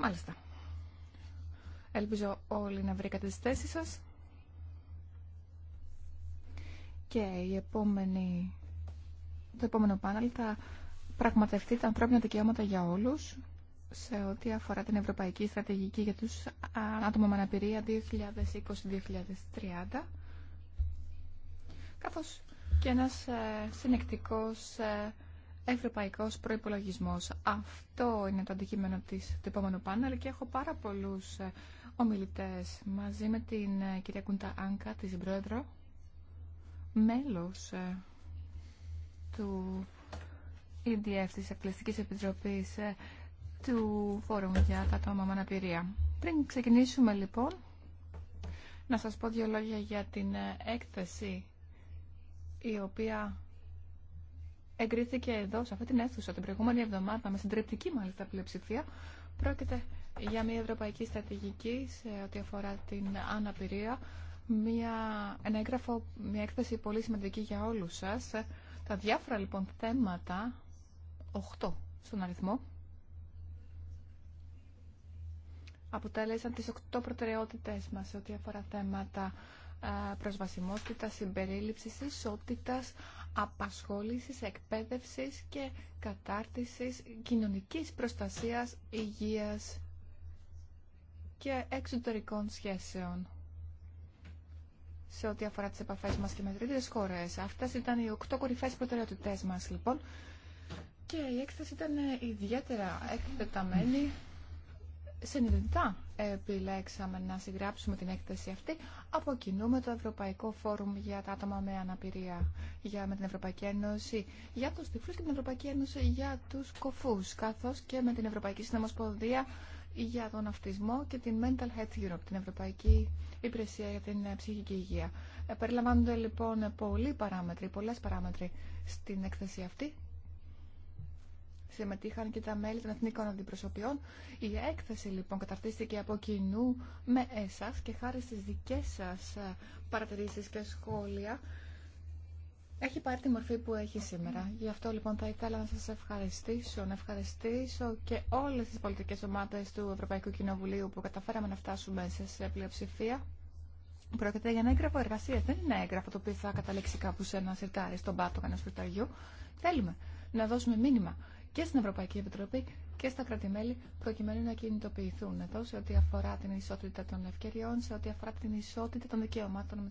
Μάλιστα. Ελπίζω όλοι να βρήκατε τις θέσεις σας. Και η επόμενη... το επόμενο πάνελ θα πραγματευτεί τα ανθρώπινα δικαιώματα για όλους σε ό,τι αφορά την Ευρωπαϊκή Στρατηγική για τους άτομα με αναπηρία 2020-2030 καθώς και ένας ε, συνεκτικός ε, Ευρωπαϊκός προϋπολογισμός. Αυτό είναι το αντικείμενο της, του επόμενου πάνελ και έχω πάρα πολλούς ε, ομιλητές μαζί με την ε, κυρία Κούντα Άνκα, τη συμπρόεδρο, μέλος ε, του EDF, της Εκκληστικής Επιτροπής του Φόρουμ για τα τόμα με αναπηρία. Πριν ξεκινήσουμε λοιπόν, να σας πω δύο λόγια για την έκθεση η οποία εγκρίθηκε εδώ, σε αυτή την αίθουσα, την προηγούμενη εβδομάδα, με συντριπτική μάλιστα πλειοψηφία. Πρόκειται για μια ευρωπαϊκή στρατηγική σε ό,τι αφορά την αναπηρία. Μια, ένα έγγραφο, μια έκθεση πολύ σημαντική για όλους σας. Τα διάφορα λοιπόν θέματα, 8 στον αριθμό, αποτέλεσαν τις 8 προτεραιότητες μας σε ό,τι αφορά θέματα ε, προσβασιμότητας, συμπερίληψης, ισότητας, απασχόλησης, εκπαίδευσης και κατάρτισης κοινωνικής προστασίας, υγείας και εξωτερικών σχέσεων σε ό,τι αφορά τις επαφές μας και με τρίτες χώρες. Αυτές ήταν οι οκτώ κορυφαίες προτεραιότητές μας, λοιπόν. Και η έκθεση ήταν ιδιαίτερα εκτεταμένη συνειδητά επιλέξαμε να συγγράψουμε την έκθεση αυτή από κοινού με το Ευρωπαϊκό Φόρουμ για τα άτομα με αναπηρία για, με την Ευρωπαϊκή Ένωση για τους τυφλούς και την Ευρωπαϊκή Ένωση για τους κοφούς καθώς και με την Ευρωπαϊκή Συνομοσπονδία για τον αυτισμό και την Mental Health Europe, την Ευρωπαϊκή Υπηρεσία για την Ψυχική Υγεία. Ε, περιλαμβάνονται λοιπόν πολλοί παράμετροι, πολλές παράμετροι στην έκθεση αυτή συμμετείχαν και τα μέλη των εθνικών αντιπροσωπιών. Η έκθεση λοιπόν καταρτίστηκε από κοινού με εσάς και χάρη στις δικές σας ε, παρατηρήσεις και σχόλια έχει πάρει τη μορφή που έχει σήμερα. Γι' αυτό λοιπόν θα ήθελα να σας ευχαριστήσω, να ευχαριστήσω και όλες τις πολιτικές ομάδες του Ευρωπαϊκού Κοινοβουλίου που καταφέραμε να φτάσουμε σε πλειοψηφία. Πρόκειται για ένα έγγραφο εργασία. Δεν είναι έγγραφο το οποίο θα καταλήξει κάπου σε ένα σιρτάρι στον πάτο κανένα Θέλουμε να δώσουμε μήνυμα και στην Ευρωπαϊκή Επιτροπή και στα κρατημέλη προκειμένου να κινητοποιηθούν εδώ σε ό,τι αφορά την ισότητα των ευκαιριών, σε ό,τι αφορά την ισότητα των δικαιωμάτων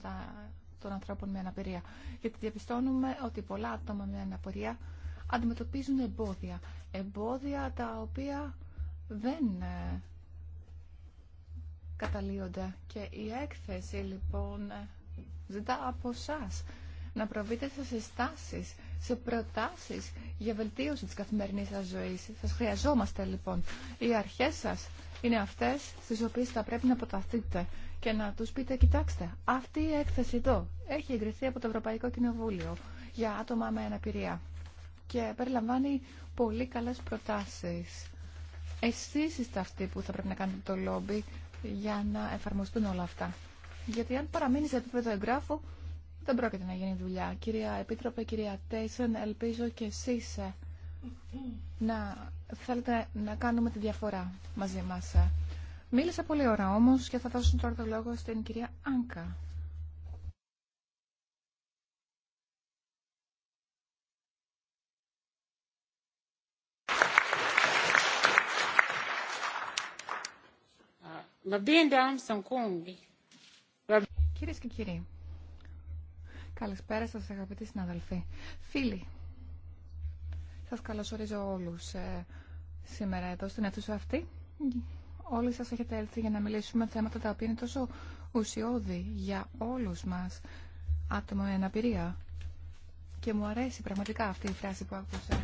των ανθρώπων με αναπηρία. Γιατί διαπιστώνουμε ότι πολλά άτομα με αναπηρία αντιμετωπίζουν εμπόδια. Εμπόδια τα οποία δεν ε, καταλύονται. Και η έκθεση λοιπόν ε, ζητά από εσά να προβείτε σε συστάσεις σε προτάσεις για βελτίωση της καθημερινής σας ζωής. Σας χρειαζόμαστε λοιπόν. Οι αρχές σας είναι αυτές στις οποίες θα πρέπει να αποταθείτε και να τους πείτε, κοιτάξτε, αυτή η έκθεση εδώ έχει εγκριθεί από το Ευρωπαϊκό Κοινοβούλιο για άτομα με αναπηρία και περιλαμβάνει πολύ καλές προτάσεις. Εσείς είστε αυτοί που θα πρέπει να κάνετε το λόμπι για να εφαρμοστούν όλα αυτά. Γιατί αν παραμείνει σε επίπεδο εγγράφου, δεν πρόκειται να γίνει δουλειά. Κυρία Επίτροπε, κυρία Τέισεν, ελπίζω και εσείς ε, να θέλετε να κάνουμε τη διαφορά μαζί μας. Ε. Μίλησα πολύ ώρα όμως και θα δώσω τώρα το λόγο στην κυρία Άνκα. Κυρίες και κύριοι, Καλησπέρα σας αγαπητοί συναδελφοί. Φίλοι, σας καλωσορίζω όλους ε, σήμερα εδώ στην αίθουσα αυτή. Όλοι σας έχετε έρθει για να μιλήσουμε θέματα τα οποία είναι τόσο ουσιώδη για όλους μας άτομο αναπηρία. Και μου αρέσει πραγματικά αυτή η φράση που άκουσα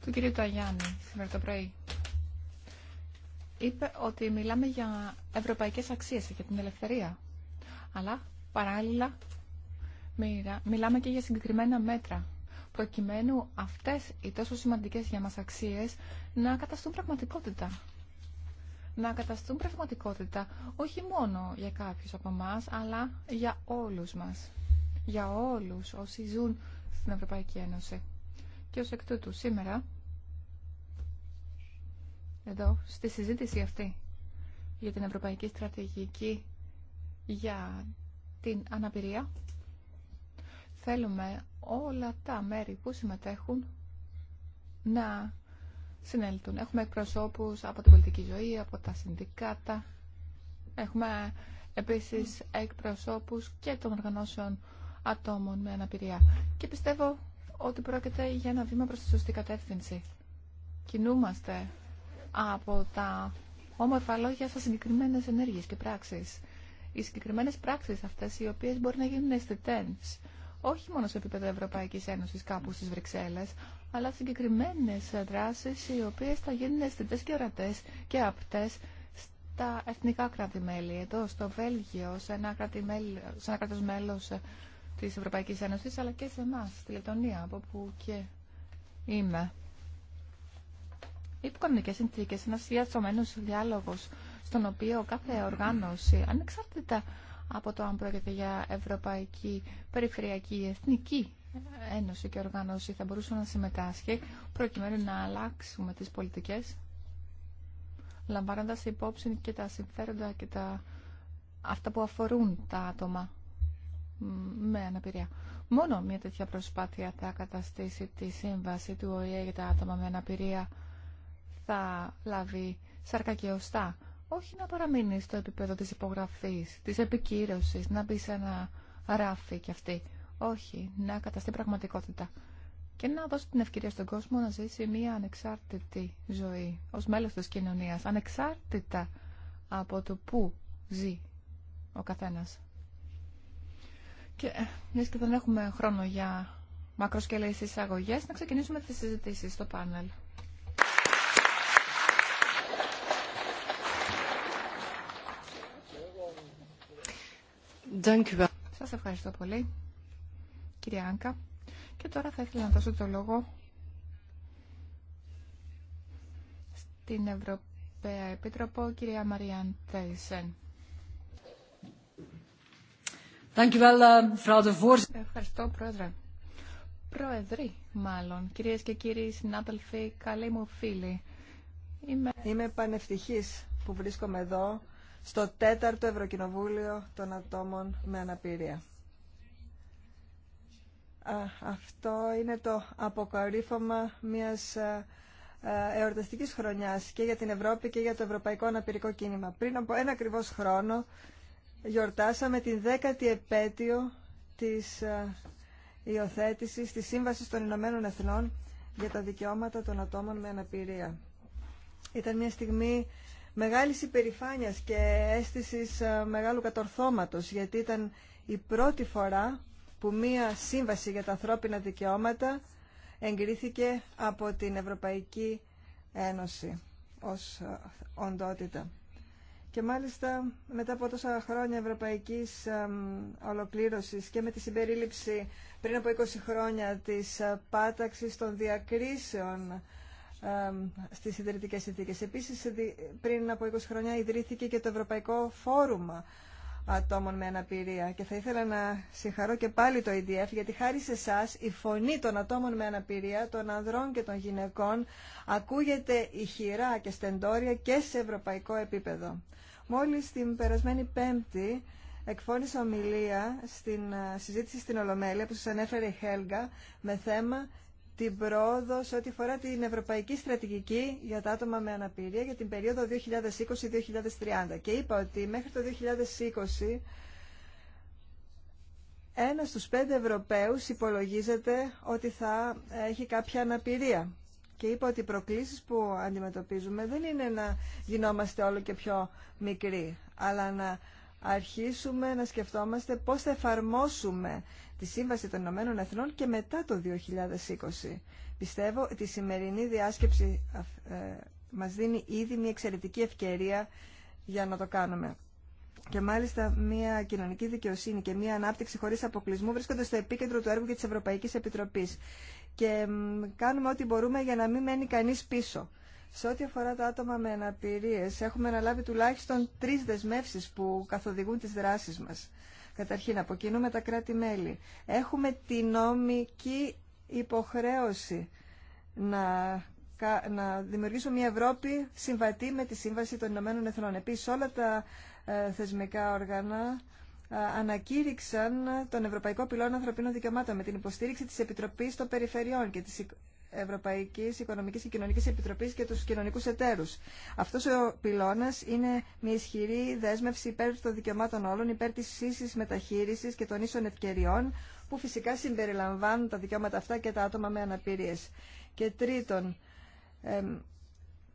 του κυρίου Ταγιάννη σήμερα το πρωί. Είπε ότι μιλάμε για ευρωπαϊκές αξίες και την ελευθερία αλλά παράλληλα μιλάμε και για συγκεκριμένα μέτρα προκειμένου αυτές οι τόσο σημαντικές για μας αξίες να καταστούν πραγματικότητα. Να καταστούν πραγματικότητα όχι μόνο για κάποιους από εμά, αλλά για όλους μας. Για όλους όσοι ζουν στην Ευρωπαϊκή Ένωση. Και ως εκ τούτου σήμερα, εδώ, στη συζήτηση αυτή για την Ευρωπαϊκή Στρατηγική για την αναπηρία. Θέλουμε όλα τα μέρη που συμμετέχουν να συνέλθουν. Έχουμε εκπροσώπους από την πολιτική ζωή, από τα συνδικάτα. Έχουμε επίσης εκπροσώπους και των οργανώσεων ατόμων με αναπηρία. Και πιστεύω ότι πρόκειται για ένα βήμα προς τη σωστή κατεύθυνση. Κινούμαστε από τα όμορφα λόγια στα συγκεκριμένες ενέργειες και πράξεις οι συγκεκριμένες πράξεις αυτές οι οποίες μπορεί να γίνουν αισθητές όχι μόνο σε επίπεδο Ευρωπαϊκής Ένωσης κάπου στις Βρυξέλλες, αλλά συγκεκριμένες δράσεις οι οποίες θα γίνουν αισθητές και ορατές και απτές στα εθνικά κράτη-μέλη. Εδώ στο Βέλγιο, σε ένα, σε ένα κράτος μέλος της Ευρωπαϊκής Ένωσης, αλλά και σε εμά, στη Λετωνία, από όπου και είμαι. Οι συνθήκε, συνθήκες, ένας διαστρωμένο διάλογος στον οποίο κάθε οργάνωση, ανεξάρτητα από το αν πρόκειται για Ευρωπαϊκή, Περιφερειακή, Εθνική Ένωση και Οργάνωση, θα μπορούσε να συμμετάσχει προκειμένου να αλλάξουμε τις πολιτικές, λαμβάνοντας υπόψη και τα συμφέροντα και τα... αυτά που αφορούν τα άτομα με αναπηρία. Μόνο μια τέτοια προσπάθεια θα καταστήσει τη σύμβαση του ΟΗΕ για τα άτομα με αναπηρία θα λάβει σαρκα όχι να παραμείνει στο επίπεδο της υπογραφής, της επικύρωσης, να μπει σε ένα ράφι κι αυτή. Όχι, να καταστεί πραγματικότητα. Και να δώσει την ευκαιρία στον κόσμο να ζήσει μια ανεξάρτητη ζωή ως μέλος της κοινωνίας, ανεξάρτητα από το που ζει ο καθένας. Και ε, μιας και δεν έχουμε χρόνο για μακροσκελές εισαγωγές, να ξεκινήσουμε τις συζητήσεις στο πάνελ. Σας ευχαριστώ πολύ, κυρία Άνκα. Και τώρα θα ήθελα να δώσω το λόγο στην Ευρωπαία Επίτροπο, κυρία Μαριάν Τέισεν. Eh, ευχαριστώ, Πρόεδρε. Πρόεδροι, μάλλον. Κυρίες και κύριοι συνάδελφοι, καλοί μου φίλοι. Είμαι, Είμαι πανευτυχής που βρίσκομαι εδώ στο τέταρτο Ευρωκοινοβούλιο των ατόμων με αναπηρία. Αυτό είναι το αποκορύφωμα μιας ε, ε, εορταστικής χρονιάς και για την Ευρώπη και για το Ευρωπαϊκό Αναπηρικό Κίνημα. Πριν από ένα ακριβώς χρόνο γιορτάσαμε την δέκατη επέτειο της ε, υιοθέτησης της Σύμβασης των Ηνωμένων Εθνών για τα δικαιώματα των ατόμων με αναπηρία. Ήταν μια στιγμή μεγάλης υπερηφάνειας και αίσθησης ε, μεγάλου κατορθώματος, γιατί ήταν η πρώτη φορά που μία σύμβαση για τα ανθρώπινα δικαιώματα εγκρίθηκε από την Ευρωπαϊκή Ένωση ως ε, οντότητα. Και μάλιστα μετά από τόσα χρόνια ευρωπαϊκής ε, ολοκλήρωσης και με τη συμπερίληψη πριν από 20 χρόνια της πάταξης των διακρίσεων στις ιδρυτικές συνθήκες. Επίσης, πριν από 20 χρόνια ιδρύθηκε και το Ευρωπαϊκό Φόρουμ ατόμων με αναπηρία και θα ήθελα να συγχαρώ και πάλι το EDF γιατί χάρη σε εσά η φωνή των ατόμων με αναπηρία, των ανδρών και των γυναικών ακούγεται ηχηρά και στεντόρια και σε ευρωπαϊκό επίπεδο. Μόλις την περασμένη Πέμπτη εκφώνησα ομιλία στην ε, συζήτηση στην Ολομέλεια που σας ανέφερε η Χέλγα με θέμα την πρόοδο σε ό,τι φορά την Ευρωπαϊκή Στρατηγική για τα άτομα με αναπηρία για την περίοδο 2020-2030. Και είπα ότι μέχρι το 2020 ένας στους πέντε Ευρωπαίους υπολογίζεται ότι θα έχει κάποια αναπηρία. Και είπα ότι οι προκλήσεις που αντιμετωπίζουμε δεν είναι να γινόμαστε όλο και πιο μικροί, αλλά να αρχίσουμε να σκεφτόμαστε πώς θα εφαρμόσουμε τη Σύμβαση των Ηνωμένων Εθνών και μετά το 2020. Πιστεύω ότι η σημερινή διάσκεψη ε, μας δίνει ήδη μια εξαιρετική ευκαιρία για να το κάνουμε. Και μάλιστα μια κοινωνική δικαιοσύνη και μια ανάπτυξη χωρίς αποκλεισμού βρίσκονται στο επίκεντρο του έργου και της Ευρωπαϊκής Επιτροπής. Και κάνουμε ό,τι μπορούμε για να μην μένει κανείς πίσω. Σε ό,τι αφορά τα άτομα με αναπηρίε, έχουμε αναλάβει τουλάχιστον τρει δεσμεύσει που καθοδηγούν τις δράσεις μας. Καταρχήν, αποκοινούμε τα κράτη-μέλη. Έχουμε τη νομική υποχρέωση να, να δημιουργήσουμε μια Ευρώπη συμβατή με τη Σύμβαση των Ηνωμένων Εθνών. Επίσης, όλα τα ε, θεσμικά όργανα ε, ανακήρυξαν τον Ευρωπαϊκό Πυλώνα Ανθρωπίνων Δικαιωμάτων με την υποστήριξη της Επιτροπής των Περιφερειών και της Ευρωπαϊκής Οικονομικής και Κοινωνικής Επιτροπής και του κοινωνικού εταίρου. Αυτό ο πυλώνας είναι μια ισχυρή δέσμευση υπέρ των δικαιωμάτων όλων, υπέρ τη ίση μεταχείρισης και των ίσων ευκαιριών, που φυσικά συμπεριλαμβάνουν τα δικαιώματα αυτά και τα άτομα με αναπηρίε. Και τρίτον,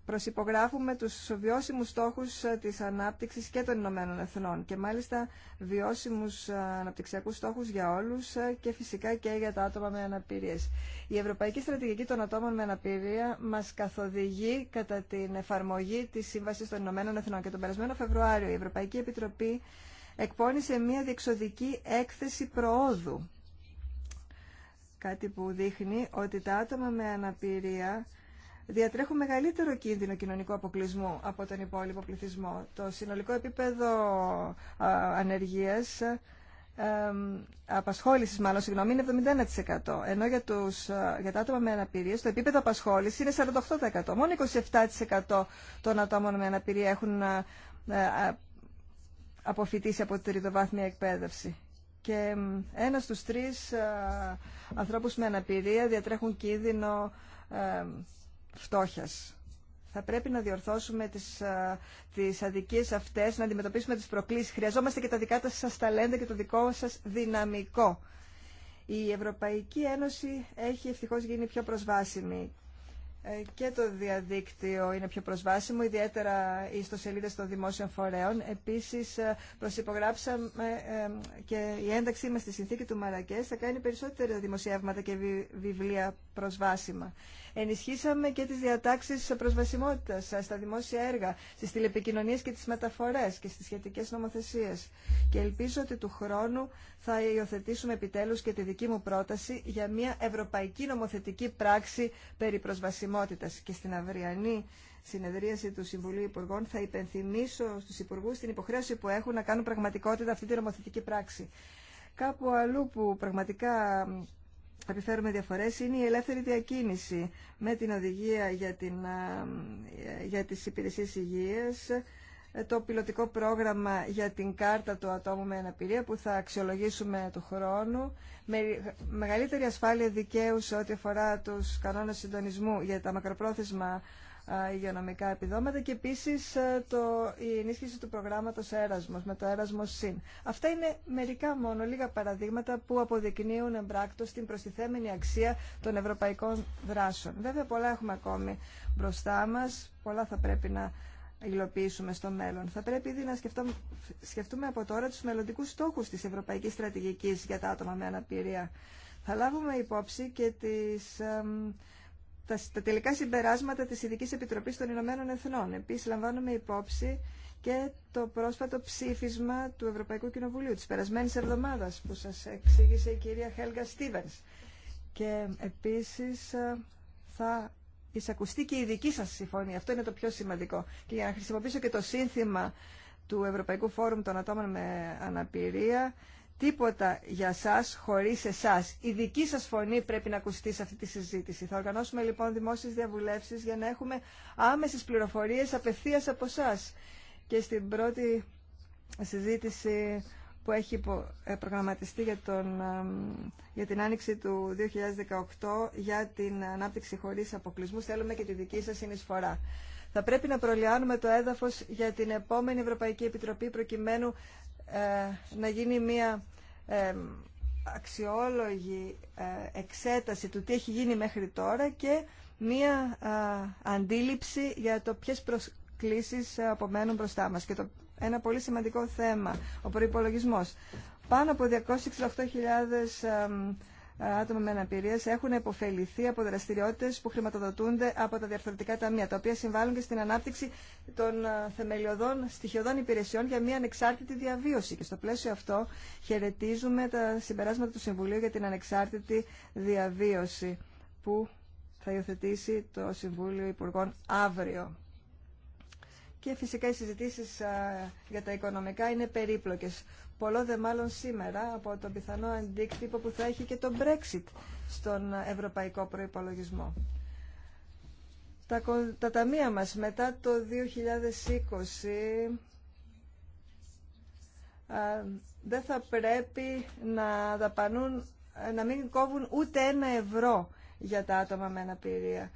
προσυπογράφουμε τους βιώσιμους στόχους ε, της ανάπτυξης και των Ηνωμένων Εθνών και μάλιστα βιώσιμους ε, αναπτυξιακούς στόχους για όλους ε, και φυσικά και για τα άτομα με αναπηρίες. Η Ευρωπαϊκή Στρατηγική των Ατόμων με Αναπηρία μας καθοδηγεί κατά την εφαρμογή της Σύμβασης των Ηνωμένων Εθνών και τον περασμένο Φεβρουάριο η Ευρωπαϊκή Επιτροπή εκπώνησε μια διεξοδική έκθεση προόδου. Κάτι που δείχνει ότι τα άτομα με αναπηρία διατρέχουν μεγαλύτερο κίνδυνο κοινωνικού αποκλεισμού από τον υπόλοιπο πληθυσμό. Το συνολικό επίπεδο ανεργίας, απασχόλησης μάλλον, συγγνώμη, είναι 71%. Ενώ για, τους, για τα άτομα με αναπηρία το επίπεδο απασχόλησης είναι 48%. Μόνο 27% των ατόμων με αναπηρία έχουν αποφοιτήσει από τη τριτοβάθμια εκπαίδευση. Και ένας στους τρεις ανθρώπους με αναπηρία διατρέχουν κίνδυνο φτώχειας. Θα πρέπει να διορθώσουμε τις, ε, τις αδικίες αυτές, να αντιμετωπίσουμε τις προκλήσεις. Χρειαζόμαστε και τα δικά σας ταλέντα και το δικό σας δυναμικό. Η Ευρωπαϊκή Ένωση έχει ευτυχώς γίνει πιο προσβάσιμη ε, και το διαδίκτυο είναι πιο προσβάσιμο, ιδιαίτερα οι ιστοσελίδες των δημόσιων φορέων. Επίσης, ε, προσυπογράψαμε και η ένταξή μας στη συνθήκη του Μαρακές θα κάνει περισσότερα δημοσιεύματα και βιβλία προσβάσιμα. Ενισχύσαμε και τις διατάξεις προσβασιμότητας στα δημόσια έργα, στις τηλεπικοινωνίες και τις μεταφορές και στις σχετικές νομοθεσίες. Και ελπίζω ότι του χρόνου θα υιοθετήσουμε επιτέλους και τη δική μου πρόταση για μια ευρωπαϊκή νομοθετική πράξη περί προσβασιμότητας. Και στην αυριανή συνεδρίαση του Συμβουλίου Υπουργών θα υπενθυμίσω στους υπουργούς την υποχρέωση που έχουν να κάνουν πραγματικότητα αυτή τη νομοθετική πράξη. Κάπου αλλού που πραγματικά επιφέρουμε διαφορές είναι η ελεύθερη διακίνηση με την οδηγία για, την, για τις υπηρεσίες υγείας, το πιλωτικό πρόγραμμα για την κάρτα του ατόμου με αναπηρία που θα αξιολογήσουμε του χρόνου, με μεγαλύτερη ασφάλεια δικαίου σε ό,τι αφορά τους κανόνες συντονισμού για τα μακροπρόθεσμα υγειονομικά επιδόματα και επίσης το, η ενίσχυση του προγράμματος Erasmus με το έρασμο ΣΥΝ. Αυτά είναι μερικά μόνο λίγα παραδείγματα που αποδεικνύουν εμπράκτο την προστιθέμενη αξία των ευρωπαϊκών δράσεων. Βέβαια πολλά έχουμε ακόμη μπροστά μας, πολλά θα πρέπει να υλοποιήσουμε στο μέλλον. Θα πρέπει ήδη να σκεφτούμε από τώρα τους μελλοντικούς στόχους της Ευρωπαϊκής Στρατηγικής για τα άτομα με αναπηρία. Θα λάβουμε υπόψη και τις τα, τα τελικά συμπεράσματα της Ειδικής Επιτροπής των Ηνωμένων Εθνών. Επίσης, λαμβάνουμε υπόψη και το πρόσφατο ψήφισμα του Ευρωπαϊκού Κοινοβουλίου της περασμένης εβδομάδας που σας εξήγησε η κυρία Χέλγα Στίβενς. Και επίσης ε, θα εισακουστεί και η δική σας συμφωνία. Αυτό είναι το πιο σημαντικό. Και για να χρησιμοποιήσω και το σύνθημα του Ευρωπαϊκού Φόρουμ των Ατόμων με Αναπηρία, Τίποτα για σας χωρίς εσάς. Η δική σας φωνή πρέπει να ακουστεί σε αυτή τη συζήτηση. Θα οργανώσουμε λοιπόν δημόσιες διαβουλεύσεις για να έχουμε άμεσες πληροφορίες απευθείας από εσά. Και στην πρώτη συζήτηση που έχει ε, προγραμματιστεί για, τον, για την άνοιξη του 2018 για την ανάπτυξη χωρίς αποκλεισμού. θέλουμε και τη δική σας συνεισφορά. Θα πρέπει να προλιάνουμε το έδαφος για την επόμενη Ευρωπαϊκή Επιτροπή προκειμένου ε, να γίνει μια ε, αξιόλογη ε, εξέταση του τι έχει γίνει μέχρι τώρα και μία αντίληψη για το ποιες προσκλήσεις απομένουν μπροστά μας. Και το, ένα πολύ σημαντικό θέμα, ο προϋπολογισμός. Πάνω από 268.000 άτομα με αναπηρία έχουν επωφεληθεί από δραστηριότητε που χρηματοδοτούνται από τα διαρθρωτικά ταμεία, τα οποία συμβάλλουν και στην ανάπτυξη των ε, θεμελιωδών στοιχειωδών υπηρεσιών για μια ανεξάρτητη διαβίωση. Και στο πλαίσιο αυτό χαιρετίζουμε τα συμπεράσματα του Συμβουλίου για την ανεξάρτητη διαβίωση που θα υιοθετήσει το Συμβούλιο Υπουργών αύριο. Και φυσικά οι συζητήσεις ε, για τα οικονομικά είναι περίπλοκες. Πολλό δε μάλλον σήμερα από το πιθανό αντίκτυπο που θα έχει και το Brexit στον ευρωπαϊκό προϋπολογισμό. Τα, τα ταμεία μας μετά το 2020 δεν θα πρέπει να δαπανούν, να μην κόβουν ούτε ένα ευρώ για τα άτομα με αναπηρία.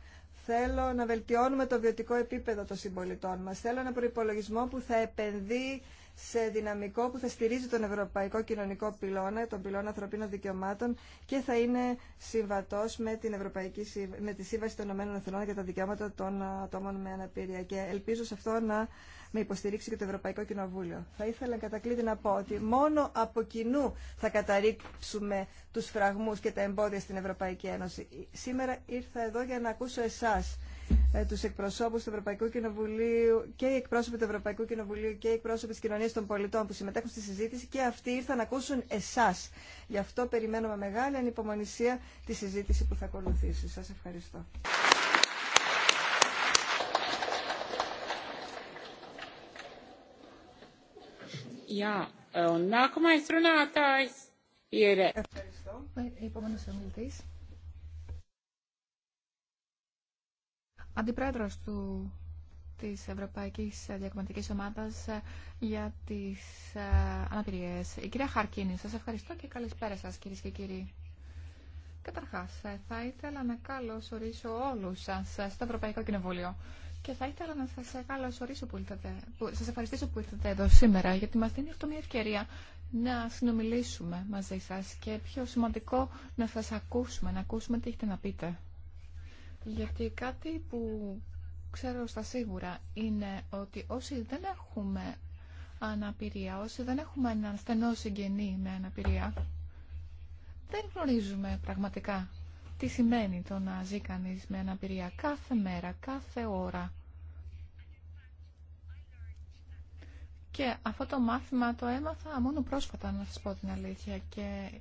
Θέλω να βελτιώνουμε το βιωτικό επίπεδο των συμπολιτών μας. Θέλω ένα προϋπολογισμό που θα επενδύει σε δυναμικό που θα στηρίζει τον Ευρωπαϊκό Κοινωνικό Πυλώνα, τον Πυλώνα Ανθρωπίνων Δικαιωμάτων και θα είναι συμβατός με, την Ευρωπαϊκή, με τη Σύμβαση των Ηνωμένων Εθνών για τα Δικαιώματα των Ατόμων με Αναπηρία. Και ελπίζω σε αυτό να με υποστηρίξει και το Ευρωπαϊκό Κοινοβούλιο. Θα ήθελα κλειδί να πω ότι μόνο από κοινού θα καταρρίψουμε τους φραγμούς και τα εμπόδια στην Ευρωπαϊκή Ένωση. Σήμερα ήρθα εδώ για να ακούσω εσά ε, του εκπροσώπου του Ευρωπαϊκού Κοινοβουλίου και οι εκπρόσωποι του Ευρωπαϊκού Κοινοβουλίου και οι εκπρόσωποι της κοινωνίας των πολιτών που συμμετέχουν στη συζήτηση και αυτοί ήρθαν να ακούσουν εσάς. Γι' αυτό περιμένουμε μεγάλη ανυπομονησία τη συζήτηση που θα ακολουθήσει. Σας ευχαριστώ. Yeah. Ε, ευχαριστώ. Ε, αντιπρόεδρος του, της Ευρωπαϊκής Διακομματικής Ομάδας ε, για τις ε, αναπηρίες. Η κυρία Χαρκίνη, σας ευχαριστώ και καλησπέρα σας κυρίε και κύριοι. Καταρχάς, ε, θα ήθελα να καλωσορίσω όλους σας στο Ευρωπαϊκό Κοινοβούλιο. Και θα ήθελα να σας καλωσορίσω που ήρθατε, σας ευχαριστήσω που ήρθατε εδώ σήμερα, γιατί μας δίνει αυτό μια ευκαιρία να συνομιλήσουμε μαζί σας και πιο σημαντικό να σας ακούσουμε, να ακούσουμε τι έχετε να πείτε. Γιατί κάτι που ξέρω στα σίγουρα είναι ότι όσοι δεν έχουμε αναπηρία, όσοι δεν έχουμε έναν στενό συγγενή με αναπηρία, δεν γνωρίζουμε πραγματικά τι σημαίνει το να ζει με αναπηρία κάθε μέρα, κάθε ώρα. Και αυτό το μάθημα το έμαθα μόνο πρόσφατα, να σας πω την αλήθεια. Και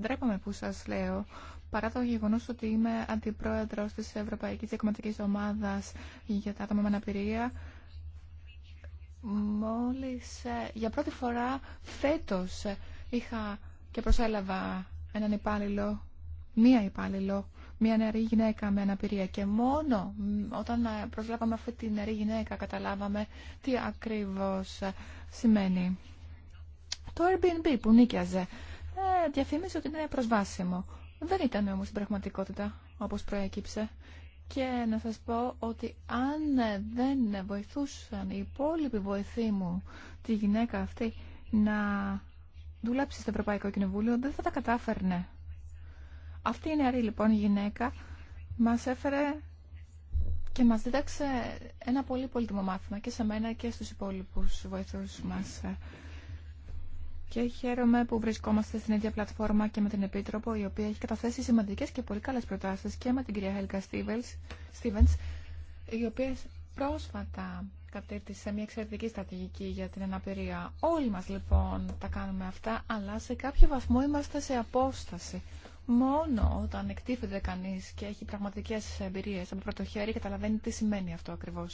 ντρέπαμε που σας λέω παρά το γεγονός ότι είμαι αντιπρόεδρος της Ευρωπαϊκής Διακομματικής Ομάδας για τα άτομα με αναπηρία, μόλις ε, για πρώτη φορά φέτος ε, είχα και προσέλαβα έναν υπάλληλο, μία υπάλληλο, μία νεαρή γυναίκα με αναπηρία και μόνο όταν ε, προσλάβαμε αυτή τη νεαρή γυναίκα καταλάβαμε τι ακριβώς σημαίνει. Το Airbnb που νίκιαζε διαφήμιζε ότι είναι προσβάσιμο. Δεν ήταν όμως η πραγματικότητα όπως προέκυψε. Και να σας πω ότι αν δεν βοηθούσαν οι υπόλοιποι βοηθοί μου τη γυναίκα αυτή να δουλέψει στο Ευρωπαϊκό Κοινοβούλιο, δεν θα τα κατάφερνε. Αυτή η νεαρή λοιπόν γυναίκα μας έφερε και μας δίδαξε ένα πολύ πολύτιμο μάθημα και σε μένα και στους υπόλοιπους βοηθούς μας. Και χαίρομαι που βρισκόμαστε στην ίδια πλατφόρμα και με την Επίτροπο, η οποία έχει καταθέσει σημαντικέ και πολύ καλέ προτάσει και με την κυρία Χέλκα Στίβεν, η οποία πρόσφατα κατέρτισε μια εξαιρετική στρατηγική για την αναπηρία. Όλοι μα λοιπόν τα κάνουμε αυτά, αλλά σε κάποιο βαθμό είμαστε σε απόσταση. Μόνο όταν εκτίθεται κανεί και έχει πραγματικέ εμπειρίε από πρώτο χέρι καταλαβαίνει τι σημαίνει αυτό ακριβώ.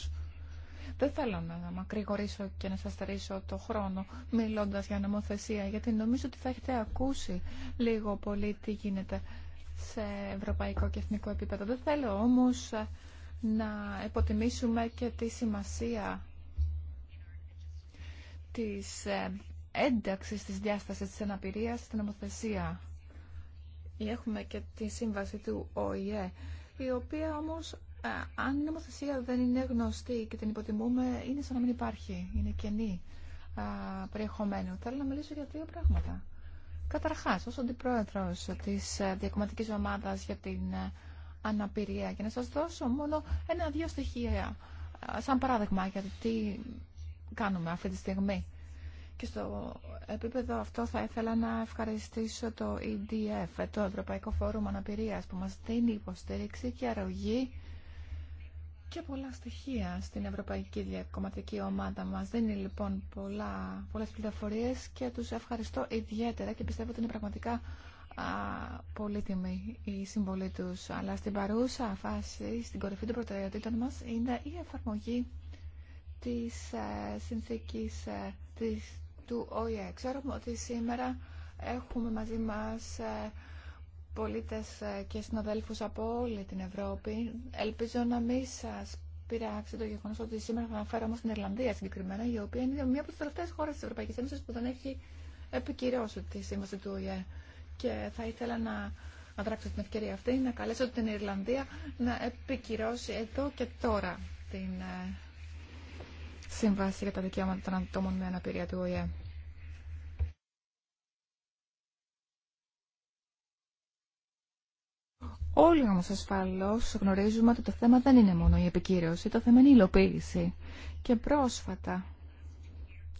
Δεν θέλω να μακρηγορήσω και να σας θερήσω το χρόνο μιλώντας για νομοθεσία, γιατί νομίζω ότι θα έχετε ακούσει λίγο πολύ τι γίνεται σε ευρωπαϊκό και εθνικό επίπεδο. Δεν θέλω όμως να υποτιμήσουμε και τη σημασία της ε, ένταξης της διάστασης της αναπηρίας στην νομοθεσία. Έχουμε και τη σύμβαση του ΟΗΕ, η οποία όμως ε, αν η νομοθεσία δεν είναι γνωστή και την υποτιμούμε, είναι σαν να μην υπάρχει. Είναι κενή ε, περιεχομένου. Θέλω να μιλήσω για δύο πράγματα. Καταρχά, ω αντιπρόεδρο τη ε, διακομματική ομάδα για την αναπηρία, και να σα δώσω μόνο ένα-δύο στοιχεία, σαν παράδειγμα, για το τι κάνουμε αυτή τη στιγμή. Και στο επίπεδο αυτό θα ήθελα να ευχαριστήσω το EDF, το Ευρωπαϊκό Φόρουμ Αναπηρίας, που μας δίνει υποστήριξη και αρρωγή και πολλά στοιχεία στην Ευρωπαϊκή Διακομματική Ομάδα μας. Δίνει λοιπόν πολλά, πολλές πληροφορίες και τους ευχαριστώ ιδιαίτερα και πιστεύω ότι είναι πραγματικά α, πολύτιμη η συμβολή τους. Αλλά στην παρούσα φάση, στην κορυφή των προτεραιοτήτων μας, είναι η εφαρμογή της ε, συνθήκης ε, της, του ΟΗΕ. Ξέρουμε ότι σήμερα έχουμε μαζί μας... Ε, πολίτες ε, και συναδέλφους από όλη την Ευρώπη. Ελπίζω να μην σας πειράξει το γεγονός ότι σήμερα θα αναφέρω την Ιρλανδία συγκεκριμένα, η οποία είναι μία από τις τελευταίες χώρες της Ευρωπαϊκής Ένωσης που δεν έχει επικυρώσει τη σύμβαση του ΟΗΕ. Και θα ήθελα να να την ευκαιρία αυτή, να καλέσω την Ιρλανδία να επικυρώσει εδώ και τώρα την ε, Σύμβαση για τα Δικαιώματα των Ατόμων με Αναπηρία του ΟΗΕ. Όλοι όμως ασφαλώς γνωρίζουμε ότι το θέμα δεν είναι μόνο η επικύρωση, το θέμα είναι η υλοποίηση. Και πρόσφατα,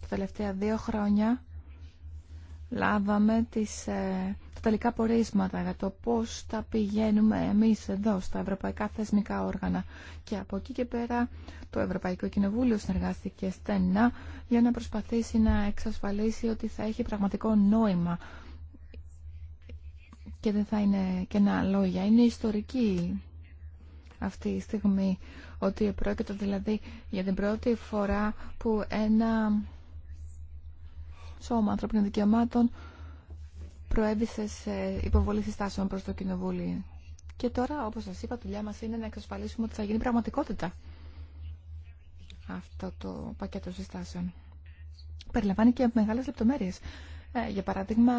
τα τελευταία δύο χρόνια, λάβαμε τις, ε, τα τελικά πορίσματα για το πώς τα πηγαίνουμε εμείς εδώ στα ευρωπαϊκά θεσμικά όργανα. Και από εκεί και πέρα το Ευρωπαϊκό Κοινοβούλιο συνεργάστηκε στενά για να προσπαθήσει να εξασφαλίσει ότι θα έχει πραγματικό νόημα και δεν θα είναι κενά λόγια. Είναι ιστορική αυτή η στιγμή ότι πρόκειται δηλαδή για την πρώτη φορά που ένα σώμα ανθρώπινων δικαιωμάτων προέβησε σε υποβολή συστάσεων προς το Κοινοβούλιο. Και τώρα, όπως σας είπα, δουλειά μας είναι να εξασφαλίσουμε ότι θα γίνει πραγματικότητα αυτό το πακέτο συστάσεων. Περιλαμβάνει και μεγάλες λεπτομέρειες. Ε, για παράδειγμα,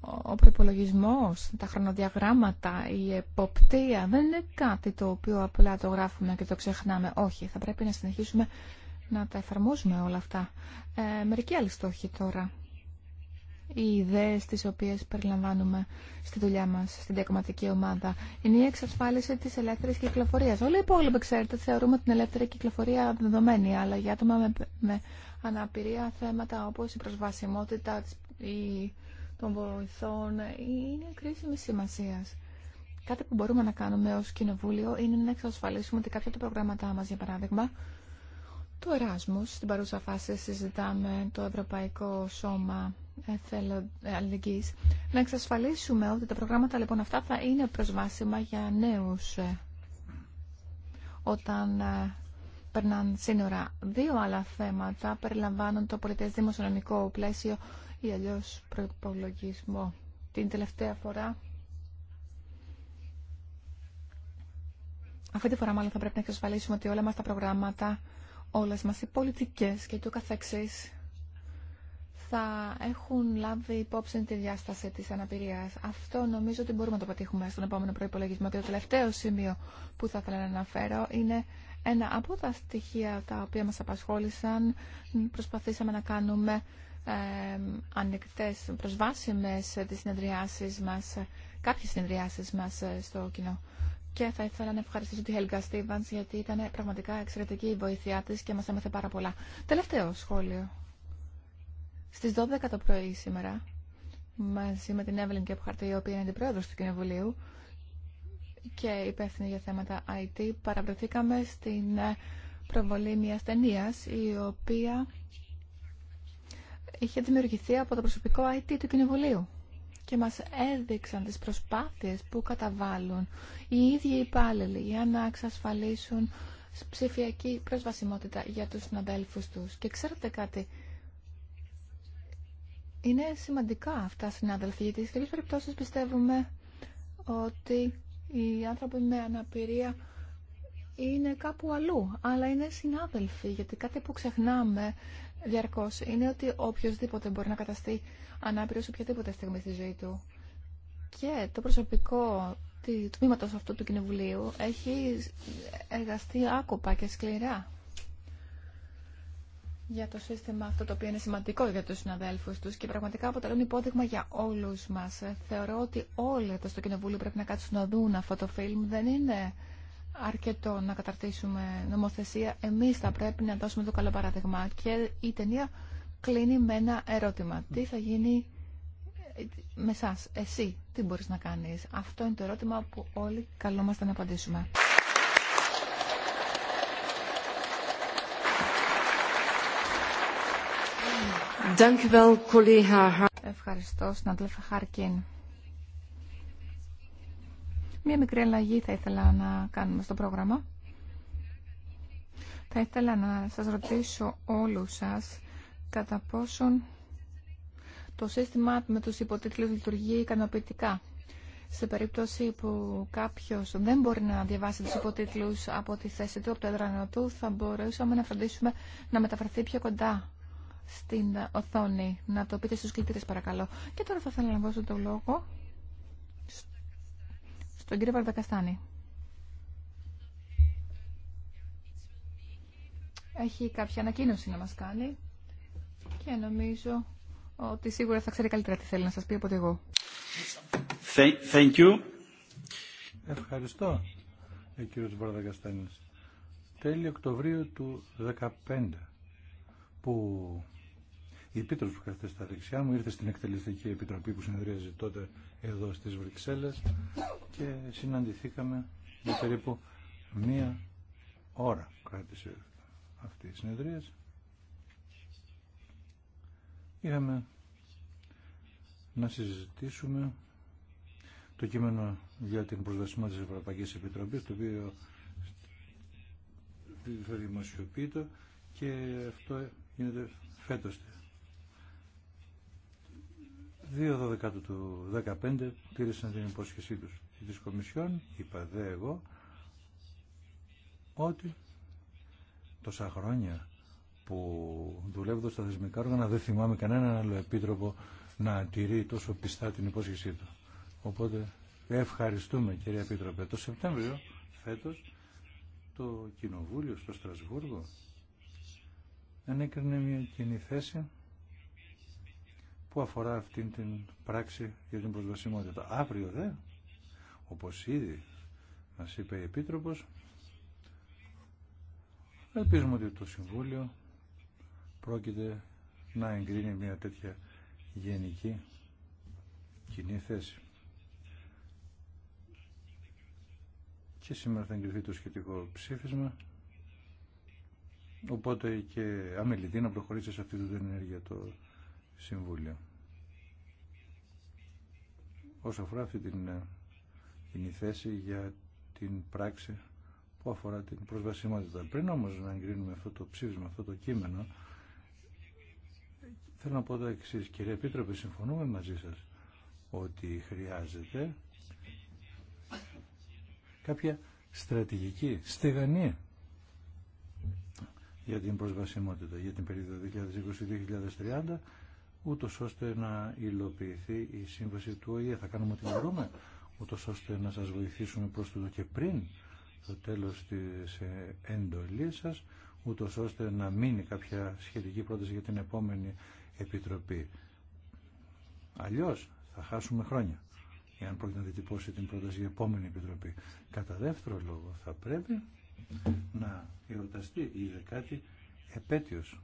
ο προπολογισμό, τα χρονοδιαγράμματα, η εποπτεία δεν είναι κάτι το οποίο απλά το γράφουμε και το ξεχνάμε. Όχι, θα πρέπει να συνεχίσουμε να τα εφαρμόζουμε όλα αυτά. Ε, μερικοί άλλοι στόχοι τώρα. Οι ιδέε τι οποίε περιλαμβάνουμε στη δουλειά μα στην διακομματική ομάδα, είναι η εξασφάλιση τη ελεύθερη κυκλοφορία. Όλοι οι υπόλοιποι, ξέρετε, θεωρούμε την ελεύθερη κυκλοφορία δεδομένη, αλλά για άτομα με, με αναπηρία θέματα όπω η προσβασιμότητα, η βοηθών είναι κρίσιμη σημασία. Κάτι που μπορούμε να κάνουμε ως Κοινοβούλιο είναι να εξασφαλίσουμε ότι κάποια από τα προγράμματά μας, για παράδειγμα, το Εράσμους, στην παρούσα φάση συζητάμε το Ευρωπαϊκό Σώμα Αλληλεγγύης, να εξασφαλίσουμε ότι τα προγράμματα λοιπόν αυτά θα είναι προσβάσιμα για νέους ε, όταν ε, περνάνε σύνορα. Δύο άλλα θέματα περιλαμβάνουν το πολιτές δημοσιονομικό πλαίσιο ή αλλιώς προπολογισμό. Την τελευταία φορά Αυτή τη φορά μάλλον θα πρέπει να εξασφαλίσουμε ότι όλα μας τα προγράμματα, όλες μας οι πολιτικές και το καθεξής θα έχουν λάβει υπόψη τη διάσταση της αναπηρίας. Αυτό νομίζω ότι μπορούμε να το πετύχουμε στον επόμενο προϋπολογισμό. Και το τελευταίο σημείο που θα ήθελα να αναφέρω είναι ένα από τα στοιχεία τα οποία μας απασχόλησαν. Προσπαθήσαμε να κάνουμε ε, ανεκτές, προσβάσιμες τις συνεδριάσεις μας, κάποιες συνεδριάσεις μας ε, στο κοινό. Και θα ήθελα να ευχαριστήσω τη Helga Stevens γιατί ήταν πραγματικά εξαιρετική η βοήθειά της και μας έμαθε πάρα πολλά. Τελευταίο σχόλιο. Στις 12 το πρωί σήμερα, μαζί με την Evelyn Κεπχαρτή, η οποία είναι αντιπρόεδρος του Κοινοβουλίου και υπεύθυνη για θέματα IT, παραβρεθήκαμε στην ε, προβολή μιας ταινίας η οποία είχε δημιουργηθεί από το προσωπικό IT του Κοινοβουλίου και μας έδειξαν τις προσπάθειες που καταβάλουν οι ίδιοι υπάλληλοι για να εξασφαλίσουν ψηφιακή προσβασιμότητα για τους συναδέλφους τους. Και ξέρετε κάτι, είναι σημαντικά αυτά συνάδελφοι, γιατί σε κάποιες περιπτώσεις πιστεύουμε ότι οι άνθρωποι με αναπηρία είναι κάπου αλλού, αλλά είναι συνάδελφοι, γιατί κάτι που ξεχνάμε διαρκώς είναι ότι οποιοδήποτε μπορεί να καταστεί σε οποιαδήποτε στιγμή στη ζωή του. Και το προσωπικό του τμήματο αυτού του Κοινοβουλίου έχει εργαστεί άκοπα και σκληρά για το σύστημα αυτό το οποίο είναι σημαντικό για τους συναδέλφους τους και πραγματικά αποτελούν υπόδειγμα για όλους μας. Θεωρώ ότι όλοι εδώ στο Κοινοβούλιο πρέπει να κάτσουν να δουν αυτό το φιλμ. Δεν είναι αρκετό να καταρτήσουμε νομοθεσία. Εμείς θα πρέπει να δώσουμε το καλό παράδειγμα. Και η ταινία κλείνει με ένα ερώτημα. Τι θα γίνει με εσά, εσύ, τι μπορείς να κάνεις. Αυτό είναι το ερώτημα που όλοι καλόμαστε να απαντήσουμε. Ευχαριστώ, συναδέλφα Χάρκιν. Μία μικρή αλλαγή θα ήθελα να κάνουμε στο πρόγραμμα. Θα ήθελα να σας ρωτήσω όλους σας κατά πόσον το σύστημα με τους υποτίτλους λειτουργεί ικανοποιητικά. Σε περίπτωση που κάποιος δεν μπορεί να διαβάσει τους υποτίτλους από τη θέση του, από το έδρανο του, θα μπορούσαμε να φροντίσουμε να μεταφερθεί πιο κοντά στην οθόνη. Να το πείτε στους κλητήρες παρακαλώ. Και τώρα θα ήθελα να δώσω το λόγο στον κύριο Βαρδακαστάνη. Έχει κάποια ανακοίνωση να μας κάνει και νομίζω ότι σίγουρα θα ξέρει καλύτερα τι θέλει να σας πει από εγώ. Thank you. Ευχαριστώ, ο ε, κύριος Βαρδακαστάνης. Τέλειο Οκτωβρίου του 2015 που η επίτροπο που κάθεται στα δεξιά μου ήρθε στην εκτελεστική επιτροπή που συνεδρίαζε τότε εδώ στι Βρυξέλλε και συναντηθήκαμε για περίπου μία ώρα κράτησε αυτή η συνεδρία. Είχαμε να συζητήσουμε το κείμενο για την προσβασιμότητα της Ευρωπαϊκής Επιτροπής, το οποίο θα δημοσιοποιείται και αυτό γίνεται φέτος 2 12 του 2015 τήρησαν την υπόσχεσή τους και της Κομισιόν είπα δε εγώ ότι τόσα χρόνια που δουλεύω στα θεσμικά όργανα δεν θυμάμαι κανέναν άλλο επίτροπο να τηρεί τόσο πιστά την υπόσχεσή του. Οπότε ευχαριστούμε κύριε Επίτροπε. Το Σεπτέμβριο φέτος το Κοινοβούλιο στο Στρασβούργο ανέκρινε μια κοινή θέση που αφορά αυτήν την πράξη για την προσβασιμότητα. Αύριο δε, όπως ήδη μας είπε η Επίτροπος, ελπίζουμε ότι το Συμβούλιο πρόκειται να εγκρίνει μια τέτοια γενική κοινή θέση. Και σήμερα θα εγκριθεί το σχετικό ψήφισμα. Οπότε και αμελητή να προχωρήσει σε αυτή την ενέργεια το Συμβούλιο. Όσο αφορά αυτή την κοινή ε, θέση για την πράξη που αφορά την προσβασιμότητα. Πριν όμως να εγκρίνουμε αυτό το ψήφισμα, αυτό το κείμενο, θέλω να πω το εξή. Κύριε Επίτροπε, συμφωνούμε μαζί σας ότι χρειάζεται κάποια στρατηγική στεγανή για την προσβασιμότητα για την περίοδο 2020-2030 ούτω ώστε να υλοποιηθεί η σύμβαση του ΟΗΕ. Θα κάνουμε ό,τι μπορούμε, ούτω ώστε να σας βοηθήσουμε προς το και πριν το τέλος της εντολής σας, ούτω ώστε να μείνει κάποια σχετική πρόταση για την επόμενη επιτροπή. Αλλιώς θα χάσουμε χρόνια, εάν πρόκειται να διτυπώσει την πρόταση για επόμενη επιτροπή. Κατά δεύτερο λόγο θα πρέπει να εορταστεί η δεκάτη επέτειος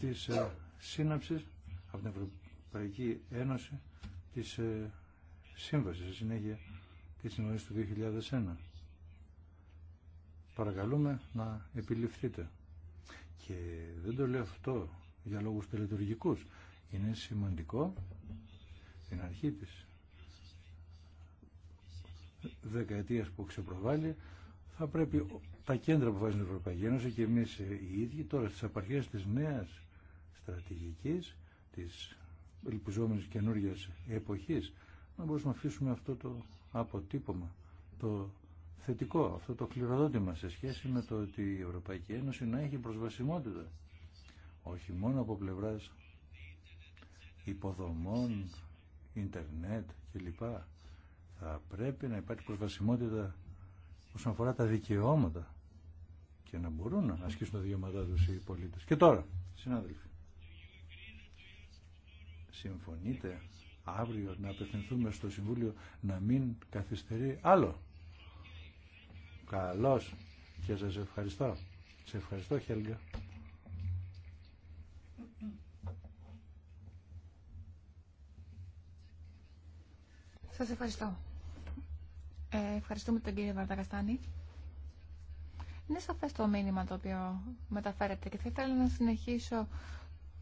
της ε, σύναψης από την Ευρωπαϊκή Ένωση της ε, Σύμβασης στη συνέχεια της συνολής του 2001. Παρακαλούμε να επιληφθείτε. Και δεν το λέω αυτό για λόγους τελετουργικούς. Είναι σημαντικό την αρχή της δεκαετίας που ξεπροβάλλει θα πρέπει τα κέντρα που βάζει την Ευρωπαϊκή Ένωση και εμείς ε, οι ίδιοι τώρα στις απαρχές της νέας στρατηγικής της ελπιζόμενης καινούργια εποχής να μπορούμε να αφήσουμε αυτό το αποτύπωμα, το θετικό, αυτό το κληροδότημα σε σχέση με το ότι η Ευρωπαϊκή Ένωση να έχει προσβασιμότητα όχι μόνο από πλευράς υποδομών, ίντερνετ κλπ. Θα πρέπει να υπάρχει προσβασιμότητα όσον αφορά τα δικαιώματα και να μπορούν να ασκήσουν τα δικαιώματά τους οι πολίτες. Και τώρα, συνάδελφοι συμφωνείτε αύριο να απευθυνθούμε στο Συμβούλιο να μην καθυστερεί άλλο. Καλώς και σας ευχαριστώ. Σε ευχαριστώ Χέλγα. Σας ευχαριστώ. Ε, ευχαριστούμε τον κύριο Βαρτακαστάνη. Είναι σαφές το μήνυμα το οποίο μεταφέρετε και θα ήθελα να συνεχίσω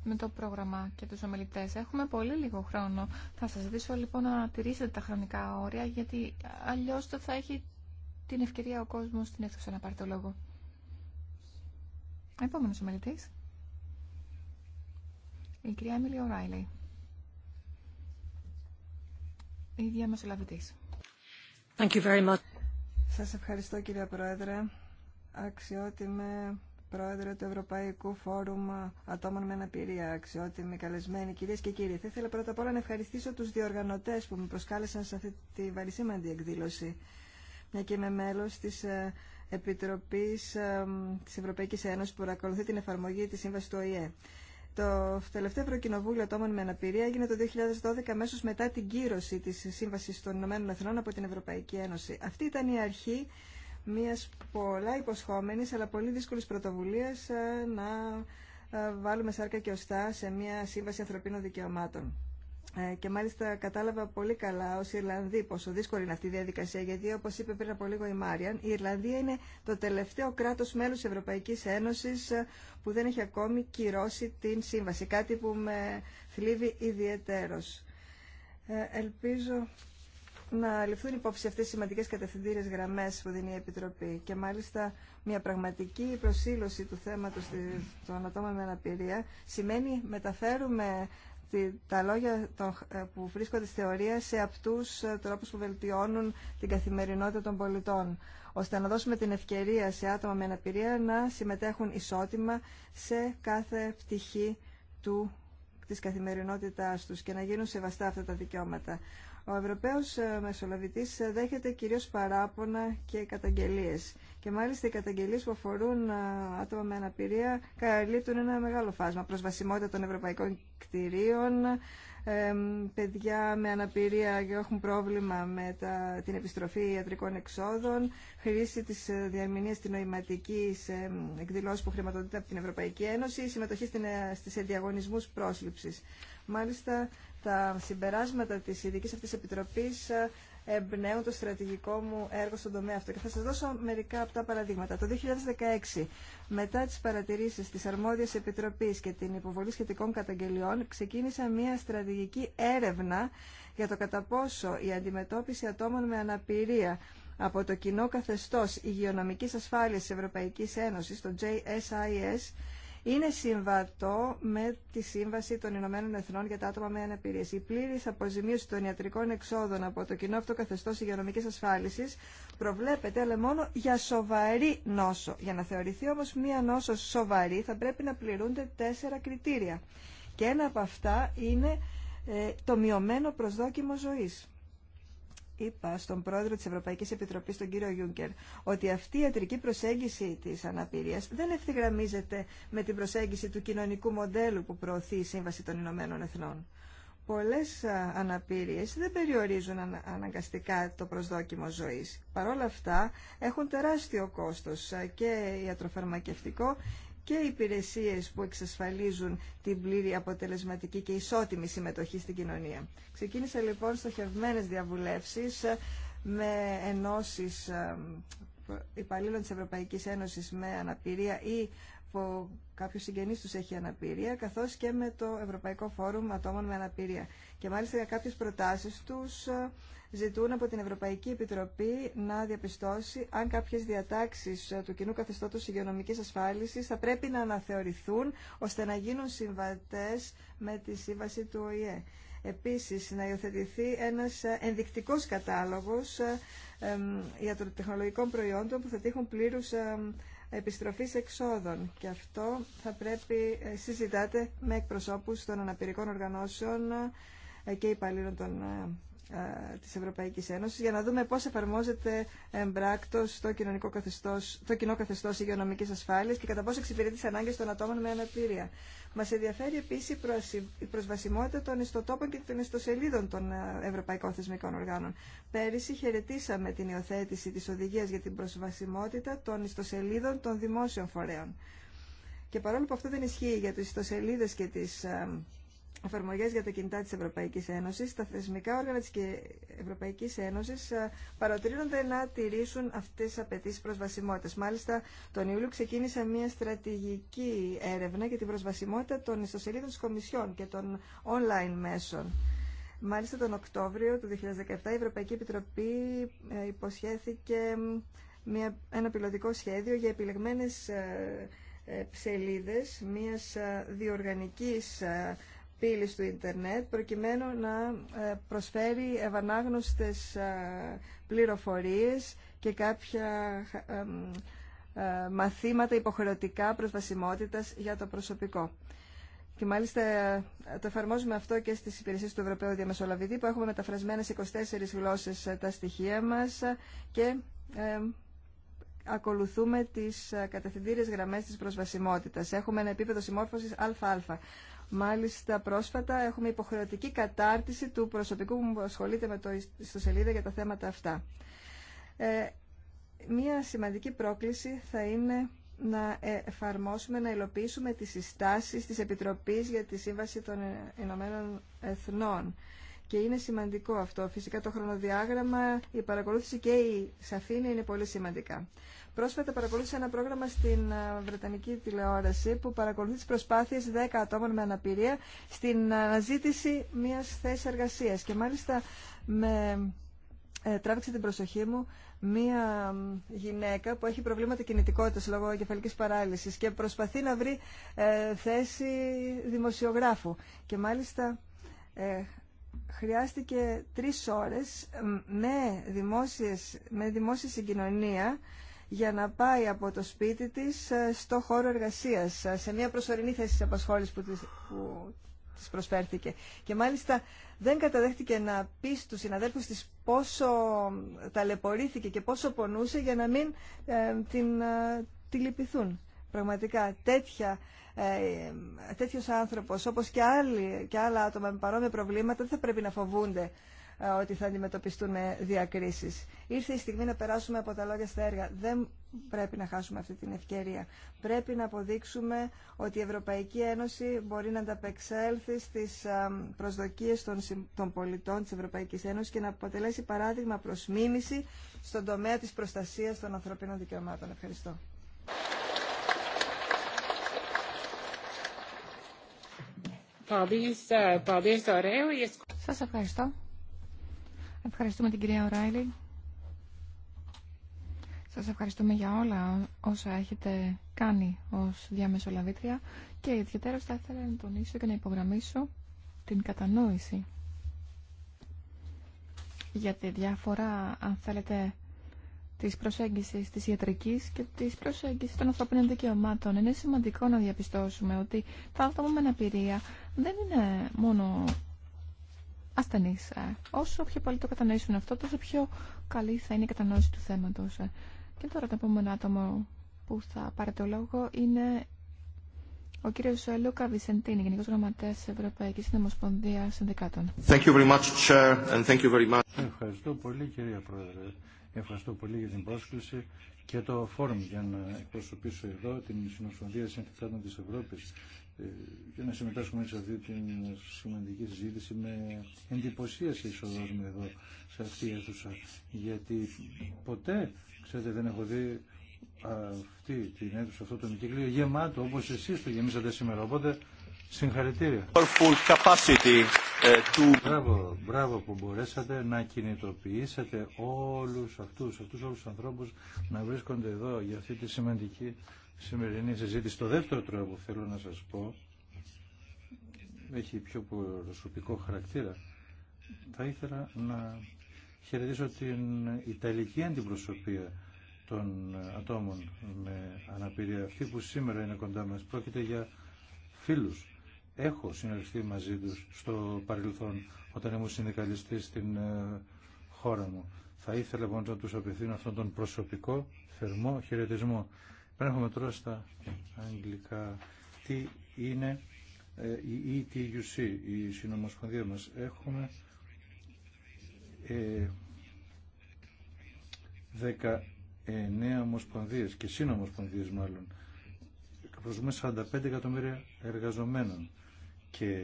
με το πρόγραμμα και τους ομιλητές. Έχουμε πολύ λίγο χρόνο. Θα σας ζητήσω λοιπόν να τηρήσετε τα χρονικά όρια, γιατί αλλιώς το θα έχει την ευκαιρία ο κόσμος στην αίθουσα να πάρει το λόγο. Επόμενος ομιλητής. Η κυρία Μιλιο Ράιλι. Η διαμεσολαβητής. Thank you Σας ευχαριστώ κυρία Πρόεδρε. Αξιότιμε πρόεδρο του Ευρωπαϊκού Φόρουμ Ατόμων με Αναπηρία, αξιότιμοι καλεσμένοι κυρίε και κύριοι. Θα ήθελα πρώτα απ' όλα να ευχαριστήσω του διοργανωτέ που με προσκάλεσαν σε αυτή τη βαρισίμαντη εκδήλωση, μια και είμαι μέλο τη ε, Επιτροπή ε, τη Ευρωπαϊκή Ένωση που παρακολουθεί την εφαρμογή τη Σύμβαση του ΟΗΕ. Το τελευταίο Ευρωκοινοβούλιο Ατόμων με Αναπηρία έγινε το 2012 αμέσω μετά την κύρωση τη Σύμβαση των Ηνωμένων Εθνών από την Ευρωπαϊκή Ένωση. Αυτή ήταν η αρχή μιας πολλά υποσχόμενης αλλά πολύ δύσκολης πρωτοβουλίας ε, να ε, βάλουμε σάρκα και οστά σε μια σύμβαση ανθρωπίνων δικαιωμάτων. Ε, και μάλιστα κατάλαβα πολύ καλά ω Ιρλανδοί πόσο δύσκολη είναι αυτή η διαδικασία, γιατί όπω είπε πριν από λίγο η Μάριαν, η Ιρλανδία είναι το τελευταίο κράτο μέλο Ευρωπαϊκή Ένωση που δεν έχει ακόμη κυρώσει την σύμβαση. Κάτι που με θλίβει ιδιαίτερω. Ελπίζω να ληφθούν υπόψη αυτές οι σημαντικές κατευθυντήρες γραμμές που δίνει η Επιτροπή και μάλιστα μια πραγματική προσήλωση του θέματος των ατόμων με αναπηρία σημαίνει μεταφέρουμε τα λόγια ε, που βρίσκονται στη θεωρία σε απτούς ε, τρόπους που βελτιώνουν την καθημερινότητα των πολιτών ώστε να δώσουμε την ευκαιρία σε άτομα με αναπηρία να συμμετέχουν ισότιμα σε κάθε πτυχή του της καθημερινότητάς τους και να γίνουν σεβαστά αυτά τα δικαιώματα. Ο Ευρωπαίος ε, Μεσολαβητής ε, δέχεται κυρίως παράπονα και καταγγελίες. Και μάλιστα οι καταγγελίες που αφορούν ε, άτομα με αναπηρία καλύπτουν ένα μεγάλο φάσμα. Προσβασιμότητα των ευρωπαϊκών κτηρίων, παιδιά με αναπηρία και έχουν πρόβλημα με τα, την επιστροφή ιατρικών εξόδων, χρήση της διαμηνίας τη νοηματική που χρηματοδοτείται από την Ευρωπαϊκή Ένωση, συμμετοχή στι στις διαγωνισμούς Μάλιστα, τα συμπεράσματα της ειδική αυτής επιτροπής ε, εμπνέουν το στρατηγικό μου έργο στον τομέα αυτό. Και θα σας δώσω μερικά από τα παραδείγματα. Το 2016, μετά τις παρατηρήσεις της Αρμόδιας Επιτροπής και την υποβολή σχετικών καταγγελιών, ξεκίνησα μια στρατηγική έρευνα για το κατά πόσο η αντιμετώπιση ατόμων με αναπηρία από το Κοινό Καθεστώς Υγειονομικής Ασφάλειας της Ευρωπαϊκής Ένωσης, το JSIS, είναι συμβατό με τη Σύμβαση των Ηνωμένων Εθνών για τα άτομα με αναπηρία. Η πλήρη αποζημίωση των ιατρικών εξόδων από το κοινό αυτό καθεστώ υγειονομική ασφάλιση προβλέπεται, αλλά μόνο για σοβαρή νόσο. Για να θεωρηθεί όμω μία νόσο σοβαρή, θα πρέπει να πληρούνται τέσσερα κριτήρια. Και ένα από αυτά είναι ε, το μειωμένο προσδόκιμο ζωής είπα στον πρόεδρο της Ευρωπαϊκής Επιτροπής, τον κύριο Γιούγκερ, ότι αυτή η ιατρική προσέγγιση της αναπηρίας δεν ευθυγραμμίζεται με την προσέγγιση του κοινωνικού μοντέλου που προωθεί η Σύμβαση των Ηνωμένων Εθνών. Πολλές αναπηρίες δεν περιορίζουν αναγκαστικά το προσδόκιμο ζωής. Παρ' όλα αυτά έχουν τεράστιο κόστος και ιατροφαρμακευτικό και υπηρεσίες που εξασφαλίζουν την πλήρη αποτελεσματική και ισότιμη συμμετοχή στην κοινωνία. Ξεκίνησα λοιπόν στοχευμένες διαβουλεύσεις ε, με ενώσεις ε, υπαλλήλων της Ευρωπαϊκής Ένωσης με αναπηρία ή που κάποιο συγγενή του έχει αναπηρία, καθώς και με το Ευρωπαϊκό Φόρουμ Ατόμων με Αναπηρία. Και μάλιστα για κάποιε προτάσει του. Ε, ζητούν από την Ευρωπαϊκή Επιτροπή να διαπιστώσει αν κάποιες διατάξεις ε, του κοινού καθεστώτος υγειονομικής ασφάλισης θα πρέπει να αναθεωρηθούν ώστε να γίνουν συμβατές με τη σύμβαση του ΟΗΕ. Επίσης, να υιοθετηθεί ένας ε, ενδεικτικός κατάλογος ε, ιατροτεχνολογικών προϊόντων που θα τύχουν πλήρους επιστροφής εξόδων και αυτό θα πρέπει συζητάτε με εκπροσώπους των αναπηρικών οργανώσεων και υπαλλήλων των της Ευρωπαϊκής Ένωσης για να δούμε πώς εφαρμόζεται εμπράκτος το, κοινωνικό καθεστώς, το κοινό καθεστώς υγειονομικής ασφάλειας και κατά πόσο εξυπηρετεί τις ανάγκες των ατόμων με αναπηρία. Μας ενδιαφέρει επίσης η προσβασιμότητα των ιστοτόπων και των ιστοσελίδων των Ευρωπαϊκών Θεσμικών Οργάνων. Πέρυσι χαιρετήσαμε την υιοθέτηση της οδηγίας για την προσβασιμότητα των ιστοσελίδων των δημόσιων φορέων. Και παρόλο που αυτό δεν ισχύει για τις ιστοσελίδες και τις εφαρμογέ για τα κινητά τη Ευρωπαϊκή Ένωση, τα θεσμικά όργανα τη Ευρωπαϊκή Ένωση ε, παροτρύνονται να τηρήσουν αυτέ τι απαιτήσει προσβασιμότητα. Μάλιστα, τον Ιούλιο ξεκίνησε μια στρατηγική έρευνα για την προσβασιμότητα των ιστοσελίδων τη Κομισιόν και των online μέσων. Μάλιστα, τον Οκτώβριο του 2017 η Ευρωπαϊκή Επιτροπή ε, υποσχέθηκε ένα πιλωτικό σχέδιο για επιλεγμένες σελίδες ε, μιας διοργανικής πύλης του ίντερνετ προκειμένου να ε, προσφέρει ευανάγνωστες ε, πληροφορίες και κάποια ε, μαθήματα υποχρεωτικά προσβασιμότητας για το προσωπικό. Και μάλιστα το εφαρμόζουμε αυτό και στις υπηρεσίες του Ευρωπαίου Διαμεσολαβητή που έχουμε μεταφρασμένες 24 γλώσσες τα στοιχεία μας και ακολουθούμε τις κατευθυντήριες γραμμές της προσβασιμότητας. Έχουμε ένα επίπεδο συμμόρφωσης ΑΑ. Μάλιστα πρόσφατα έχουμε υποχρεωτική κατάρτιση του προσωπικού που ασχολείται με το ιστοσελίδα για τα θέματα αυτά. Ε, μία σημαντική πρόκληση θα είναι να ε, εφαρμόσουμε, να υλοποιήσουμε τις συστάσεις της Επιτροπής για τη Σύμβαση των Ηνωμένων Εθνών. Και είναι σημαντικό αυτό. Φυσικά το χρονοδιάγραμμα, η παρακολούθηση και η σαφήνεια είναι πολύ σημαντικά. Πρόσφατα παρακολούθησα ένα πρόγραμμα στην ε, Βρετανική τηλεόραση που παρακολουθεί τι προσπάθειε 10 ατόμων με αναπηρία στην ε, αναζήτηση μιας θέση εργασία. Και μάλιστα με ε, τράβηξε την προσοχή μου μία γυναίκα που έχει προβλήματα κινητικότητας λόγω κεφαλικής παράλυσης και προσπαθεί να βρει θέση δημοσιογράφου. Και μάλιστα χρειάστηκε τρεις ώρες με, δημόσιες, με δημόσια συγκοινωνία για να πάει από το σπίτι της ε, στο χώρο εργασίας, ε, σε μια προσωρινή θέση της απασχόλησης που της, που προσφέρθηκε. Και μάλιστα δεν καταδέχτηκε να πει στους συναδέλφους της πόσο ταλαιπωρήθηκε και πόσο πονούσε για να μην ε, την, τη λυπηθούν. Πραγματικά τέτοια, ε, τέτοιος άνθρωπος όπως και, άλλοι, και άλλα άτομα με παρόμοια προβλήματα δεν θα πρέπει να φοβούνται ε, ότι θα αντιμετωπιστούν με διακρίσεις. Ήρθε η στιγμή να περάσουμε από τα λόγια στα έργα. Δεν πρέπει να χάσουμε αυτή την ευκαιρία. Πρέπει να αποδείξουμε ότι η Ευρωπαϊκή Ένωση μπορεί να ανταπεξέλθει στις ε, προσδοκίες των πολιτών της Ευρωπαϊκής Ένωσης και να αποτελέσει παράδειγμα προ μίμηση στον τομέα τη προστασία των ανθρωπίνων δικαιωμάτων. Ευχαριστώ. Eh, Σα ευχαριστώ. Ευχαριστούμε την κυρία Οράιλη. Σας ευχαριστούμε για όλα όσα έχετε κάνει ως διαμεσολαβήτρια και ιδιαίτερα θα ήθελα να τονίσω και να υπογραμμίσω την κατανόηση για τη διάφορα, αν θέλετε, της προσέγγισης της ιατρικής και της προσέγγισης των ανθρώπινων δικαιωμάτων. Είναι σημαντικό να διαπιστώσουμε ότι τα άτομα με αναπηρία δεν είναι μόνο ασθενείς. Ε. Όσο πιο πολύ το κατανοήσουν αυτό, τόσο πιο καλή θα είναι η κατανόηση του θέματος. Ε. Και τώρα το επόμενο άτομο που θα πάρει το λόγο είναι ο κύριο ε, Λούκα Βισεντίνη, Γενικός Γραμματέας Ευρωπαϊκή Συνομοσπονδία Συνδικάτων. Ευχαριστώ πολύ κυρία Πρόεδρε. Ευχαριστώ πολύ για την πρόσκληση και το φόρουμ για να εκπροσωπήσω εδώ την Συνομοσπονδία Συνδικάτων τη Ευρώπη ε, και να συμμετάσχουμε σε αυτή την σημαντική συζήτηση με εντυπωσίαση εισοδόρμη εδώ σε αυτή η αίθουσα γιατί ποτέ ξέρετε δεν έχω δει αυτή την αίθουσα, αυτό το μικύκλιο γεμάτο όπως εσείς το γεμίσατε σήμερα οπότε συγχαρητήρια capacity, ε, to... μπράβο, μπράβο που μπορέσατε να κινητοποιήσετε όλους αυτούς, αυτούς όλους τους ανθρώπους να βρίσκονται εδώ για αυτή τη σημαντική σημερινή συζήτηση. Το δεύτερο τρόπο που θέλω να σας πω έχει πιο προσωπικό χαρακτήρα. Θα ήθελα να χαιρετήσω την Ιταλική αντιπροσωπεία των ατόμων με αναπηρία. Αυτή που σήμερα είναι κοντά μας πρόκειται για φίλους. Έχω συνεργαστεί μαζί τους στο παρελθόν όταν ήμουν συνδικαλιστή στην ε, χώρα μου. Θα ήθελα λοιπόν να τους απευθύνω αυτόν τον προσωπικό θερμό χαιρετισμό. Πρέπει έχουμε τώρα στα αγγλικά. Τι είναι ε, η ETUC, η συνομοσπονδία μας. Έχουμε ε, 19 ομοσπονδίες και συνομοσπονδίες μάλλον. Προσβούμε 45 εκατομμύρια εργαζομένων και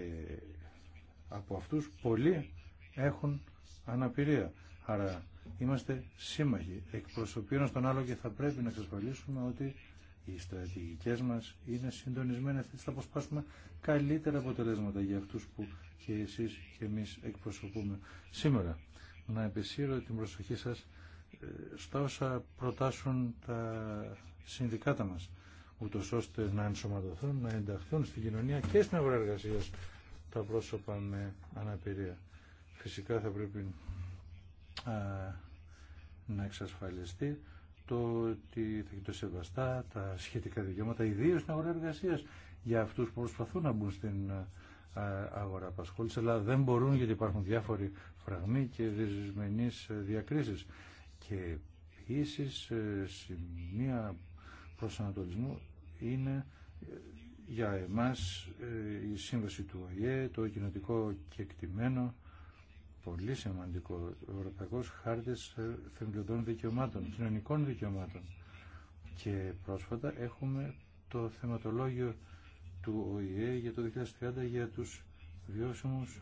από αυτούς πολλοί έχουν αναπηρία. Άρα Είμαστε σύμμαχοι εκπροσωπεί ένα τον άλλο και θα πρέπει να εξασφαλίσουμε ότι οι στρατηγικέ μας είναι συντονισμένε έτσι θα αποσπάσουμε καλύτερα αποτελέσματα για αυτούς που και εσείς και εμείς εκπροσωπούμε σήμερα. Να επισύρω την προσοχή σας ε, στα όσα προτάσουν τα συνδικάτα μας ούτω ώστε να ενσωματωθούν, να ενταχθούν στην κοινωνία και στην αγορά τα πρόσωπα με αναπηρία. Φυσικά θα πρέπει ε, να εξασφαλιστεί το ότι θα σεβαστά τα σχετικά δικαιώματα, ιδίω στην αγορά εργασία για αυτούς που προσπαθούν να μπουν στην ε, αγορά απασχόληση, αλλά δεν μπορούν γιατί υπάρχουν διάφοροι φραγμοί και δυσμενείς ε, διακρίσεις. Και επίση σημεία προσανατολισμού είναι για εμάς η σύμβαση του ΟΗΕ, το κοινοτικό κεκτημένο πολύ σημαντικό. Ο Ευρωπαϊκός Χάρτης ε, Θεμελιωδών Δικαιωμάτων, Κοινωνικών Δικαιωμάτων. Και πρόσφατα έχουμε το θεματολόγιο του ΟΗΕ για το 2030 για τους βιώσιμους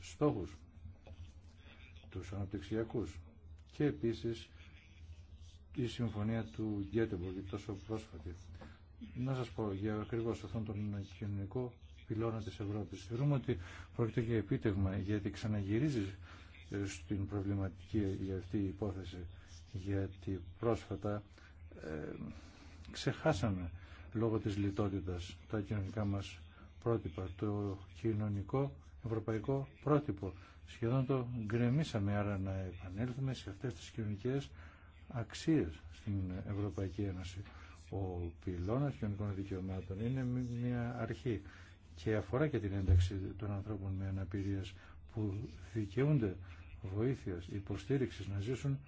στόχους, τους αναπτυξιακούς. Και επίσης η συμφωνία του Γκέτεμπορ, τόσο πρόσφατη. Να σας πω για ακριβώς αυτόν τον κοινωνικό πυλώνα της Ευρώπης. Θεωρούμε ότι πρόκειται για επίτευγμα γιατί ξαναγυρίζει ε, στην προβληματική για αυτή η υπόθεση γιατί πρόσφατα ε, ξεχάσαμε λόγω της λιτότητας τα κοινωνικά μας πρότυπα, το κοινωνικό ευρωπαϊκό πρότυπο. Σχεδόν το γκρεμίσαμε άρα να επανέλθουμε σε αυτές τις κοινωνικές αξίες στην Ευρωπαϊκή Ένωση. Ο πυλώνας κοινωνικών δικαιωμάτων είναι μια αρχή και αφορά και την ένταξη των ανθρώπων με αναπηρίες που δικαιούνται βοήθειας, υποστήριξης να ζήσουν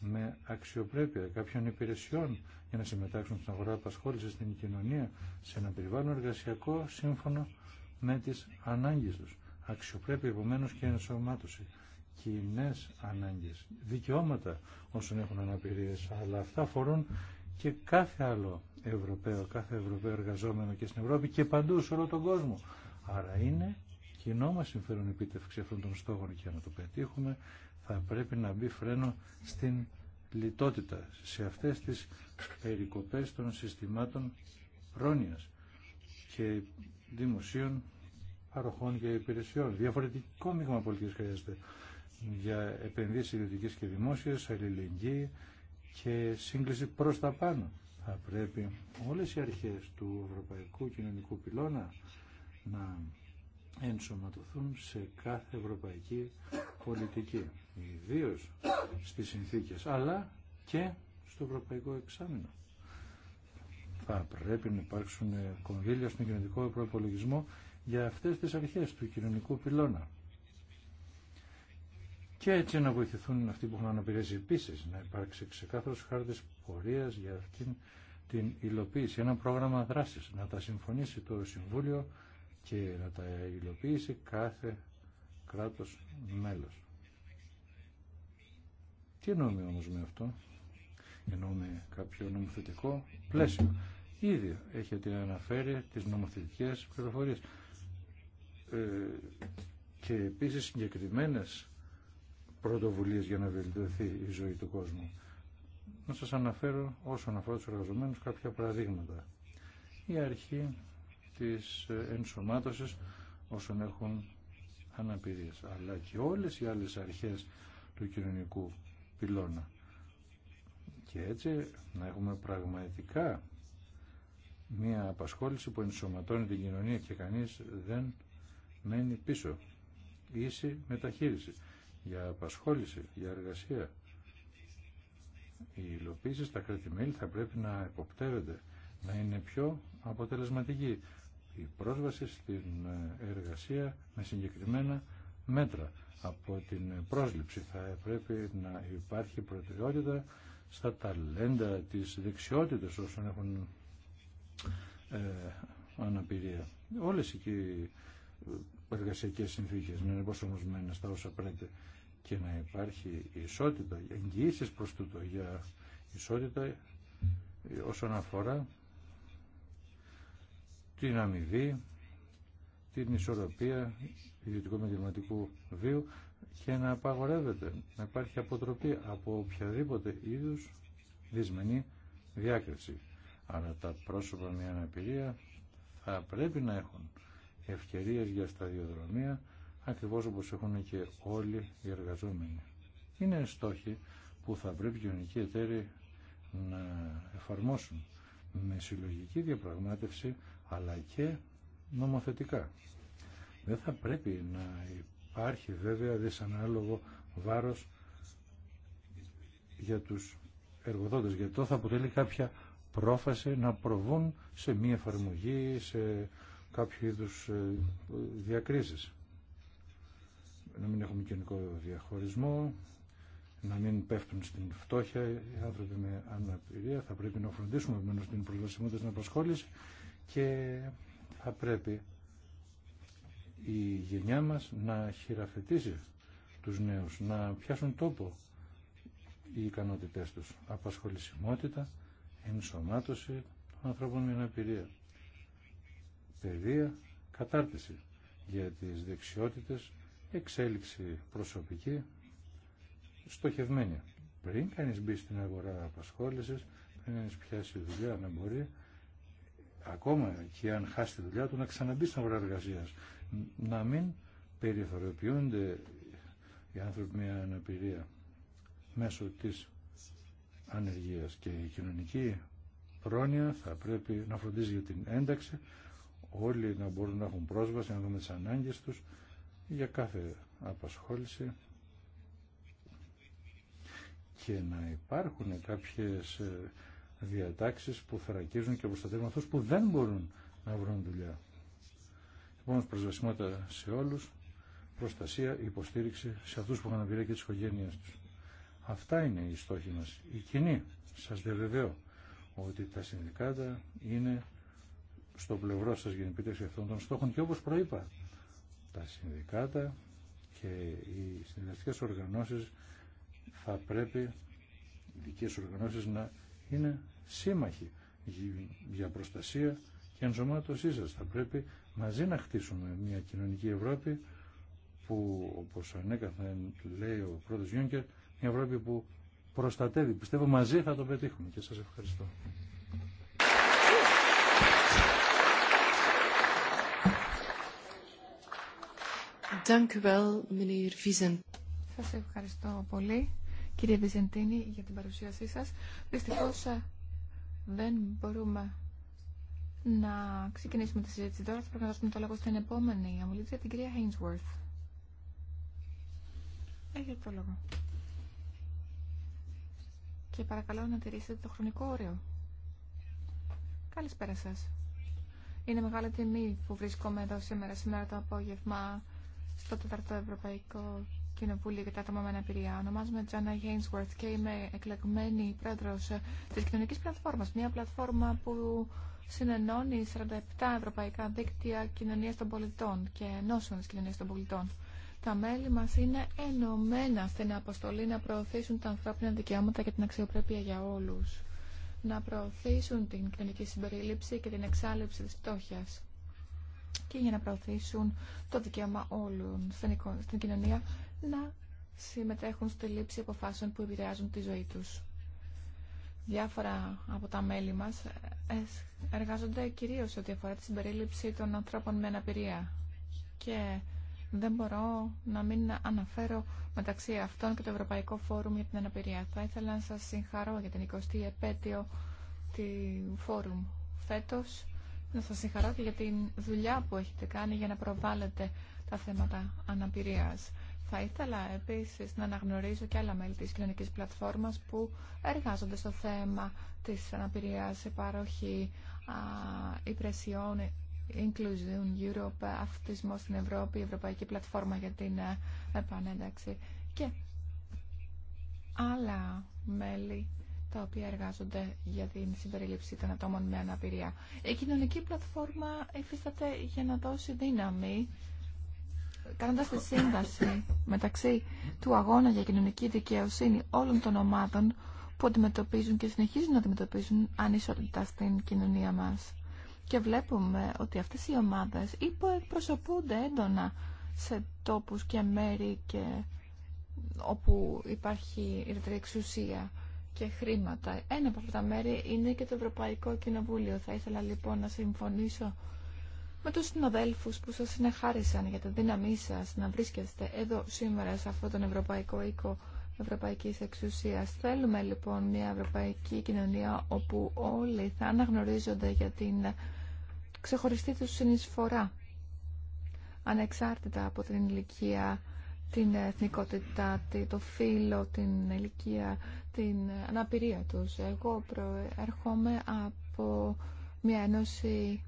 με αξιοπρέπεια κάποιων υπηρεσιών για να συμμετάξουν στην αγορά απασχόληση στην κοινωνία σε ένα περιβάλλον εργασιακό σύμφωνο με τις ανάγκες τους. Αξιοπρέπεια επομένω και ενσωμάτωση. Κοινέ ανάγκες, δικαιώματα όσων έχουν αναπηρίες, αλλά αυτά αφορούν και κάθε άλλο Ευρωπαίο, κάθε Ευρωπαίο εργαζόμενο και στην Ευρώπη και παντού σε όλο τον κόσμο. Άρα είναι κοινό μας συμφέρον επίτευξη αυτών των στόχων και να το πετύχουμε θα πρέπει να μπει φρένο στην λιτότητα σε αυτές τις περικοπές των συστημάτων πρόνοιας και δημοσίων παροχών και υπηρεσιών. Διαφορετικό μείγμα πολιτικής χρειάζεται για επενδύσεις ιδιωτικής και δημόσιας, αλληλεγγύη, και σύγκληση προς τα πάνω. Θα πρέπει όλες οι αρχές του Ευρωπαϊκού Κοινωνικού Πυλώνα να ενσωματωθούν σε κάθε ευρωπαϊκή πολιτική, ιδίω στις συνθήκες, αλλά και στο ευρωπαϊκό εξάμεινο. Θα πρέπει να υπάρξουν κονδύλια στον κοινωνικό προπολογισμό για αυτές τις αρχές του κοινωνικού πυλώνα και έτσι να βοηθηθούν αυτοί που έχουν αναπηρέσει επίση να υπάρξει ξεκάθαρο χάρτη πορεία για αυτήν την υλοποίηση. Ένα πρόγραμμα δράση να τα συμφωνήσει το Συμβούλιο και να τα υλοποιήσει κάθε κράτο μέλο. Τι εννοούμε όμω με αυτό. Εννοούμε κάποιο νομοθετικό πλαίσιο. Ήδη έχετε αναφέρει τις νομοθετικές πληροφορίες ε, και επίσης συγκεκριμένες πρωτοβουλίες για να βελτιωθεί η ζωή του κόσμου. Να σας αναφέρω όσον αφορά τους εργαζομένους κάποια παραδείγματα. Η αρχή της ενσωμάτωσης όσων έχουν αναπηρίες, αλλά και όλες οι άλλες αρχές του κοινωνικού πυλώνα. Και έτσι να έχουμε πραγματικά μία απασχόληση που ενσωματώνει την κοινωνία και κανείς δεν μένει πίσω. Ίση μεταχείριση για απασχόληση, για εργασία. Οι υλοποίηση στα κρατημέλη θα πρέπει να εποπτεύεται, να είναι πιο αποτελεσματική. Η πρόσβαση στην ε, εργασία με συγκεκριμένα μέτρα από την πρόσληψη θα πρέπει να υπάρχει προτεραιότητα στα ταλέντα της δεξιότητας όσων έχουν ε, αναπηρία. Όλες εκεί εργασιακέ συνθήκε, να είναι προσαρμοσμένε στα όσα πρέπει και να υπάρχει ισότητα, εγγυήσει προ τούτο για ισότητα όσον αφορά την αμοιβή, την ισορροπία ιδιωτικού με δημοτικού βίου και να απαγορεύεται, να υπάρχει αποτροπή από οποιαδήποτε είδου δυσμενή διάκριση. Αλλά τα πρόσωπα με αναπηρία θα πρέπει να έχουν ευκαιρίες για σταδιοδρομία, ακριβώς όπως έχουν και όλοι οι εργαζόμενοι. Είναι στόχοι που θα πρέπει οι κοινωνικοί εταίροι να εφαρμόσουν με συλλογική διαπραγμάτευση αλλά και νομοθετικά. Δεν θα πρέπει να υπάρχει βέβαια δυσανάλογο βάρος για τους εργοδότες, γιατί το θα αποτελεί κάποια πρόφαση να προβούν σε μία εφαρμογή, σε κάποιο είδους ε, διακρίσεις. Να μην έχουμε κοινικό διαχωρισμό, να μην πέφτουν στην φτώχεια οι άνθρωποι με αναπηρία, θα πρέπει να φροντίσουμε επομένως την προσβασιμότητα στην απασχόληση και θα πρέπει η γενιά μας να χειραφετήσει τους νέους, να πιάσουν τόπο οι ικανότητές τους. Απασχολησιμότητα, ενσωμάτωση των ανθρώπων με αναπηρία παιδεία, κατάρτιση για τις δεξιότητες, εξέλιξη προσωπική, στοχευμένη. Πριν κανείς μπει στην αγορά απασχόλησης, πριν κανείς πιάσει δουλειά να μπορεί, ακόμα και αν χάσει τη δουλειά του, να ξαναμπεί στην αγορά εργασία. Να μην περιθωριοποιούνται οι άνθρωποι μια αναπηρία μέσω της ανεργίας και η κοινωνική πρόνοια θα πρέπει να φροντίζει για την ένταξη όλοι να μπορούν να έχουν πρόσβαση, να δούμε τις ανάγκες τους για κάθε απασχόληση και να υπάρχουν κάποιες ε, διατάξεις που θρακίζουν και προστατεύουν αυτούς που δεν μπορούν να βρουν δουλειά. Επόμενος προσβασιμότητα σε όλους, προστασία, υποστήριξη σε αυτούς που έχουν αναπηρία και τις οικογένειές τους. Αυτά είναι οι στόχοι μας. Η κοινή, σας διαβεβαίω, ότι τα συνδικάτα είναι στο πλευρό σας για την επίτευξη αυτών των στόχων και όπως προείπα τα συνδικάτα και οι συνεργατικές οργανώσεις θα πρέπει οι δικές οργανώσεις να είναι σύμμαχοι για προστασία και ενσωμάτωσή σας. Θα πρέπει μαζί να χτίσουμε μια κοινωνική Ευρώπη που όπως ανέκαθεν λέει ο πρώτος Γιούνκερ, μια Ευρώπη που προστατεύει. Πιστεύω μαζί θα το πετύχουμε και σας ευχαριστώ. Dank Σας ευχαριστώ πολύ, κύριε Βυζεντίνη, για την παρουσίασή σας. Δυστυχώς ε, δεν μπορούμε να ξεκινήσουμε τη συζήτηση τώρα. Θα πρέπει να δώσουμε το λόγο στην επόμενη αμολήτρια, την κυρία Hainsworth. Έχετε το λόγο. Και παρακαλώ να τηρήσετε το χρονικό όριο. Καλησπέρα σας. Είναι μεγάλη τιμή που βρίσκομαι εδώ σήμερα, σήμερα το απόγευμα στο 4ο Ευρωπαϊκό Κοινοβούλιο για τα άτομα με αναπηρία. Ονομάζομαι Τζάνα Χέινσουαρθ και είμαι εκλεγμένη πρόεδρο τη κοινωνική πλατφόρμα. Μια πλατφόρμα που συνενώνει 47 ευρωπαϊκά δίκτυα κοινωνία των πολιτών και ενώσεων τη κοινωνία των πολιτών. Τα μέλη μα είναι ενωμένα στην αποστολή να προωθήσουν τα ανθρώπινα δικαιώματα και την αξιοπρέπεια για όλου. Να προωθήσουν την κοινωνική συμπερίληψη και την εξάλληψη τη φτώχεια και για να προωθήσουν το δικαίωμα όλων στην κοινωνία να συμμετέχουν στη λήψη αποφάσεων που επηρεάζουν τη ζωή τους. Διάφορα από τα μέλη μας ε, εργάζονται κυρίως ό,τι αφορά τη συμπερίληψη των ανθρώπων με αναπηρία και δεν μπορώ να μην αναφέρω μεταξύ αυτών και το Ευρωπαϊκό Φόρουμ για την Αναπηρία. Θα ήθελα να σας συγχαρώ για την 20η επέτειο του Φόρουμ φέτος να σας συγχαρώ και για την δουλειά που έχετε κάνει για να προβάλλετε τα θέματα αναπηρίας. Θα ήθελα επίσης να αναγνωρίσω και άλλα μέλη της κοινωνική πλατφόρμας που εργάζονται στο θέμα της αναπηρίας σε παροχή υπηρεσιών Inclusion Europe, αυτισμό στην Ευρώπη, η Ευρωπαϊκή Πλατφόρμα για την ε, Επανένταξη και άλλα μέλη τα οποία εργάζονται για την συμπεριλήψη των ατόμων με αναπηρία. Η κοινωνική πλατφόρμα υφίσταται για να δώσει δύναμη, κάνοντας τη σύνταση μεταξύ του αγώνα για κοινωνική δικαιοσύνη όλων των ομάδων που αντιμετωπίζουν και συνεχίζουν να αντιμετωπίζουν ανισότητα στην κοινωνία μας. Και βλέπουμε ότι αυτές οι ομάδες υποεκπροσωπούνται έντονα σε τόπους και μέρη και όπου υπάρχει ιδρύτερη εξουσία και χρήματα. Ένα από αυτά τα μέρη είναι και το Ευρωπαϊκό Κοινοβούλιο. Θα ήθελα λοιπόν να συμφωνήσω με τους συναδέλφους που σας συνεχάρισαν για τη δύναμή σας να βρίσκεστε εδώ σήμερα σε αυτόν τον Ευρωπαϊκό Οίκο Ευρωπαϊκής Εξουσίας. Θέλουμε λοιπόν μια Ευρωπαϊκή κοινωνία όπου όλοι θα αναγνωρίζονται για την ξεχωριστή τους συνεισφορά ανεξάρτητα από την ηλικία την εθνικότητά, το φύλλο, την ηλικία, την αναπηρία τους. Εγώ προέρχομαι από μια ένωση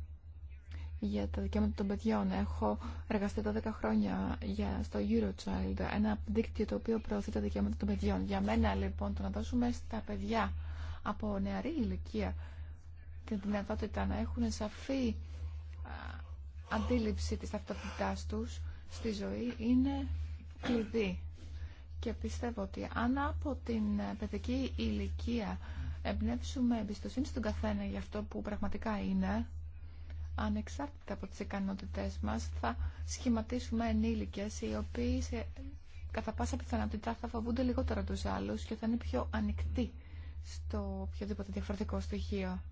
για τα δικαιώματα των παιδιών. Έχω εργαστεί 12 χρόνια για, στο Eurochild, ένα δίκτυο το οποίο προωθεί τα δικαιώματα των παιδιών. Για μένα λοιπόν το να δώσουμε στα παιδιά από νεαρή ηλικία την δυνατότητα να έχουν σαφή αντίληψη της ταυτότητάς τους στη ζωή είναι κλειδί. Και πιστεύω ότι αν από την παιδική ηλικία εμπνεύσουμε εμπιστοσύνη στον καθένα για αυτό που πραγματικά είναι, ανεξάρτητα από τις ικανότητές μας, θα σχηματίσουμε ενήλικες οι οποίοι σε, κατά πάσα πιθανότητα θα φοβούνται λιγότερο τους άλλους και θα είναι πιο ανοιχτοί στο οποιοδήποτε διαφορετικό στοιχείο.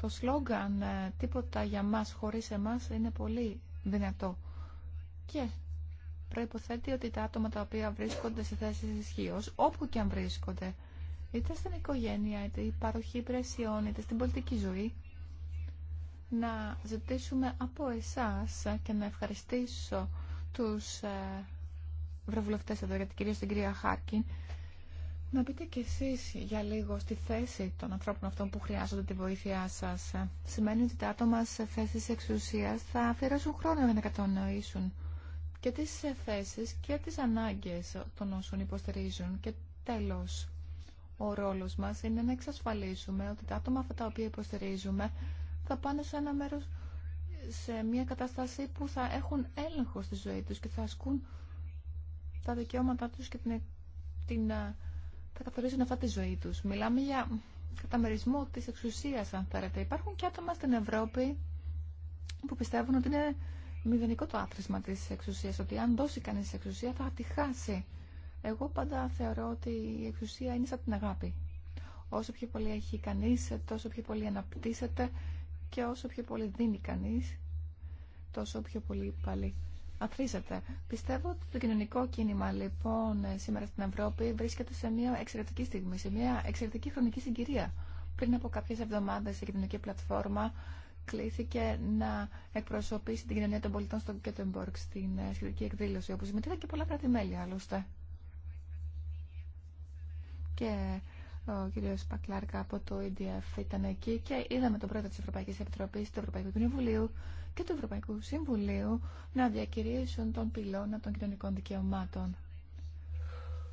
Το σλόγγαν ε, «Τίποτα για μας χωρίς εμάς» είναι πολύ δυνατό και προϋποθέτει ότι τα άτομα τα οποία βρίσκονται σε θέσεις ισχύω, όπου και αν βρίσκονται, είτε στην οικογένεια, είτε η παροχή υπηρεσιών, είτε στην πολιτική ζωή, να ζητήσουμε από εσάς και να ευχαριστήσω τους βρεβουλευτές ε, εδώ, γιατί κυρίως την κυρία Χάρκιν, να πείτε κι εσείς για λίγο στη θέση των ανθρώπων αυτών που χρειάζονται τη βοήθειά σας. Σημαίνει ότι τα άτομα σε θέσεις εξουσίας θα αφιερώσουν χρόνο για να κατανοήσουν και τις θέσεις και τις ανάγκες των όσων υποστηρίζουν. Και τέλος, ο ρόλος μας είναι να εξασφαλίσουμε ότι τα άτομα αυτά τα οποία υποστηρίζουμε θα πάνε σε ένα μέρος, σε μια κατάσταση που θα έχουν έλεγχο στη ζωή τους και θα ασκούν τα δικαιώματά τους και την, την, θα καθορίζουν αυτά τη ζωή τους. Μιλάμε για καταμερισμό της εξουσίας, αν θέλετε. Υπάρχουν και άτομα στην Ευρώπη που πιστεύουν ότι είναι μηδενικό το άθροισμα τη εξουσία, ότι αν δώσει κανείς εξουσία θα τη χάσει. Εγώ πάντα θεωρώ ότι η εξουσία είναι σαν την αγάπη. Όσο πιο πολύ έχει κανεί, τόσο πιο πολύ αναπτύσσεται και όσο πιο πολύ δίνει κανεί, τόσο πιο πολύ πάλι αθρίζεται. Πιστεύω ότι το κοινωνικό κίνημα λοιπόν σήμερα στην Ευρώπη βρίσκεται σε μια εξαιρετική στιγμή, σε μια εξαιρετική χρονική συγκυρία. Πριν από κάποιε εβδομάδε η κοινωνική πλατφόρμα κλήθηκε να εκπροσωπήσει την κοινωνία των πολιτών στο Κέτεμπορκ στην ε, σχετική εκδήλωση, όπου συμμετείχαν και πολλά κράτη-μέλη άλλωστε. Και ε, ο κ. Πακλάρκα από το EDF ήταν εκεί και είδαμε τον πρόεδρο της Ευρωπαϊκής Επιτροπής, του Ευρωπαϊκού Κοινοβουλίου και του Ευρωπαϊκού Συμβουλίου να διακηρύσουν τον πυλώνα των κοινωνικών δικαιωμάτων.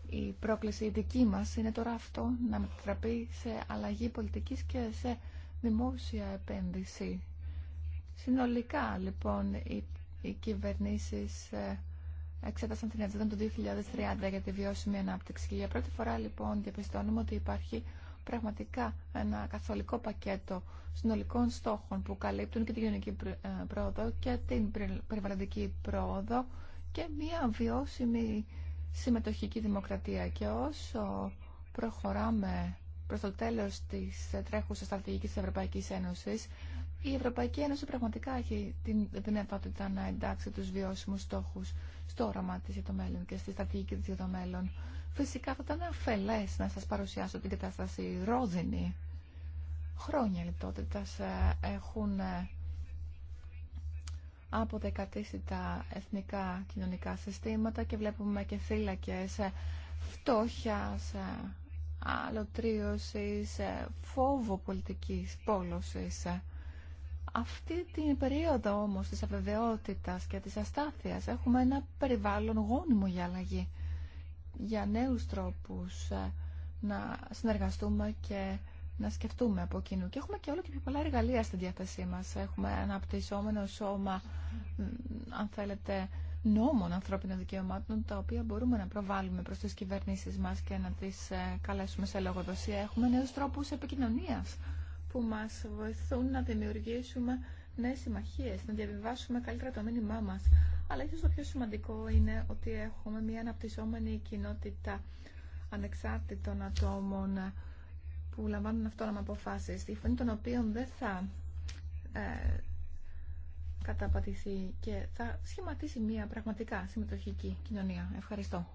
Η πρόκληση δική μας είναι τώρα αυτό να μετατραπεί σε αλλαγή πολιτικής και σε δημόσια επένδυση. Συνολικά, λοιπόν, οι, οι κυβερνήσεις ε, εξέτασαν την ατζέντα του 2030 για τη βιώσιμη ανάπτυξη. Και για πρώτη φορά, λοιπόν, διαπιστώνουμε ότι υπάρχει πραγματικά ένα καθολικό πακέτο συνολικών στόχων που καλύπτουν και την κοινωνική ε, πρόοδο και την περιβαλλοντική πρόοδο και μια βιώσιμη συμμετοχική δημοκρατία. Και όσο προχωράμε προς το τέλος της τρέχουσα στρατηγικής της Ευρωπαϊκής Ένωσης, η Ευρωπαϊκή Ένωση πραγματικά έχει την δυνατότητα να εντάξει τους βιώσιμους στόχους στο όραμα της για το μέλλον και στη στρατηγική της για το μέλλον. Φυσικά θα ήταν αφελές να σας παρουσιάσω την κατάσταση ρόδινη. Χρόνια λιτότητας ε, έχουν ε, αποδεκατήσει τα εθνικά κοινωνικά συστήματα και βλέπουμε και φύλακες ε, φτώχειας, αλωτρίωσης, ε, φόβο πολιτικής πόλωσης. Ε, αυτή την περίοδο όμως της αβεβαιότητας και της αστάθειας έχουμε ένα περιβάλλον γόνιμο για αλλαγή, για νέους τρόπους ε, να συνεργαστούμε και να σκεφτούμε από κοινού. Και έχουμε και όλο και πιο πολλά εργαλεία στη διάθεσή μας. Έχουμε αναπτυσσόμενο σώμα, αν θέλετε, νόμων ανθρώπινων δικαιωμάτων τα οποία μπορούμε να προβάλλουμε προς τις κυβερνήσεις μας και να τις ε, καλέσουμε σε λογοδοσία. Έχουμε νέους τρόπους επικοινωνίας που μας βοηθούν να δημιουργήσουμε νέες συμμαχίες, να διαβιβάσουμε καλύτερα το μήνυμά μας. Αλλά ίσως το πιο σημαντικό είναι ότι έχουμε μια αναπτυσσόμενη κοινότητα ανεξάρτητων ατόμων που λαμβάνουν αυτόνομα αποφάσεις, τη φωνή των οποίων δεν θα ε, καταπατηθεί και θα σχηματίσει μια πραγματικά συμμετοχική κοινωνία. Ευχαριστώ.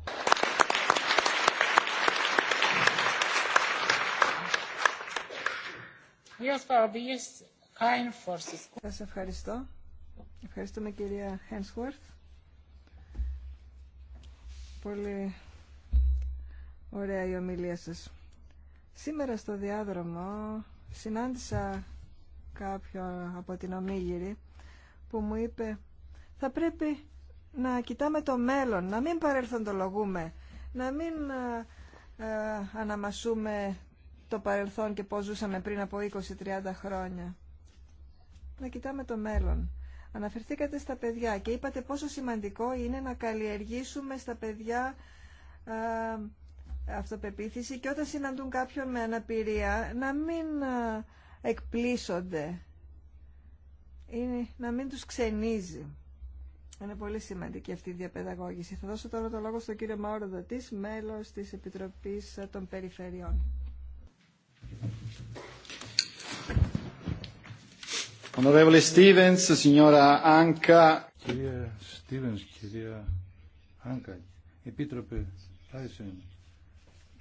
Σας ευχαριστώ. Ευχαριστούμε κυρία Χένσουερθ. Πολύ ωραία η ομιλία σας. Σήμερα στο διάδρομο συνάντησα κάποιον από την Ομίγυρη που μου είπε θα πρέπει να κοιτάμε το μέλλον, να μην παρελθοντολογούμε, να μην ε, ε, αναμασούμε το παρελθόν και πώς ζούσαμε πριν από 20-30 χρόνια. Να κοιτάμε το μέλλον. Αναφερθήκατε στα παιδιά και είπατε πόσο σημαντικό είναι να καλλιεργήσουμε στα παιδιά ε, αυτοπεποίθηση και όταν συναντούν κάποιον με αναπηρία να μην εκπλήσονται είναι να μην τους ξενίζει. Είναι πολύ σημαντική αυτή η διαπαιδαγώγηση. Θα δώσω τώρα το λόγο στον κύριο Μάουρο Δωτής, μέλος της Επιτροπής των Περιφερειών. Honorable Stevens, signora Anka. Κυρία Stevens, κυρία Άνκα, Επίτροπε Άισεν,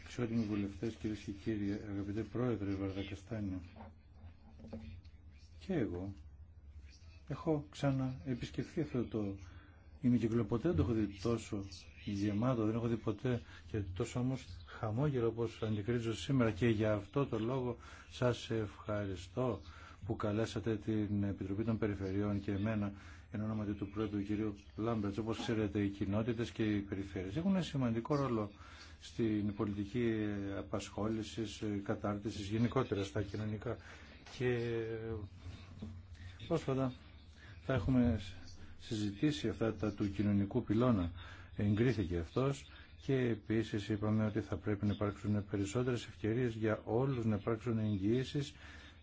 αξιότιμοι βουλευτές, κυρίες και κύριοι, αγαπητέ πρόεδρε Βαρδακαστάνιο, και εγώ Έχω ξαναεπισκεφθεί αυτό το ημικυκλό. Ποτέ δεν το έχω δει τόσο γεμάτο, δεν έχω δει ποτέ και τόσο όμω χαμόγελο όπω αντικρίζω σήμερα. Και για αυτό το λόγο σα ευχαριστώ που καλέσατε την Επιτροπή των Περιφερειών και εμένα εν ονόματι του πρώτου κυρίου Λάμπερτ. όπως ξέρετε, οι κοινότητε και οι περιφέρειες έχουν ένα σημαντικό ρόλο στην πολιτική απασχόληση, κατάρτιση γενικότερα στα κοινωνικά. Και ε, πρόσφατα θα έχουμε συζητήσει αυτά τα του κοινωνικού πυλώνα. Εγκρίθηκε αυτός και επίσης είπαμε ότι θα πρέπει να υπάρξουν περισσότερες ευκαιρίες για όλους να υπάρξουν εγγυήσεις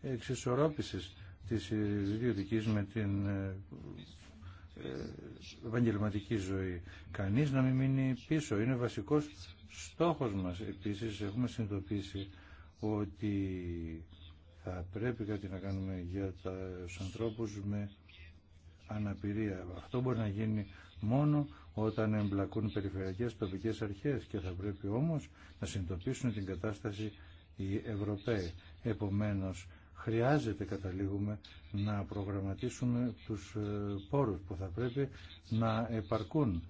εξισορρόπησης της ιδιωτικής με την ε, ε, επαγγελματική ζωή. Κανείς να μην μείνει πίσω. Είναι βασικός στόχος μας. Επίσης έχουμε συνειδητοποιήσει ότι θα πρέπει κάτι να κάνουμε για τους ανθρώπους με αναπηρία. Αυτό μπορεί να γίνει μόνο όταν εμπλακούν περιφερειακές τοπικές αρχές και θα πρέπει όμως να συνειδητοποιήσουν την κατάσταση οι Ευρωπαίοι. Επομένως, χρειάζεται καταλήγουμε να προγραμματίσουμε τους ε, πόρους που θα πρέπει να επαρκούν.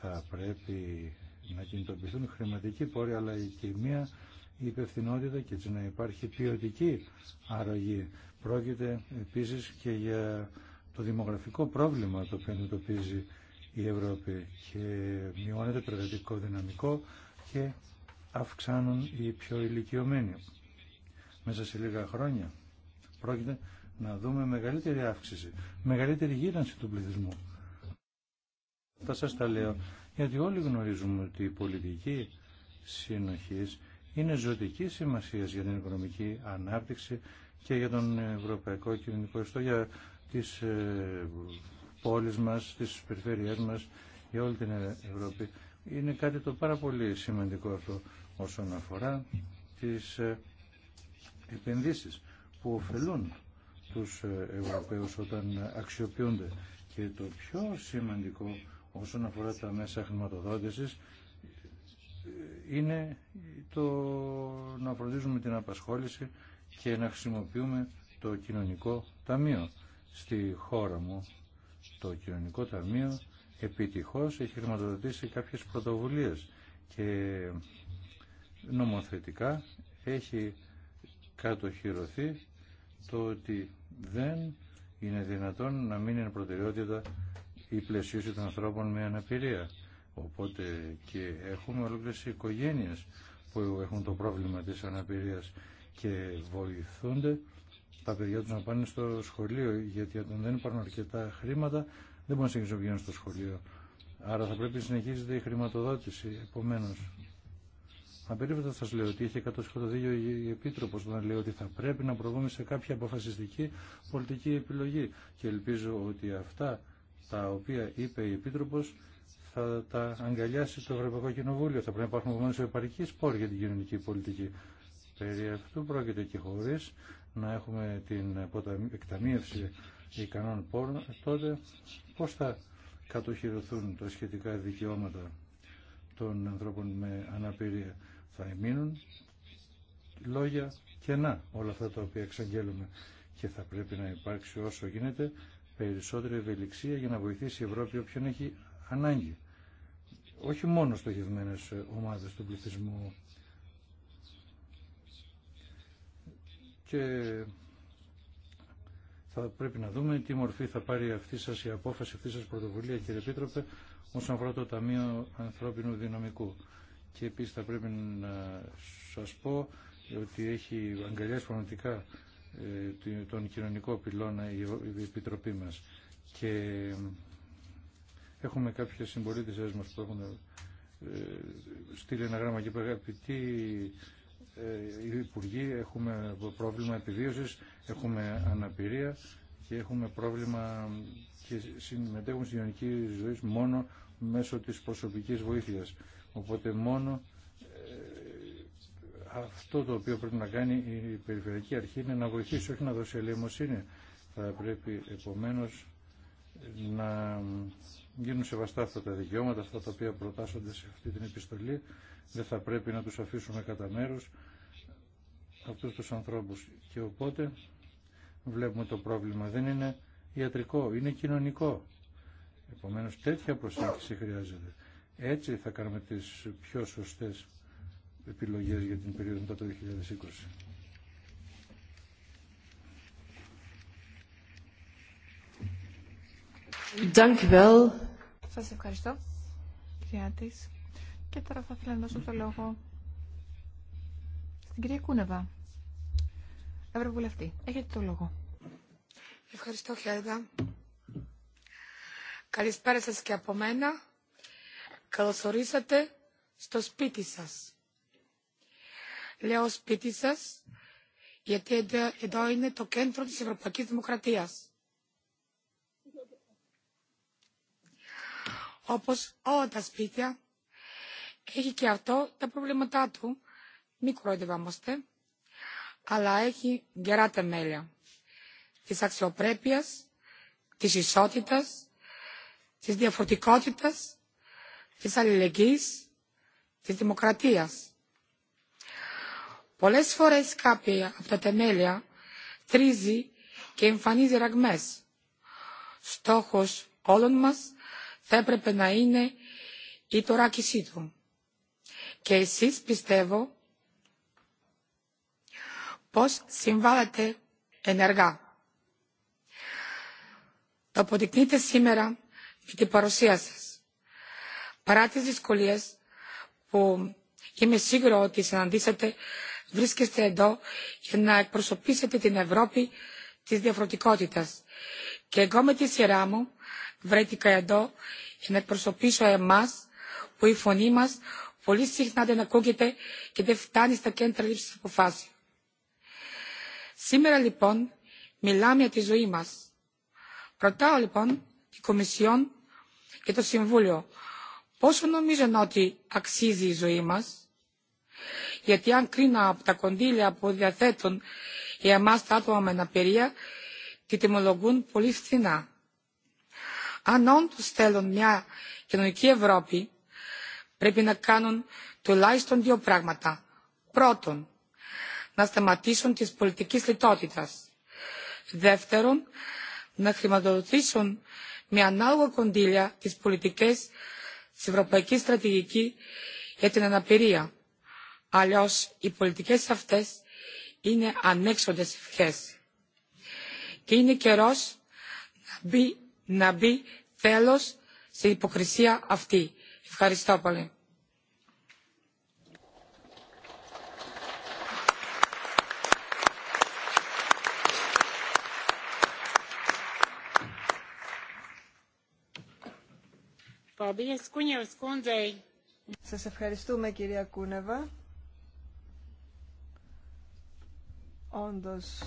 Θα πρέπει να κινητοποιηθούν χρηματικοί πόροι αλλά και μία υπευθυνότητα και έτσι να υπάρχει ποιοτική αρρωγή. Πρόκειται επίσης και για το δημογραφικό πρόβλημα το οποίο αντιμετωπίζει η Ευρώπη και μειώνεται το εργατικό δυναμικό και αυξάνουν οι πιο ηλικιωμένοι. Μέσα σε λίγα χρόνια πρόκειται να δούμε μεγαλύτερη αύξηση, μεγαλύτερη γύρανση του πληθυσμού. Θα σας τα λέω, γιατί όλοι γνωρίζουμε ότι η πολιτική συνοχής είναι ζωτική σημασία για την οικονομική ανάπτυξη και για τον ευρωπαϊκό κοινωνικό ιστό, για τις ε, πόλεις μας, της περιφέρειές μας, για όλη την Ευρώπη. Είναι κάτι το πάρα πολύ σημαντικό αυτό όσον αφορά τις ε, επενδύσεις που ωφελούν τους ε, Ευρωπαίους όταν αξιοποιούνται. Και το πιο σημαντικό όσον αφορά τα μέσα χρηματοδότησης είναι το να φροντίζουμε την απασχόληση και να χρησιμοποιούμε το κοινωνικό ταμείο στη χώρα μου το κοινωνικό ταμείο επιτυχώς έχει χρηματοδοτήσει κάποιες πρωτοβουλίες και νομοθετικά έχει κατοχυρωθεί το ότι δεν είναι δυνατόν να μην είναι προτεραιότητα η πλαισίωση των ανθρώπων με αναπηρία. Οπότε και έχουμε ολόκληρες οικογένειες που έχουν το πρόβλημα της αναπηρίας και βοηθούνται τα παιδιά του να πάνε στο σχολείο, γιατί όταν δεν υπάρχουν αρκετά χρήματα δεν μπορούν να συνεχίσουν να πηγαίνουν στο σχολείο. Άρα θα πρέπει να συνεχίζεται η χρηματοδότηση, επομένω. Απερίφατα θα σα λέω ότι είχε 100% δίκιο η Επίτροπο όταν λέει ότι θα πρέπει να προβούμε σε κάποια αποφασιστική πολιτική επιλογή. Και ελπίζω ότι αυτά τα οποία είπε η Επίτροπο θα τα αγκαλιάσει το Ευρωπαϊκό Κοινοβούλιο. Θα πρέπει να υπάρχουν επομένω επαρκή σπόρ για την κοινωνική πολιτική. Περί αυτού πρόκειται και χωρί να έχουμε την εκταμείευση ικανών πόρων, τότε πώς θα κατοχυρωθούν τα σχετικά δικαιώματα των ανθρώπων με αναπηρία. Θα μείνουν λόγια κενά όλα αυτά τα οποία εξαγγέλουμε και θα πρέπει να υπάρξει όσο γίνεται περισσότερη ευελιξία για να βοηθήσει η Ευρώπη όποιον έχει ανάγκη. Όχι μόνο στοχευμένες ομάδες του πληθυσμού και θα πρέπει να δούμε τι μορφή θα πάρει αυτή σας η απόφαση, αυτή σας πρωτοβουλία κύριε Επίτροπε όσον αφορά το Ταμείο Ανθρώπινου Δυναμικού. Και επίσης θα πρέπει να σας πω ότι έχει αγκαλιάσει πραγματικά ε, τον κοινωνικό πυλώνα η Επιτροπή μας. Και έχουμε κάποιες συμπολίτες μας που έχουν ε, στείλει ένα γράμμα και είπε αγαπητοί ε, οι υπουργοί έχουμε πρόβλημα επιβίωσης, έχουμε αναπηρία και έχουμε πρόβλημα και συμμετέχουμε στην κοινωνική ζωή μόνο μέσω της προσωπικής βοήθειας. Οπότε μόνο ε, αυτό το οποίο πρέπει να κάνει η Περιφερειακή Αρχή είναι να βοηθήσει, όχι να δώσει ελεημοσύνη. Θα πρέπει επομένως να γίνουν σεβαστά αυτά τα δικαιώματα, αυτά τα οποία προτάσσονται σε αυτή την επιστολή. Δεν θα πρέπει να τους αφήσουμε κατά μέρους αυτούς τους ανθρώπους. Και οπότε βλέπουμε το πρόβλημα δεν είναι ιατρικό, είναι κοινωνικό. Επομένως τέτοια προσέγγιση χρειάζεται. Έτσι θα κάνουμε τις πιο σωστές επιλογές για την περίοδο μετά το 2020. Σας ευχαριστώ, κυρία τη, Και τώρα θα ήθελα να δώσω το λόγο στην κυρία Κούνεβα, Ευρωβουλευτή. Έχετε το λόγο. Ευχαριστώ, Χέλγα. Καλησπέρα σας και από μένα. Καλωσορίσατε στο σπίτι σας. Λέω σπίτι σας, γιατί εδώ είναι το κέντρο της Ευρωπαϊκής Δημοκρατίας όπως όλα τα σπίτια, έχει και αυτό τα προβλήματά του. Μην κοροϊδευόμαστε, αλλά έχει γερά τεμέλια της αξιοπρέπειας, της ισότητας, της διαφορετικότητας, της αλληλεγγύης, της δημοκρατίας. Πολλές φορές κάποια από τα τεμέλια τρίζει και εμφανίζει ραγμές. Στόχος όλων μας θα έπρεπε να είναι η τωράκισή του. Και εσείς πιστεύω πως συμβάλλετε ενεργά. Το αποδεικνύετε σήμερα με την παρουσία σας. Παρά τις δυσκολίες που είμαι σίγουρο ότι συναντήσατε, βρίσκεστε εδώ για να εκπροσωπήσετε την Ευρώπη της διαφορετικότητας. Και εγώ με τη σειρά μου βρέθηκα εδώ για να εκπροσωπήσω εμάς που η φωνή μα πολύ συχνά δεν ακούγεται και δεν φτάνει στα κέντρα λήψη αποφάσεων. Σήμερα λοιπόν μιλάμε για τη ζωή μα. Ρωτάω λοιπόν την Κομισιόν και το Συμβούλιο πόσο νομίζουν ότι αξίζει η ζωή μα, γιατί αν κρίνω από τα κονδύλια που διαθέτουν για εμάς τα άτομα με αναπηρία τη τιμολογούν πολύ φθηνά αν όντω θέλουν μια κοινωνική Ευρώπη, πρέπει να κάνουν τουλάχιστον δύο πράγματα. Πρώτον, να σταματήσουν τις πολιτικές λιτότητας. Δεύτερον, να χρηματοδοτήσουν με ανάλογα κοντήλια τις πολιτικές της Ευρωπαϊκής Στρατηγική για την Αναπηρία. Αλλιώς οι πολιτικές αυτές είναι ανέξοδες ευχές. Και είναι καιρός να μπει να μπει τέλος σε υποκρισία αυτή. Ευχαριστώ πολύ. Σας ευχαριστούμε κυρία Κούνεβα. Όντως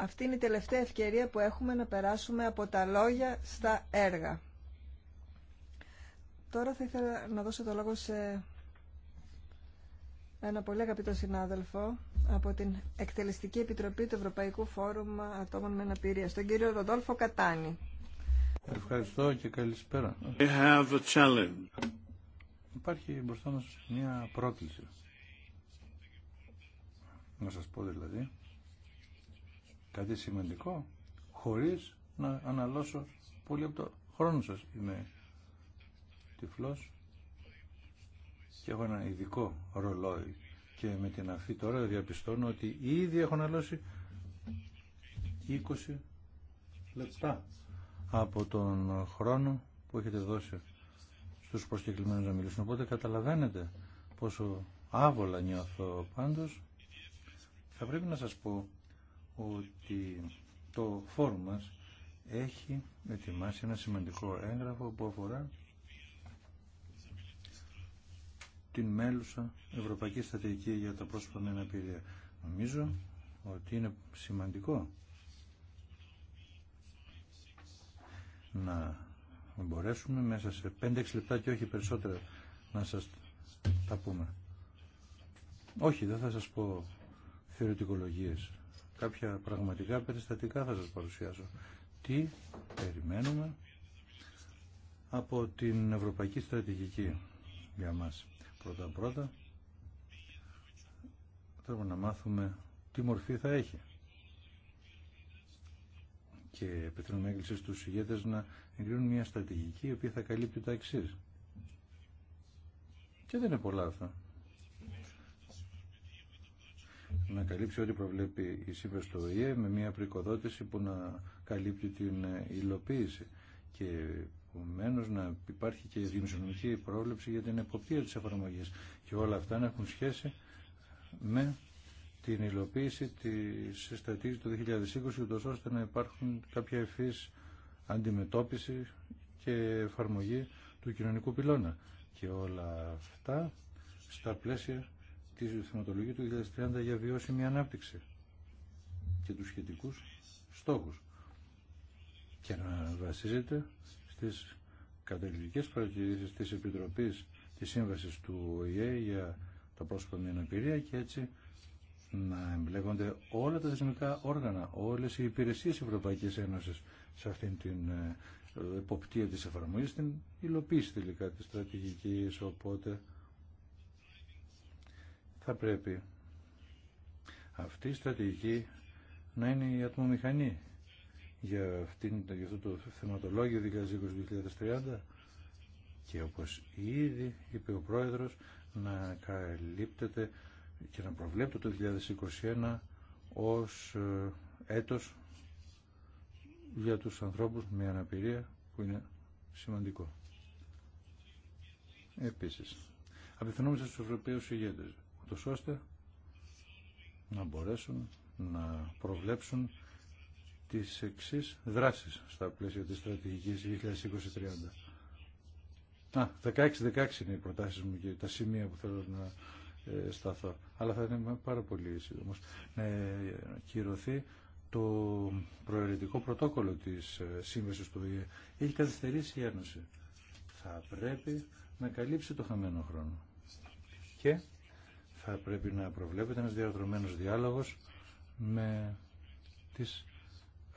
αυτή είναι η τελευταία ευκαιρία που έχουμε να περάσουμε από τα λόγια στα έργα. Τώρα θα ήθελα να δώσω το λόγο σε ένα πολύ αγαπητό συνάδελφο από την Εκτελεστική Επιτροπή του Ευρωπαϊκού Φόρουμ Ατόμων με Αναπηρία, τον κύριο Ροδόλφο Κατάνη. Ευχαριστώ και καλησπέρα. We have a challenge. Υπάρχει μπροστά μας μια πρόκληση. Να σας πω δηλαδή κάτι σημαντικό χωρίς να αναλώσω πολύ από το χρόνο σας. Είμαι τυφλός και έχω ένα ειδικό ρολόι και με την αφή τώρα διαπιστώνω ότι ήδη έχω αναλώσει 20 λεπτά από τον χρόνο που έχετε δώσει στους προσκεκλημένους να μιλήσουν. Οπότε καταλαβαίνετε πόσο άβολα νιώθω πάντως. Θα πρέπει να σας πω ότι το φόρουμ μας έχει ετοιμάσει ένα σημαντικό έγγραφο που αφορά την μέλουσα Ευρωπαϊκή Στατική για τα πρόσωπα με αναπηρία. Νομίζω ότι είναι σημαντικό να μπορέσουμε μέσα σε 5-6 λεπτά και όχι περισσότερα να σας τα πούμε. Όχι, δεν θα σας πω θεωρητικολογίες κάποια πραγματικά περιστατικά θα σας παρουσιάσω. Τι περιμένουμε από την Ευρωπαϊκή Στρατηγική για μας. Πρώτα-πρώτα θέλουμε να μάθουμε τι μορφή θα έχει. Και επιθυμούμε έγκληση στους ηγέτες να εγκρίνουν μια στρατηγική η οποία θα καλύπτει τα εξής. Και δεν είναι πολλά αυτά να καλύψει ό,τι προβλέπει η σύμβαση του ΟΗΕ με μια προοικοδότηση που να καλύπτει την υλοποίηση και επομένω να υπάρχει και η δημοσιονομική πρόβλεψη για την εποπτεία της εφαρμογής και όλα αυτά να έχουν σχέση με την υλοποίηση της στρατηγικής του 2020 ούτως ώστε να υπάρχουν κάποια ευφύς αντιμετώπιση και εφαρμογή του κοινωνικού πυλώνα και όλα αυτά στα πλαίσια τη θεματολογία του 2030 για βιώσιμη ανάπτυξη και τους σχετικούς στόχους και να βασίζεται στις καταληκτικές παρατηρήσεις της Επιτροπής της Σύμβασης του ΟΗΕ για τα πρόσωπα με αναπηρία και έτσι να εμπλέκονται όλα τα θεσμικά όργανα, όλες οι υπηρεσίες Ευρωπαϊκής Ένωσης σε αυτήν την ε, εποπτεία της εφαρμογής, την υλοποίηση τελικά της στρατηγικής, οπότε θα πρέπει αυτή η στρατηγική να είναι η ατμομηχανή για, αυτήν, για αυτό το θεματολόγιο 2020-2030 και όπως ήδη είπε ο Πρόεδρος να καλύπτεται και να προβλέπεται το 2021 ως ε, έτος για τους ανθρώπους με αναπηρία που είναι σημαντικό. Επίσης, απευθυνόμαστε στους Ευρωπαίους ηγέτες ώστε να μπορέσουν να προβλέψουν τις εξής δράσεις στα πλαίσια της στρατηγικής 2020-2030. Α, 16-16 είναι οι προτάσεις μου και τα σημεία που θέλω να ε, σταθώ. Αλλά θα είναι πάρα πολύ σύντομος. Να ε, κυρωθεί το προαιρετικό πρωτόκολλο της ε, σύμβασης του ΟΗΕ. Έχει καθυστερήσει η Ένωση. Θα πρέπει να καλύψει το χαμένο χρόνο. Και θα πρέπει να προβλέπεται ένας διαδρομένος διάλογος με τις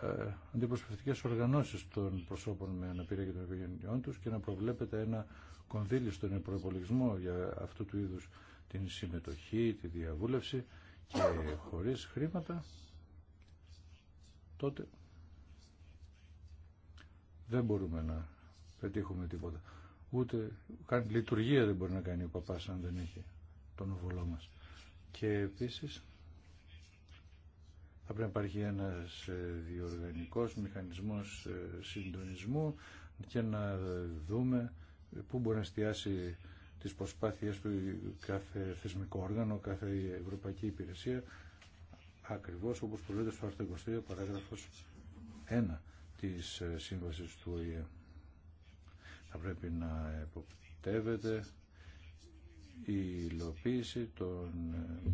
ε, αντιπροσωπευτικές οργανώσεις των προσώπων με αναπηρία και των οικογενειών τους και να προβλέπεται ένα κονδύλι στον προπολογισμό για αυτού του είδους την συμμετοχή, τη διαβούλευση και χωρίς χρήματα τότε δεν μπορούμε να πετύχουμε τίποτα. Ούτε καν λειτουργία δεν μπορεί να κάνει ο παπάς αν δεν έχει τον οβολό μας. Και επίσης θα πρέπει να υπάρχει ένας ε, διοργανικός μηχανισμός ε, συντονισμού και να δούμε πού μπορεί να εστιάσει τις προσπάθειες του κάθε θεσμικό όργανο, κάθε ευρωπαϊκή υπηρεσία, ακριβώς όπως προβλέπεται στο άρθρο 23, παράγραφος 1 της ε, σύμβασης του ΟΗΕ. Θα πρέπει να εποπτεύεται η υλοποίηση των ε,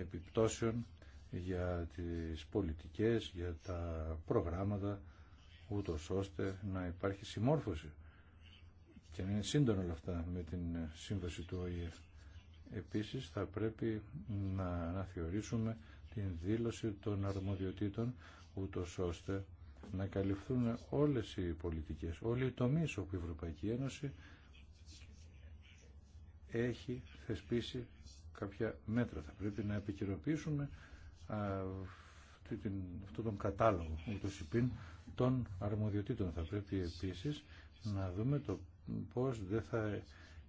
επιπτώσεων για τις πολιτικές, για τα προγράμματα, ούτω ώστε να υπάρχει συμμόρφωση και να είναι σύντονα όλα αυτά με την σύμβαση του ΟΗΕ. Επίσης θα πρέπει να αναθεωρήσουμε την δήλωση των αρμοδιοτήτων ούτω ώστε να καλυφθούν όλες οι πολιτικές, όλοι οι τομείς όπου η Ευρωπαϊκή Ένωση έχει θεσπίσει κάποια μέτρα. Θα πρέπει να επικαιροποιήσουμε αυτόν τον κατάλογο το υπήν των αρμοδιοτήτων. Θα πρέπει επίσης να δούμε το πώς δεν θα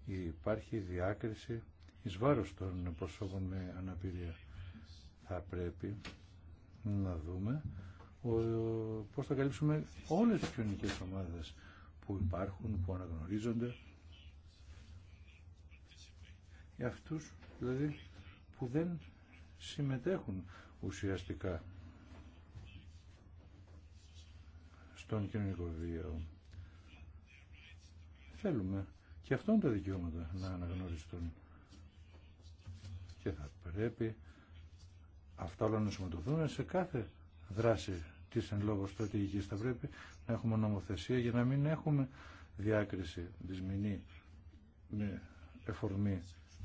υπάρχει διάκριση εις βάρος των προσώπων με αναπηρία. Θα πρέπει να δούμε πώς θα καλύψουμε όλες τις κοινωνικές ομάδες που υπάρχουν, που αναγνωρίζονται για αυτούς δηλαδή που δεν συμμετέχουν ουσιαστικά στον κοινωνικό βίο. Θέλουμε και αυτόν τα δικαιώματα να αναγνωριστούν και θα πρέπει αυτά όλα να συμμετοχθούν σε κάθε δράση της εν λόγω στρατηγικής. Θα πρέπει να έχουμε νομοθεσία για να μην έχουμε διάκριση δυσμηνή με εφορμή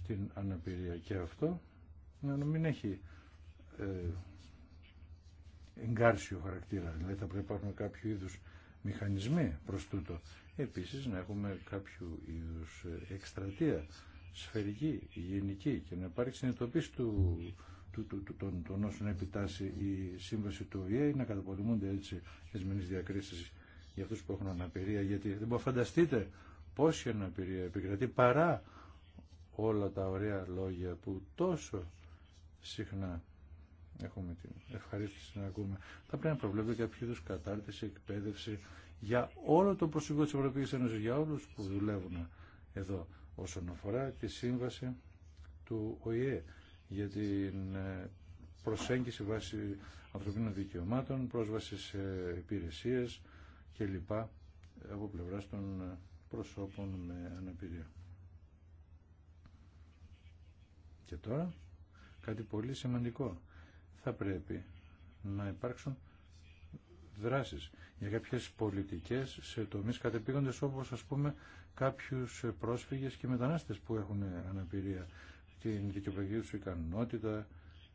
την αναπηρία και αυτό να μην έχει ε, εγκάρσιο χαρακτήρα, δηλαδή θα πρέπει να υπάρχουν κάποιο είδους μηχανισμοί προς τούτο. Επίσης να έχουμε κάποιο είδους ε, εκστρατεία σφαιρική, γενική και να υπάρξει συνειδητοποίηση του, του, του, του, των, των όσων επιτάσσει η σύμβαση του ΟΗΕ να καταπολεμούνται έτσι εσμενείς διακρίσεις για αυτούς που έχουν αναπηρία γιατί δεν μπορείτε φανταστείτε πόση αναπηρία επικρατεί παρά όλα τα ωραία λόγια που τόσο συχνά έχουμε την ευχαρίστηση να ακούμε. Θα πρέπει να και κάποιο είδου κατάρτιση, εκπαίδευση για όλο το προσωπικό τη Ευρωπαϊκή Ένωση, για όλου που δουλεύουν εδώ όσον αφορά τη σύμβαση του ΟΗΕ για την ε, προσέγγιση βάση ανθρωπίνων δικαιωμάτων, πρόσβαση σε υπηρεσίες κλπ. από πλευράς των ε, προσώπων με αναπηρία. Και τώρα κάτι πολύ σημαντικό. Θα πρέπει να υπάρξουν δράσεις για κάποιες πολιτικές σε τομείς κατεπήγοντες όπως ας πούμε κάποιους πρόσφυγες και μετανάστες που έχουν αναπηρία την δικαιοπαιδική του ικανότητα,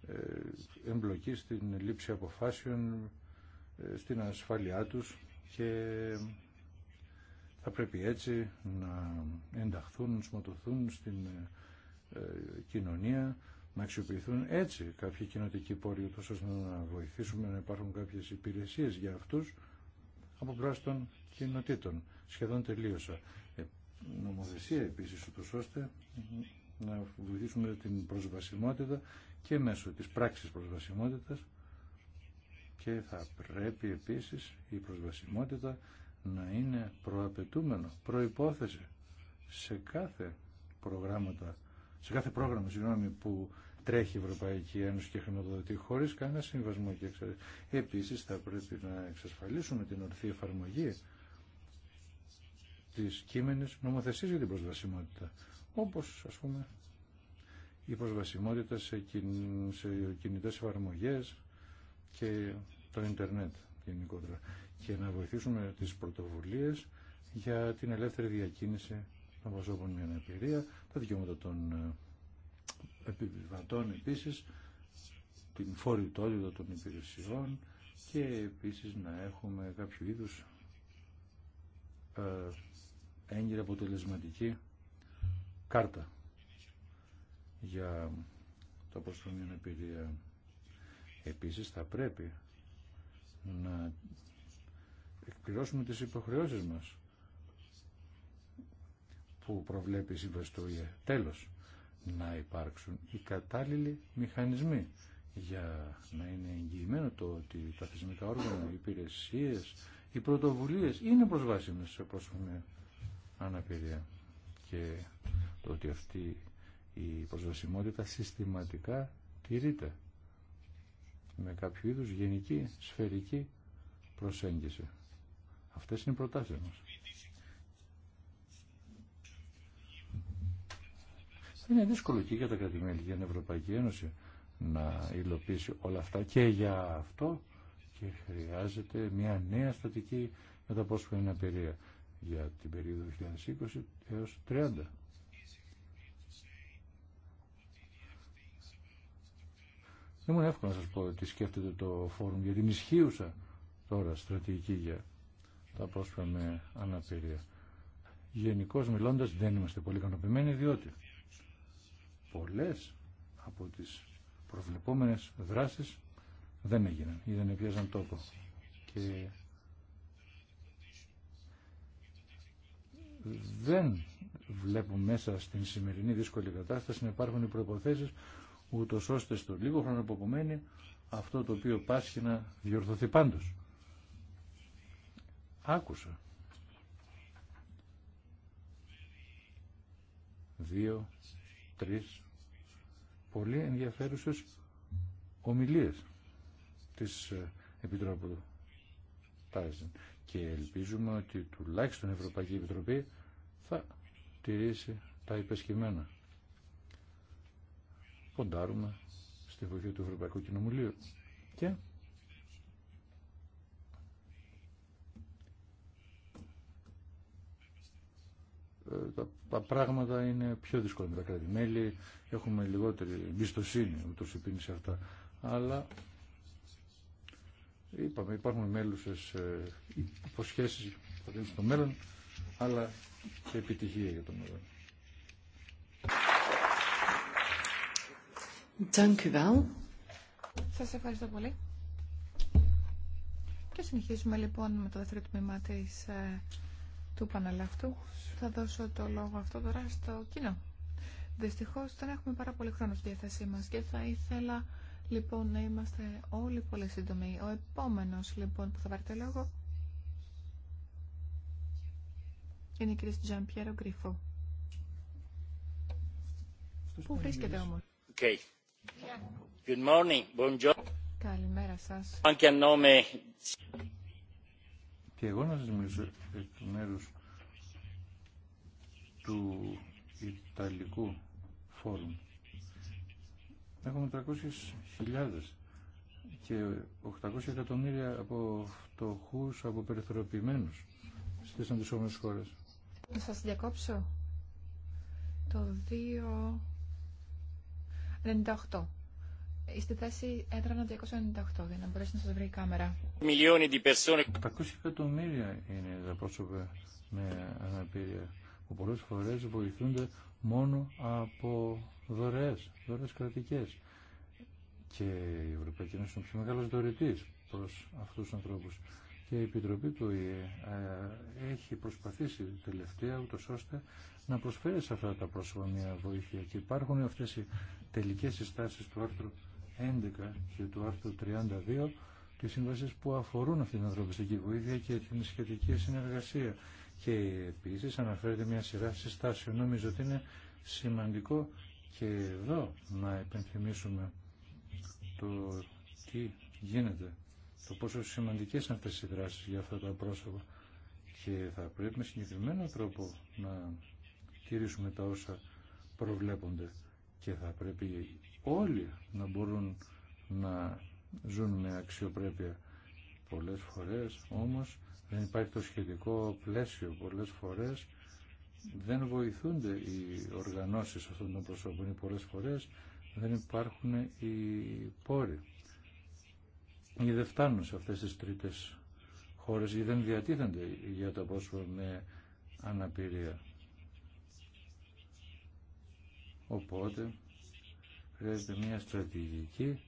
ε, εμπλοκή στην λήψη αποφάσεων, ε, στην ασφάλειά τους και θα πρέπει έτσι να ενταχθούν, να στην ε, κοινωνία, να αξιοποιηθούν έτσι κάποιοι κοινοτικοί πόροι, τόσο ώστε να βοηθήσουμε να υπάρχουν κάποιες υπηρεσίες για αυτούς από πλευρά των κοινοτήτων. Σχεδόν τελείωσα. Ε, νομοθεσία επίσης, ούτως ώστε να βοηθήσουμε την προσβασιμότητα και μέσω της πράξης προσβασιμότητας και θα πρέπει επίσης η προσβασιμότητα να είναι προαπαιτούμενο, προϋπόθεση σε κάθε προγράμματα σε κάθε πρόγραμμα συγγνώμη, που τρέχει η Ευρωπαϊκή Ένωση και χρηματοδοτεί χωρί κανένα συμβασμό. Και επίση θα πρέπει να εξασφαλίσουμε την ορθή εφαρμογή τη κείμενη νομοθεσία για την προσβασιμότητα. Όπω α πούμε η προσβασιμότητα σε, κιν, σε κινητές εφαρμογές και το ίντερνετ γενικότερα και να βοηθήσουμε τι πρωτοβουλίε για την ελεύθερη διακίνηση να προσώπων μια τα δικαιώματα των ε, επιβατών επίσης, την φορητότητα των υπηρεσιών και επίσης να έχουμε κάποιο είδους ε, έγκυρα αποτελεσματική κάρτα για το μια αναπηρία. Επίσης θα πρέπει να εκπληρώσουμε τις υποχρεώσεις μας που προβλέπει η Σύμβαση του Τέλος, να υπάρξουν οι κατάλληλοι μηχανισμοί για να είναι εγγυημένο το ότι τα θεσμικά όργανα, οι υπηρεσίες, οι πρωτοβουλίες είναι προσβάσιμες σε πρόσωπο αναπηρία και το ότι αυτή η προσβασιμότητα συστηματικά τηρείται με κάποιο είδους γενική, σφαιρική προσέγγιση. Αυτές είναι οι προτάσεις μας. είναι δύσκολο και για τα κρατημέλη για την Ευρωπαϊκή Ένωση να υλοποιήσει όλα αυτά και για αυτό και χρειάζεται μια νέα στατική τα πώς είναι απειρία για την περίοδο 2020 έως 30. Δεν μου είναι εύκολο να σας πω τι σκέφτεται το φόρουμ για την ισχύουσα τώρα στρατηγική για τα πρόσφατα με αναπηρία. Γενικώ μιλώντας δεν είμαστε πολύ ικανοποιημένοι διότι πολλές από τις προβλεπόμενες δράσεις δεν έγιναν ή δεν επιέζαν τόπο. Και δεν βλέπουμε μέσα στην σημερινή δύσκολη κατάσταση να υπάρχουν οι προϋποθέσεις ούτω ώστε στο λίγο χρόνο που απομένει αυτό το οποίο πάσχει να διορθωθεί πάντως. Άκουσα. Δύο τρεις πολύ ενδιαφέρουσες ομιλίες της ε, Επιτρόπου Τάιζεν και ελπίζουμε ότι τουλάχιστον η Ευρωπαϊκή Επιτροπή θα τηρήσει τα υπεσχημένα. Ποντάρουμε στη βοήθεια του Ευρωπαϊκού Κοινοβουλίου και τα, πράγματα είναι πιο δύσκολα με τα κράτη-μέλη, έχουμε λιγότερη εμπιστοσύνη το υπήρνει σε αυτά, αλλά είπαμε υπάρχουν μέλουσε υποσχέσει στο μέλλον, αλλά και επιτυχία για το μέλλον. Σας ευχαριστώ πολύ. Και συνεχίζουμε λοιπόν με το δεύτερο τμήμα της ε, του πανελ Θα δώσω το λόγο αυτό τώρα στο κοινό. Δυστυχώ δεν έχουμε πάρα πολύ χρόνο στη διάθεσή μα και θα ήθελα λοιπόν να είμαστε όλοι πολύ σύντομοι. Ο επόμενο λοιπόν που θα πάρει το λόγο είναι η κυρία Πιέρο Γκριφό. Πού βρίσκεται όμω. Okay. Good morning. Bonjour. Καλημέρα σα. Και εγώ να σας μιλήσω εκ μέρους του Ιταλικού Φόρουμ. Έχουμε 300.000 και 800 εκατομμύρια από φτωχού, από περιθωριοποιημένους στις αντισόμενες χώρες. Να σας διακόψω. Το 2... Η θέση έδρανα 298 για να μπορέσει να σα βρει η κάμερα. Μιλιώνει τη 700 εκατομμύρια είναι τα πρόσωπα με αναπηρία που πολλέ φορέ βοηθούνται μόνο από δωρεέ, δωρεέ κρατικέ. Και η Ευρωπαϊκή Ένωση είναι ο πιο μεγάλο δωρητής προ αυτού τους ανθρώπους. Και η Επιτροπή του ΙΕ ε, έχει προσπαθήσει τελευταία ούτω ώστε να προσφέρει σε αυτά τα πρόσωπα μια βοήθεια. Και υπάρχουν αυτέ οι τελικέ συστάσει του άρθρου 11 και του άρθρου 32 τις σύμβαση που αφορούν αυτή την ανθρωπιστική βοήθεια και την σχετική συνεργασία. Και επίση αναφέρεται μια σειρά συστάσεων. Νομίζω ότι είναι σημαντικό και εδώ να επενθυμίσουμε το τι γίνεται, το πόσο σημαντικέ είναι αυτέ οι δράσει για αυτά τα πρόσωπα. Και θα πρέπει με συγκεκριμένο τρόπο να τηρήσουμε τα όσα προβλέπονται και θα πρέπει όλοι να μπορούν να ζουν με αξιοπρέπεια. Πολλές φορές όμως δεν υπάρχει το σχετικό πλαίσιο. Πολλές φορές δεν βοηθούνται οι οργανώσεις αυτών των προσώπων πολλές φορές δεν υπάρχουν οι πόροι. Ή δεν φτάνουν σε αυτές τις τρίτες χώρες ή δεν διατίθενται για τα πόσο με αναπηρία. Οπότε χρειάζεται μια στρατηγική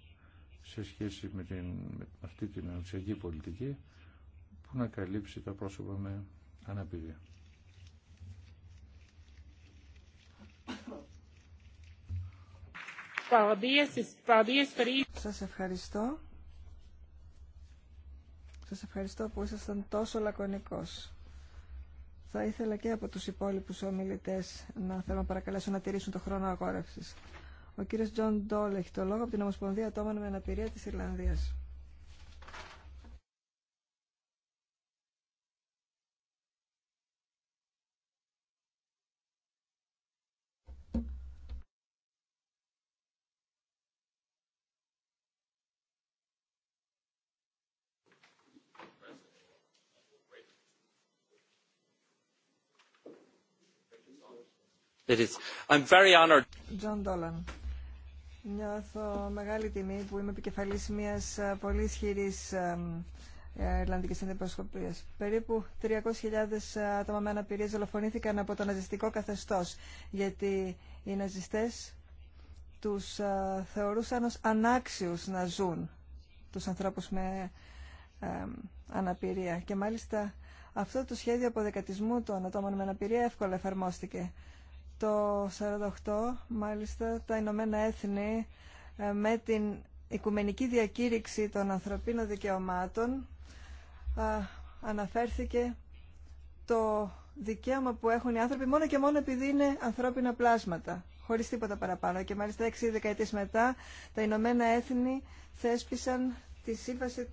σε σχέση με, την, με αυτή την ανοιξιακή πολιτική που να καλύψει τα πρόσωπα με αναπηρία. Σας ευχαριστώ. Σας ευχαριστώ που ήσασταν τόσο λακωνικός. Θα ήθελα και από τους υπόλοιπους ομιλητές να θέλω να παρακαλέσω να τηρήσουν το χρόνο αγόρευσης. Ο κύριος Τζον Ντόλ έχει το λόγο από την Ομοσπονδία Ατόμων με Αναπηρία της Ιρλανδίας. It I'm very honored. John Dolan. Νιώθω μεγάλη τιμή που είμαι επικεφαλής μιας ε, πολύ ισχυρής ε, Ιρλανδικής Αντιπροσκοπίας. Περίπου 300.000 ε, άτομα με αναπηρία δολοφονήθηκαν από το ναζιστικό καθεστώς, γιατί οι ναζιστές τους θεωρούσαν ως ανάξιους να ζουν τους ανθρώπους με αναπηρία. Και μάλιστα αυτό το σχέδιο αποδεκατισμού των ατόμων με αναπηρία εύκολα εφαρμόστηκε το 1948, μάλιστα τα Ηνωμένα Έθνη ε, με την Οικουμενική Διακήρυξη των Ανθρωπίνων Δικαιωμάτων αναφέρθηκε το δικαίωμα που έχουν οι άνθρωποι μόνο και μόνο επειδή είναι ανθρώπινα πλάσματα, χωρίς τίποτα παραπάνω. Και μάλιστα έξι δεκαετίες μετά τα Ηνωμένα Έθνη θέσπισαν τη σύμβαση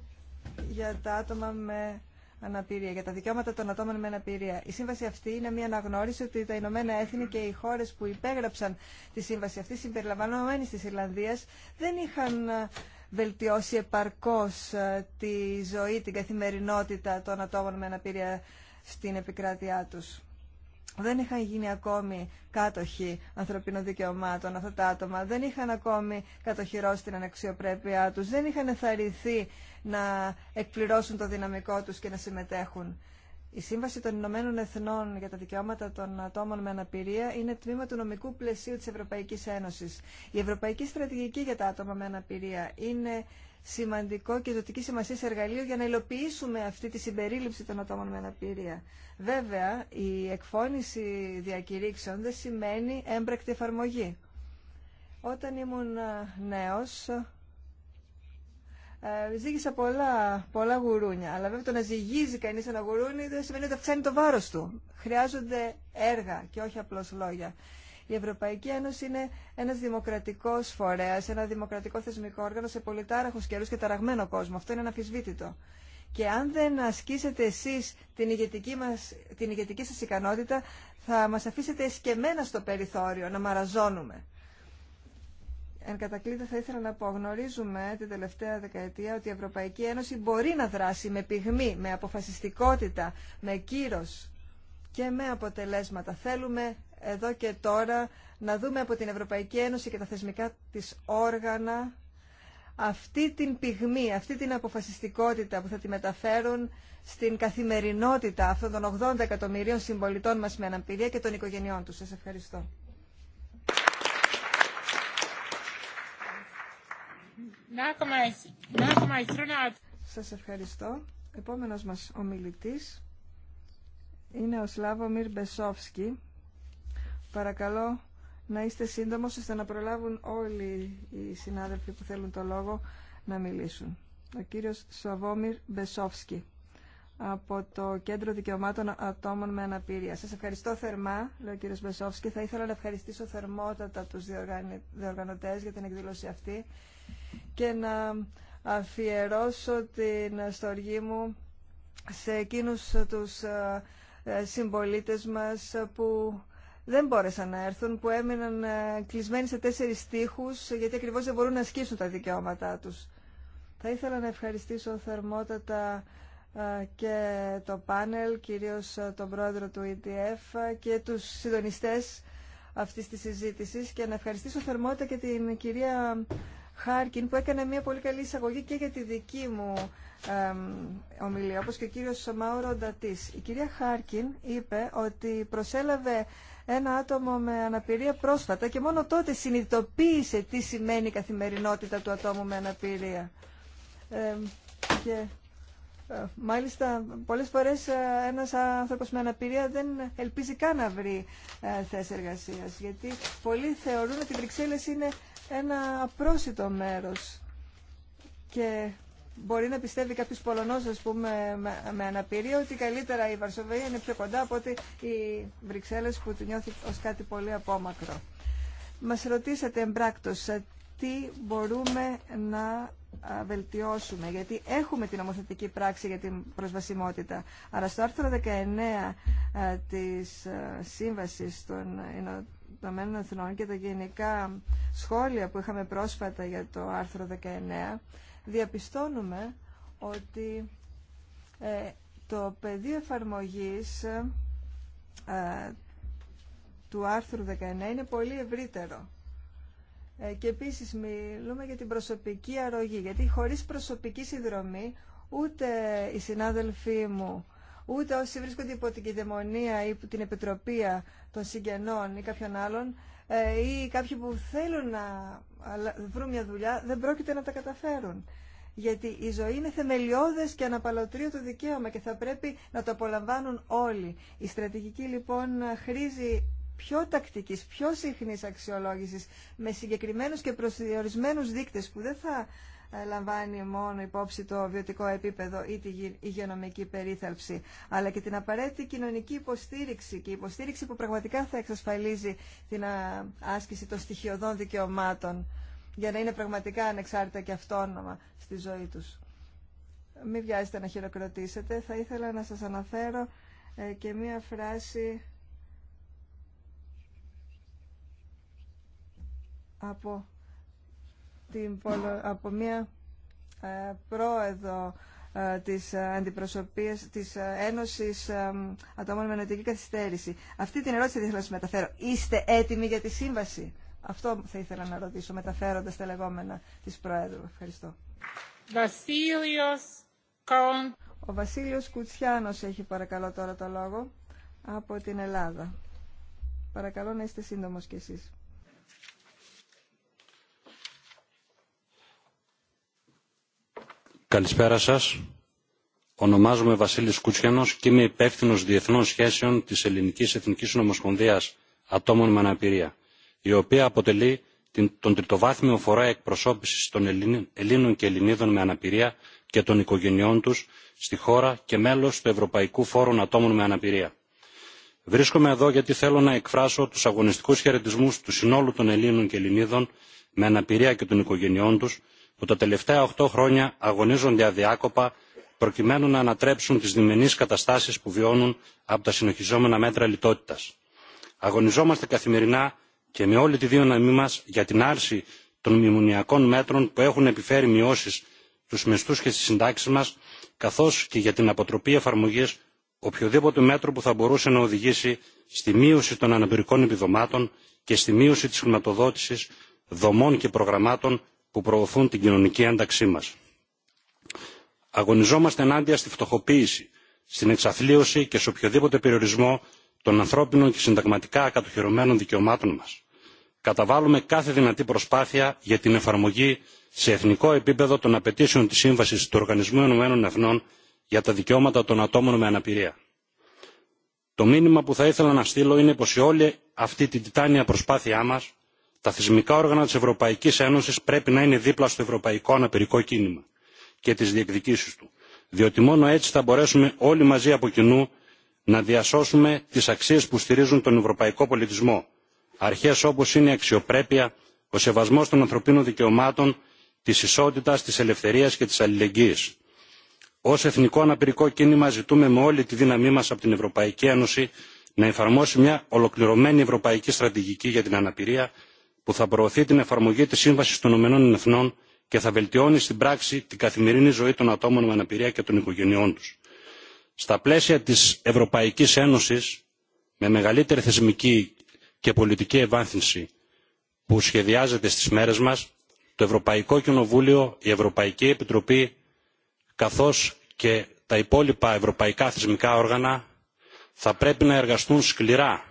για τα άτομα με αναπηρία, για τα δικαιώματα των ατόμων με αναπηρία. Η σύμβαση αυτή είναι μια αναγνώριση ότι τα Ηνωμένα Έθνη και οι χώρε που υπέγραψαν τη σύμβαση αυτή, συμπεριλαμβανομένη τη Ιρλανδία, δεν είχαν ε, βελτιώσει επαρκώς ε, τη ζωή, την καθημερινότητα των ατόμων με αναπηρία στην επικράτειά τους δεν είχαν γίνει ακόμη κάτοχοι ανθρωπίνων δικαιωμάτων αυτά τα άτομα, δεν είχαν ακόμη κατοχυρώσει την αναξιοπρέπειά τους, δεν είχαν εθαρρυνθεί να εκπληρώσουν το δυναμικό τους και να συμμετέχουν. Η Σύμβαση των Ηνωμένων Εθνών για τα Δικαιώματα των Ατόμων με Αναπηρία είναι τμήμα του νομικού πλαισίου της Ευρωπαϊκής Ένωσης. Η Ευρωπαϊκή Στρατηγική για τα Άτομα με Αναπηρία είναι σημαντικό και ζωτική σημασία σε εργαλείο για να υλοποιήσουμε αυτή τη συμπερίληψη των ατόμων με αναπηρία. Βέβαια, η εκφώνηση διακηρύξεων δεν σημαίνει έμπρακτη εφαρμογή. Όταν ήμουν ε, νέος, ε, ζήγησα πολλά, πολλά γουρούνια. Αλλά βέβαια το να ζυγίζει κανείς ένα γουρούνι δεν σημαίνει ότι αυξάνει το βάρος του. Χρειάζονται έργα και όχι απλώς λόγια. Η Ευρωπαϊκή Ένωση είναι ένας δημοκρατικός φορέας, ένα δημοκρατικό θεσμικό όργανο σε πολυτάραχους καιρούς και ταραγμένο κόσμο. Αυτό είναι αναφυσβήτητο. Και αν δεν ασκήσετε εσείς την ηγετική, μας, την ηγετική σας ικανότητα, θα μας αφήσετε εσκεμένα στο περιθώριο, να μαραζώνουμε. Εν κατακλείδη θα ήθελα να απογνωρίζουμε την τελευταία δεκαετία ότι η Ευρωπαϊκή Ένωση μπορεί να δράσει με πυγμή, με αποφασιστικότητα, με κύρος και με αποτελέσματα. Θέλουμε εδώ και τώρα να δούμε από την Ευρωπαϊκή Ένωση και τα θεσμικά της όργανα αυτή την πυγμή, αυτή την αποφασιστικότητα που θα τη μεταφέρουν στην καθημερινότητα αυτών των 80 εκατομμυρίων συμπολιτών μας με αναπηρία και των οικογενειών τους. Σας ευχαριστώ. Σας ευχαριστώ. Επόμενος μας ομιλητής είναι ο Σλάβο Μιρ Μπεσόφσκι. Παρακαλώ να είστε σύντομος ώστε να προλάβουν όλοι οι συνάδελφοι που θέλουν το λόγο να μιλήσουν. Ο κύριος Σαβόμιρ Μπεσόφσκι από το Κέντρο Δικαιωμάτων Ατόμων με Αναπηρία. Σας ευχαριστώ θερμά, λέει ο κύριος Μπεσόφσκι. Θα ήθελα να ευχαριστήσω θερμότατα τους διοργανωτές για την εκδήλωση αυτή και να αφιερώσω την στοργή μου σε εκείνους τους ε, συμπολίτες μας που δεν μπόρεσαν να έρθουν, που έμειναν ε, κλεισμένοι σε τέσσερις στίχους, γιατί ακριβώς δεν μπορούν να ασκήσουν τα δικαιώματά τους. Θα ήθελα να ευχαριστήσω θερμότατα ε, και το πάνελ, κυρίως ε, τον πρόεδρο του ETF και τους συντονιστές αυτής της συζήτηση. και να ευχαριστήσω θερμότατα και την κυρία Χάρκιν που έκανε μια πολύ καλή εισαγωγή και για τη δική μου ομιλία, όπως και ο κύριος Μάουρο Ντατής. Η κυρία Χάρκιν είπε ότι προσέλαβε ένα άτομο με αναπηρία πρόσφατα και μόνο τότε συνειδητοποίησε τι σημαίνει η καθημερινότητα του ατόμου με αναπηρία. Ε, και ε, Μάλιστα, πολλές φορές ε, ένας άνθρωπος με αναπηρία δεν ελπίζει καν να βρει θέση εργασίας, γιατί πολλοί θεωρούν ότι η Βρυξέλλες είναι ένα απρόσιτο μέρος και Μπορεί να πιστεύει κάποιο Πολωνό, α πούμε, με αναπηρία, ότι καλύτερα η Βαρσοβία είναι πιο κοντά από ότι οι Βρυξέλλε που τη νιώθει ω κάτι πολύ απόμακρο. Μα ρωτήσατε εμπράκτο ε, τι μπορούμε να βελτιώσουμε, γιατί έχουμε την νομοθετική πράξη για την προσβασιμότητα. Αλλά στο άρθρο 19 ε, της ε, σύμβαση των Ηνωμένων Εθνών και τα γενικά σχόλια που είχαμε πρόσφατα για το άρθρο 19, διαπιστώνουμε ότι ε, το πεδίο εφαρμογής ε, του άρθρου 19 είναι πολύ ευρύτερο. Ε, και επίσης μιλούμε για την προσωπική αρρωγή, γιατί χωρίς προσωπική συνδρομή ούτε οι συνάδελφοί μου, ούτε όσοι βρίσκονται υπό την κυδαιμονία ή την επιτροπή των συγγενών ή κάποιων άλλων ε, ή κάποιοι που θέλουν να βρουν μια δουλειά δεν πρόκειται να τα καταφέρουν. Γιατί η ζωή είναι θεμελιώδες και αναπαλωτρίο το δικαίωμα και θα πρέπει να το απολαμβάνουν όλοι. Η στρατηγική λοιπόν χρήζει πιο τακτικής, πιο συχνής αξιολόγησης με συγκεκριμένους και προσδιορισμένους δείκτες που δεν θα ε, λαμβάνει μόνο υπόψη το βιωτικό επίπεδο ή τη υγειονομική περίθαλψη, αλλά και την απαραίτητη κοινωνική υποστήριξη και υποστήριξη που πραγματικά θα εξασφαλίζει την άσκηση των στοιχειωδών δικαιωμάτων για να είναι πραγματικά ανεξάρτητα και αυτόνομα στη ζωή τους. Μην βιάζετε να χειροκροτήσετε. Θα ήθελα να σας αναφέρω ε, και μία φράση από την από μια ε, πρόεδρο ε, της αντιπροσωπείας της ε, Ένωσης Ατόμων με Νοητική Καθυστέρηση. Αυτή την ερώτηση δεν θέλω να σας μεταφέρω. Είστε έτοιμοι για τη σύμβαση. Αυτό θα ήθελα να ρωτήσω μεταφέροντας τα λεγόμενα της Προέδρου. Ευχαριστώ. Κον. Ο Βασίλειος Κουτσιάνος έχει παρακαλώ τώρα το λόγο από την Ελλάδα. Παρακαλώ να είστε σύντομος κι εσείς. Καλησπέρα σας. Ονομάζομαι Βασίλης Κούτσιανος και είμαι υπεύθυνο διεθνών σχέσεων της Ελληνικής Εθνικής Νομοσπονδίας Ατόμων με Αναπηρία, η οποία αποτελεί τον τριτοβάθμιο φορά εκπροσώπησης των Ελλήνων και Ελληνίδων με αναπηρία και των οικογενειών τους στη χώρα και μέλος του Ευρωπαϊκού Φόρου Ατόμων με Αναπηρία. Βρίσκομαι εδώ γιατί θέλω να εκφράσω τους αγωνιστικούς χαιρετισμούς του συνόλου των Ελλήνων και Ελληνίδων με αναπηρία και των οικογενειών τους που τα τελευταία οχτώ χρόνια αγωνίζονται αδιάκοπα προκειμένου να ανατρέψουν τις διμενείς καταστάσεις που βιώνουν από τα συνεχιζόμενα μέτρα λιτότητας. Αγωνιζόμαστε καθημερινά και με όλη τη δύναμή μας για την άρση των μνημονιακών μέτρων που έχουν επιφέρει μειώσεις στους μισθούς και στις συντάξεις μας, καθώς και για την αποτροπή εφαρμογής οποιοδήποτε μέτρο που θα μπορούσε να οδηγήσει στη μείωση των αναπηρικών επιδομάτων και στη μείωση της χρηματοδότησης δομών και προγραμμάτων που προωθούν την κοινωνική ένταξή μας. Αγωνιζόμαστε ενάντια στη φτωχοποίηση, στην εξαθλίωση και σε οποιοδήποτε περιορισμό των ανθρώπινων και συνταγματικά ακατοχυρωμένων δικαιωμάτων μας. Καταβάλουμε κάθε δυνατή προσπάθεια για την εφαρμογή σε εθνικό επίπεδο των απαιτήσεων της Σύμβασης του Οργανισμού Ενωμένων για τα δικαιώματα των ατόμων με αναπηρία. Το μήνυμα που θα ήθελα να στείλω είναι πως σε όλη αυτή τη τιτάνια προσπάθειά μας τα θεσμικά όργανα της ευρωπαϊκής ένωσης πρέπει να είναι δίπλα στο ευρωπαϊκό αναπηρικό κίνημα και τις διεκδικήσεις του διότι μόνο έτσι θα μπορέσουμε όλοι μαζί από κοινού να διασώσουμε τις αξίες που στηρίζουν τον ευρωπαϊκό πολιτισμό αρχές όπως είναι η αξιοπρέπεια ο σεβασμός των ανθρωπίνων δικαιωμάτων της ισότητας της ελευθερίας και της αλληλεγγύης. ως εθνικό αναπηρικό κίνημα ζητούμε με όλη τη δύναμή μας από την ευρωπαϊκή ένωση να εφαρμόσει μια ολοκληρωμένη ευρωπαϊκή στρατηγική για την αναπηρία που θα προωθεί την εφαρμογή της σύμβασης των ηνωμένων εθνών και θα βελτιώνει στην πράξη την καθημερινή ζωή των ατόμων με αναπηρία και των οικογενειών τους. Στα πλαίσια της Ευρωπαϊκής Ένωσης, με μεγαλύτερη θεσμική και πολιτική ευάνθυνση που σχεδιάζεται στις μέρες μας, το Ευρωπαϊκό Κοινοβούλιο, η Ευρωπαϊκή Επιτροπή, καθώς και τα υπόλοιπα ευρωπαϊκά θεσμικά όργανα θα πρέπει να εργαστούν σκληρά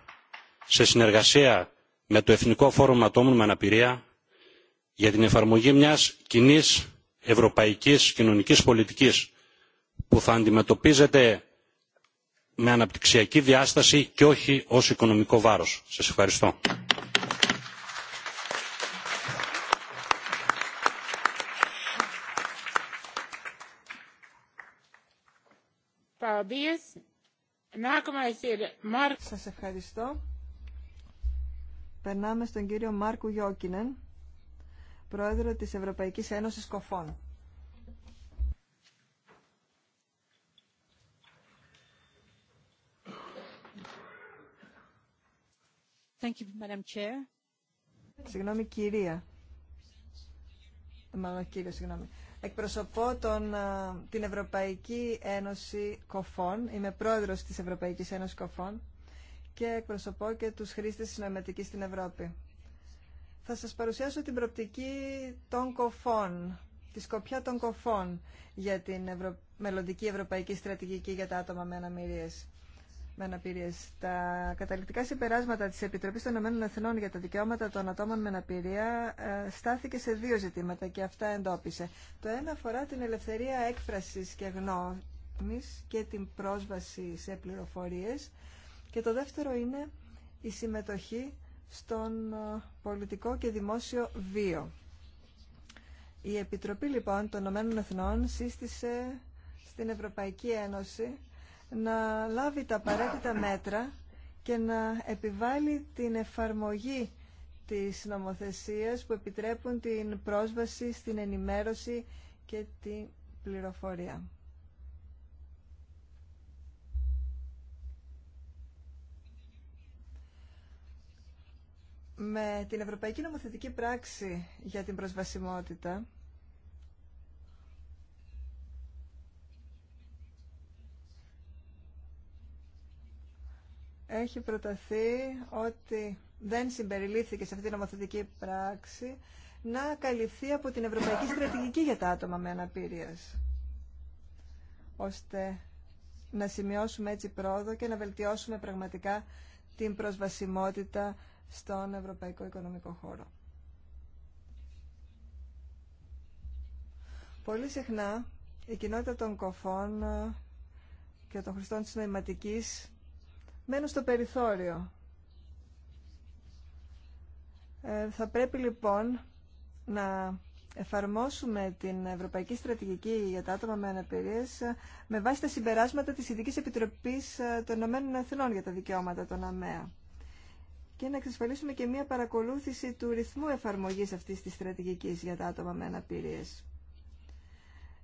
σε συνεργασία με το Εθνικό Φόρουμ Ατόμων με Αναπηρία για την εφαρμογή μιας κοινή ευρωπαϊκής κοινωνικής πολιτικής που θα αντιμετωπίζεται με αναπτυξιακή διάσταση και όχι ως οικονομικό βάρος. Σας ευχαριστώ. Σας ευχαριστώ. Περνάμε στον κύριο Μάρκου Γιώκινεν, πρόεδρο της Ευρωπαϊκής Ένωσης Κοφών. Συγγνώμη, κυρία. Μάλλον κύριο, Εκπροσωπώ τον, την Ευρωπαϊκή Ένωση Κοφών. Είμαι πρόεδρος της Ευρωπαϊκής Ένωσης Κοφών και εκπροσωπώ και τους χρήστες της νοηματικής στην Ευρώπη. Θα σας παρουσιάσω την προπτική των κοφών, τη σκοπιά των κοφών για την Ευρω... μελλοντική ευρωπαϊκή στρατηγική για τα άτομα με αναμυρίες. αναπηρίες. Τα καταληκτικά συμπεράσματα της Επιτροπής των Ηνωμένων Εθνών για τα δικαιώματα των ατόμων με αναπηρία ε, στάθηκε σε δύο ζητήματα και αυτά εντόπισε. Το ένα αφορά την ελευθερία έκφρασης και γνώμης και την πρόσβαση σε πληροφορίες και το δεύτερο είναι η συμμετοχή στον ε, πολιτικό και δημόσιο βίο. Η Επιτροπή λοιπόν των Ηνωμένων Εθνών σύστησε στην Ευρωπαϊκή Ένωση να λάβει τα απαραίτητα μέτρα και να επιβάλλει την εφαρμογή της νομοθεσίας που επιτρέπουν την πρόσβαση στην ενημέρωση και την πληροφορία. Με την Ευρωπαϊκή Νομοθετική Πράξη για την Προσβασιμότητα έχει προταθεί ότι δεν συμπεριλήφθηκε σε αυτή την νομοθετική πράξη να καλυφθεί από την Ευρωπαϊκή Στρατηγική για τα άτομα με αναπηρίες ώστε να σημειώσουμε έτσι πρόοδο και να βελτιώσουμε πραγματικά την προσβασιμότητα στον Ευρωπαϊκό Οικονομικό Χώρο. Πολύ συχνά η κοινότητα των κοφών ε, και των χρηστών της νοηματικής μένουν στο περιθώριο. Ε, θα πρέπει λοιπόν να εφαρμόσουμε την Ευρωπαϊκή Στρατηγική για τα άτομα με αναπηρίες ε, με βάση τα συμπεράσματα της Ειδικής Επιτροπής ε, των Ηνωμένων Εθνών για τα Δικαιώματα των ΑΜΕΑ και να εξασφαλίσουμε και μία παρακολούθηση του ρυθμού εφαρμογής αυτής της στρατηγικής για τα άτομα με αναπηρίες.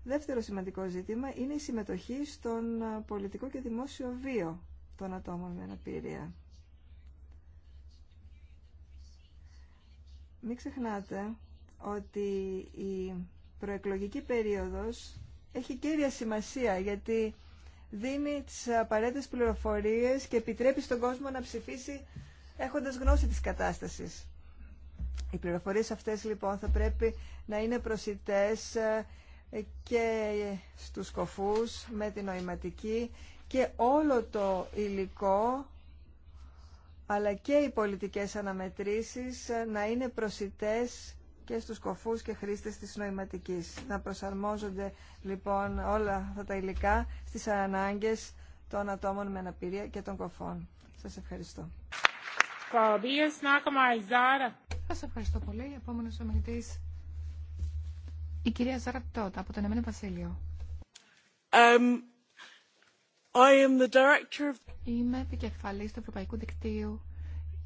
Δεύτερο σημαντικό ζήτημα είναι η συμμετοχή στον πολιτικό και δημόσιο βίο των ατόμων με αναπηρία. Μην ξεχνάτε ότι η προεκλογική περίοδος έχει κύρια σημασία γιατί δίνει τις απαραίτητες πληροφορίες και επιτρέπει στον κόσμο να ψηφίσει έχοντας γνώση της κατάστασης. Οι πληροφορίες αυτές λοιπόν θα πρέπει να είναι προσιτές ε, και στους κοφούς με την νοηματική και όλο το υλικό αλλά και οι πολιτικές αναμετρήσεις ε, να είναι προσιτές και στους κοφούς και χρήστες της νοηματικής. Να προσαρμόζονται λοιπόν όλα αυτά τα υλικά στις ανάγκες των ατόμων με αναπηρία και των κοφών. Σας ευχαριστώ. Paldies, Zāra. Σας ευχαριστώ πολύ. Επόμενο ομιλητή. η κυρία Ζάρα από τον εμένα Βασίλειο. Um, I am the director of... Είμαι επικεφαλής του Ευρωπαϊκού Δικτύου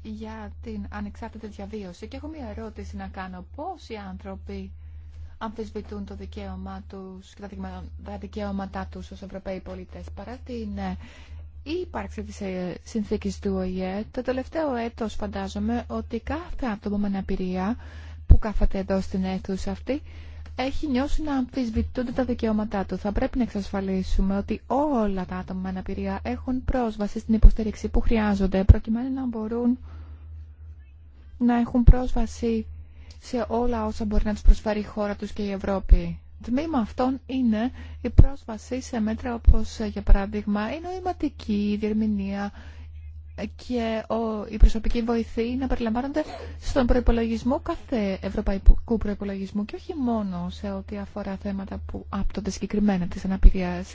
για την ανεξάρτητη διαβίωση και έχω μία ερώτηση να κάνω. Πώς οι άνθρωποι αμφισβητούν το δικαίωμά τους και τα δικαιώματά τους ως Ευρωπαίοι πολίτες παρά την ε, η ύπαρξη της ε, συνθήκης του ΟΗΕ, το τελευταίο έτος φαντάζομαι ότι κάθε άτομο με αναπηρία που κάθεται εδώ στην αίθουσα αυτή έχει νιώσει να αμφισβητούνται τα δικαιώματά του. Θα πρέπει να εξασφαλίσουμε ότι όλα τα άτομα με αναπηρία έχουν πρόσβαση στην υποστήριξη που χρειάζονται προκειμένου να μπορούν να έχουν πρόσβαση σε όλα όσα μπορεί να τους προσφέρει η χώρα τους και η Ευρώπη. Τμήμα αυτών είναι η πρόσβαση σε μέτρα όπως ε, για παράδειγμα η νοηματική, η διερμηνία και ο, η προσωπική βοηθή να περιλαμβάνονται στον προϋπολογισμό κάθε ευρωπαϊκού προϋπολογισμού και όχι μόνο σε ό,τι αφορά θέματα που άπτονται συγκεκριμένα της αναπηρίας.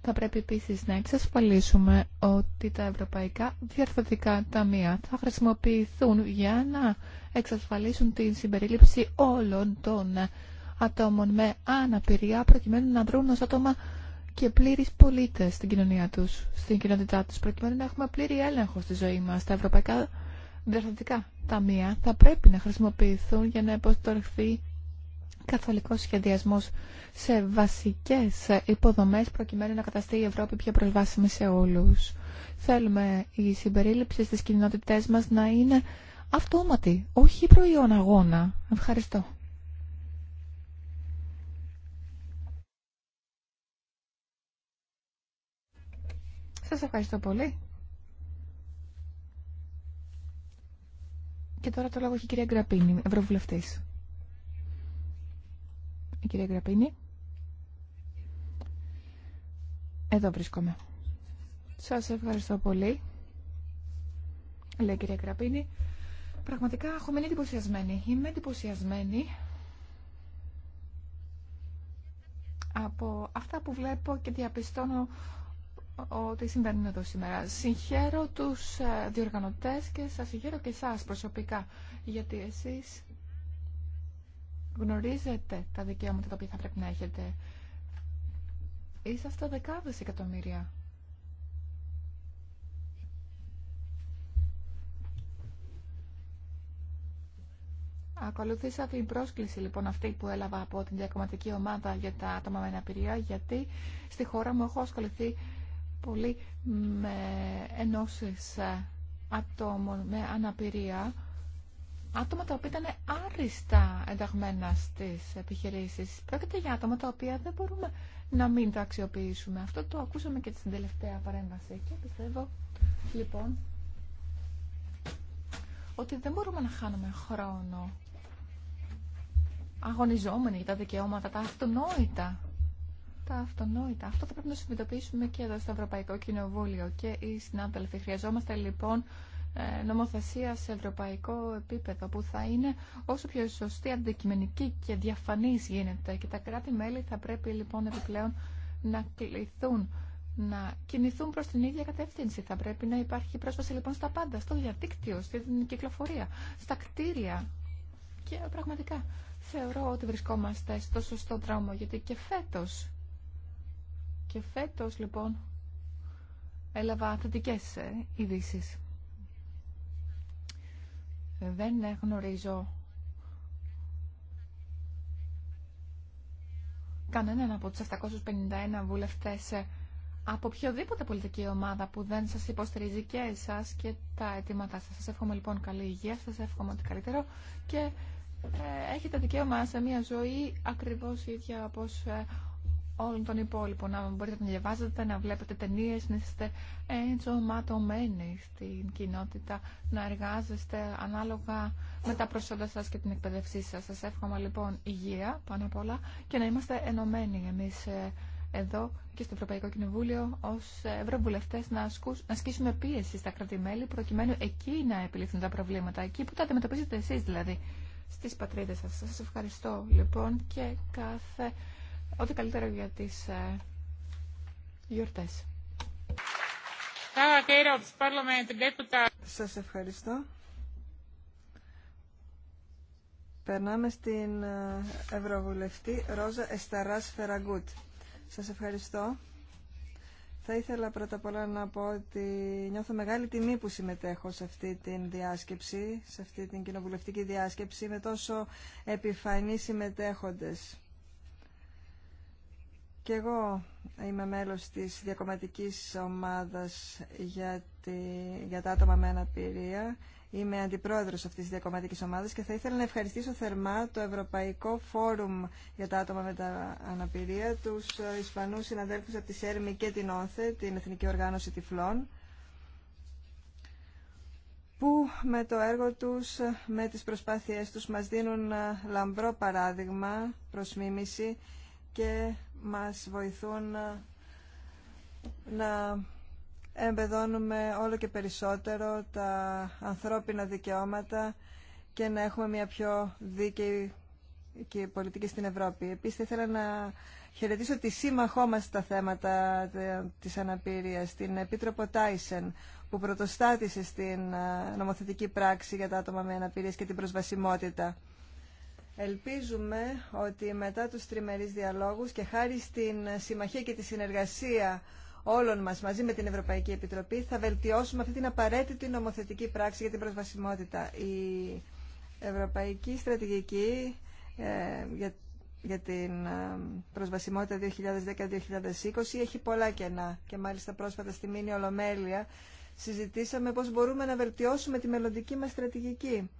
Θα πρέπει επίσης να εξασφαλίσουμε ότι τα ευρωπαϊκά διαρθωτικά ταμεία θα χρησιμοποιηθούν για να εξασφαλίσουν την συμπερίληψη όλων των ατόμων με αναπηρία προκειμένου να δρουν ως άτομα και πλήρεις πολίτες στην κοινωνία τους, στην κοινότητά τους, προκειμένου να έχουμε πλήρη έλεγχο στη ζωή μας. Τα ευρωπαϊκά διευθυντικά ταμεία θα πρέπει να χρησιμοποιηθούν για να υποστορχθεί καθολικός σχεδιασμός σε βασικές υποδομές προκειμένου να καταστεί η Ευρώπη πιο προσβάσιμη σε όλους. Θέλουμε η συμπερίληψη στις κοινότητές μας να είναι αυτόματη, όχι προϊόν αγώνα. Ευχαριστώ. Σας ευχαριστώ πολύ. Και τώρα το λόγο έχει η κυρία Γκραπίνη, Ευρωβουλευτής. Η κυρία Γκραπίνη. Εδώ βρίσκομαι. Σας ευχαριστώ πολύ. Λέει η κυρία Γκραπίνη. Πραγματικά έχω μείνει εντυπωσιασμένη. Είμαι εντυπωσιασμένη από αυτά που βλέπω και διαπιστώνω ότι συμβαίνουν εδώ σήμερα. Συγχαίρω τους ε, διοργανωτές και σας συγχαίρω και εσάς προσωπικά, γιατί εσείς γνωρίζετε τα δικαιώματα τα οποία θα πρέπει να έχετε. Είσαστε δεκάδες εκατομμύρια. Ακολουθήσα την πρόσκληση λοιπόν αυτή που έλαβα από την διακομματική ομάδα για τα άτομα με αναπηρία γιατί στη χώρα μου έχω ασχοληθεί πολύ με ενώσεις ε, ατόμων με αναπηρία, άτομα τα οποία ήταν άριστα ενταγμένα στις επιχειρήσεις. Πρόκειται για άτομα τα οποία δεν μπορούμε να μην τα αξιοποιήσουμε. Αυτό το ακούσαμε και στην τελευταία παρέμβαση και πιστεύω λοιπόν ότι δεν μπορούμε να χάνουμε χρόνο αγωνιζόμενοι για τα δικαιώματα, τα αυτονόητα τα αυτονόητα. Αυτό θα πρέπει να συνειδητοποιήσουμε και εδώ στο Ευρωπαϊκό Κοινοβούλιο και οι συνάδελφοι. Χρειαζόμαστε λοιπόν ε, νομοθεσία σε ευρωπαϊκό επίπεδο που θα είναι όσο πιο σωστή, αντικειμενική και διαφανής γίνεται και τα κράτη-μέλη θα πρέπει λοιπόν επιπλέον να κληθούν να κινηθούν προς την ίδια κατεύθυνση. Θα πρέπει να υπάρχει πρόσβαση λοιπόν στα πάντα, στο διαδίκτυο, στην κυκλοφορία, στα κτίρια. Και πραγματικά θεωρώ ότι βρισκόμαστε στο σωστό δρόμο, γιατί και φέτος και φέτος λοιπόν έλαβα θετικέ ε, ειδήσει. Δεν γνωρίζω κανέναν από τους 751 βουλευτές ε, από οποιοδήποτε πολιτική ομάδα που δεν σας υποστηρίζει και εσάς και τα αιτήματά σας. Σας εύχομαι λοιπόν καλή υγεία, σας εύχομαι ότι καλύτερο και ε, έχετε δικαίωμα σε μια ζωή ακριβώς ίδια όπως ε, όλων των υπόλοιπων. Να μπορείτε να διαβάζετε, να βλέπετε ταινίε, να είστε ενσωματωμένοι στην κοινότητα, να εργάζεστε ανάλογα με τα προσόντα σα και την εκπαιδευσή σα. Σα εύχομαι λοιπόν υγεία πάνω απ' όλα και να είμαστε ενωμένοι εμεί ε, εδώ και στο Ευρωπαϊκό Κοινοβούλιο ω ευρωβουλευτέ να, να ασκήσουμε πίεση στα κρατη προκειμένου εκεί να επιληθούν τα προβλήματα, εκεί που τα αντιμετωπίζετε εσεί, δηλαδή στις πατρίδες σας. Σας ευχαριστώ λοιπόν και κάθε Ό,τι καλύτερο για τις ε, γιορτές. Σας ευχαριστώ. Περνάμε στην ε, Ευρωβουλευτή Ρόζα Εσταράς Φεραγκούτ. Σας ευχαριστώ. Θα ήθελα πρώτα απ' όλα να πω ότι νιώθω μεγάλη τιμή που συμμετέχω σε αυτή την διάσκεψη, σε αυτή την κοινοβουλευτική διάσκεψη με τόσο επιφανεί συμμετέχοντες. Και εγώ είμαι μέλος της διακομματικής ομάδας για, τη, για τα άτομα με αναπηρία. Είμαι αντιπρόεδρος αυτής της διακομματικής ομάδας και θα ήθελα να ευχαριστήσω θερμά το Ευρωπαϊκό Φόρουμ για τα άτομα με τα αναπηρία, τους Ισπανούς συναδέλφους από τη ΣΕΡΜΗ και την Όθε, την Εθνική Οργάνωση Τυφλών, που με το έργο τους, με τις προσπάθειές τους μας δίνουν λαμπρό παράδειγμα προς μίμηση και μας βοηθούν να εμπεδώνουμε όλο και περισσότερο τα ανθρώπινα δικαιώματα και να έχουμε μια πιο δίκαιη και πολιτική στην Ευρώπη. Επίσης, ήθελα να χαιρετήσω τη σύμμαχό μας στα θέματα της αναπηρίας, την Επίτροπο Τάισεν, που πρωτοστάτησε στην ε, νομοθετική πράξη για τα άτομα με αναπηρίες και την προσβασιμότητα. Ελπίζουμε ότι μετά τους τριμερείς διαλόγους και χάρη στην συμμαχία και τη συνεργασία όλων μας μαζί με την Ευρωπαϊκή Επιτροπή θα βελτιώσουμε αυτή την απαραίτητη νομοθετική πράξη για την προσβασιμότητα. Η Ευρωπαϊκή Στρατηγική ε, για, για την ε, προσβασιμότητα 2010-2020 έχει πολλά κενά και μάλιστα πρόσφατα στη Μήνη Ολομέλεια συζητήσαμε πώς μπορούμε να βελτιώσουμε τη μελλοντική μας στρατηγική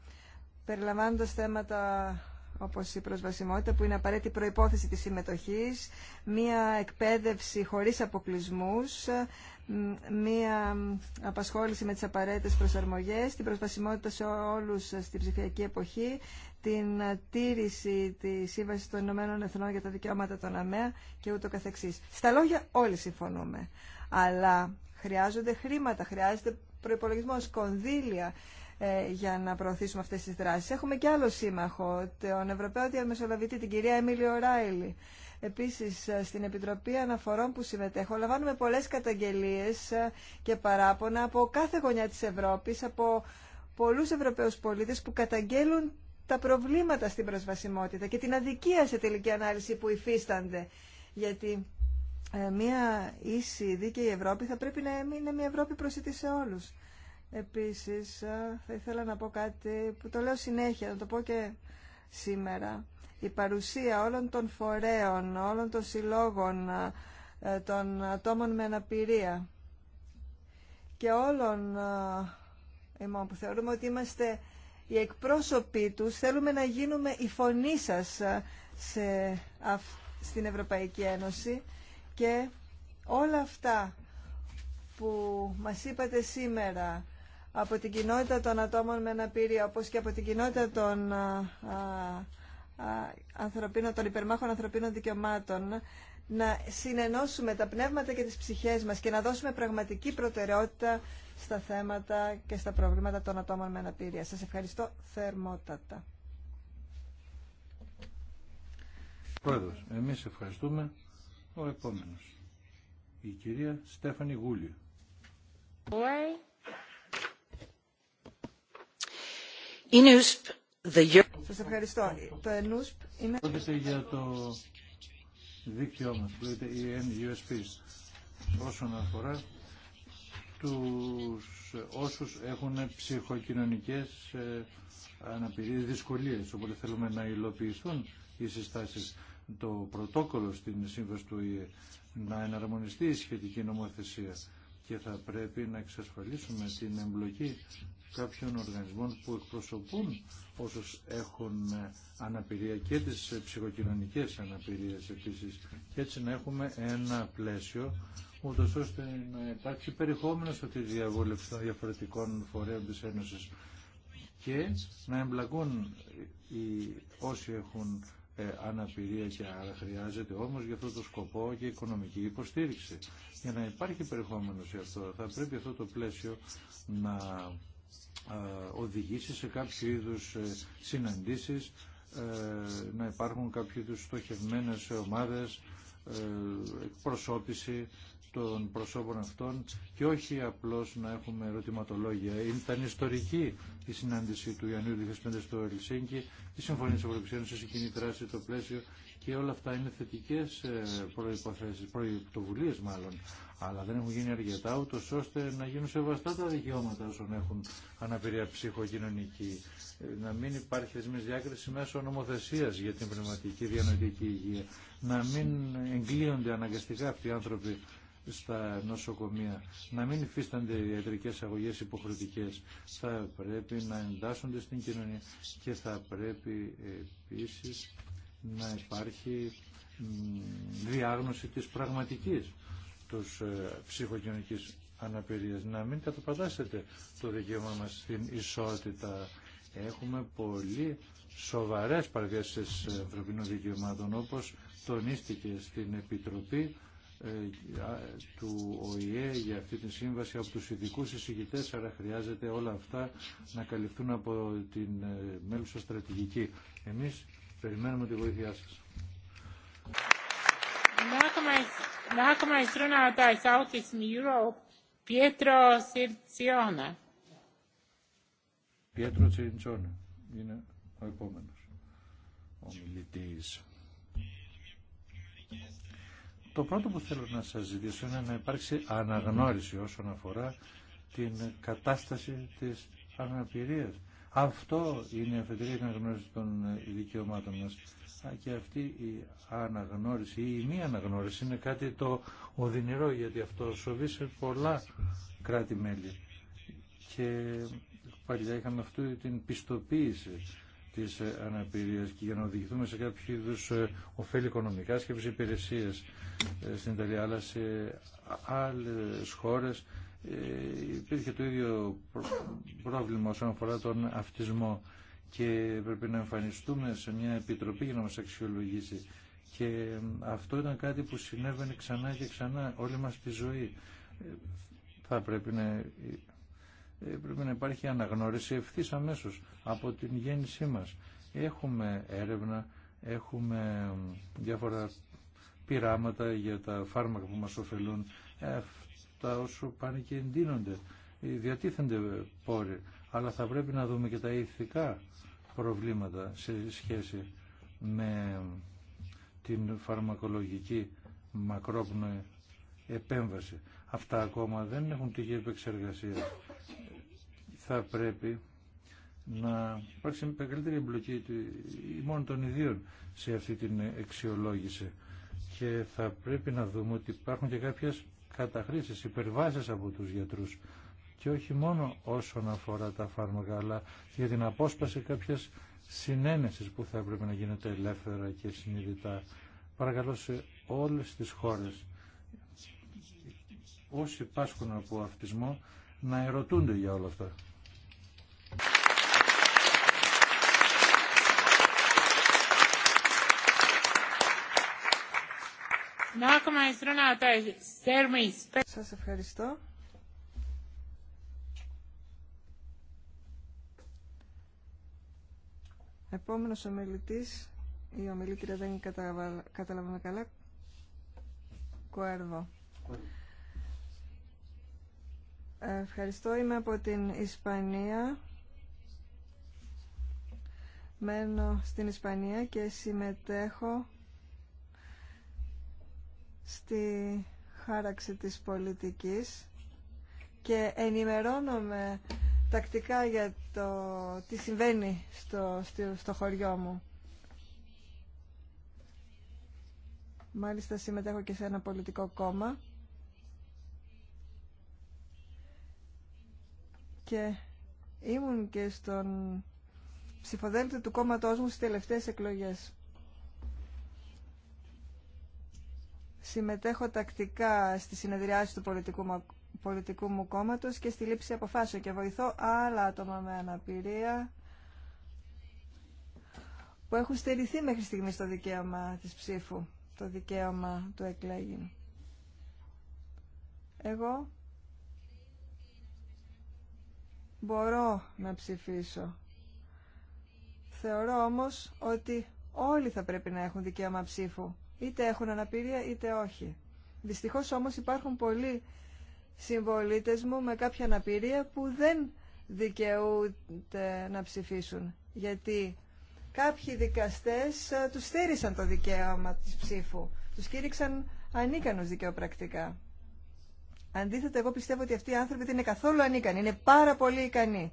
περιλαμβάνοντας θέματα όπως η προσβασιμότητα που είναι απαραίτητη προϋπόθεση της συμμετοχής, μία εκπαίδευση χωρίς αποκλεισμούς, μία απασχόληση με τις απαραίτητες προσαρμογές, την προσβασιμότητα σε όλους στην ψηφιακή εποχή, την τήρηση της Σύμβασης των Ηνωμένων Εθνών για τα Δικαιώματα των ΑΜΕΑ και ούτω καθεξής. Στα λόγια όλοι συμφωνούμε, αλλά χρειάζονται χρήματα, χρειάζεται προϋπολογισμός, κονδύλια, ε, για να προωθήσουμε αυτές τις δράσεις. Έχουμε και άλλο σύμμαχο, τον Ευρωπαίο Διαμεσολαβητή, την κυρία Εμίλιο Ράιλι. Επίσης, ε, στην Επιτροπή Αναφορών που συμμετέχω, λαμβάνουμε πολλές καταγγελίες ε, και παράπονα από κάθε γωνιά της Ευρώπης, από πολλούς Ευρωπαίους πολίτες που καταγγέλουν τα προβλήματα στην προσβασιμότητα και την αδικία σε τελική ανάλυση που υφίστανται. Γιατί μια ίση δίκαιη Ευρώπη θα πρέπει να είναι μια Ευρώπη προσιτή σε όλους. Επίσης, ε, θα ήθελα να πω κάτι που το λέω συνέχεια, να το πω και σήμερα. Η παρουσία όλων των φορέων, όλων των συλλόγων, ε, των ατόμων με αναπηρία και όλων ε, που θεωρούμε ότι είμαστε οι εκπρόσωποι τους, θέλουμε να γίνουμε η φωνή σας σε, στην Ευρωπαϊκή Ένωση και όλα αυτά που μας είπατε σήμερα από την κοινότητα των ατόμων με αναπηρία, όπως και από την κοινότητα των ανθρωπίνων, των υπερμάχων ανθρωπίνων δικαιωμάτων, να συνενώσουμε τα πνεύματα και τις ψυχές μας και να δώσουμε πραγματική προτεραιότητα στα θέματα και στα προβλήματα των ατόμων με αναπηρία. Σας ευχαριστώ θερμότατα. Πρόεδρος, εμείς ευχαριστούμε. Ο επόμενος, η κυρία Στέφανη Γούλιο. Σας ευχαριστώ. Το ΕΝΟΥΣΠ είναι... για το δίκτυό μας, που όσον αφορά τους όσους έχουν ψυχοκοινωνικές ε, αναπηρίες, δυσκολίες. Οπότε θέλουμε να υλοποιηθούν οι συστάσεις. Το πρωτόκολλο στην σύμβαση του ΙΕ να εναρμονιστεί η σχετική νομοθεσία και θα πρέπει να εξασφαλίσουμε την εμπλοκή κάποιων οργανισμών που εκπροσωπούν όσους έχουν ε, αναπηρία και τις ε, ψυχοκοινωνικές αναπηρίες επίσης και έτσι να έχουμε ένα πλαίσιο ούτω ώστε να υπάρξει περιεχόμενο στο τη διαβούλευση των διαφορετικών φορέων της Ένωσης και να εμπλακούν οι, όσοι έχουν ε, αναπηρία και άρα χρειάζεται όμως για αυτό το σκοπό και οικονομική υποστήριξη. Για να υπάρχει περιεχόμενο σε αυτό θα πρέπει αυτό το πλαίσιο να ε, οδηγήσει σε κάποιο είδους ε, συναντήσεις, ε, να υπάρχουν κάποιο είδους στοχευμένες ομάδες, εκπροσώπηση των προσώπων αυτών και όχι απλώς να έχουμε ερωτηματολόγια. Ήταν ιστορική η συνάντηση του Ιανουίου 2005 στο Ελσίνκι, τη Συμφωνία της Ευρωπαϊκής Ένωσης, η κοινή το πλαίσιο και όλα αυτά είναι θετικές ε, προϋποθέσεις, προϋποβουλίες μάλλον, αλλά δεν έχουν γίνει αρκετά ούτως ώστε να γίνουν σεβαστά τα δικαιώματα όσων έχουν αναπηρία ψυχοκοινωνική. Ε, να μην υπάρχει θεσμής διάκριση μέσω νομοθεσίας για την πνευματική διανοητική υγεία. Να μην εγκλείονται αναγκαστικά αυτοί οι άνθρωποι στα νοσοκομεία, να μην υφίστανται ιατρικές αγωγές υποχρεωτικές. Θα πρέπει να εντάσσονται στην κοινωνία και θα πρέπει επίσης να υπάρχει διάγνωση της πραγματικής τους ε, ψυχοκοινωνικής αναπηρίας. Να μην καταπατάσετε το δικαίωμα μας στην ισότητα. Έχουμε πολύ σοβαρές παραδιάσεις ευρωπαϊκών δικαιωμάτων όπως τονίστηκε στην Επιτροπή ε, του ΟΗΕ για αυτή τη σύμβαση από τους ειδικού εισηγητές άρα χρειάζεται όλα αυτά να καλυφθούν από την ε, μέλουσα στρατηγική. Εμείς Περιμένουμε τη βοήθειά σας. Πιέτρο Σιρτσιώνα. Πιέτρο Τσιρτσιώνα είναι ο επόμενος ομιλητής. Το πρώτο που θέλω να σας ζητήσω είναι να υπάρξει αναγνώριση όσον αφορά την κατάσταση της αναπηρίας αυτό είναι η αφετηρία η αναγνώριση των δικαιωμάτων μας. Και αυτή η αναγνώριση ή η μη αναγνώριση είναι κάτι το οδυνηρό γιατί αυτό σοβεί σε πολλά κράτη-μέλη. Και παλιά είχαμε αυτού την πιστοποίηση της αναπηρίας και για να οδηγηθούμε σε κάποιο είδου ε, ωφέλη οικονομικά σκέψη υπηρεσίες ε, στην Ιταλία αλλά σε άλλες χώρες ε, υπήρχε το ίδιο πρόβλημα όσον αφορά τον αυτισμό και πρέπει να εμφανιστούμε σε μια επιτροπή για να μας αξιολογήσει. Και αυτό ήταν κάτι που συνέβαινε ξανά και ξανά όλη μας τη ζωή. Ε, θα πρέπει να, ε, πρέπει να υπάρχει αναγνώριση ευθύ αμέσω από την γέννησή μας. Έχουμε έρευνα, έχουμε διάφορα πειράματα για τα φάρμακα που μας ωφελούν αυτά όσο πάνε και εντείνονται. Ε, διατίθενται πόροι, αλλά θα πρέπει να δούμε και τα ηθικά προβλήματα σε σχέση με την φαρμακολογική μακρόπνοη επέμβαση. Αυτά ακόμα δεν έχουν τυχή επεξεργασία. Θα πρέπει να υπάρξει μεγαλύτερη εμπλοκή μόνο των ιδίων σε αυτή την αξιολόγηση και θα πρέπει να δούμε ότι υπάρχουν και κάποιες καταχρήσεις, υπερβάσεις από τους γιατρούς και όχι μόνο όσον αφορά τα φάρμακα αλλά για την απόσπαση κάποιες συνένεσης που θα έπρεπε να γίνεται ελεύθερα και συνειδητά παρακαλώ σε όλες τις χώρες όσοι πάσχουν από αυτισμό να ερωτούνται για όλα αυτά. Σας ευχαριστώ. Επόμενος ομιλητής, η ομιλήτρια δεν καταλαβαίνω καλά, Κουέρβο. Ευχαριστώ, είμαι από την Ισπανία. Μένω στην Ισπανία και συμμετέχω στη χάραξη της πολιτικής και ενημερώνομαι τακτικά για το τι συμβαίνει στο, στο χωριό μου. Μάλιστα συμμετέχω και σε ένα πολιτικό κόμμα και ήμουν και στον ψηφοδέλτη του κόμματός μου στις τελευταίες εκλογές. συμμετέχω τακτικά στη συνεδριάση του πολιτικού, πολιτικού μου κόμματος και στη λήψη αποφάσεων και βοηθώ άλλα άτομα με αναπηρία που έχουν στερηθεί μέχρι στιγμή το δικαίωμα της ψήφου, το δικαίωμα του εκλέγην. Εγώ μπορώ να ψηφίσω. Θεωρώ όμως ότι όλοι θα πρέπει να έχουν δικαίωμα ψήφου είτε έχουν αναπηρία είτε όχι. Δυστυχώς όμως υπάρχουν πολλοί συμβολίτες μου με κάποια αναπηρία που δεν δικαιούνται να ψηφίσουν. Γιατί κάποιοι δικαστές ε, τους στήρισαν το δικαίωμα της ψήφου. Τους κήρυξαν ανίκανους δικαιοπρακτικά. Αντίθετα, εγώ πιστεύω ότι αυτοί οι άνθρωποι δεν είναι καθόλου ανίκανοι. Είναι πάρα πολύ ικανοί.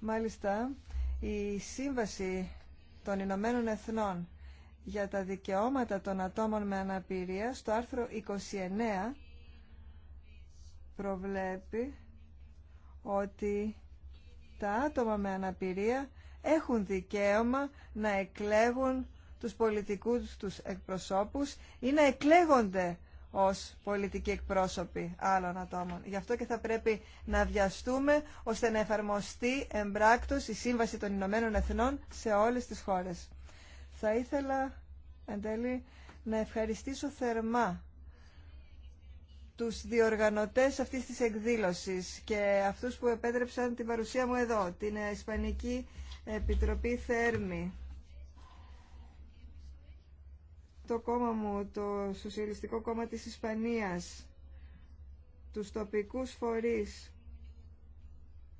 Μάλιστα, η σύμβαση των Ηνωμένων Εθνών για τα δικαιώματα των ατόμων με αναπηρία στο άρθρο 29 προβλέπει ότι τα άτομα με αναπηρία έχουν δικαίωμα να εκλέγουν τους πολιτικούς τους εκπροσώπους ή να εκλέγονται ως πολιτικοί εκπρόσωποι άλλων ατόμων. Γι' αυτό και θα πρέπει να βιαστούμε ώστε να εφαρμοστεί εμπράκτος η Σύμβαση των Ηνωμένων Εθνών σε όλες τις χώρες. Θα ήθελα εν τέλει να ευχαριστήσω θερμά τους διοργανωτές αυτής της εκδήλωσης και αυτούς που επέτρεψαν την παρουσία μου εδώ, την Ισπανική Επιτροπή Θέρμη, το κόμμα μου, το Σοσιαλιστικό Κόμμα της Ισπανίας, τους τοπικούς φορείς,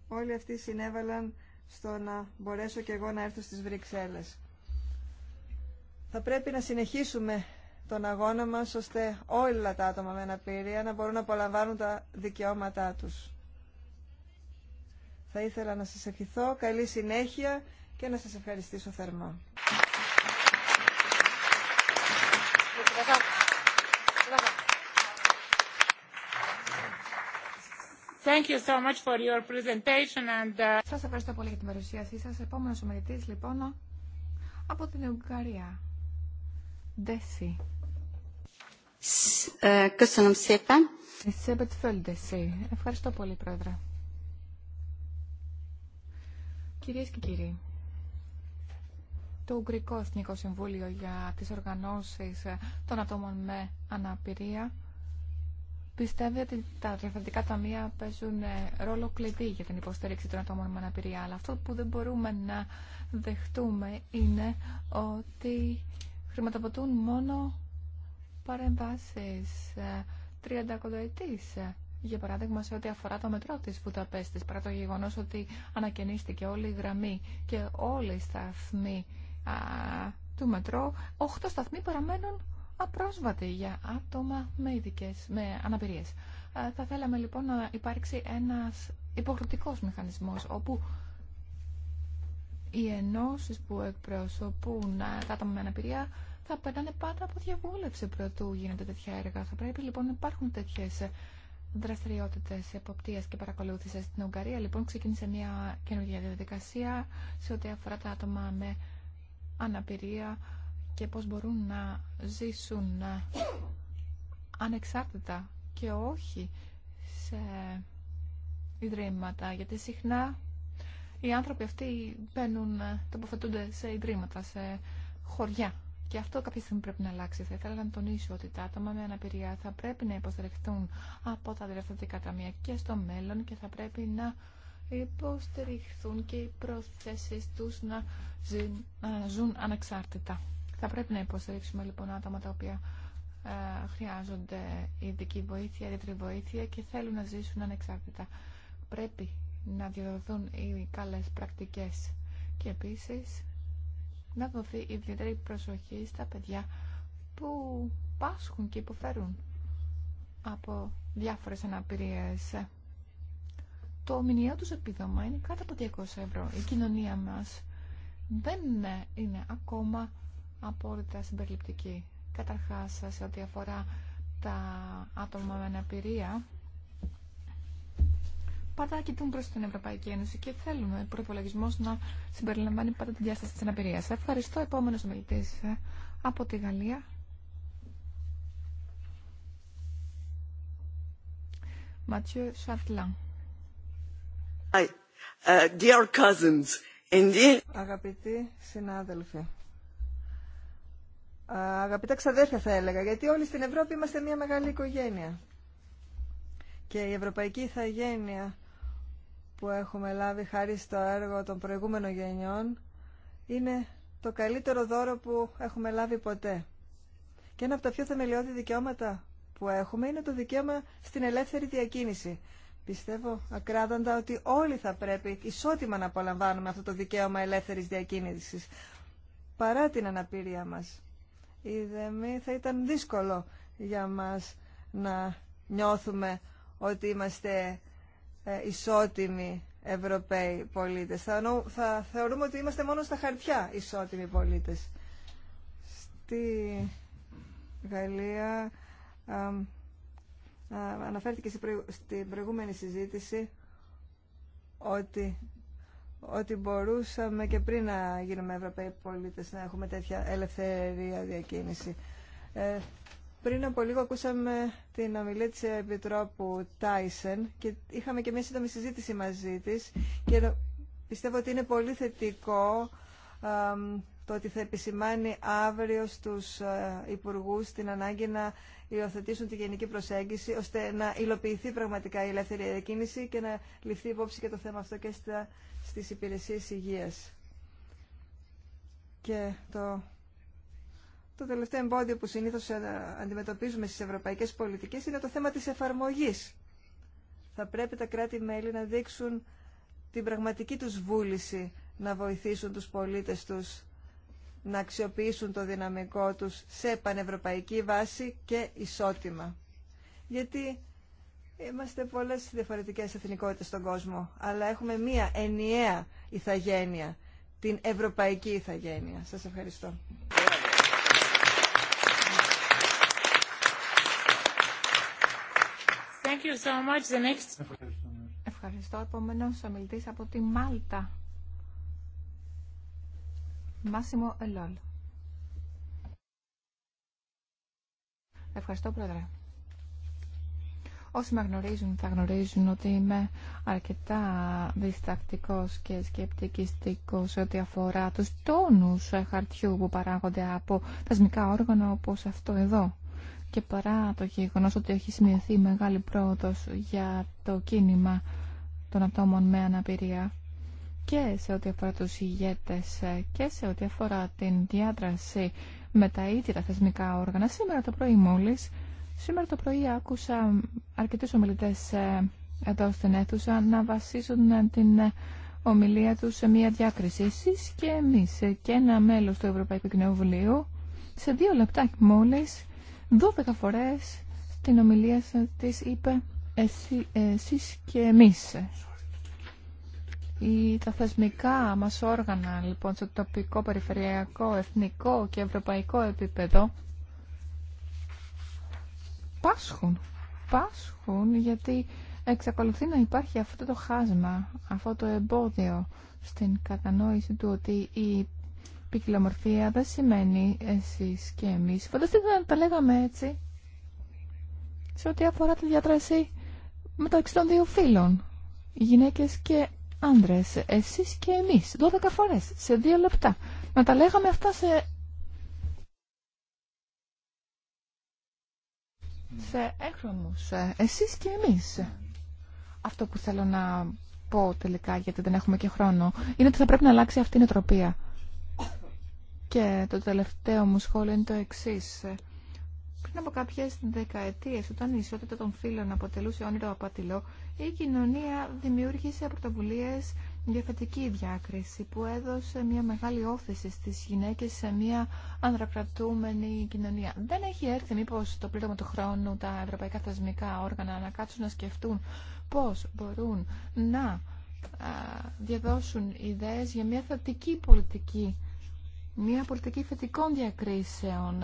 όλοι αυτοί συνέβαλαν στο να μπορέσω και εγώ να έρθω στις Βρυξέλλες. Θα πρέπει να συνεχίσουμε τον αγώνα μας ώστε όλα τα άτομα με αναπηρία να μπορούν να απολαμβάνουν τα δικαιώματά τους. Θα ήθελα να σας ευχηθώ καλή συνέχεια και να σας ευχαριστήσω θερμά. Thank you so much for your presentation and... Uh, σας ευχαριστώ πολύ για την παρουσίασή σας. Επόμενος ομιλητής λοιπόν από την Ουγγαρία. Ντέσι. Ε, ευχαριστώ πολύ, Πρόεδρε. Κυρίε και κύριοι, το Ουγγρικό Εθνικό Συμβούλιο για τι Οργανώσει των Ατόμων με Αναπηρία πιστεύετε ότι τα διαφορετικά ταμεία παίζουν ε, ρόλο κλειδί για την υποστήριξη των ατόμων με αναπηρία. Αλλά αυτό που δεν μπορούμε να δεχτούμε είναι ότι χρηματοποτούν μόνο παρεμβάσεις 30 ε, κοντοετή. Ε, για παράδειγμα, σε ό,τι αφορά το μετρό τη Βουδαπέστη, παρά το γεγονό ότι ανακαινίστηκε όλη η γραμμή και όλοι οι σταθμοί του μετρό, 8 σταθμοί παραμένουν απρόσβατη για άτομα με, ειδικές, με αναπηρίες. Ε, θα θέλαμε λοιπόν να υπάρξει ένας υποχρεωτικός μηχανισμός όπου οι ενώσει που εκπροσωπούν τα άτομα με αναπηρία θα περνάνε πάντα από διαβούλευση προτού γίνονται τέτοια έργα. Θα πρέπει λοιπόν να υπάρχουν τέτοιε δραστηριότητε εποπτεία και παρακολούθηση. Στην Ουγγαρία λοιπόν ξεκίνησε μια καινούργια διαδικασία σε ό,τι αφορά τα άτομα με αναπηρία και πώς μπορούν να ζήσουν ανεξάρτητα και όχι σε ιδρύματα, γιατί συχνά οι άνθρωποι αυτοί μπαίνουν, τοποθετούνται σε ιδρύματα, σε χωριά. Και αυτό κάποια στιγμή πρέπει να αλλάξει. Θα ήθελα να τονίσω ότι τα άτομα με αναπηρία θα πρέπει να υποστηριχθούν από τα διευθυντικά ταμεία και στο μέλλον και θα πρέπει να υποστηριχθούν και οι προθέσεις τους να ζουν ανεξάρτητα. Θα πρέπει να υποστηρίξουμε λοιπόν άτομα τα οποία ε, χρειάζονται ειδική βοήθεια, ιδιαίτερη βοήθεια και θέλουν να ζήσουν ανεξάρτητα. Πρέπει να διαδοθούν οι καλές πρακτικές και επίσης να δοθεί ιδιαίτερη προσοχή στα παιδιά που πάσχουν και υποφέρουν από διάφορες αναπηρίες. Το μηνιαίο τους επίδομα είναι κάτω από 200 ευρώ. Η κοινωνία μας δεν είναι ακόμα απόλυτα συμπεριληπτική. Καταρχάς, σε ό,τι αφορά τα άτομα με αναπηρία, πάντα κοιτούν προς την Ευρωπαϊκή Ένωση και θέλουν ο προπολογισμό να συμπεριλαμβάνει πάντα τη διάσταση της αναπηρίας. Ευχαριστώ, επόμενος ομιλητής ε, από τη Γαλλία. Mathieu Châtelain. Hi. Uh, dear cousins, Αγαπητοί συνάδελφοι, αγαπητά ξαδέρφια θα έλεγα, γιατί όλοι στην Ευρώπη είμαστε μια μεγάλη οικογένεια. Και η ευρωπαϊκή ηθαγένεια που έχουμε λάβει χάρη στο έργο των προηγούμενων γενιών είναι το καλύτερο δώρο που έχουμε λάβει ποτέ. Και ένα από τα πιο θεμελιώδη δικαιώματα που έχουμε είναι το δικαίωμα στην ελεύθερη διακίνηση. Πιστεύω ακράδαντα ότι όλοι θα πρέπει ισότιμα να απολαμβάνουμε αυτό το δικαίωμα ελεύθερης διακίνησης παρά την αναπηρία μας μή θα ήταν δύσκολο για μας να νιώθουμε ότι είμαστε ε, ισότιμοι Ευρωπαίοι πολίτες. Θα, θα θεωρούμε ότι είμαστε μόνο στα χαρτιά ισότιμοι πολίτες. Στη Γαλλία αναφέρθηκε στην προηγούμενη συζήτηση ότι ότι μπορούσαμε και πριν να γίνουμε Ευρωπαίοι πολίτες να έχουμε τέτοια ελευθερία διακίνηση. Ε, πριν από λίγο ακούσαμε την ομιλία της Επιτρόπου Τάισεν και είχαμε και μια σύντομη συζήτηση μαζί της και πιστεύω ότι είναι πολύ θετικό το ότι θα επισημάνει αύριο στους ε, υπουργούς την ανάγκη να υιοθετήσουν τη γενική προσέγγιση ώστε να υλοποιηθεί πραγματικά η ελεύθερη διακίνηση και να ληφθεί υπόψη και το θέμα αυτό και στα στις υπηρεσίες υγείας. Και το, το τελευταίο εμπόδιο που συνήθως αντιμετωπίζουμε στις ευρωπαϊκές πολιτικές είναι το θέμα της εφαρμογής. Θα πρέπει τα κράτη-μέλη να δείξουν την πραγματική τους βούληση να βοηθήσουν τους πολίτες τους να αξιοποιήσουν το δυναμικό τους σε πανευρωπαϊκή βάση και ισότιμα. Γιατί Είμαστε πολλές διαφορετικές εθνικότητες στον κόσμο, αλλά έχουμε μία ενιαία ηθαγένεια, την ευρωπαϊκή ηθαγένεια. Σας ευχαριστώ. Thank you so much. The next... Ευχαριστώ. επόμενο ομιλητή από τη Μάλτα. Μάσιμο Ελόλ. Ευχαριστώ, Πρόεδρε. Όσοι με γνωρίζουν θα γνωρίζουν ότι είμαι αρκετά διστακτικός και σκεπτικιστικός σε ό,τι αφορά τους τόνους χαρτιού που παράγονται από θεσμικά όργανα όπως αυτό εδώ. Και παρά το γεγονός ότι έχει σημειωθεί μεγάλη πρόοδος για το κίνημα των ατόμων με αναπηρία και σε ό,τι αφορά τους ηγέτες και σε ό,τι αφορά την διάδραση με τα ίδια τα θεσμικά όργανα, σήμερα το πρωί μόλις Σήμερα το πρωί άκουσα αρκετούς ομιλητές ε, εδώ στην αίθουσα να βασίζουν ε, την ε, ομιλία τους σε μία διάκριση. Εσείς και εμείς και ένα μέλος του Ευρωπαϊκού Κοινοβουλίου σε δύο λεπτά μόλις, 12 φορές στην ομιλία της είπε εσείς και εμείς. Οι, τα θεσμικά μας όργανα λοιπόν στο τοπικό, περιφερειακό, εθνικό και ευρωπαϊκό επίπεδο πάσχουν. Πάσχουν γιατί εξακολουθεί να υπάρχει αυτό το χάσμα, αυτό το εμπόδιο στην κατανόηση του ότι η ποικιλομορφία δεν σημαίνει εσείς και εμείς. Φανταστείτε να τα λέγαμε έτσι σε ό,τι αφορά τη διατρασή μεταξύ των δύο φίλων, γυναίκες και άντρες, εσείς και εμείς, 12 φορές, σε δύο λεπτά. Να τα λέγαμε αυτά σε σε έγχρωμους, ε, εσείς και εμείς. Αυτό που θέλω να πω τελικά, γιατί δεν έχουμε και χρόνο, είναι ότι θα πρέπει να αλλάξει αυτή η νοοτροπία. Και το τελευταίο μου σχόλιο είναι το εξή. Πριν από κάποιε δεκαετίε, όταν η ισότητα των φίλων αποτελούσε όνειρο απατηλό, η κοινωνία δημιούργησε πρωτοβουλίε διαφετική διάκριση που έδωσε μια μεγάλη όθηση στις γυναίκες σε μια ανδρακρατούμενη κοινωνία. Δεν έχει έρθει μήπως το πλήρωμα του χρόνου τα ευρωπαϊκά θεσμικά όργανα να κάτσουν να σκεφτούν πώς μπορούν να διαδώσουν ιδέες για μια θετική πολιτική, μια πολιτική θετικών διακρίσεων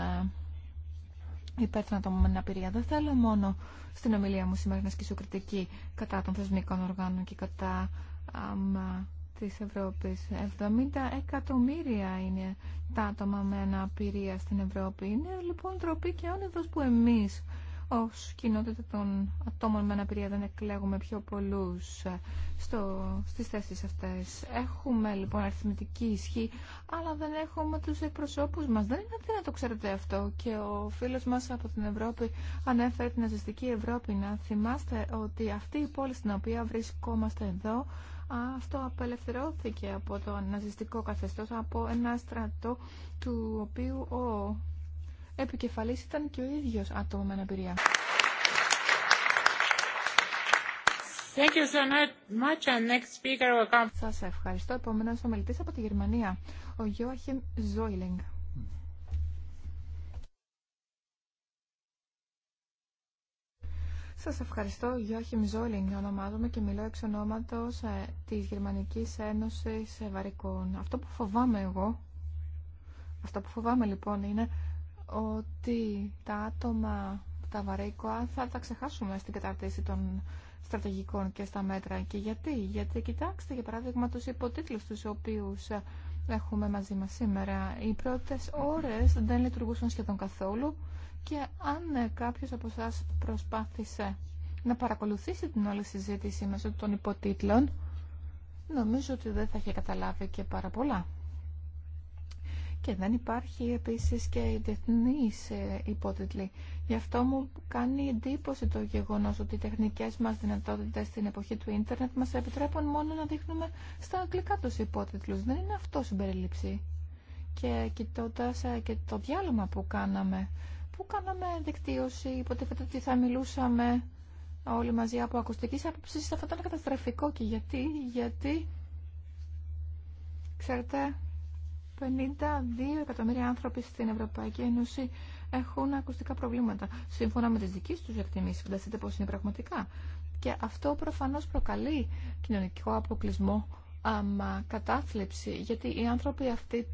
υπέρ των ατόμων με αναπηρία. Δεν θέλω μόνο στην ομιλία μου σήμερα να σκήσω κριτική κατά των θεσμικών οργάνων και κατά άμα, της Ευρώπης. 70 εκατομμύρια είναι τα άτομα με αναπηρία στην Ευρώπη. Είναι λοιπόν τροπή και άνεδος που εμείς ως κοινότητα των ατόμων με αναπηρία δεν εκλέγουμε πιο πολλούς ε, στο, στις θέσεις αυτές. Έχουμε λοιπόν αριθμητική ισχύ, αλλά δεν έχουμε τους εκπροσώπους μας. Δεν είναι το ξέρετε αυτό. Και ο φίλος μας από την Ευρώπη ανέφερε την αζιστική Ευρώπη. Να θυμάστε ότι αυτή η πόλη στην οποία βρισκόμαστε εδώ αυτό απελευθερώθηκε από το ναζιστικό καθεστώς, από ένα στρατό του οποίου ο επικεφαλής ήταν και ο ίδιος άτομο με αναπηρία. Thank you so much. And next speaker will come. Σας ευχαριστώ. Επόμενος μελητής από τη Γερμανία, ο Γιώαχιμ Ζόιλινγκ. Σας ευχαριστώ. Γιώχη Μιζόλιν ονομάζομαι και μιλώ εξ ονόματος ε, της Γερμανικής Ένωσης Βαρικών. Αυτό που φοβάμαι εγώ, αυτό που φοβάμαι λοιπόν είναι ότι τα άτομα, τα βαρύκοα θα τα ξεχάσουμε στην κατάρτιση των στρατηγικών και στα μέτρα. Και γιατί, γιατί κοιτάξτε για παράδειγμα τους υποτίτλους τους οποίους ε, έχουμε μαζί μας σήμερα. Οι πρώτες ώρες δεν λειτουργούσαν σχεδόν καθόλου και αν ε, κάποιος από εσά προσπάθησε να παρακολουθήσει την όλη συζήτηση μέσω των υποτίτλων, νομίζω ότι δεν θα είχε καταλάβει και πάρα πολλά. Και δεν υπάρχει επίσης και η τεχνή ε, υπότιτλη. Γι' αυτό μου κάνει εντύπωση το γεγονός ότι οι τεχνικές μας δυνατότητες στην εποχή του ίντερνετ μας επιτρέπουν μόνο να δείχνουμε στα αγγλικά τους υπότιτλους. Δεν είναι αυτό συμπεριλήψη. Και κοιτώντα ε, και το διάλειμμα που κάναμε Πού κάναμε δικτύωση, υποτίθεται ότι θα μιλούσαμε όλοι μαζί από ακουστική άποψη. Αυτό ήταν καταστραφικό και γιατί, γιατί, ξέρετε, 52 εκατομμύρια άνθρωποι στην Ευρωπαϊκή Ένωση έχουν ακουστικά προβλήματα. Σύμφωνα με τις δικές τους εκτιμήσεις, φανταστείτε πώς είναι πραγματικά. Και αυτό προφανώς προκαλεί κοινωνικό αποκλεισμό αμα, κατάθλιψη, γιατί οι άνθρωποι αυτοί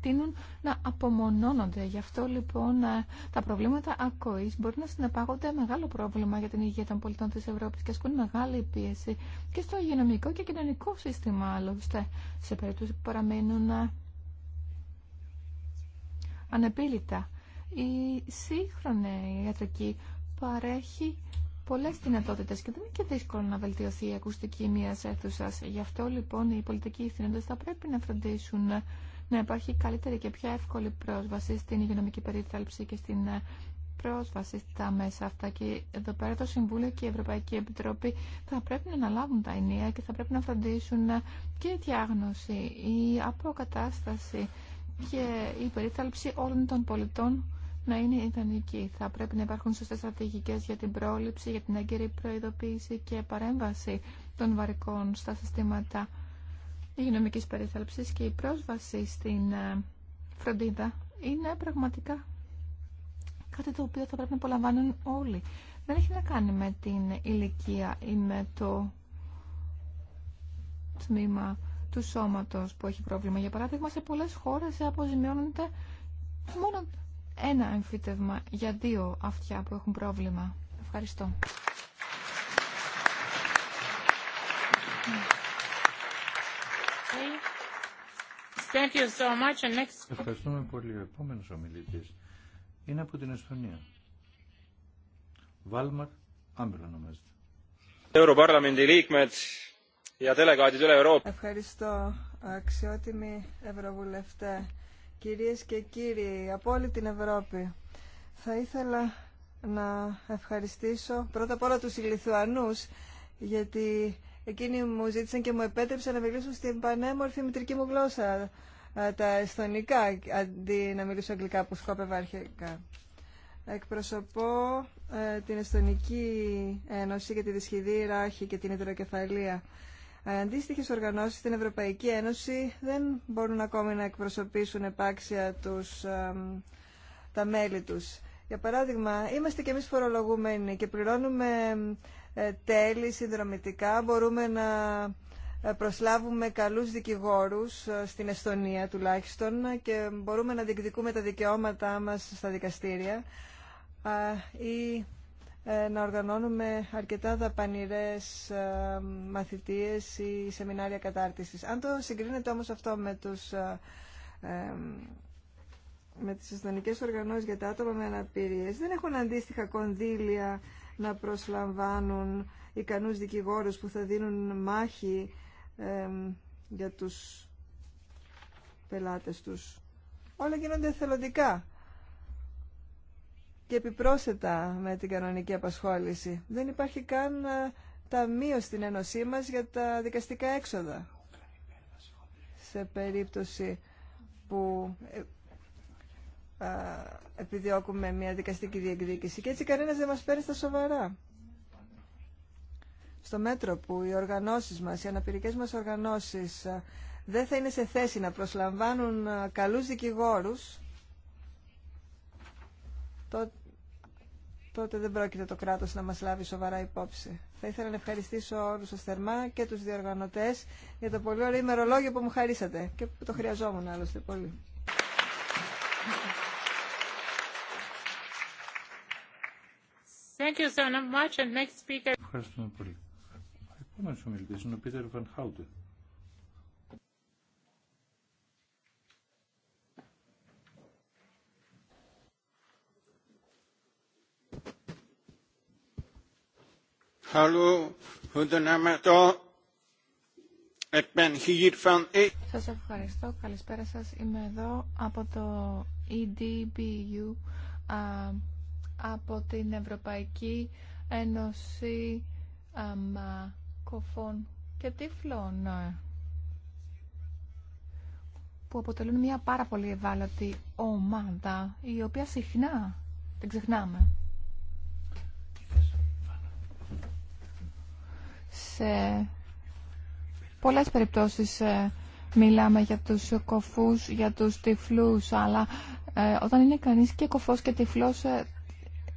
τείνουν να απομονώνονται. Γι' αυτό λοιπόν ε, τα προβλήματα ακοής μπορεί να συνεπάγονται μεγάλο πρόβλημα για την υγεία των πολιτών της Ευρώπης και ασκούν μεγάλη πίεση και στο υγειονομικό και κοινωνικό σύστημα άλλωστε, σε περίπτωση που παραμένουν ε, ανεπίλητα. Η σύγχρονη ιατρική παρέχει πολλές δυνατότητες και δεν είναι και δύσκολο να βελτιωθεί η ακουστική μιας αίθουσας. Γι' αυτό λοιπόν οι πολιτικοί ευθύνοντες θα πρέπει να φροντίσουν να υπάρχει καλύτερη και πιο εύκολη πρόσβαση στην υγειονομική περίθαλψη και στην ε, πρόσβαση στα μέσα αυτά και εδώ πέρα το Συμβούλιο και η Ευρωπαϊκή Επιτροπή θα πρέπει να αναλάβουν τα ενία και θα πρέπει να φροντίσουν ε, και η διάγνωση, η αποκατάσταση και η περίθαλψη όλων των πολιτών να είναι ιδανική. Θα πρέπει να υπάρχουν σωστές στρατηγικές για την πρόληψη, για την έγκαιρη προειδοποίηση και παρέμβαση των βαρικών στα συστήματα υγειονομικής περιθάλψης και η πρόσβαση στην ε, φροντίδα είναι πραγματικά κάτι το οποίο θα πρέπει να απολαμβάνουν όλοι. Δεν έχει να κάνει με την ηλικία ή με το τμήμα του σώματος που έχει πρόβλημα. Για παράδειγμα, σε πολλές χώρες αποζημιώνονται μόνο ένα εμφύτευμα για δύο αυτιά που έχουν πρόβλημα. Ευχαριστώ. Thank you so much. Ευχαριστούμε πολύ. Ο επόμενο ομιλητή είναι από την Εστονία. Βάλμαρ Άμπελ ονομάζεται. Ευχαριστώ, αξιότιμοι Ευρωβουλευτέ κυρίες και κύριοι από όλη την Ευρώπη. Θα ήθελα να ευχαριστήσω πρώτα απ' όλα τους Λιθουανούς γιατί εκείνοι μου ζήτησαν και μου επέτρεψαν να μιλήσω στην πανέμορφη μητρική μου γλώσσα ε, τα εσθονικά αντί να μιλήσω αγγλικά που σκόπευα αρχικά. Εκπροσωπώ ε, την εσθονική Ένωση για τη Δυσχυδή Ράχη και την Ιδροκεφαλία Αντίστοιχε οργανώσει στην Ευρωπαϊκή Ένωση δεν μπορούν ακόμη να εκπροσωπήσουν επάξια τους, τα μέλη τους. Για παράδειγμα, είμαστε και εμείς φορολογούμενοι και πληρώνουμε ε, τέλη συνδρομητικά, μπορούμε να ε, προσλάβουμε καλούς δικηγόρους ε, στην Εστονία τουλάχιστον και μπορούμε να διεκδικούμε τα δικαιώματά μας στα δικαστήρια ε, να οργανώνουμε αρκετά δαπανηρές ε, μαθητείες ή σεμινάρια κατάρτισης. Αν το συγκρίνετε όμως αυτό με, τους, ε, με τις ιστονικές οργανώσεις για τα άτομα με αναπηρίες, δεν έχουν αντίστοιχα κονδύλια να προσλαμβάνουν ικανούς δικηγόρους που θα δίνουν μάχη για τους πελάτες τους. Όλα γίνονται θελοντικά και επιπρόσθετα με την κανονική απασχόληση. Δεν υπάρχει καν ε, ταμείο στην Ένωσή μας για τα δικαστικά έξοδα. Σε περίπτωση που ε, επιδιώκουμε μια δικαστική διεκδίκηση. Και έτσι κανένας δεν μας παίρνει στα σοβαρά. Στο μέτρο που οι οργανώσεις μας, οι αναπηρικές μας οργανώσεις ε, δεν θα είναι σε θέση να προσλαμβάνουν καλούς δικηγόρους, τότε τότε δεν πρόκειται το κράτος να μας λάβει σοβαρά υπόψη. Θα ήθελα να ευχαριστήσω όλους σας θερμά και τους διοργανωτές για το πολύ ωραίο ημερολόγιο που μου χαρίσατε και που το χρειαζόμουν άλλωστε πολύ. Thank you so Ευχαριστούμε πολύ. Επόμενος ομιλητής είναι ο Πίτερ Βαν Hallo, e- Σας ευχαριστώ. Καλησπέρα σας. Είμαι εδώ από το EDBU, από την Ευρωπαϊκή Ένωση Κοφών και Τύφλων, που αποτελούν μια πάρα πολύ ευάλωτη ομάδα, η οποία συχνά, δεν ξεχνάμε, σε πολλές περιπτώσεις ε, μιλάμε για τους κοφούς, για τους τυφλούς, αλλά ε, όταν είναι κανείς και κοφός και τυφλός ε,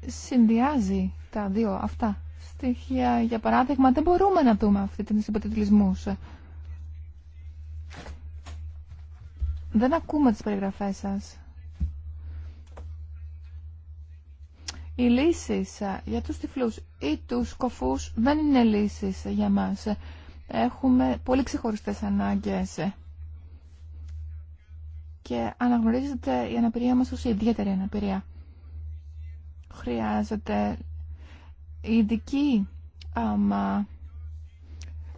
συνδυάζει τα δύο αυτά στοιχεία. Για παράδειγμα, δεν μπορούμε να δούμε αυτή την υποτιτλισμούς. Δεν ακούμε τις περιγραφές σας. Οι λύσεις ε, για τους τυφλούς ή τους κοφούς δεν είναι λύσεις για μας. Έχουμε πολύ ξεχωριστές ανάγκες και αναγνωρίζεται η αναπηρία μας ως ιδιαίτερη αναπηρία. Χρειάζεται ειδική άμα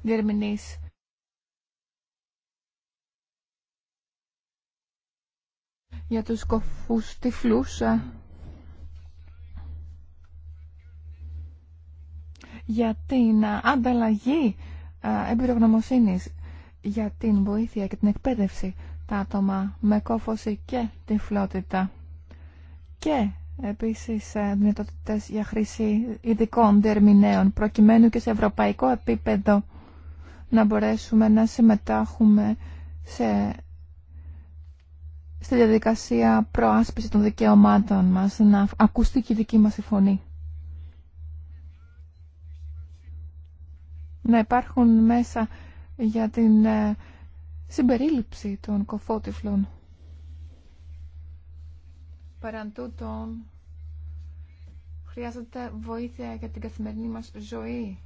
διερμηνής. Για τους κοφούς τυφλούς ε, για την ανταλλαγή ε, εμπειρογνωμοσύνης για την βοήθεια και την εκπαίδευση τα άτομα με κόφωση και τυφλότητα και επίσης ε, δυνατότητες για χρήση ειδικών δερμηνέων προκειμένου και σε ευρωπαϊκό επίπεδο να μπορέσουμε να συμμετάχουμε σε, στη διαδικασία προάσπιση των δικαιωμάτων μας, να ακουστεί και η δική μας η φωνή. να υπάρχουν μέσα για την ε, συμπερίληψη των κοφότυφλων. Παραν τούτον, χρειάζεται βοήθεια για την καθημερινή μας ζωή,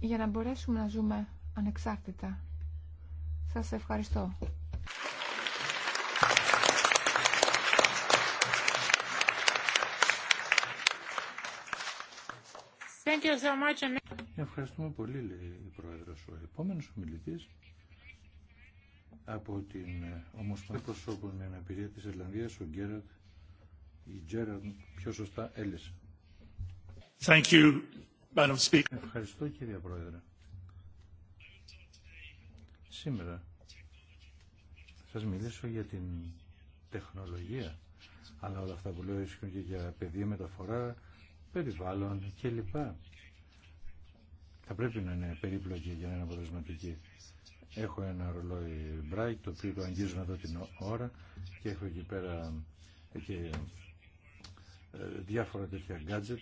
για να μπορέσουμε να ζούμε ανεξάρτητα. Σας ευχαριστώ. Ευχαριστούμε πολύ, λέει η πρόεδρο Ο επόμενος ομιλητή από την Ομοσπονδία Προσώπων με Αναπηρία τη Ιρλανδία, ο Γκέραντ, η Γκέραντ, πιο σωστά, Έλλης. Ευχαριστώ, κύριε Πρόεδρε. Σήμερα σας μιλήσω για την τεχνολογία, αλλά όλα αυτά που λέω ισχύουν και για παιδεία μεταφορά, περιβάλλον κλπ. Θα πρέπει να είναι περίπλοκη για να είναι αποτελεσματική. Έχω ένα ρολόι Bright το οποίο το αγγίζω εδώ την ώρα και έχω εκεί πέρα και ε, διάφορα τέτοια gadget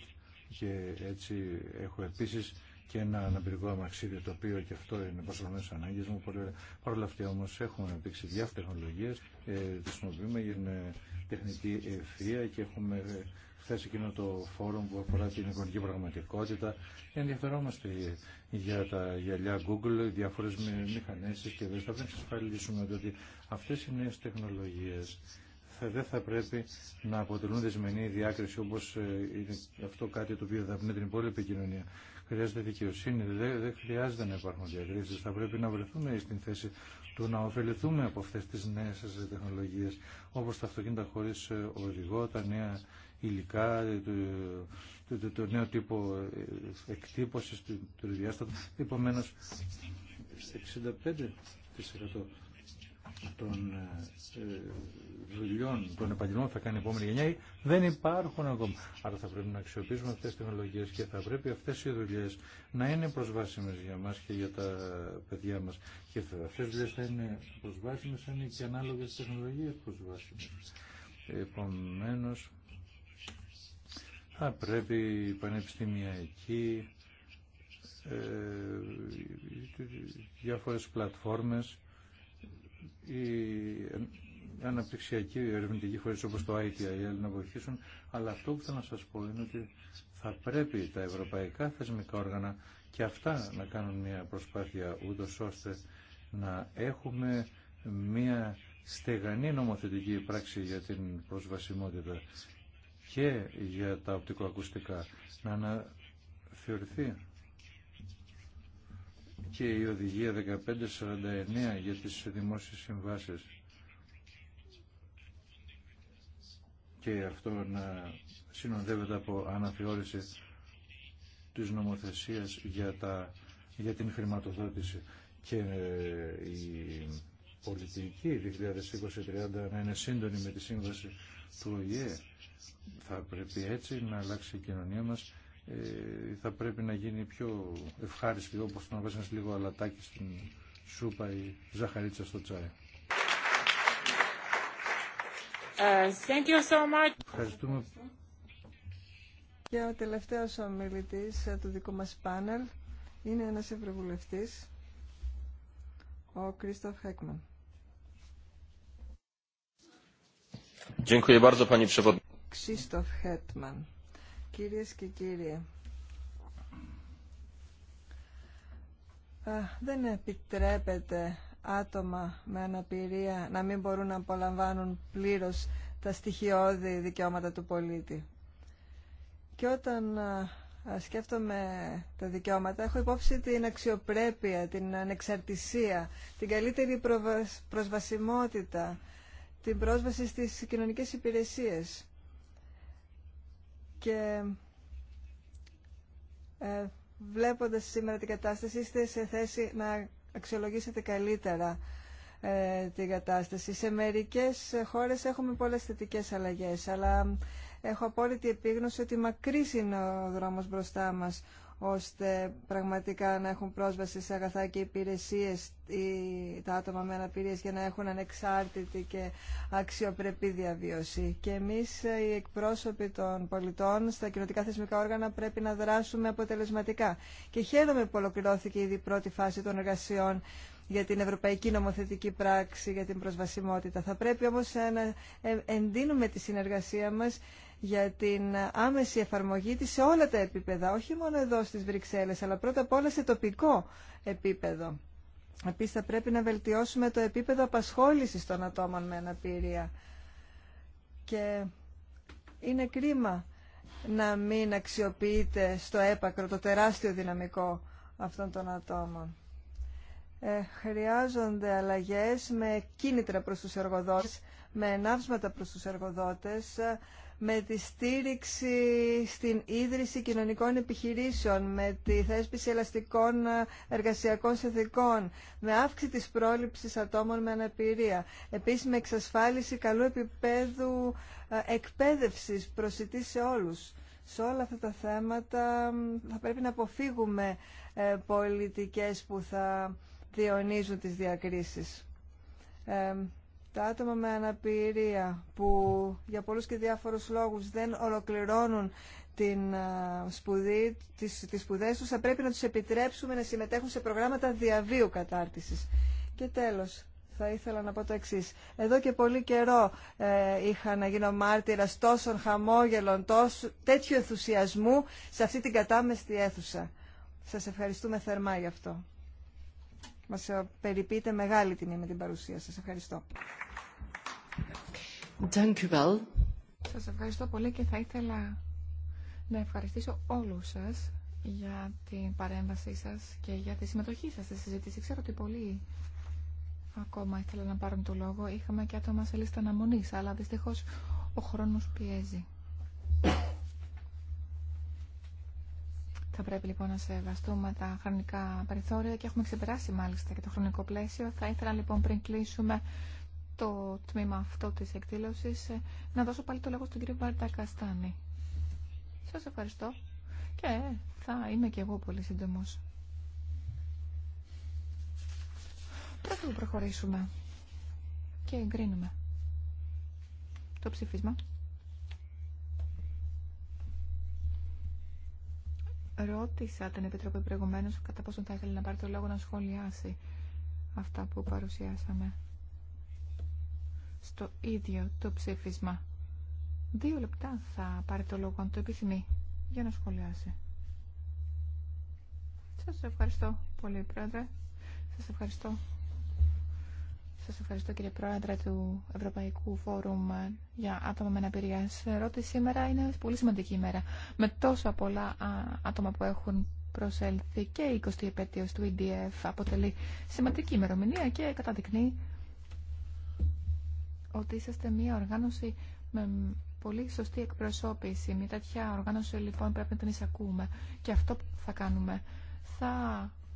και έτσι έχω επίσης και ένα αναπηρικό αμαξίδιο το οποίο και αυτό είναι προσωπικό ανάγκε μου. Παρ' όλα αυτά όμω έχουμε αναπτύξει διάφορε τεχνολογίε, ε, τι χρησιμοποιούμε για την τεχνητή ευθεία και έχουμε ε, χθε εκείνο το φόρουμ που αφορά την εικονική πραγματικότητα. Ενδιαφερόμαστε για τα γυαλιά Google, διαφορέ μηχανέ και δεν θα πρέπει να εξασφαλίσουμε ότι αυτέ οι νέε τεχνολογίε δεν θα πρέπει να αποτελούν δεσμενή διάκριση όπω ε, είναι αυτό κάτι το οποίο θα την υπόλοιπη κοινωνία. Χρειάζεται δικαιοσύνη, δεν, χρειάζεται να υπάρχουν διακρίσεις. Θα πρέπει να βρεθούμε στην θέση του να ωφεληθούμε από αυτέ τι νέε τεχνολογίε. Όπω τα αυτοκίνητα χωρί ε, οδηγό, τα νέα υλικά, το, νέο τύπο εκτύπωσης του τρισδιάστατου. Επομένως, 65% των ε, δουλειών, των επαγγελμών θα κάνει η επόμενη γενιά δεν υπάρχουν ακόμα. Άρα θα πρέπει να αξιοποιήσουμε αυτές τις τεχνολογίες και θα πρέπει αυτές οι δουλειές να είναι προσβάσιμες για μας και για τα παιδιά μας. Και αυτές οι δουλειές θα είναι προσβάσιμες, θα είναι και ανάλογες τεχνολογίες προσβάσιμες. Επομένως, θα πρέπει η πανεπιστημιακή, ε, διάφορες πλατφόρμες, οι αναπτυξιακοί ερευνητικοί φορείς όπως το ITIL να βοηθήσουν, αλλά αυτό που θέλω να σας πω είναι ότι θα πρέπει τα ευρωπαϊκά θεσμικά όργανα και αυτά να κάνουν μια προσπάθεια ούτω ώστε να έχουμε μια στεγανή νομοθετική πράξη για την προσβασιμότητα και για τα οπτικοακουστικά να αναθεωρηθεί και η οδηγία 1549 για τις δημόσιες συμβάσεις και αυτό να συνοδεύεται από αναθεώρηση της νομοθεσίας για, τα, για την χρηματοδότηση και ε, η πολιτική 2020-30 να είναι σύντονη με τη σύμβαση του ΟΗΕ θα πρέπει έτσι να αλλάξει η κοινωνία μας. Ε, θα πρέπει να γίνει πιο ευχάριστη όπως να βάζεις λίγο αλατάκι στην σούπα ή ζαχαρίτσα στο τσάι. Ε, Ευχαριστούμε. Και ο τελευταίος ομιλητής ε, του δικού μας πάνελ είναι ένας ευρωβουλευτής, ο Κρίστοφ Χέκμαν. Ευχαριστώ πολύ, κύριε Ξίστοφ Χέτμαν. Κυρίες και κύριοι, δεν επιτρέπεται άτομα με αναπηρία να μην μπορούν να απολαμβάνουν πλήρως τα στοιχειώδη δικαιώματα του πολίτη. Και όταν σκέφτομαι τα δικαιώματα, έχω υπόψη την αξιοπρέπεια, την ανεξαρτησία, την καλύτερη προσβασιμότητα, την πρόσβαση στις κοινωνικές υπηρεσίες και ε, βλέποντας σήμερα την κατάσταση είστε σε θέση να αξιολογήσετε καλύτερα ε, την κατάσταση. Σε μερικές χώρες έχουμε πολλές θετικές αλλαγές, αλλά έχω απόλυτη επίγνωση ότι μακρύς είναι ο δρόμος μπροστά μας ώστε πραγματικά να έχουν πρόσβαση σε αγαθά και υπηρεσίες τα άτομα με αναπηρίες για να έχουν ανεξάρτητη και αξιοπρεπή διαβίωση. Και εμείς ε, οι εκπρόσωποι των πολιτών στα κοινωτικά θεσμικά όργανα πρέπει να δράσουμε αποτελεσματικά. Και χαίρομαι που ολοκληρώθηκε ήδη η πρώτη φάση των εργασιών για την ευρωπαϊκή νομοθετική πράξη για την προσβασιμότητα. Θα πρέπει όμως να ε, εντείνουμε τη συνεργασία μας για την άμεση εφαρμογή της σε όλα τα επίπεδα, όχι μόνο εδώ στις Βρυξέλλες, αλλά πρώτα απ' όλα σε τοπικό επίπεδο. Επίσης θα πρέπει να βελτιώσουμε το επίπεδο απασχόλησης των ατόμων με αναπηρία. Και είναι κρίμα να μην αξιοποιείται στο έπακρο το τεράστιο δυναμικό αυτών των ατόμων. Ε, χρειάζονται αλλαγές με κίνητρα προς τους εργοδότες, με ενάψματα προς τους εργοδότες, με τη στήριξη στην ίδρυση κοινωνικών επιχειρήσεων, με τη θέσπιση ελαστικών ε, εργασιακών συνθηκών, με αύξηση της πρόληψης ατόμων με αναπηρία, επίσης με εξασφάλιση καλού επίπεδου ε, εκπαίδευσης προσιτή σε όλους. Σε όλα αυτά τα θέματα θα πρέπει να αποφύγουμε ε, πολιτικές που θα διονύζουν τις διακρίσεις τα άτομα με αναπηρία που για πολλούς και διάφορους λόγους δεν ολοκληρώνουν την σπουδή, τις, τις σπουδές τους, θα πρέπει να τους επιτρέψουμε να συμμετέχουν σε προγράμματα διαβίου κατάρτισης. Και τέλος, θα ήθελα να πω το εξή. Εδώ και πολύ καιρό ε, είχα να γίνω μάρτυρας τόσων χαμόγελων, τόσο, τέτοιου ενθουσιασμού σε αυτή την κατάμεστη αίθουσα. Σας ευχαριστούμε θερμά γι' αυτό. Μας ε, περιποιείτε μεγάλη τιμή με την παρουσία σας. Ευχαριστώ. Σας ευχαριστώ πολύ και θα ήθελα να ευχαριστήσω όλους σας για την παρέμβασή σας και για τη συμμετοχή σας στη συζήτηση. Ξέρω ότι πολλοί ακόμα ήθελαν να πάρουν το λόγο. Είχαμε και άτομα σε λίστα αναμονής, αλλά δυστυχώς ο χρόνος πιέζει. Θα πρέπει λοιπόν να σεβαστούμε τα χρονικά περιθώρια και έχουμε ξεπεράσει μάλιστα και το χρονικό πλαίσιο. Θα ήθελα λοιπόν πριν κλείσουμε το τμήμα αυτό της εκδήλωσης ε, να δώσω πάλι το λόγο στον κύριο Βαρτακαστάνη. Καστάνη. Σας ευχαριστώ και ε, θα είμαι και εγώ πολύ σύντομος. Τώρα θα προχωρήσουμε και εγκρίνουμε το ψηφίσμα. Ρώτησα την Επιτροπή προηγουμένως κατά πόσο θα ήθελε να πάρει το λόγο να σχολιάσει αυτά που παρουσιάσαμε στο ίδιο το ψήφισμα. Δύο λεπτά θα πάρει το λόγο αν το επιθυμεί για να σχολιάσει. Σας ευχαριστώ πολύ πρόεδρε. Σας ευχαριστώ. Σας ευχαριστώ κύριε Πρόεδρε του Ευρωπαϊκού Φόρουμ για άτομα με αναπηρία. ερώτηση σήμερα είναι πολύ σημαντική ημέρα. Με τόσα πολλά άτομα που έχουν προσέλθει και η 20η επέτειος του EDF αποτελεί σημαντική ημερομηνία και καταδεικνύει ότι είσαστε μια οργάνωση με πολύ σωστή εκπροσώπηση. Μια τέτοια οργάνωση λοιπόν πρέπει να την εισακούμε. Και αυτό που θα κάνουμε. Θα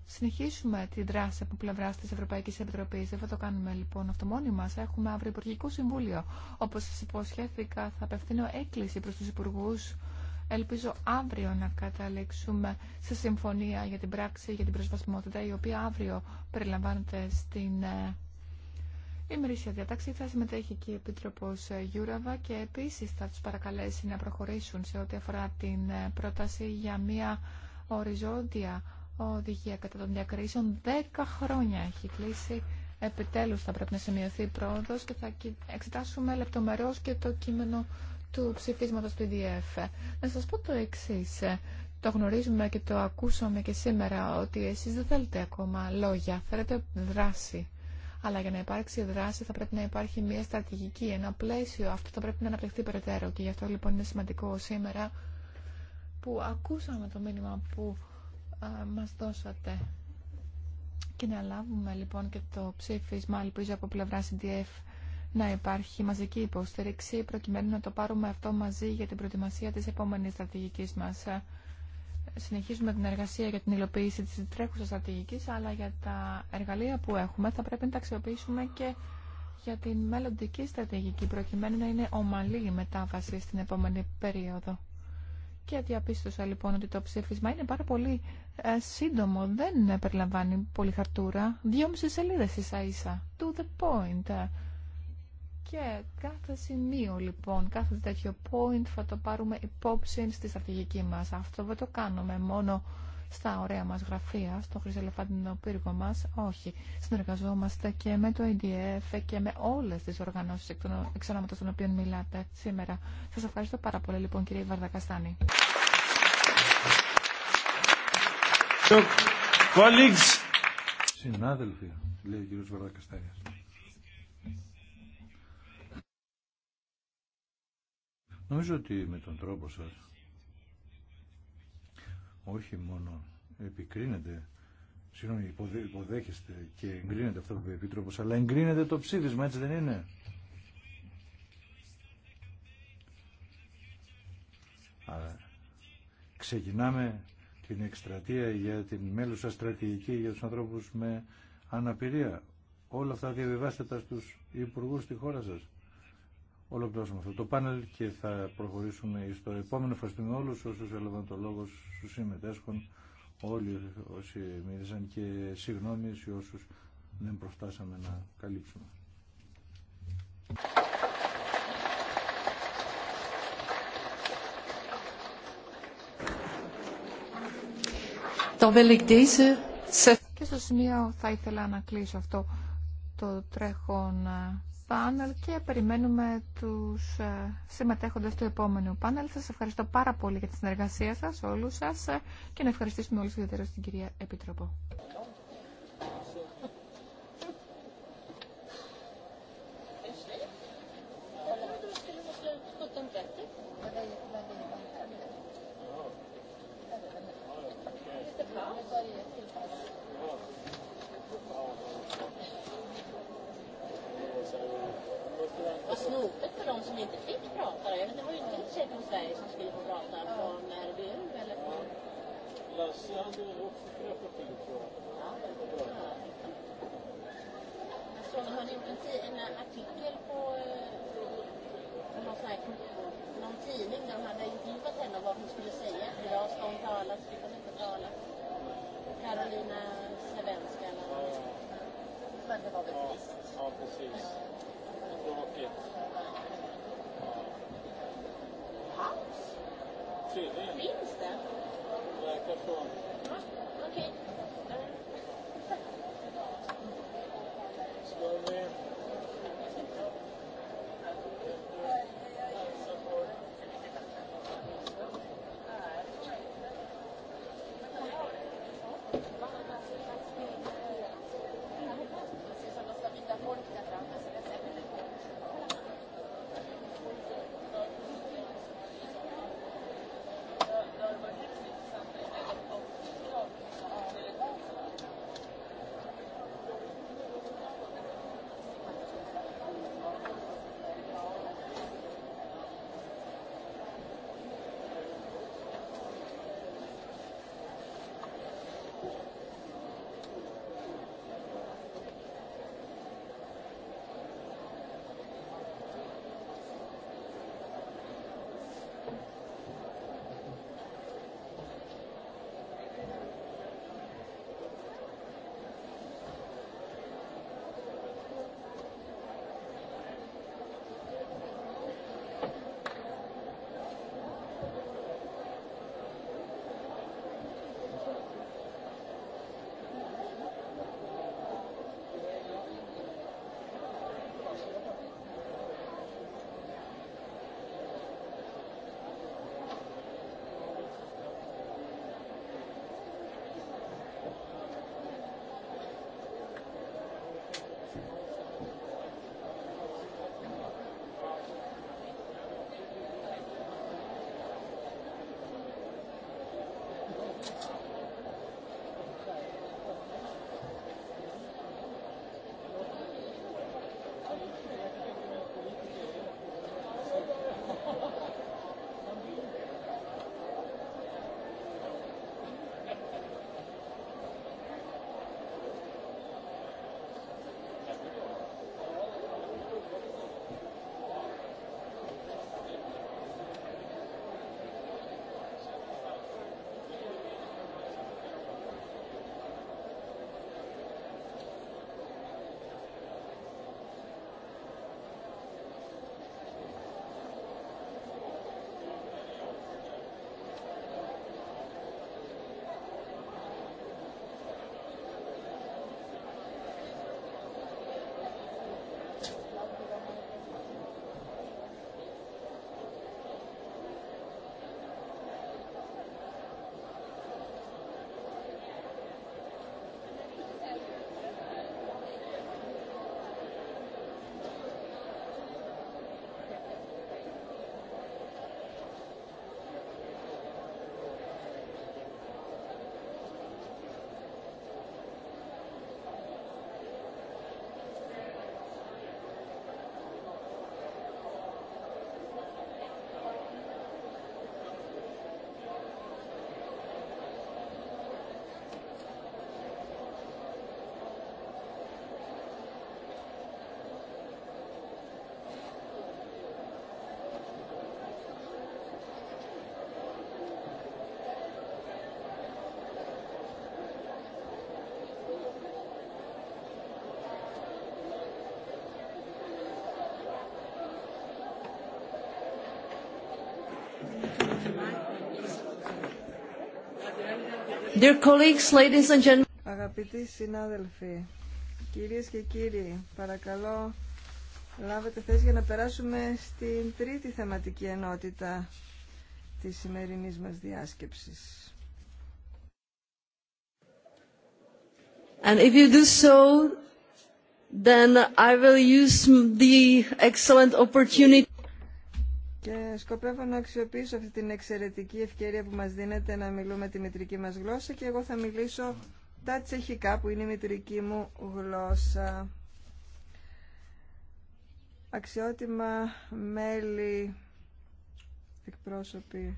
συνεχίσουμε τη δράση από πλευρά τη Ευρωπαϊκή Επιτροπή. Δεν θα το κάνουμε λοιπόν αυτό μόνοι μα. Έχουμε αύριο Υπουργικό Συμβούλιο. Όπω σα υποσχέθηκα, θα απευθύνω έκκληση προ του υπουργού. Ελπίζω αύριο να καταλήξουμε σε συμφωνία για την πράξη, για την προσβασιμότητα, η οποία αύριο περιλαμβάνεται στην ε, η μερίσια διατάξη θα συμμετέχει και η Επίτροπος Γιούραβα και επίσης θα του παρακαλέσει να προχωρήσουν σε ό,τι αφορά την ε, πρόταση για μια οριζόντια οδηγία κατά των διακρίσεων. Δέκα χρόνια έχει κλείσει. Επιτέλους θα πρέπει να σημειωθεί πρόοδος και θα εξετάσουμε λεπτομερώς και το κείμενο του ψηφίσματος του EDF. Να σας πω το εξή. Ε. Το γνωρίζουμε και το ακούσαμε και σήμερα ότι εσείς δεν θέλετε ακόμα λόγια, θέλετε δράση. Αλλά για να υπάρξει δράση θα πρέπει να υπάρχει μια στρατηγική, ένα πλαίσιο. Αυτό θα πρέπει να αναπτυχθεί περαιτέρω. Και γι' αυτό λοιπόν είναι σημαντικό σήμερα που ακούσαμε το μήνυμα που α, μας δώσατε. Και να λάβουμε λοιπόν και το ψήφισμα, ελπίζω από πλευρά CDF, να υπάρχει μαζική υποστήριξη προκειμένου να το πάρουμε αυτό μαζί για την προετοιμασία της επόμενης στρατηγικής μας συνεχίζουμε την εργασία για την υλοποίηση της τρέχουσας στρατηγικής, αλλά για τα εργαλεία που έχουμε θα πρέπει να τα αξιοποιήσουμε και για την μελλοντική στρατηγική, προκειμένου να είναι ομαλή η μετάβαση στην επόμενη περίοδο. Και διαπίστωσα λοιπόν ότι το ψήφισμα είναι πάρα πολύ ε, σύντομο, δεν περιλαμβάνει πολύ χαρτούρα. Δυόμιση σελίδες ίσα ίσα. To the point. Και κάθε σημείο λοιπόν, κάθε τέτοιο point θα το πάρουμε υπόψη στη στρατηγική μας. Αυτό δεν το κάνουμε μόνο στα ωραία μας γραφεία, στο χρυσελεφάντινο πύργο μας, όχι. Συνεργαζόμαστε και με το EDF και με όλες τις οργανώσεις εξ των οποίων μιλάτε σήμερα. Σας ευχαριστώ πάρα πολύ λοιπόν κύριε Βαρδακαστάνη. Νομίζω ότι με τον τρόπο σας όχι μόνο επικρίνεται, συγγνώμη, υποδέχεστε και εγκρίνεται αυτό που είπε ο Επίτροπος, αλλά εγκρίνεται το ψήφισμα, έτσι δεν είναι. Άρα, ξεκινάμε την εκστρατεία για την μέλουσα στρατηγική για τους ανθρώπους με αναπηρία. Όλα αυτά διαβιβάστε τα στους υπουργούς στη χώρα σας ολοκληρώσουμε αυτό το πάνελ και θα προχωρήσουμε στο επόμενο. Ευχαριστούμε όλου, όσου έλαβαν το λόγο, στου συμμετέσχων, όλοι όσοι μίλησαν και συγγνώμη σε όσους δεν προφτάσαμε να καλύψουμε. Και στο σημείο θα ήθελα να κλείσω αυτό το τρέχον πάνελ και περιμένουμε τους ε, συμμετέχοντες του επόμενου πάνελ. Σας ευχαριστώ πάρα πολύ για τη συνεργασία σας, όλους σας ε, και να ευχαριστήσουμε όλους ιδιαίτερα την κυρία Επίτροπο. Dear colleagues, ladies and gentlemen. Αγαπητοί συνάδελφοι, κυρίες και κύριοι, παρακαλώ λάβετε θέση για να περάσουμε στην τρίτη θεματική ενότητα της σημερινής μας διάσκεψης. And if you do so, then I will use the excellent opportunity σκοπεύω να αξιοποιήσω αυτή την εξαιρετική ευκαιρία που μας δίνεται να μιλούμε τη μητρική μας γλώσσα και εγώ θα μιλήσω τα τσεχικά που είναι η μητρική μου γλώσσα. Αξιότιμα μέλη εκπρόσωποι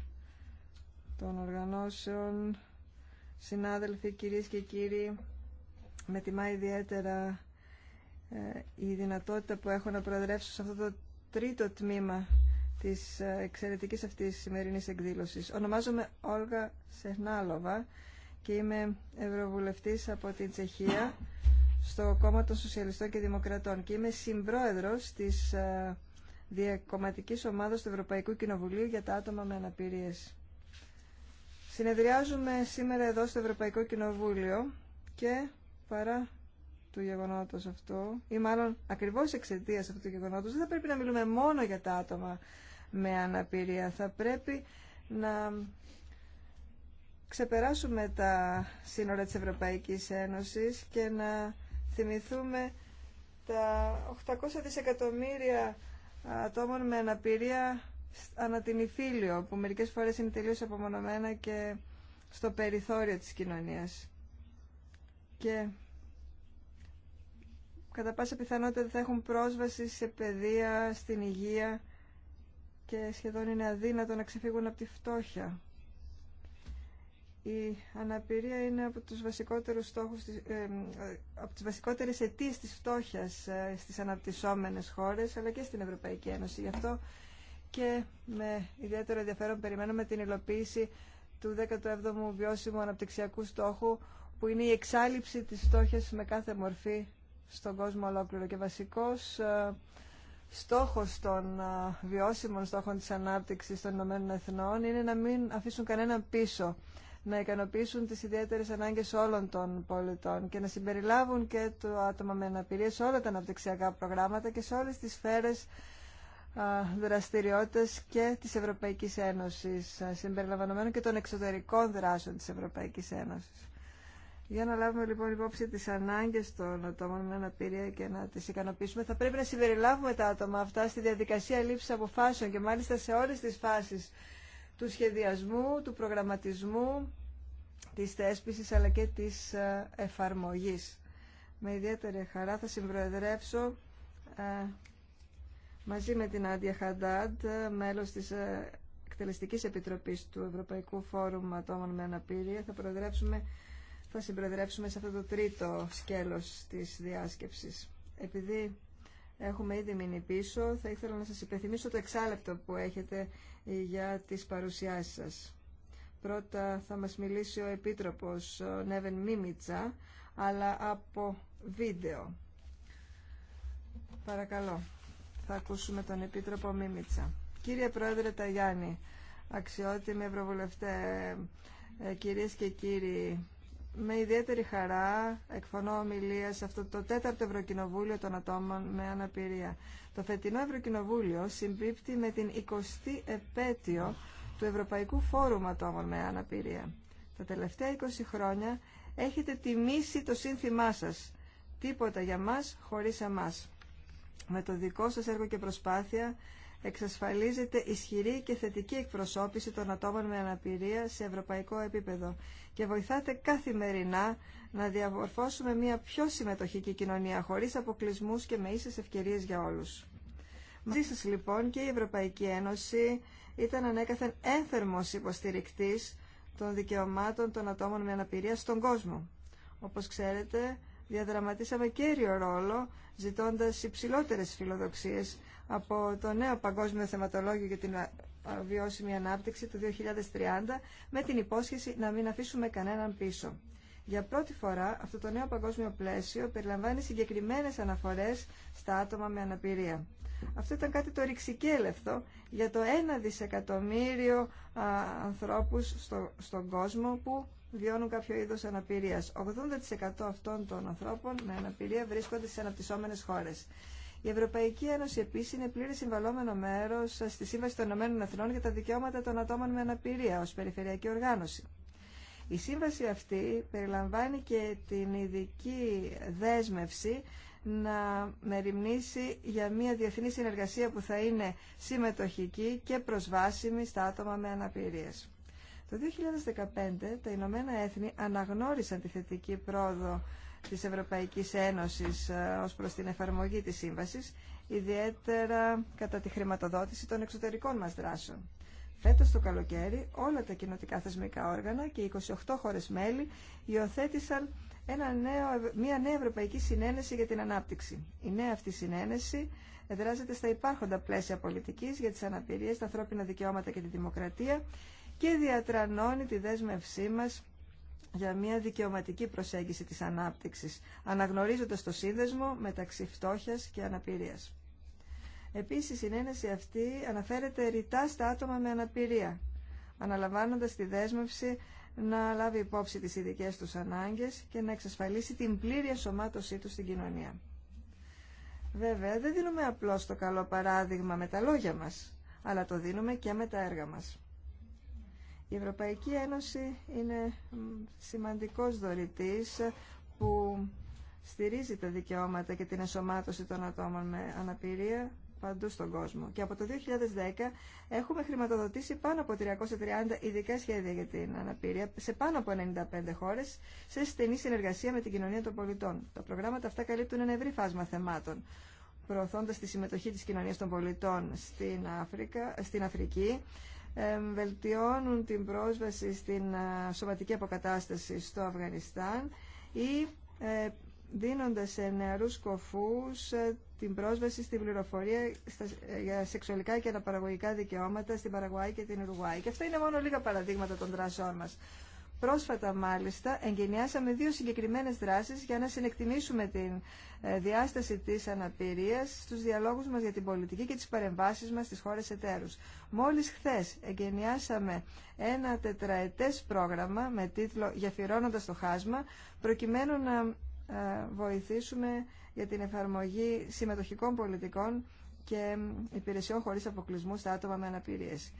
των οργανώσεων, συνάδελφοι, κυρίες και κύριοι, με τιμά ιδιαίτερα ε, η δυνατότητα που έχω να προεδρεύσω σε αυτό το τρίτο τμήμα της εξαιρετικής αυτής σημερινής εκδήλωσης. Ονομάζομαι Όλγα Σεχνάλοβα και είμαι Ευρωβουλευτής από την Τσεχία στο κόμμα των Σοσιαλιστών και Δημοκρατών και είμαι συμπρόεδρος της ε, Διακομματικής Ομάδας του Ευρωπαϊκού Κοινοβουλίου για τα άτομα με αναπηρίες. Συνεδριάζουμε σήμερα εδώ στο Ευρωπαϊκό Κοινοβούλιο και παρά του γεγονότος αυτό ή μάλλον ακριβώς εξαιτία αυτού του γεγονότος δεν θα πρέπει να μιλούμε μόνο για τα άτομα με αναπηρία. Θα πρέπει να ξεπεράσουμε τα σύνορα της Ευρωπαϊκής Ένωσης και να θυμηθούμε τα 800 δισεκατομμύρια ατόμων με αναπηρία ανά την υφήλιο, που μερικές φορές είναι τελείως απομονωμένα και στο περιθώριο της κοινωνίας. Και κατά πάσα πιθανότητα θα έχουν πρόσβαση σε παιδεία, στην υγεία και σχεδόν είναι αδύνατο να ξεφύγουν από τη φτώχεια. Η αναπηρία είναι από τους βασικότερους στόχους, ε, από τις βασικότερες αιτίες της φτώχειας ε, στις αναπτυσσόμενες χώρες, αλλά και στην Ευρωπαϊκή Ένωση. Γι' αυτό και με ιδιαίτερο ενδιαφέρον περιμένουμε την υλοποίηση του 17ου βιώσιμου αναπτυξιακού στόχου, που είναι η εξάλληψη της φτώχειας με κάθε μορφή στον κόσμο ολόκληρο. Και βασικός ε, στόχος των βιώσιμων στόχων της ανάπτυξης των ΗΕ Εθνών είναι να μην αφήσουν κανέναν πίσω, να ικανοποιήσουν τις ιδιαίτερες ανάγκες όλων των πολιτών και να συμπεριλάβουν και το άτομα με αναπηρία σε όλα τα αναπτυξιακά προγράμματα και σε όλες τις σφαίρες δραστηριότητες και της Ευρωπαϊκής Ένωσης, συμπεριλαμβανομένων και των εξωτερικών δράσεων της Ευρωπαϊκής Ένωσης. Για να λάβουμε λοιπόν υπόψη τις ανάγκες των ατόμων με αναπηρία και να τις ικανοποιήσουμε, θα πρέπει να συμπεριλάβουμε τα άτομα αυτά στη διαδικασία λήψη αποφάσεων και μάλιστα σε όλες τις φάσεις του σχεδιασμού, του προγραμματισμού, της θέσπισης αλλά και της ε, εφαρμογής. Με ιδιαίτερη χαρά θα συμπροεδρεύσω ε, μαζί με την Άντια Χαντάντ, μέλος της ε, Εκτελεστικής Επιτροπής του Ευρωπαϊκού Φόρουμ Ατόμων με Αναπηρία. Θα προεδρεύσουμε θα συμπροεδρεύσουμε σε αυτό το τρίτο σκέλος της διάσκεψης. Επειδή έχουμε ήδη μείνει πίσω, θα ήθελα να σας υπενθυμίσω το εξάλεπτο που έχετε για τις παρουσιάσεις σας. Πρώτα θα μας μιλήσει ο Επίτροπος Νέβεν Μίμιτσα, αλλά από βίντεο. Παρακαλώ, θα ακούσουμε τον Επίτροπο Μίμιτσα. Κύριε Πρόεδρε Ταγιάννη, αξιότιμοι ευρωβουλευτέ, ε, κυρίες και κύριοι, με ιδιαίτερη χαρά εκφωνώ ομιλία σε αυτό το τέταρτο Ευρωκοινοβούλιο των ατόμων με αναπηρία. Το φετινό Ευρωκοινοβούλιο συμπίπτει με την 20η επέτειο του Ευρωπαϊκού Φόρουμ Ατόμων με Αναπηρία. Τα τελευταία 20 χρόνια έχετε τιμήσει το σύνθημά σας. Τίποτα για μας χωρίς εμάς. Με το δικό σας έργο και προσπάθεια εξασφαλίζεται ισχυρή και θετική εκπροσώπηση των ατόμων με αναπηρία σε ευρωπαϊκό επίπεδο και βοηθάτε καθημερινά να διαμορφώσουμε μια πιο συμμετοχική κοινωνία χωρίς αποκλεισμούς και με ίσες ευκαιρίες για όλους. Μαζί σας λοιπόν και η Ευρωπαϊκή Ένωση ήταν ανέκαθεν ένθερμος υποστηρικτής των δικαιωμάτων των ατόμων με αναπηρία στον κόσμο. Όπως ξέρετε, διαδραματίσαμε κέριο ρόλο ζητώντας υψηλότερες φιλοδοξίες από το νέο Παγκόσμιο Θεματολόγιο για την Βιώσιμη Ανάπτυξη του 2030 με την υπόσχεση να μην αφήσουμε κανέναν πίσω. Για πρώτη φορά αυτό το νέο παγκόσμιο πλαίσιο περιλαμβάνει συγκεκριμένες αναφορές στα άτομα με αναπηρία. Αυτό ήταν κάτι το ρηξικέλευτο για το 1 δισεκατομμύριο ανθρώπους στο, στον κόσμο που βιώνουν κάποιο είδος αναπηρίας. 80% αυτών των ανθρώπων με αναπηρία βρίσκονται στις αναπτυσσόμενες χώρες. Η Ευρωπαϊκή Ένωση επίση είναι πλήρε συμβαλόμενο μέρο στη Σύμβαση των Ηνωμένων Εθνών για τα Δικαιώματα των Ατόμων με Αναπηρία ω περιφερειακή οργάνωση. Η σύμβαση αυτή περιλαμβάνει και την ειδική δέσμευση να μεριμνήσει για μια διεθνή συνεργασία που θα είναι συμμετοχική και προσβάσιμη στα άτομα με αναπηρίες. Το 2015 τα Ηνωμένα Έθνη αναγνώρισαν τη θετική πρόοδο της Ευρωπαϊκής Ένωσης ε, ως προς την εφαρμογή της σύμβασης, ιδιαίτερα κατά τη χρηματοδότηση των εξωτερικών μας δράσεων. Φέτος το καλοκαίρι όλα τα κοινοτικά θεσμικά όργανα και 28 χώρες μέλη υιοθέτησαν ένα νέο, μια νέα ευρωπαϊκή συνένεση για την ανάπτυξη. Η νέα αυτή συνένεση εδράζεται στα υπάρχοντα πλαίσια πολιτικής για τις αναπηρίες, τα ανθρώπινα δικαιώματα και τη δημοκρατία και διατρανώνει τη δέσμευσή μας για μια δικαιωματική προσέγγιση της ανάπτυξης, αναγνωρίζοντας το σύνδεσμο μεταξύ φτώχειας και αναπηρίας. Επίσης, η συνένεση αυτή αναφέρεται ρητά στα άτομα με αναπηρία, αναλαμβάνοντας τη δέσμευση να λάβει υπόψη τις ειδικέ τους ανάγκες και να εξασφαλίσει την πλήρη ενσωμάτωσή τους στην κοινωνία. Βέβαια, δεν δίνουμε απλώς το καλό παράδειγμα με τα λόγια μας, αλλά το δίνουμε και με τα έργα μας. Η Ευρωπαϊκή Ένωση είναι σημαντικός δωρητής που στηρίζει τα δικαιώματα και την εσωμάτωση των ατόμων με αναπηρία παντού στον κόσμο. Και από το 2010 έχουμε χρηματοδοτήσει πάνω από 330 ειδικά σχέδια για την αναπηρία σε πάνω από 95 χώρε σε στενή συνεργασία με την κοινωνία των πολιτών. Τα προγράμματα αυτά καλύπτουν ένα ευρύ φάσμα θεμάτων, προωθώντα τη συμμετοχή τη κοινωνία των πολιτών στην, στην Αφρική, βελτιώνουν την πρόσβαση στην σωματική αποκατάσταση στο Αφγανιστάν ή ε, δίνοντας σε νεαρούς κοφούς ε, την πρόσβαση στην πληροφορία ε, για σεξουαλικά και αναπαραγωγικά δικαιώματα στην Παραγουάη και την Ουρουάη. Και αυτά είναι μόνο λίγα παραδείγματα των δράσεών μας. Πρόσφατα μάλιστα εγκαινιάσαμε δύο συγκεκριμένες δράσεις για να συνεκτιμήσουμε την ε, διάσταση της αναπηρίας στους διαλόγους μας για την πολιτική και τις παρεμβάσεις μας στις χώρες εταίρους. Μόλις χθες εγκαινιάσαμε ένα τετραετές πρόγραμμα με τίτλο «Γεφυρώνοντας το χάσμα» προκειμένου να ε, βοηθήσουμε για την εφαρμογή συμμετοχικών πολιτικών και υπηρεσιών χωρίς αποκλεισμού στα άτομα με αναπηρίες.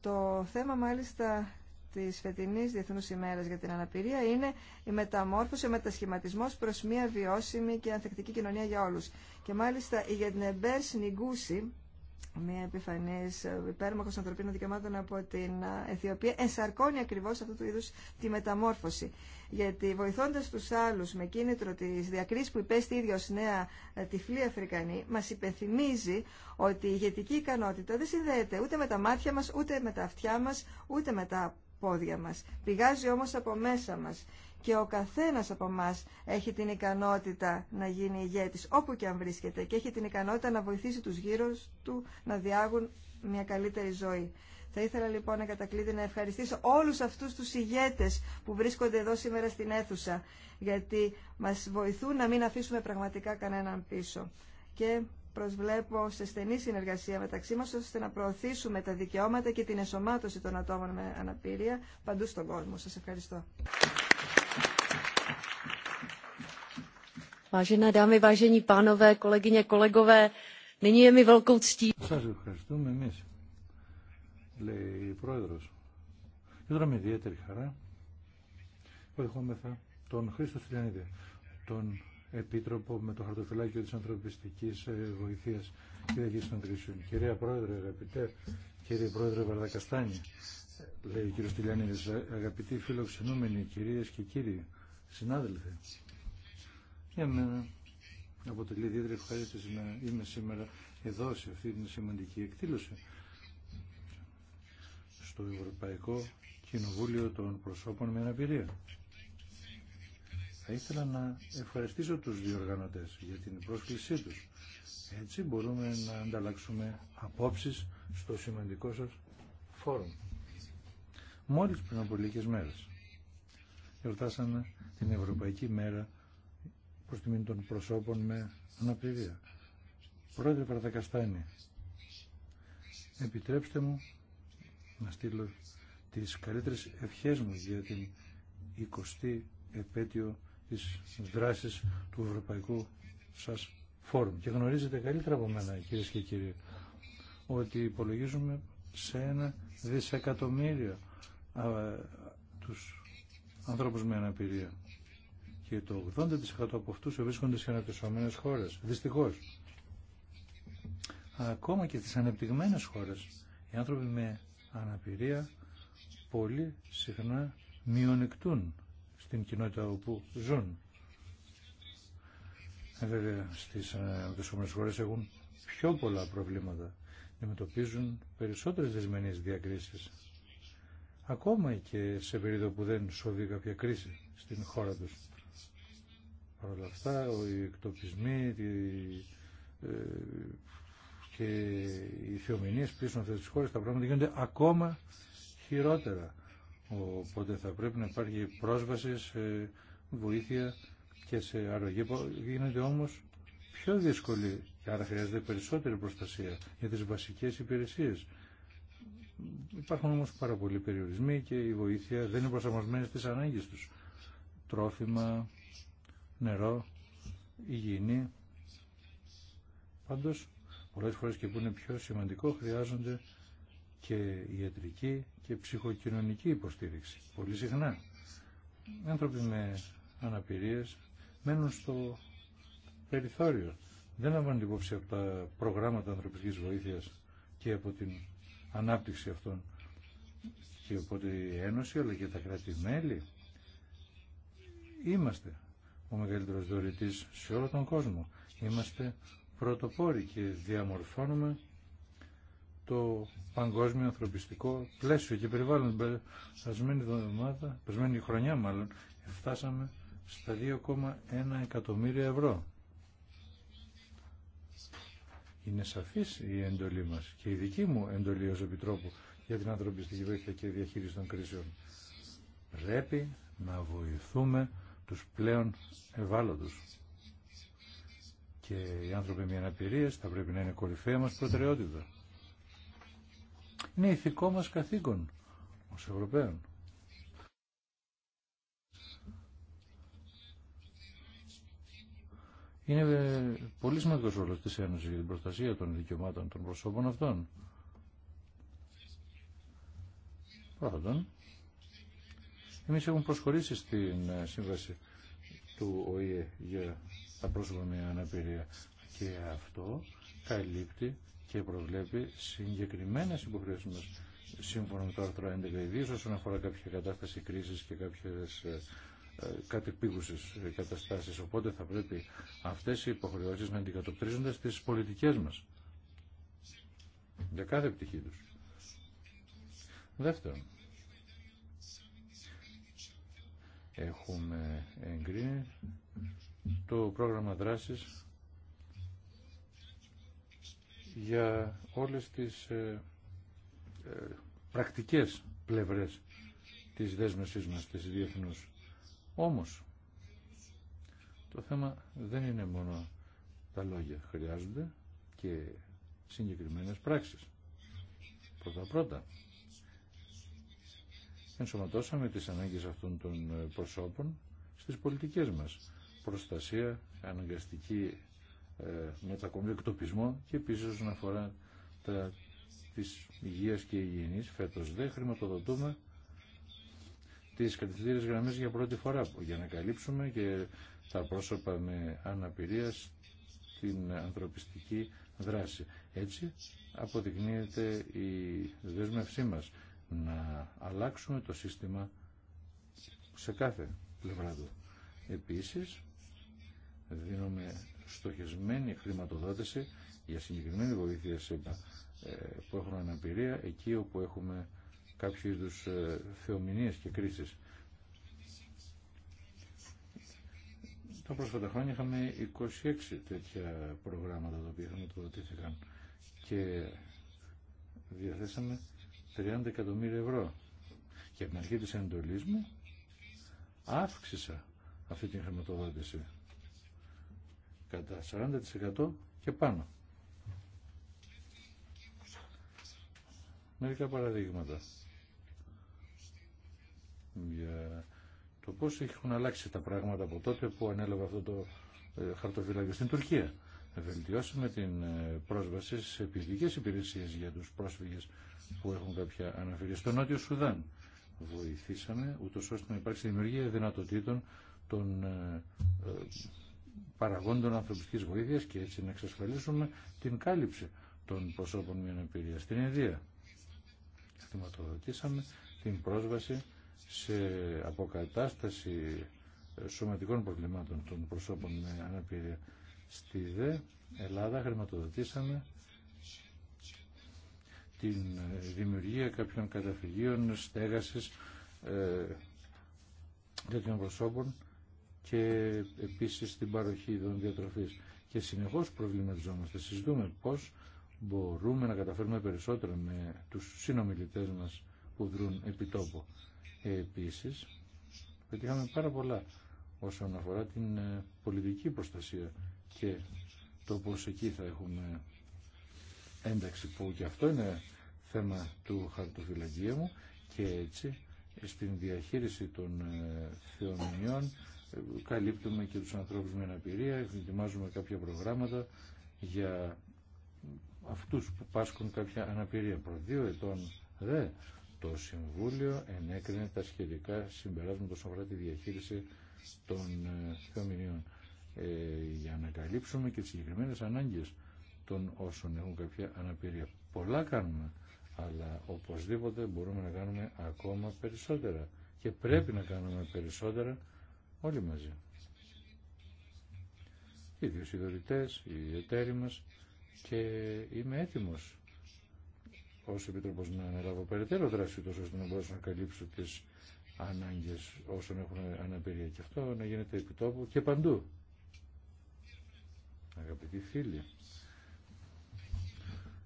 Το θέμα μάλιστα Τη φετινή διεθνού ημέρα για την αναπηρία είναι η μεταμόρφωση, ο μετασχηματισμό προ μια βιώσιμη και ανθεκτική κοινωνία για όλου. Και μάλιστα η Γεντνεμπέρ Σνιγκούση, μια επιφανής ε, υπέρμαχο ανθρωπίνων δικαιωμάτων από την ε, Αιθιοπία, ενσαρκώνει ακριβώ αυτού του είδου τη μεταμόρφωση. Γιατί βοηθώντα του άλλου με κίνητρο τη διακρίση που υπέστη ίδια ως νέα ε, τυφλή Αφρικανή, μα υπενθυμίζει ότι η ηγετική ικανότητα δεν συνδέεται ούτε με τα μάτια μα ούτε με τα αυτιά μα ούτε με τα πόδια μας. Πηγάζει όμως από μέσα μας και ο καθένας από μας έχει την ικανότητα να γίνει ηγέτης όπου και αν βρίσκεται και έχει την ικανότητα να βοηθήσει τους γύρω του να διάγουν μια καλύτερη ζωή. Θα ήθελα λοιπόν να κατακλείδει να ευχαριστήσω όλους αυτούς τους ηγέτες που βρίσκονται εδώ σήμερα στην αίθουσα γιατί μας βοηθούν να μην αφήσουμε πραγματικά κανέναν πίσω προσβλέπω σε στενή συνεργασία μεταξύ μας ώστε να προωθήσουμε τα δικαιώματα και την εσωμάτωση των ατόμων με αναπηρία παντού στον κόσμο. Σας ευχαριστώ. Vážené dámy, vážení pánové, kolegyně, kolegové, nyní je mi Σας ευχαριστούμε εμείς, λέει η Πρόεδρος. Και με ιδιαίτερη χαρά που δεχόμεθα τον Χρήστο Στυλιανίδη, τον Επίτροπο με το χαρτοφυλάκιο της ανθρωπιστικής ε, βοηθείας και διαχείρισης των κρίσεων. Κυρία Πρόεδρε, αγαπητέ, κύριε Πρόεδρε Βαρδακαστάνη, λέει ο κύριος Τηλιανίδης, αγαπητοί φιλοξενούμενοι, κυρίες και κύριοι, συνάδελφοι, για μένα αποτελεί ιδιαίτερη ευχαρίστηση να είμαι σήμερα εδώ σε αυτή την σημαντική εκδήλωση στο Ευρωπαϊκό Κοινοβούλιο των Προσώπων με Αναπηρία ήθελα να ευχαριστήσω τους διοργανωτές για την πρόσκλησή τους. Έτσι μπορούμε να ανταλλάξουμε απόψεις στο σημαντικό σας φόρουμ. Μόλις πριν από λίγες μέρες γιορτάσαμε την Ευρωπαϊκή Μέρα προς τιμή των προσώπων με αναπηρία. Πρόεδρε Παρατακαστάνη, επιτρέψτε μου να στείλω τις καλύτερες ευχές μου για την 20η επέτειο τις δράσεις του Ευρωπαϊκού σας φόρουμ. Και γνωρίζετε καλύτερα από μένα κυρίες και κύριοι ότι υπολογίζουμε σε ένα δισεκατομμύριο α, τους ανθρώπους με αναπηρία. Και το 80% από αυτούς βρίσκονται σε αναπτυσσόμενες χώρες. Δυστυχώς. Ακόμα και στις ανεπτυγμένες χώρες οι άνθρωποι με αναπηρία πολύ συχνά μειονεκτούν στην κοινότητα όπου ζουν. Ε, βέβαια, στις ε, αναπτυσσόμενες χώρες έχουν πιο πολλά προβλήματα. Αντιμετωπίζουν περισσότερες δεσμενείς διακρίσεις. Ακόμα και σε περίοδο που δεν σοβεί κάποια κρίση στην χώρα τους. Παρ' όλα αυτά, οι εκτοπισμοί ε, και οι θεομηνίες πίσω αυτές τις χώρες, τα πράγματα γίνονται ακόμα χειρότερα. Οπότε θα πρέπει να υπάρχει πρόσβαση σε βοήθεια και σε αρρωγή. Γίνεται όμως πιο δύσκολη άρα χρειάζεται περισσότερη προστασία για τις βασικές υπηρεσίες. Υπάρχουν όμως πάρα πολλοί περιορισμοί και η βοήθεια δεν είναι προσαρμοσμένη στις ανάγκες τους. Τρόφιμα, νερό, υγιεινή. Πάντως, πολλές φορές και που είναι πιο σημαντικό, χρειάζονται και ιατρική και ψυχοκοινωνική υποστήριξη. Πολύ συχνά. Άνθρωποι με αναπηρίες μένουν στο περιθώριο. Δεν λαμβάνουν υπόψη από τα προγράμματα ανθρωπιστικής βοήθειας και από την ανάπτυξη αυτών. Και από την Ένωση αλλά και τα κράτη-μέλη είμαστε ο μεγαλύτερος δωρητής σε όλο τον κόσμο. Είμαστε πρωτοπόροι και διαμορφώνουμε το παγκόσμιο ανθρωπιστικό πλαίσιο και περιβάλλον. Την περασμένη εβδομάδα, περασμένη χρονιά μάλλον, φτάσαμε στα 2,1 εκατομμύρια ευρώ. Είναι σαφής η εντολή μας και η δική μου εντολή ως Επιτρόπου για την ανθρωπιστική βοήθεια και διαχείριση των κρίσεων. Πρέπει να βοηθούμε τους πλέον ευάλωτους. Και οι άνθρωποι με αναπηρίες θα πρέπει να είναι κορυφαία μας προτεραιότητα. Είναι ηθικό μας καθήκον ως Ευρωπαίων. Είναι ε, πολύ σημαντικό ρόλο τη Ένωση για την προστασία των δικαιωμάτων των προσώπων αυτών. Πρώτον, εμεί έχουμε προσχωρήσει στην ε, σύμβαση του ΟΗΕ για τα πρόσωπα με αναπηρία και αυτό καλύπτει και προβλέπει συγκεκριμένε υποχρεώσει μα σύμφωνα με το άρθρο 11, ιδίω όσον αφορά κάποια κατάσταση κρίση και κάποιε ε, κατεπίγουσε καταστάσει. Οπότε θα πρέπει αυτέ οι υποχρεώσει να αντικατοπτρίζονται στις πολιτικέ μα. Για κάθε πτυχή του. Δεύτερον, έχουμε εγκρίνει το πρόγραμμα δράσης για όλες τις ε, ε, πρακτικές πλευρές της δέσμευσής μας, της διεθνούς. Όμως, το θέμα δεν είναι μόνο τα λόγια. Χρειάζονται και συγκεκριμένες πράξεις. Πρώτα-πρώτα, ενσωματώσαμε τις ανάγκες αυτών των ε, προσώπων στις πολιτικές μας. Προστασία, αναγκαστική ε, εκτοπισμό και επίσης όσον αφορά τα, της υγείας και υγιεινής. Φέτος δεν χρηματοδοτούμε τις κατευθυντήριε γραμμές για πρώτη φορά για να καλύψουμε και τα πρόσωπα με αναπηρία στην ανθρωπιστική δράση. Έτσι αποδεικνύεται η δέσμευσή μας να αλλάξουμε το σύστημα σε κάθε πλευρά του. Επίσης, δίνουμε στοχισμένη χρηματοδότηση για συγκεκριμένη βοήθεια σε, ε, που έχουν αναπηρία εκεί όπου έχουμε κάποιου είδου ε, θεομηνίες και κρίσεις. Τα πρόσφατα χρόνια είχαμε 26 τέτοια προγράμματα τα οποία χρηματοδοτήθηκαν και διαθέσαμε 30 εκατομμύρια ευρώ. Και από την αρχή της εντολής μου αύξησα αυτή την χρηματοδότηση κατά 40% και πάνω. Μερικά παραδείγματα για το πώς έχουν αλλάξει τα πράγματα από τότε που ανέλαβε αυτό το ε, χαρτοφυλάκιο στην Τουρκία. Βελτιώσαμε την ε, πρόσβαση σε επιδικές υπηρεσίες για τους πρόσφυγες που έχουν κάποια αναφερία. Στο Νότιο Σουδάν βοηθήσαμε ούτως ώστε να υπάρξει δημιουργία δυνατοτήτων των ε, παραγόντων ανθρωπιστική βοήθεια και έτσι να εξασφαλίσουμε την κάλυψη των προσώπων με αναπηρία. Στην Ινδία χρηματοδοτήσαμε την πρόσβαση σε αποκατάσταση σωματικών προβλημάτων των προσώπων με αναπηρία. Στη ΔΕ Ελλάδα χρηματοδοτήσαμε την δημιουργία κάποιων καταφυγίων στέγασης ε, τέτοιων προσώπων και επίσης την παροχή των διατροφής. Και συνεχώς προβληματιζόμαστε, συζητούμε πώς μπορούμε να καταφέρουμε περισσότερο με τους συνομιλητές μας που δρούν επί τόπου. Επίσης, πετύχαμε πάρα πολλά όσον αφορά την ε, πολιτική προστασία και το πώς εκεί θα έχουμε ένταξη που και αυτό είναι θέμα του χαρτοφυλακίου μου και έτσι στην διαχείριση των ε, θεομηνιών καλύπτουμε και τους ανθρώπους με αναπηρία, ετοιμάζουμε κάποια προγράμματα για αυτούς που πάσχουν κάποια αναπηρία. Προ δύο ετών δε το Συμβούλιο ενέκρινε τα σχετικά συμπεράσματα όσον αφορά τη διαχείριση των ε, θεομηνίων ε, για να καλύψουμε και τις συγκεκριμένες ανάγκες των όσων έχουν κάποια αναπηρία. Πολλά κάνουμε, αλλά οπωσδήποτε μπορούμε να κάνουμε ακόμα περισσότερα και πρέπει να κάνουμε περισσότερα Όλοι μαζί. Οι δύο ιδιοσυντορητές, οι εταίροι μας και είμαι έτοιμος ως Επιτροπός να αναλάβω περαιτέρω δράση τόσο ώστε να μπορέσω να καλύψω τις ανάγκες όσων έχουν αναπηρία και αυτό να γίνεται επιτόπου και παντού. Αγαπητοί φίλοι,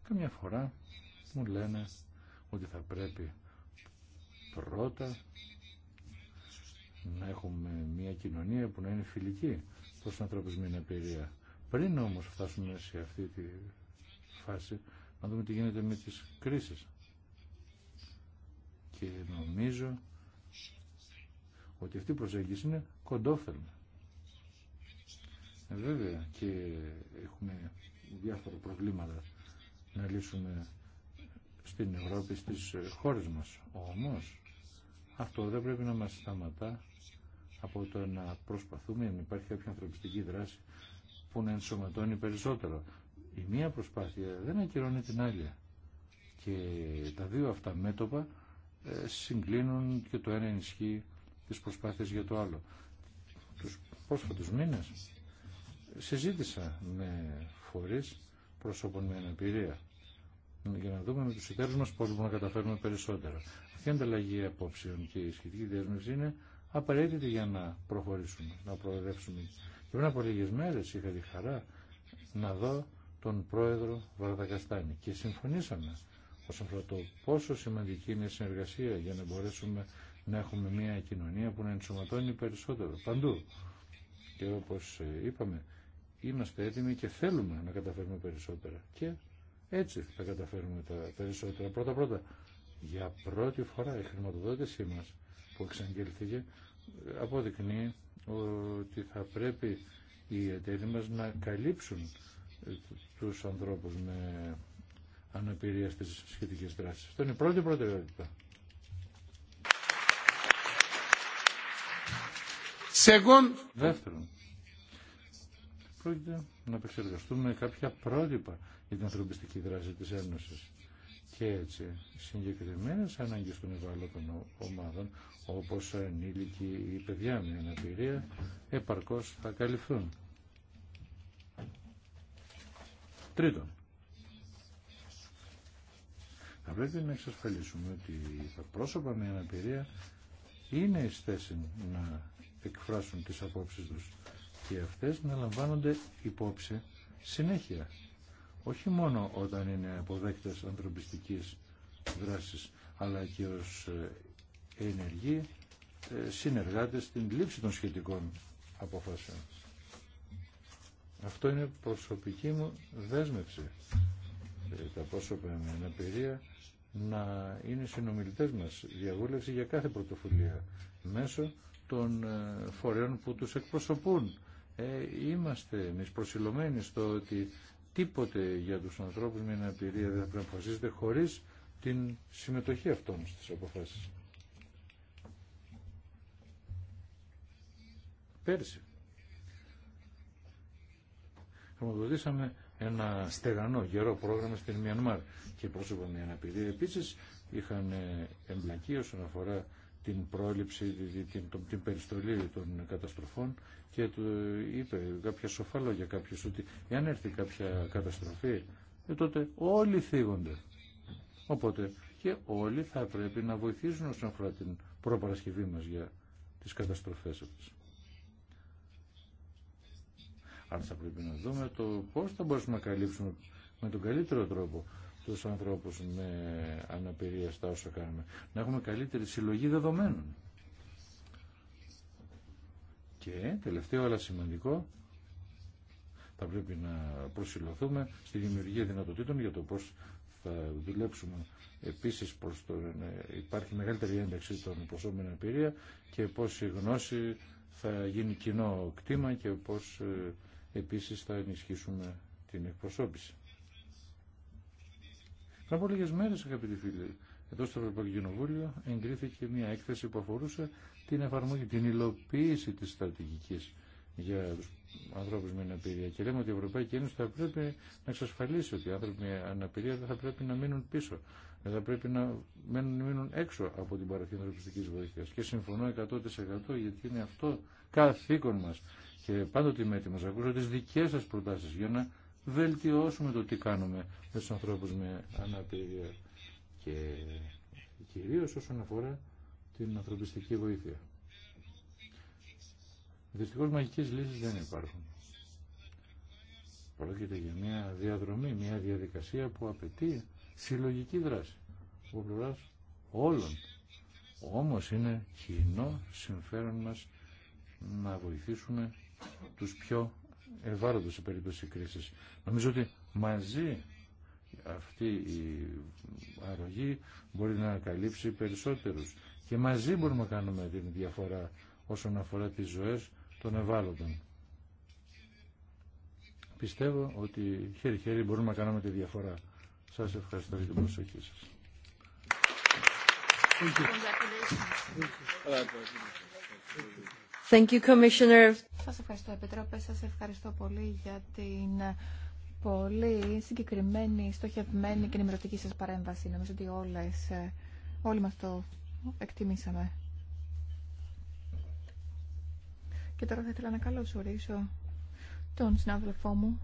καμιά φορά μου λένε ότι θα πρέπει πρώτα να έχουμε μια κοινωνία που να είναι φιλική προς τους με Πριν όμως φτάσουμε σε αυτή τη φάση, να δούμε τι γίνεται με τις κρίσεις. Και νομίζω ότι αυτή η προσέγγιση είναι κοντόφερμα. Βέβαια και έχουμε διάφορα προβλήματα να λύσουμε στην Ευρώπη, στις χώρες μας. Όμως αυτό δεν πρέπει να μας σταματά από το να προσπαθούμε να υπάρχει κάποια ανθρωπιστική δράση που να ενσωματώνει περισσότερο. Η μία προσπάθεια δεν ακυρώνει την άλλη. Και τα δύο αυτά μέτωπα ε, συγκλίνουν και το ένα ενισχύει τις προσπάθειες για το άλλο. Τους πρόσφατους μήνες συζήτησα με φορείς προσώπων με αναπηρία για να δούμε με τους εταίρους μας πώς μπορούμε να καταφέρουμε περισσότερα. Αυτή η ανταλλαγή απόψεων και η σχετική δέσμευση είναι απαραίτητη για να προχωρήσουμε, να προοδεύσουμε. Και πριν από λίγε μέρε είχα τη χαρά να δω τον πρόεδρο Βαρδακαστάνη και συμφωνήσαμε όσον αφορά το πόσο σημαντική είναι η συνεργασία για να μπορέσουμε να έχουμε μια κοινωνία που να ενσωματώνει περισσότερο παντού. Και όπως ε, είπαμε, είμαστε έτοιμοι και θέλουμε να καταφέρουμε περισσότερα. Και έτσι θα καταφέρουμε τα περισσότερα. Πρώτα-πρώτα, για πρώτη φορά η χρηματοδότησή μας που εξαγγελθήκε αποδεικνύει ότι θα πρέπει οι εταίροι μας να καλύψουν ε, τους ανθρώπους με αναπηρία στις σχετικές δράσεις. Αυτό είναι η πρώτη προτεραιότητα. Δεύτερον, πρόκειται να επεξεργαστούμε κάποια πρότυπα για την ανθρωπιστική δράση της Ένωσης και έτσι συγκεκριμένες ανάγκες των ευάλωτων ομάδων όπως ανήλικοι ή παιδιά με αναπηρία επαρκώς θα καλυφθούν. Τρίτον, θα πρέπει να εξασφαλίσουμε ότι τα πρόσωπα με αναπηρία είναι εις θέση να εκφράσουν τις απόψεις τους και αυτές να λαμβάνονται υπόψη συνέχεια όχι μόνο όταν είναι αποδέκτες ανθρωπιστικής δράσης, αλλά και ως ε, ενεργοί ε, συνεργάτες στην λήψη των σχετικών αποφάσεων. Αυτό είναι προσωπική μου δέσμευση. Ε, τα πρόσωπα με αναπηρία να είναι συνομιλητές μας διαβούλευση για κάθε πρωτοφουλία μέσω των φορέων που τους εκπροσωπούν. Ε, είμαστε εμείς προσιλωμένοι στο ότι τίποτε για τους ανθρώπους με αναπηρία δεν πρέπει να αποφασίζεται χωρίς την συμμετοχή αυτών στις αποφάσεις. Πέρσι χρηματοδοτήσαμε ένα στεγανό γερό πρόγραμμα στην Μιανμάρ και πρόσωπα με αναπηρία επίσης είχαν εμπλακεί όσον αφορά την πρόληψη, την, την περιστολή των καταστροφών και του είπε κάποια σοφά λόγια κάποιος ότι εάν έρθει κάποια καταστροφή ε, τότε όλοι θίγονται. Οπότε και όλοι θα πρέπει να βοηθήσουν όσον αφορά την προπαρασκευή μας για τις καταστροφές αυτές. Αν θα πρέπει να δούμε το πώς θα μπορούμε να καλύψουμε με τον καλύτερο τρόπο τους ανθρώπους με αναπηρία στα όσα κάνουμε. Να έχουμε καλύτερη συλλογή δεδομένων. Και τελευταίο αλλά σημαντικό, θα πρέπει να προσυλλοθούμε στη δημιουργία δυνατοτήτων για το πώς θα δουλέψουμε επίσης προς το να υπάρχει μεγαλύτερη ένταξη των προσώπων με αναπηρία και πώς η γνώση θα γίνει κοινό κτήμα και πώς ε, επίσης θα ενισχύσουμε την εκπροσώπηση. Πριν από λίγε μέρε, αγαπητοί φίλοι, εδώ στο Ευρωπαϊκό Κοινοβούλιο εγκρίθηκε μια έκθεση που αφορούσε την εφαρμογή, την υλοποίηση τη στρατηγική για του ανθρώπου με αναπηρία. Και λέμε ότι η Ευρωπαϊκή Ένωση θα πρέπει να εξασφαλίσει ότι οι άνθρωποι με αναπηρία δεν θα πρέπει να μείνουν πίσω. Δεν θα πρέπει να μένουν, μείνουν έξω από την παροχή ανθρωπιστική βοήθεια. Και συμφωνώ 100% γιατί είναι αυτό καθήκον μα. Και πάντοτε είμαι έτοιμο να ακούσω τι δικέ σα προτάσει για να βελτιώσουμε το τι κάνουμε με τους ανθρώπους με αναπηρία και κυρίως όσον αφορά την ανθρωπιστική βοήθεια. Δυστυχώς μαγικές λύσεις δεν υπάρχουν. Πρόκειται για μια διαδρομή, μια διαδικασία που απαιτεί συλλογική δράση Ο πλευρά όλων. Όμως είναι κοινό συμφέρον μας να βοηθήσουμε τους πιο ευάλωτο σε περίπτωση κρίσης. Νομίζω ότι μαζί αυτή η αρρωγή μπορεί να καλύψει περισσότερους και μαζί μπορούμε να κάνουμε την διαφορά όσον αφορά τις ζωές των ευάλωτων. Πιστεύω ότι χέρι-χέρι μπορούμε να κάνουμε τη διαφορά. Σας ευχαριστώ για την προσοχή σας. Thank you, Commissioner. Σας ευχαριστώ, Επιτρόπε. Σας ευχαριστώ πολύ για την πολύ συγκεκριμένη, στοχευμένη και ενημερωτική σας παρέμβαση. Νομίζω ότι όλες, όλοι μας το εκτιμήσαμε. Και τώρα θα ήθελα να καλωσορίσω τον συνάδελφό μου,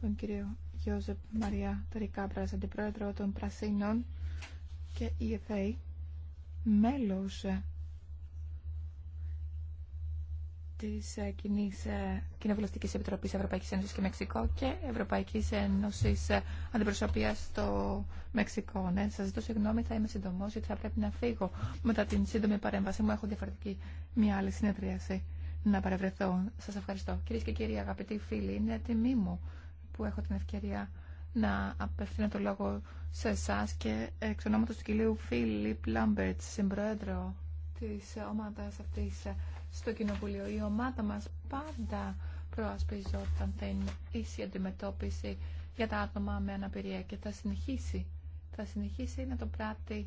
τον κύριο Γιώζεπ Μαριά Τερικάμπρας, αντιπρόεδρο των Πρασίνων και EFA, μέλος τη ε, κοινή ε, κοινοβουλευτική επιτροπή Ευρωπαϊκή Ένωση και Μεξικό και Ευρωπαϊκή Ένωση ε, αντιπροσωπεία στο Μεξικό. Ναι, σας ζητώ συγγνώμη, θα είμαι συντομό γιατί θα πρέπει να φύγω μετά την σύντομη παρέμβαση μου. Έχω διαφορετική μια άλλη συνεδρίαση να παρευρεθώ. Σα ευχαριστώ. Κυρίε και κύριοι αγαπητοί φίλοι, είναι τιμή μου που έχω την ευκαιρία να απευθύνω το λόγο σε εσά και εξ ονόματο του κυρίου Φίλιπ Λάμπερτ, συμπρόεδρο τη ομάδα αυτή στο Κοινοβουλίο. Η ομάδα μας πάντα προασπιζόταν την ίση αντιμετώπιση για τα άτομα με αναπηρία και θα συνεχίσει, θα συνεχίσει να το πράττει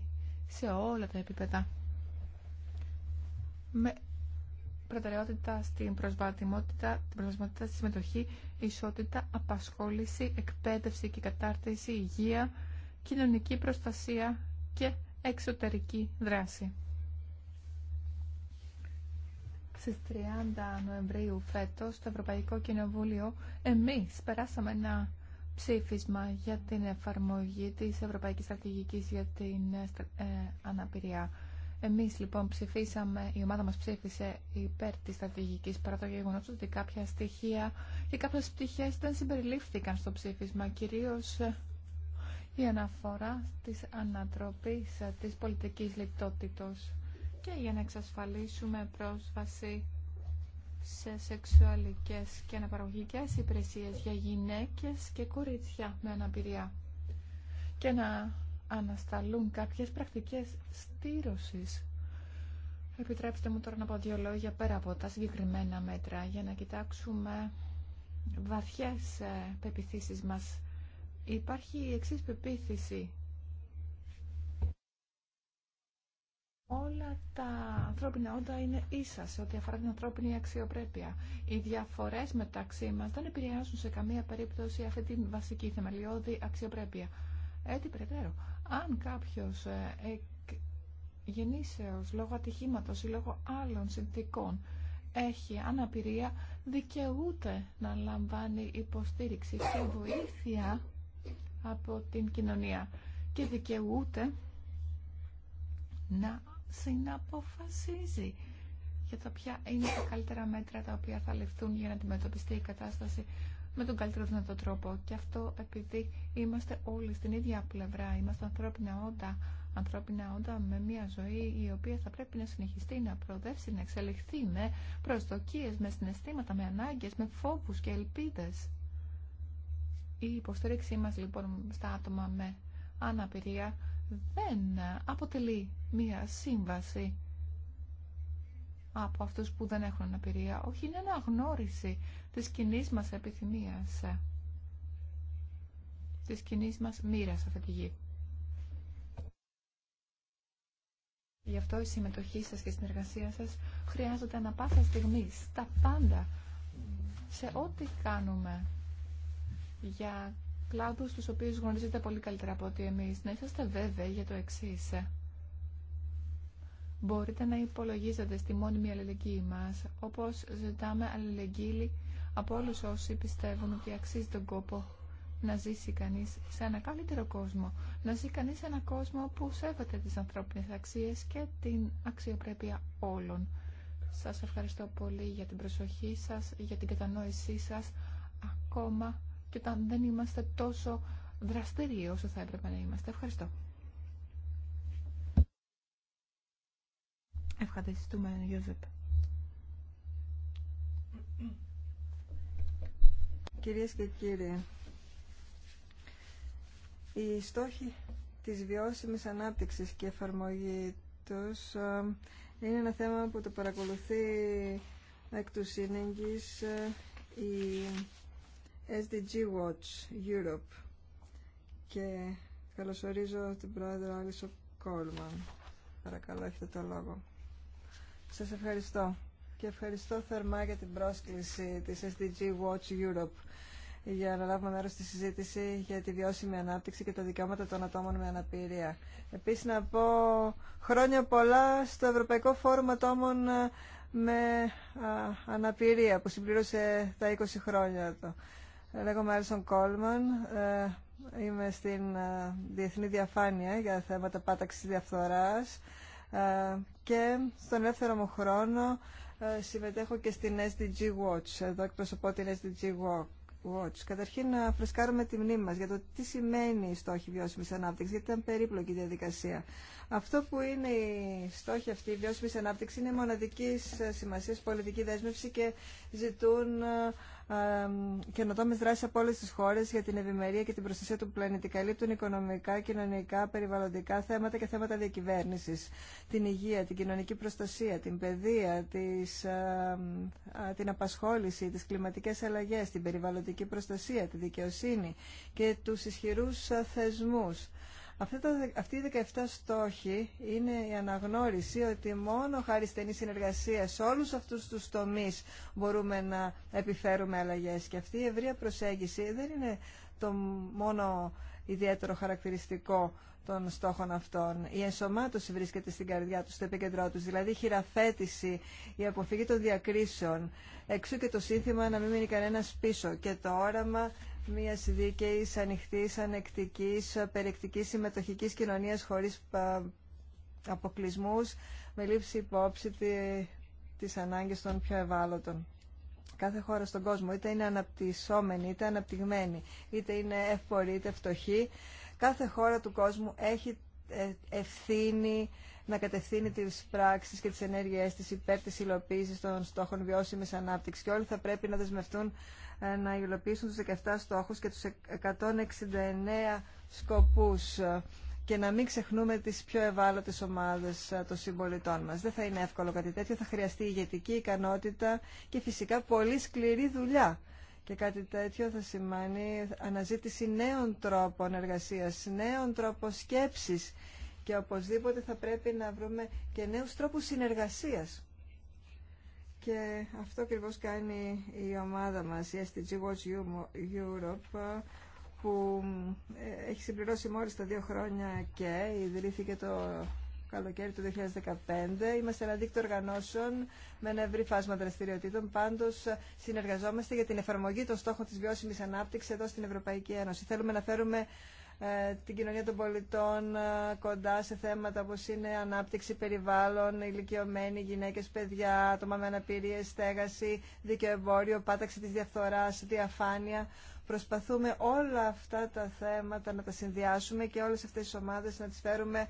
σε όλα τα επίπεδα. Με προτεραιότητα στην προσβατιμότητα, την προσβατιμότητα στη συμμετοχή, ισότητα, απασχόληση, εκπαίδευση και κατάρτιση, υγεία, κοινωνική προστασία και εξωτερική δράση. Στι 30 Νοεμβρίου φέτος, το Ευρωπαϊκό Κοινοβούλιο, εμείς περάσαμε ένα ψήφισμα για την εφαρμογή της Ευρωπαϊκής Στρατηγική για την ε, ε, αναπηρία. Εμείς λοιπόν ψηφίσαμε, η ομάδα μας ψήφισε υπέρ τη στρατηγική παρά το γεγονό ότι κάποια στοιχεία και κάποιε πτυχέ δεν συμπεριλήφθηκαν στο ψήφισμα, κυρίω ε, η αναφορά της ανατροπής της πολιτικής λιτότητος και για να εξασφαλίσουμε πρόσβαση σε σεξουαλικές και αναπαραγωγικές υπηρεσίες για γυναίκες και κορίτσια με αναπηρία και να ανασταλούν κάποιες πρακτικές στήρωσης. Επιτρέψτε μου τώρα να πω δύο λόγια πέρα από τα συγκεκριμένα μέτρα για να κοιτάξουμε βαθιές ε, πεπιθήσεις μας. Υπάρχει η εξής πεποίθηση όλα τα ανθρώπινα όντα είναι ίσα σε ό,τι αφορά την ανθρώπινη αξιοπρέπεια. Οι διαφορές μεταξύ μας δεν επηρεάζουν σε καμία περίπτωση αυτή τη βασική θεμελιώδη αξιοπρέπεια. Έτσι περαιτέρω, αν κάποιος ε, εκ λόγω ατυχήματο ή λόγω άλλων συνθήκων έχει αναπηρία, δικαιούται να λαμβάνει υποστήριξη και βοήθεια από την κοινωνία και δικαιούται να συναποφασίζει για τα ποια είναι τα καλύτερα μέτρα τα οποία θα ληφθούν για να αντιμετωπιστεί η κατάσταση με τον καλύτερο δυνατό τρόπο. Και αυτό επειδή είμαστε όλοι στην ίδια πλευρά, είμαστε ανθρώπινα όντα, ανθρώπινα όντα με μια ζωή η οποία θα πρέπει να συνεχιστεί, να προοδεύσει, να εξελιχθεί με προσδοκίες, με συναισθήματα, με ανάγκες, με φόβους και ελπίδες. Η υποστήριξή μας λοιπόν στα άτομα με αναπηρία δεν αποτελεί μία σύμβαση από αυτούς που δεν έχουν αναπηρία. Όχι, είναι αναγνώριση της κοινή μας επιθυμίας, της κοινή μας μοίρας αυτή τη γη. Γι' αυτό η συμμετοχή σας και η συνεργασία σας χρειάζεται ανα πάσα στιγμή, στα πάντα, σε ό,τι κάνουμε για κλάδους τους οποίους γνωρίζετε πολύ καλύτερα από ότι εμείς. Να είσαστε βέβαιοι για το εξή. Μπορείτε να υπολογίζετε στη μόνιμη αλληλεγγύη μας, όπως ζητάμε αλληλεγγύη από όλους όσοι πιστεύουν ότι αξίζει τον κόπο να ζήσει κανείς σε ένα καλύτερο κόσμο, να ζει κανεί σε ένα κόσμο που σέβεται τις ανθρώπινες αξίες και την αξιοπρέπεια όλων. Σας ευχαριστώ πολύ για την προσοχή σας, για την κατανόησή σας, ακόμα και όταν δεν είμαστε τόσο δραστήριοι όσο θα έπρεπε να είμαστε. Ευχαριστώ. Ευχαριστούμε, Ιωζεπ. Κυρίες και κύριοι, οι στόχοι της βιώσιμης ανάπτυξης και εφαρμογή τους ε, είναι ένα θέμα που το παρακολουθεί εκ του σύνεγγης ε, η SDG Watch Europe και καλωσορίζω την πρόεδρο Άλισο Κόλμαν. Παρακαλώ, έχετε το λόγο. Σας ευχαριστώ και ευχαριστώ θερμά για την πρόσκληση της SDG Watch Europe για να λάβουμε μέρος στη συζήτηση για τη βιώσιμη ανάπτυξη και τα δικαιώματα των ατόμων με αναπηρία. Επίσης να πω χρόνια πολλά στο Ευρωπαϊκό Φόρουμ Ατόμων ε, με αναπηρία που συμπλήρωσε τα 20 χρόνια Λέγομαι Άρισον Κόλμαν. Ε, είμαι στην ε, Διεθνή Διαφάνεια για θέματα πάταξης διαφθοράς ε, και στον ελεύθερο μου χρόνο συμμετέχω και στην SDG Watch. Εδώ εκπροσωπώ την SDG Watch. Καταρχήν να φρεσκάρουμε τη μνήμη μας για το τι σημαίνει η στόχη βιώσιμης ανάπτυξης, γιατί ήταν περίπλοκη η διαδικασία. Αυτό που είναι η στόχη αυτή, η βιώσιμης ανάπτυξη, είναι μοναδικής σημασίας πολιτική δέσμευση και ζητούν καινοτόμε δράσει από όλε τι χώρε για την ευημερία και την προστασία του πλανήτη. Καλύπτουν οικονομικά, κοινωνικά, περιβαλλοντικά θέματα και θέματα διακυβέρνηση. Την υγεία, την κοινωνική προστασία, την παιδεία, τις, την απασχόληση, τι κλιματικέ αλλαγέ, την περιβαλλοντική προστασία, τη δικαιοσύνη και του ισχυρού θεσμού. Αυτή η 17 στόχη είναι η αναγνώριση ότι μόνο χάρη στενή συνεργασία σε όλους αυτούς τους τομείς μπορούμε να επιφέρουμε αλλαγές. Και αυτή η ευρεία προσέγγιση δεν είναι το μόνο ιδιαίτερο χαρακτηριστικό των στόχων αυτών. Η ενσωμάτωση βρίσκεται στην καρδιά του, στο επίκεντρό του, δηλαδή η χειραφέτηση, η αποφυγή των διακρίσεων. Εξού και το σύνθημα να μην μείνει κανένα πίσω και το όραμα μια δίκαιη, ανοιχτή, ανεκτική, περιεκτική, συμμετοχική κοινωνία χωρί αποκλεισμού, με λήψη υπόψη τη ανάγκη των πιο ευάλωτων. Κάθε χώρα στον κόσμο, είτε είναι αναπτυσσόμενη, είτε αναπτυγμένη, είτε είναι εύπορη, είτε φτωχή, κάθε χώρα του κόσμου έχει ε, ευθύνη να κατευθύνει τι πράξεις και τι ενέργειές τη υπέρ τη υλοποίηση των στόχων βιώσιμη ανάπτυξη και όλοι θα πρέπει να δεσμευτούν ε, να υλοποιήσουν τους 17 στόχους και τους 169 σκοπούς ε, και να μην ξεχνούμε τις πιο ευάλωτες ομάδες ε, των συμπολιτών μας. Δεν θα είναι εύκολο κάτι τέτοιο, θα χρειαστεί ηγετική ικανότητα και φυσικά πολύ σκληρή δουλειά. Και κάτι τέτοιο θα σημαίνει αναζήτηση νέων τρόπων εργασίας, νέων τρόπων σκέψης και οπωσδήποτε θα πρέπει να βρούμε και νέους τρόπους συνεργασίας. Και αυτό ακριβώ κάνει η ομάδα μας, η SDG Watch Europe, που ε, έχει συμπληρώσει μόλις τα δύο χρόνια και ιδρύθηκε το καλοκαίρι του 2015. Είμαστε ένα δίκτυο οργανώσεων με ένα ευρύ φάσμα δραστηριοτήτων. Πάντω, συνεργαζόμαστε για την εφαρμογή των στόχων τη βιώσιμη ανάπτυξη εδώ στην Ευρωπαϊκή Ένωση. Θέλουμε να φέρουμε ε, την κοινωνία των πολιτών ε, κοντά σε θέματα όπως είναι ανάπτυξη περιβάλλων ηλικιωμένοι, γυναίκες, παιδιά, άτομα με αναπηρίες, στέγαση, δικαιοεμπόριο, πάταξη της διαφθοράς, διαφάνεια. Προσπαθούμε όλα αυτά τα θέματα να τα συνδυάσουμε και όλες αυτές τις ομάδες να τις φέρουμε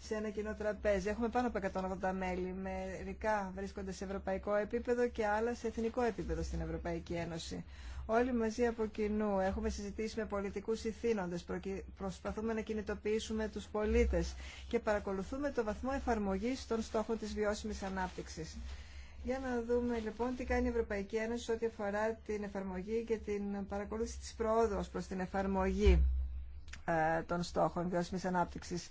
σε ένα κοινό τραπέζι. Έχουμε πάνω από 180 μέλη. Μερικά βρίσκονται σε ευρωπαϊκό επίπεδο και άλλα σε εθνικό επίπεδο στην Ευρωπαϊκή Ένωση όλοι μαζί από κοινού. Έχουμε συζητήσει με πολιτικού ηθήνοντε. προσπαθούμε να κινητοποιήσουμε του πολίτε και παρακολουθούμε το βαθμό εφαρμογή των στόχων τη βιώσιμη ανάπτυξη. Για να δούμε λοιπόν τι κάνει η Ευρωπαϊκή Ένωση ό,τι αφορά την εφαρμογή και την παρακολούθηση της πρόοδο προ την εφαρμογή ε, των στόχων βιώσιμης ανάπτυξη.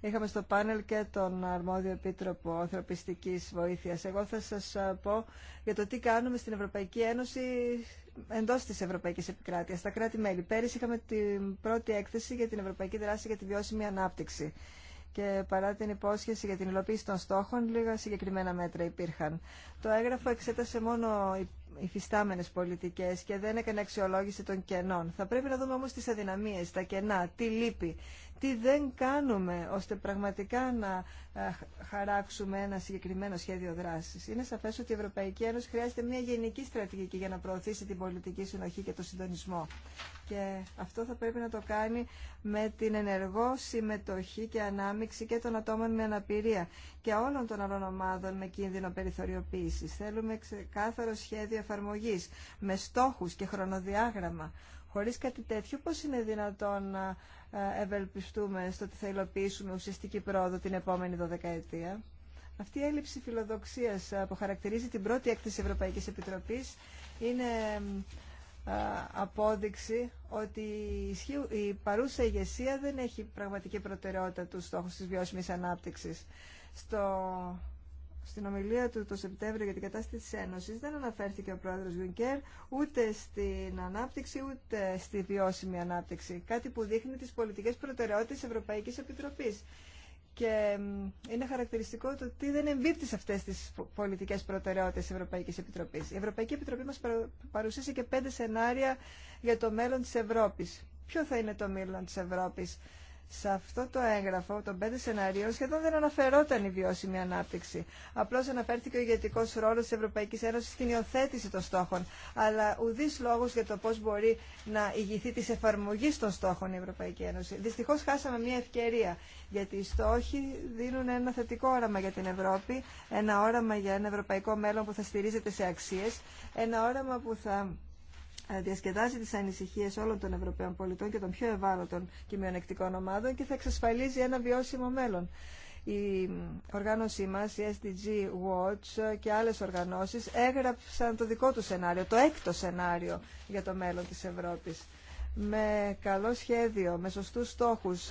Είχαμε στο πάνελ και τον αρμόδιο επίτροπο ανθρωπιστική βοήθεια. Εγώ θα σα ε, πω για το τι κάνουμε στην Ευρωπαϊκή Ένωση Εντό τη Ευρωπαϊκή Επικράτεια, στα κράτη-μέλη. Πέρυσι είχαμε την πρώτη έκθεση για την Ευρωπαϊκή Δράση για τη Βιώσιμη Ανάπτυξη. Και παρά την υπόσχεση για την υλοποίηση των στόχων, λίγα συγκεκριμένα μέτρα υπήρχαν. Το έγγραφο εξέτασε μόνο οι φυστάμενες πολιτικές και δεν έκανε αξιολόγηση των κενών. Θα πρέπει να δούμε όμω τι αδυναμίε, τα κενά, τι λείπει, τι δεν κάνουμε ώστε πραγματικά να ε, χαράξουμε ένα συγκεκριμένο σχέδιο δράσης. Είναι σαφές ότι η Ευρωπαϊκή Ένωση χρειάζεται μια γενική στρατηγική για να προωθήσει την πολιτική συνοχή και το συντονισμό. Και αυτό θα πρέπει να το κάνει με την ενεργό συμμετοχή και ανάμειξη και των ατόμων με αναπηρία και όλων των άλλων ομάδων με κίνδυνο περιθωριοποίησης. Θέλουμε ξεκάθαρο σχέδιο εφαρμογής με στόχους και χρονοδιάγραμμα Χωρίς κάτι τέτοιο, πώς είναι δυνατόν να ε, ευελπιστούμε στο ότι θα υλοποιήσουμε ουσιαστική πρόοδο την επόμενη δωδεκαετία. Αυτή η έλλειψη φιλοδοξίας ε, που χαρακτηρίζει την πρώτη έκθεση Ευρωπαϊκής Επιτροπής είναι ε, απόδειξη ότι η παρούσα ηγεσία δεν έχει πραγματική προτεραιότητα του στόχου της βιώσιμης ανάπτυξης. Στο στην ομιλία του το Σεπτέμβριο για την κατάσταση της Ένωσης δεν αναφέρθηκε ο πρόεδρος Γιουνκέρ ούτε στην ανάπτυξη ούτε στη βιώσιμη ανάπτυξη. Κάτι που δείχνει τις πολιτικές προτεραιότητες της Ευρωπαϊκής Επιτροπής. Και είναι χαρακτηριστικό το ότι δεν εμπίπτει σε αυτές τις πολιτικές προτεραιότητες της Ευρωπαϊκής Επιτροπής. Η Ευρωπαϊκή Επιτροπή μας παρουσίασε και πέντε σενάρια για το μέλλον της Ευρώπης. Ποιο θα είναι το μέλλον της Ευρώπης σε αυτό το έγγραφο των πέντε σενάριων σχεδόν δεν αναφερόταν η βιώσιμη ανάπτυξη. Απλώ αναφέρθηκε ο ηγετικό ρόλο τη Ευρωπαϊκή Ένωση στην υιοθέτηση των στόχων. Αλλά ουδή λόγο για το πώ μπορεί να ηγηθεί τη εφαρμογή των στόχων η Ευρωπαϊκή Ένωση. Δυστυχώ χάσαμε μια ευκαιρία. Γιατί οι στόχοι δίνουν ένα θετικό όραμα για την Ευρώπη. Ένα όραμα για ένα ευρωπαϊκό μέλλον που θα στηρίζεται σε αξίε. Ένα όραμα που θα ε, διασκεδάζει τις ανησυχίες όλων των Ευρωπαίων πολιτών και των πιο ευάλωτων και μειονεκτικών ομάδων και θα εξασφαλίζει ένα βιώσιμο μέλλον. Η οργάνωσή μας, η SDG Watch και άλλες οργανώσεις έγραψαν το δικό του σενάριο, το έκτο σενάριο για το μέλλον της Ευρώπης. Με καλό σχέδιο, με σωστούς στόχους,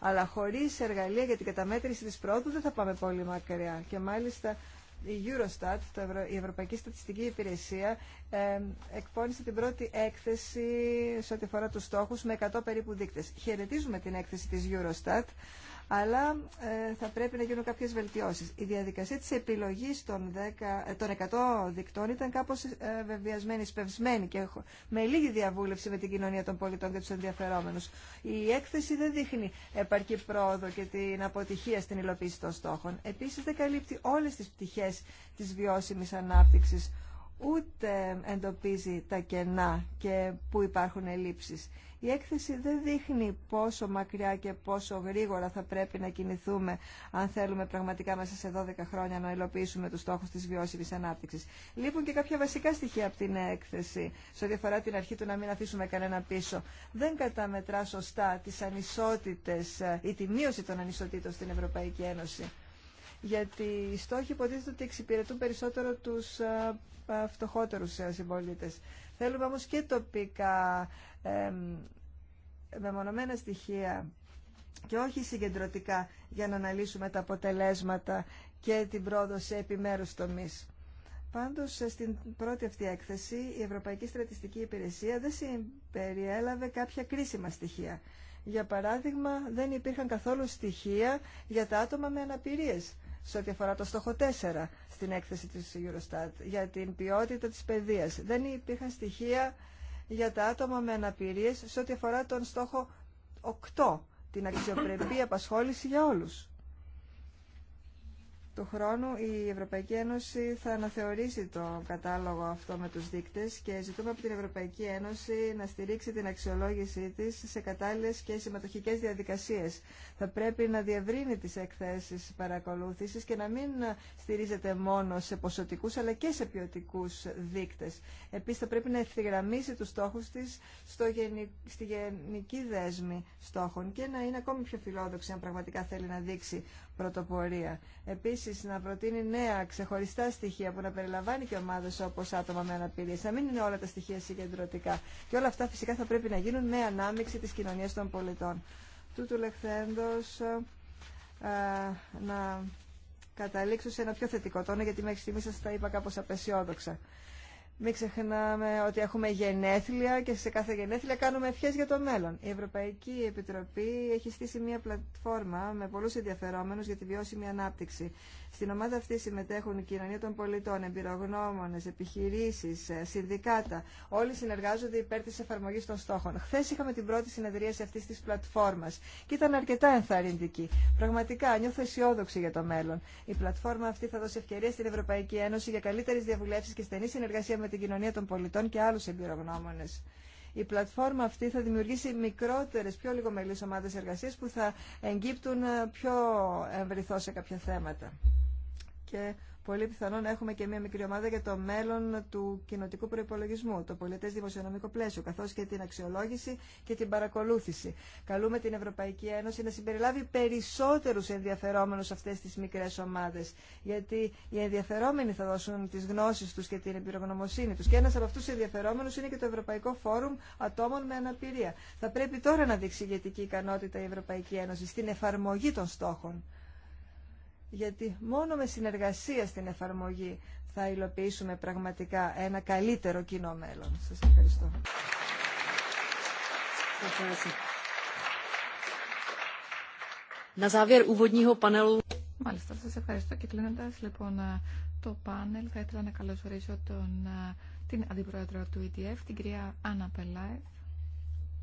αλλά χωρίς εργαλεία για την καταμέτρηση της πρόοδου δεν θα πάμε πολύ μακριά. Και μάλιστα η Eurostat, η Ευρωπαϊκή Στατιστική Υπηρεσία, ε, εκπώνησε την πρώτη έκθεση σε ό,τι αφορά τους στόχους με 100 περίπου δείκτες. Χαιρετίζουμε την έκθεση της Eurostat, αλλά ε, θα πρέπει να γίνουν κάποιες βελτιώσεις. Η διαδικασία της επιλογής των, 10, ε, των 100 δικτών ήταν κάπως ε, βεβαιασμένη, σπευσμένη και με λίγη διαβούλευση με την κοινωνία των πολιτών και τους ενδιαφερόμενους. Η έκθεση δεν δείχνει επαρκή πρόοδο και την αποτυχία στην υλοποίηση των στόχων. Επίσης δεν καλύπτει όλες τις πτυχές της βιώσιμης ανάπτυξης ούτε εντοπίζει τα κενά και που υπάρχουν ελλείψεις. Η έκθεση δεν δείχνει πόσο μακριά και πόσο γρήγορα θα πρέπει να κινηθούμε αν θέλουμε πραγματικά μέσα σε 12 χρόνια να υλοποιήσουμε τους στόχους της βιώσιμης ανάπτυξης. Λείπουν και κάποια βασικά στοιχεία από την έκθεση σε ό,τι αφορά την αρχή του να μην αφήσουμε κανένα πίσω. Δεν καταμετρά σωστά τις ανισότητες ε, ή τη μείωση των ανισοτήτων στην Ευρωπαϊκή Ένωση γιατί οι στόχοι υποτίθεται ότι εξυπηρετούν περισσότερο τους φτωχότερου συμπολίτε. Ε, φτωχότερους ε, Θέλουμε όμως και τοπικά ε, μεμονωμένα στοιχεία και όχι συγκεντρωτικά για να αναλύσουμε τα αποτελέσματα και την πρόοδο σε επιμέρους τομείς. Πάντως, στην πρώτη αυτή έκθεση, η Ευρωπαϊκή Στρατιστική Υπηρεσία δεν συμπεριέλαβε κάποια κρίσιμα στοιχεία. Για παράδειγμα, δεν υπήρχαν καθόλου στοιχεία για τα άτομα με αναπηρίες σε ό,τι αφορά το στόχο 4 στην έκθεση της Eurostat για την ποιότητα της παιδείας. Δεν υπήρχαν στοιχεία για τα άτομα με αναπηρίες σε ό,τι αφορά τον στόχο 8, την αξιοπρεπή απασχόληση για όλους του χρόνου η Ευρωπαϊκή Ένωση θα αναθεωρήσει το κατάλογο αυτό με τους δείκτες και ζητούμε από την Ευρωπαϊκή Ένωση να στηρίξει την αξιολόγησή της σε κατάλληλες και συμμετοχικές διαδικασίες. Θα πρέπει να διευρύνει τις εκθέσεις παρακολούθησης και να μην στηρίζεται μόνο σε ποσοτικούς αλλά και σε ποιοτικού δείκτες. Επίσης θα πρέπει να ευθυγραμμίσει τους στόχους της στο γενι... στη γενική δέσμη στόχων και να είναι ακόμη πιο φιλόδοξη αν πραγματικά θέλει να δείξει πρωτοπορία. Επίσης, να προτείνει νέα ξεχωριστά στοιχεία που να περιλαμβάνει και ομάδες όπω άτομα με αναπηρία Να μην είναι όλα τα στοιχεία συγκεντρωτικά. Και όλα αυτά φυσικά θα πρέπει να γίνουν με ανάμειξη τη κοινωνία των πολιτών. Τούτου λεχθέντος ε, ε, να καταλήξω σε ένα πιο θετικό τόνο, γιατί μέχρι στιγμή σα τα είπα κάπως απεσιόδοξα. Μην ξεχνάμε ότι έχουμε γενέθλια και σε κάθε γενέθλια κάνουμε ευχές για το μέλλον. Η Ευρωπαϊκή Επιτροπή έχει στήσει μια πλατφόρμα με πολλούς ενδιαφερόμενους για τη βιώσιμη ανάπτυξη. Στην ομάδα αυτή συμμετέχουν η κοινωνία των πολιτών, εμπειρογνώμονες, επιχειρήσεις, ε, συνδικάτα. Όλοι συνεργάζονται υπέρ της εφαρμογής των στόχων. Χθες είχαμε την πρώτη συνεδρία σε αυτή της πλατφόρμας και ήταν αρκετά ενθαρρυντική. Πραγματικά νιώθω αισιόδοξη για το μέλλον. Η πλατφόρμα αυτή θα δώσει ευκαιρία στην Ευρωπαϊκή Ένωση για καλύτερες διαβουλεύσεις και στενή συνεργασία με την κοινωνία των πολιτών και άλλους εμπειρογνώμονες. Η πλατφόρμα αυτή θα δημιουργήσει μικρότερες, πιο λιγομελείς ομάδες εργασίας που θα εγκύπτουν ε, πιο εμβριθώ σε κάποια θέματα. Και πολύ πιθανόν να έχουμε και μια μικρή ομάδα για το μέλλον του κοινοτικού προπολογισμού, το πολιτέ δημοσιονομικό πλαίσιο, καθώ και την αξιολόγηση και την παρακολούθηση. Καλούμε την Ευρωπαϊκή Ένωση να συμπεριλάβει περισσότερου ενδιαφερόμενου σε αυτέ τι μικρέ ομάδε, γιατί οι ενδιαφερόμενοι θα δώσουν τι γνώσει του και την εμπειρογνωμοσύνη του. Και ένα από αυτού του ενδιαφερόμενου είναι και το Ευρωπαϊκό Φόρουμ Ατόμων με Αναπηρία. Θα πρέπει τώρα να δείξει ηγετική ικανότητα η Ευρωπαϊκή Ένωση στην εφαρμογή των στόχων γιατί μόνο με συνεργασία στην εφαρμογή θα υλοποιήσουμε πραγματικά ένα καλύτερο κοινό μέλλον. Σας ευχαριστώ. Μάλιστα, σας ευχαριστώ και κλείνοντας λοιπόν το πάνελ θα ήθελα να καλωσορίσω τον, την Αντιπρόεδρο του ETF, την κυρία Άννα Πελάε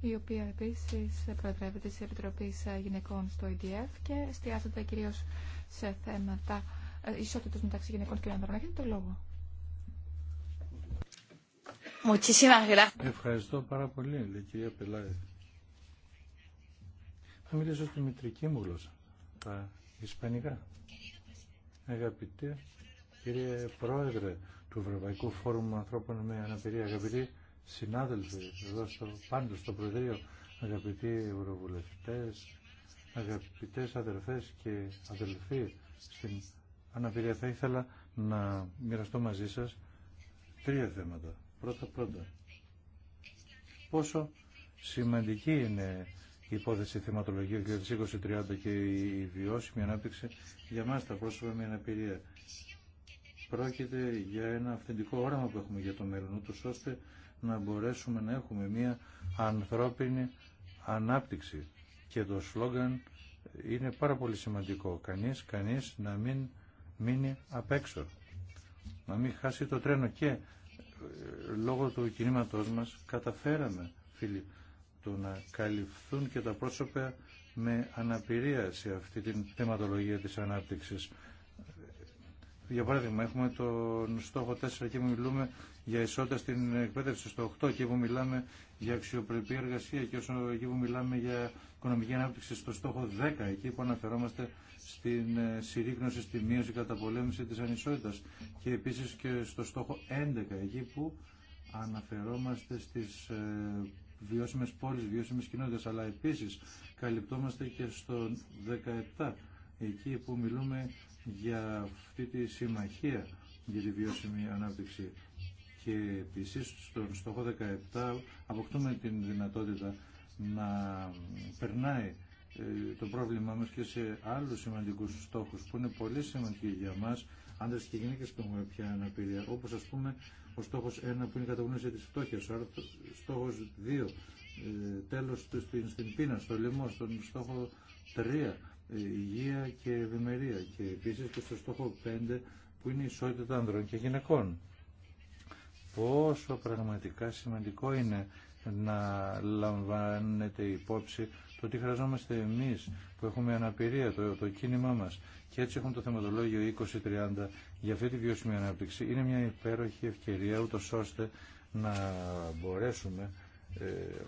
η οποία επίσης προεδρεύεται τη Επιτροπή Γυναικών στο EDF και εστιάζεται κυρίω σε θέματα ε, ισότητα μεταξύ γυναικών και ανδρών. Έχετε το λόγο. Ευχαριστώ πάρα πολύ, λέει η κυρία Πελάη. Θα μιλήσω στη μητρική μου γλώσσα, τα ισπανικά. Αγαπητέ, κύριε Πρόεδρε του Ευρωπαϊκού Φόρουμ Ανθρώπων με Αναπηρία, αγαπητή, συνάδελφοι εδώ στο πάντως στο Προεδρείο, αγαπητοί ευρωβουλευτές, αγαπητές αδερφές και αδελφοί στην αναπηρία, θα ήθελα να μοιραστώ μαζί σας τρία θέματα. Πρώτα πρώτα, πόσο σημαντική είναι η υπόθεση θεματολογία 2020-30 και η βιώσιμη ανάπτυξη για μας τα πρόσωπα με αναπηρία. Πρόκειται για ένα αυθεντικό όραμα που έχουμε για το μέλλον, ούτως ώστε να μπορέσουμε να έχουμε μια ανθρώπινη ανάπτυξη. Και το σλόγγαν είναι πάρα πολύ σημαντικό. Κανείς, κανείς να μην μείνει απ' έξω. Να μην χάσει το τρένο. Και ε, λόγω του κινήματός μας καταφέραμε, φίλοι, το να καλυφθούν και τα πρόσωπα με αναπηρία σε αυτή την θεματολογία της ανάπτυξης. Για παράδειγμα, έχουμε τον στόχο 4 και μιλούμε για ισότητα στην εκπαίδευση. Στο 8 και που μιλάμε για αξιοπρεπή εργασία και όσο εκεί που μιλάμε για οικονομική ανάπτυξη. Στο στόχο 10, εκεί που αναφερόμαστε στην ε, συρρήκνωση, στη μείωση, καταπολέμηση της ανισότητας. Και επίσης και στο στόχο 11, εκεί που αναφερόμαστε στις ε, βιώσιμες πόλεις, βιώσιμες κοινότητες, αλλά επίσης καλυπτόμαστε και στο 17, εκεί που μιλούμε για αυτή τη συμμαχία για τη βιώσιμη ανάπτυξη και επίση στον στόχο 17 αποκτούμε την δυνατότητα να περνάει ε, το πρόβλημά μας και σε άλλους σημαντικούς στόχους που είναι πολύ σημαντικοί για μας άντρες και γυναίκες που έχουμε πια αναπηρία όπως ας πούμε ο στόχος 1 που είναι η καταγνώριση της φτώχειας στόχο στόχος 2 ε, τέλος στην, στην πείνα, στο λαιμό, στον στόχο 3 υγεία και ευημερία και επίσης και στο στόχο 5 που είναι η ισότητα ανδρών και γυναικών. Πόσο πραγματικά σημαντικό είναι να λαμβάνετε υπόψη το τι χρειαζόμαστε εμείς που έχουμε αναπηρία, το, το κίνημά μας και έτσι έχουμε το θεματολόγιο 2030 για αυτή τη βιώσιμη ανάπτυξη. Είναι μια υπέροχη ευκαιρία ούτω ώστε να μπορέσουμε ε,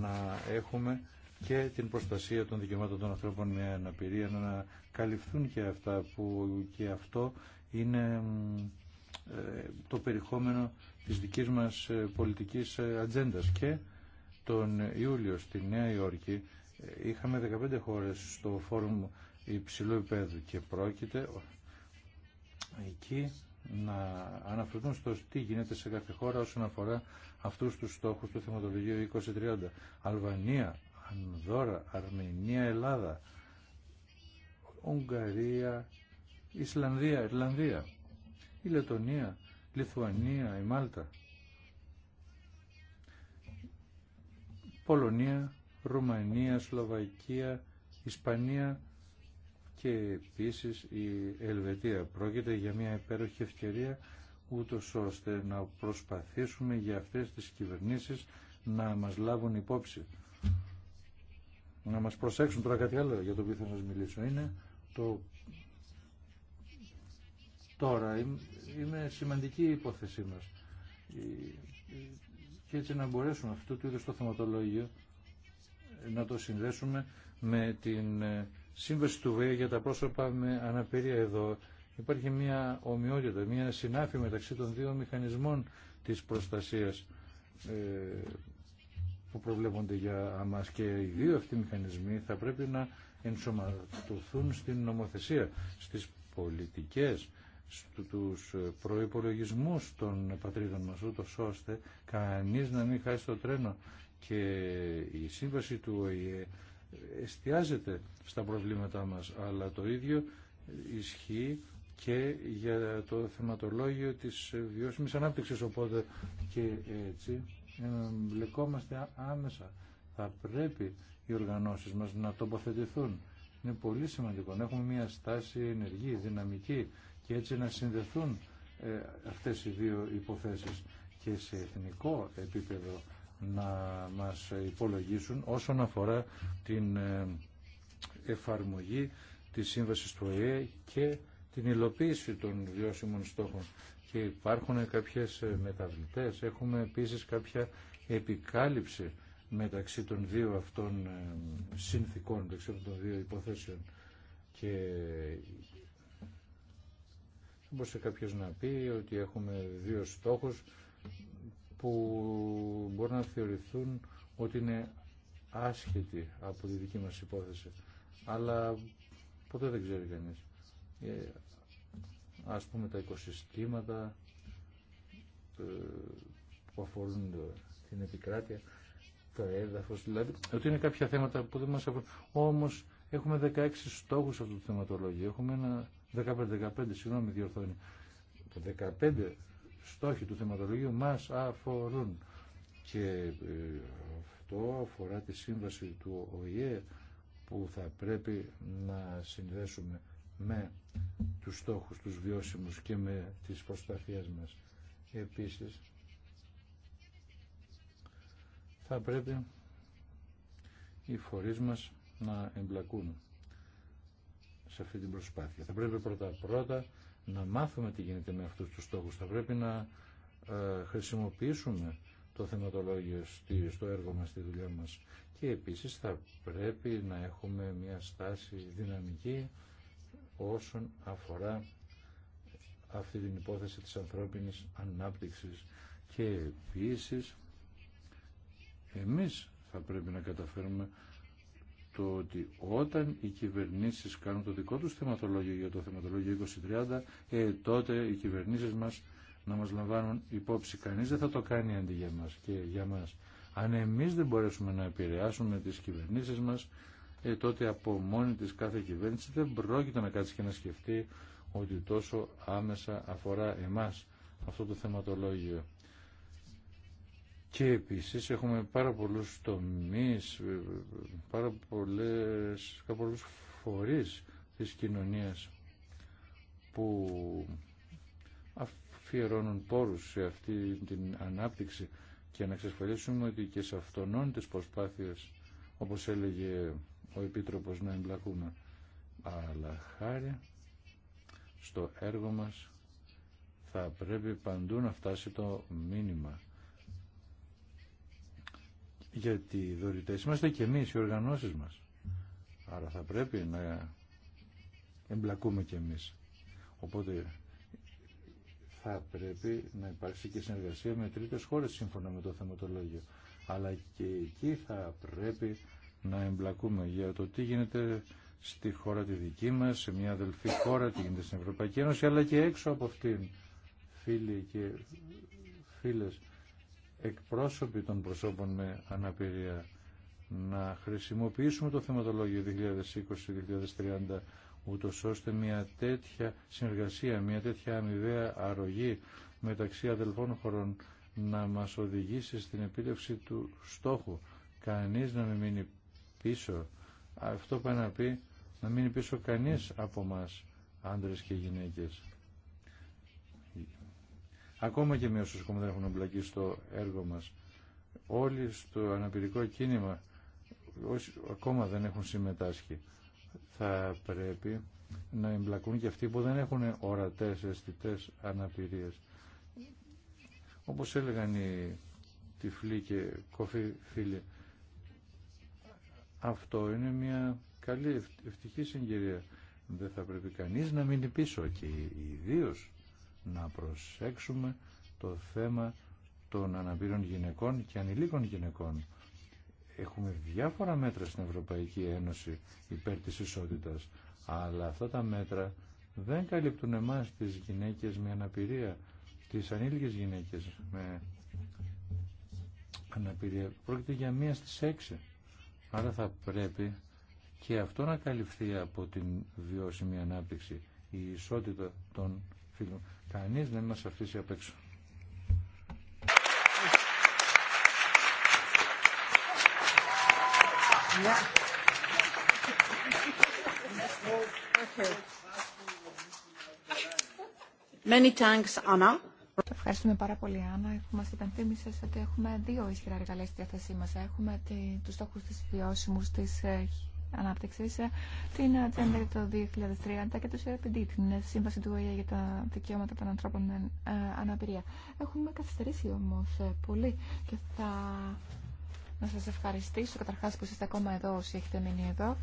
να έχουμε και την προστασία των δικαιωμάτων των ανθρώπων με αναπηρία να καλυφθούν και αυτά που και αυτό είναι ε, το περιεχόμενο της δικής μας ε, πολιτικής ε, ατζέντα και τον Ιούλιο στη Νέα Υόρκη είχαμε 15 χώρες στο φόρουμ υψηλού επίπεδου και πρόκειται εκεί να αναφερθούν στο τι γίνεται σε κάθε χώρα όσον αφορά αυτούς τους στόχους του θεματολογίου 2030. Αλβανία, Ανδόρα, Αρμενία, Ελλάδα, Ουγγαρία, Ισλανδία, Ιρλανδία, η Λετωνία, Λιθουανία, η Μάλτα, Πολωνία, Ρουμανία, Σλοβακία, Ισπανία και επίσης η Ελβετία. Πρόκειται για μια υπέροχη ευκαιρία ούτω ώστε να προσπαθήσουμε για αυτές τις κυβερνήσεις να μας λάβουν υπόψη να μας προσέξουν τώρα κάτι άλλο για το οποίο θα σας μιλήσω. Είναι το... Τώρα είναι σημαντική η υπόθεσή μας. Και έτσι να μπορέσουμε αυτού του είδους το θεματολόγιο να το συνδέσουμε με την ε, σύμβαση του ΒΕΙ για τα πρόσωπα με αναπηρία εδώ. Υπάρχει μια ομοιότητα, μια συνάφη μεταξύ των δύο μηχανισμών της προστασίας. Ε, που προβλέπονται για μας και οι δύο αυτοί οι μηχανισμοί θα πρέπει να ενσωματωθούν στην νομοθεσία, στις πολιτικές, στους προϋπολογισμούς των πατρίδων μας, ούτω ώστε κανείς να μην χάσει το τρένο και η σύμβαση του ΟΗΕ εστιάζεται στα προβλήματά μας, αλλά το ίδιο ισχύει και για το θεματολόγιο της βιώσιμης ανάπτυξης, οπότε και έτσι εμπλεκόμαστε άμεσα. Θα πρέπει οι οργανώσεις μας να τοποθετηθούν. Είναι πολύ σημαντικό να έχουμε μια στάση ενεργή, δυναμική και έτσι να συνδεθούν ε, αυτές οι δύο υποθέσεις και σε εθνικό επίπεδο να μας υπολογίσουν όσον αφορά την ε, εφαρμογή της σύμβασης του ΟΕΕ και την υλοποίηση των βιώσιμων στόχων και υπάρχουν κάποιες ε, μεταβλητές. Έχουμε επίσης κάποια επικάλυψη μεταξύ των δύο αυτών ε, συνθήκων, μεταξύ των δύο υποθέσεων. Και μπορούσε κάποιος να πει ότι έχουμε δύο στόχους που μπορεί να θεωρηθούν ότι είναι άσχετοι από τη δική μας υπόθεση. Αλλά ποτέ δεν ξέρει κανείς. Ε, ας πούμε τα οικοσυστήματα ε, που αφορούν την επικράτεια, το έδαφος, δηλαδή ότι είναι κάποια θέματα που δεν μας αφορούν. Όμως έχουμε 16 στόχους αυτού του θεματολογίου, έχουμε ένα 15-15, συγγνώμη διορθώνει, 15 στόχοι του θεματολογίου μας αφορούν και ε, αυτό αφορά τη σύμβαση του ΟΗΕ που θα πρέπει να συνδέσουμε με τους στόχους τους βιώσιμους και με τις προσπαθίες μας. Επίσης, θα πρέπει οι φορείς μας να εμπλακούν σε αυτή την προσπάθεια. Θα πρέπει πρώτα-πρώτα να μάθουμε τι γίνεται με αυτούς τους στόχους. Θα πρέπει να ε, χρησιμοποιήσουμε το θεματολόγιο στο έργο μας, στη δουλειά μας. Και επίσης θα πρέπει να έχουμε μια στάση δυναμική όσον αφορά αυτή την υπόθεση της ανθρώπινης ανάπτυξης και επίσης εμείς θα πρέπει να καταφέρουμε το ότι όταν οι κυβερνήσεις κάνουν το δικό τους θεματολόγιο για το θεματολόγιο 2030, ε, τότε οι κυβερνήσεις μας να μας λαμβάνουν υπόψη. Κανείς δεν θα το κάνει αντί για μας και για μας. Αν εμείς δεν μπορέσουμε να επηρεάσουμε τις κυβερνήσεις μας, ε, τότε από μόνη της κάθε κυβέρνηση δεν πρόκειται να κάτσει και να σκεφτεί ότι τόσο άμεσα αφορά εμάς αυτό το θεματολόγιο. Και επίσης έχουμε πάρα πολλούς τομείς, ε, πάρα πολλές, πάρα πολλούς φορείς της κοινωνίας που αφιερώνουν πόρους σε αυτή την ανάπτυξη και να εξασφαλίσουμε ότι και σε αυτονών τις προσπάθειες, όπως έλεγε ο Επίτροπος να εμπλακούμε αλλά χάρη στο έργο μας θα πρέπει παντού να φτάσει το μήνυμα γιατί οι δωρητές είμαστε και εμείς οι οργανώσεις μας άρα θα πρέπει να εμπλακούμε και εμείς οπότε θα πρέπει να υπάρξει και συνεργασία με τρίτες χώρες σύμφωνα με το θεματολόγιο αλλά και εκεί θα πρέπει να εμπλακούμε για το τι γίνεται στη χώρα τη δική μας, σε μια αδελφή χώρα, τι γίνεται στην Ευρωπαϊκή Ένωση, αλλά και έξω από αυτήν, φίλοι και φίλες, εκπρόσωποι των προσώπων με αναπηρία, να χρησιμοποιήσουμε το θεματολόγιο 2020-2030, ούτω ώστε μια τέτοια συνεργασία, μια τέτοια αμοιβαία αρρωγή μεταξύ αδελφών χωρών να μας οδηγήσει στην επίτευξη του στόχου. Κανείς να μην μείνει πίσω. Αυτό πάει να πει να μείνει πίσω κανείς από μας, άντρες και γυναίκες. Ακόμα και με όσους ακόμα δεν έχουν εμπλακεί στο έργο μας. Όλοι στο αναπηρικό κίνημα, όσοι ακόμα δεν έχουν συμμετάσχει, θα πρέπει να εμπλακούν και αυτοί που δεν έχουν ορατές, αισθητές αναπηρίες. Όπως έλεγαν οι τυφλοί και κόφοι φίλοι, αυτό είναι μια καλή ευτυχή συγκυρία. Δεν θα πρέπει κανείς να μείνει πίσω και ιδίω να προσέξουμε το θέμα των αναπήρων γυναικών και ανηλίκων γυναικών. Έχουμε διάφορα μέτρα στην Ευρωπαϊκή Ένωση υπέρ της ισότητας, αλλά αυτά τα μέτρα δεν καλύπτουν εμάς τις γυναίκες με αναπηρία, τις ανήλικες γυναίκες με αναπηρία. Πρόκειται για μία στις έξι. Άρα θα πρέπει και αυτό να καλυφθεί από την βιώσιμη ανάπτυξη, η ισότητα των φίλων. Κανείς δεν μας αφήσει απ' έξω. Many thanks, Anna. Ευχαριστούμε πάρα πολύ, Άννα. Μα υπενθύμησε ότι έχουμε δύο ισχυρά εργαλεία στη διάθεσή μα. Έχουμε του στόχου τη βιώσιμου τη ε, ανάπτυξη, ε, την Ατζέντα ε, για το 2030 και το CRPD, την Σύμβαση του ΟΗΕ για τα Δικαιώματα των Ανθρώπων με Αναπηρία. Έχουμε καθυστερήσει όμω πολύ και θα να σας ευχαριστήσω καταρχάς που είστε ακόμα εδώ όσοι έχετε μείνει εδώ.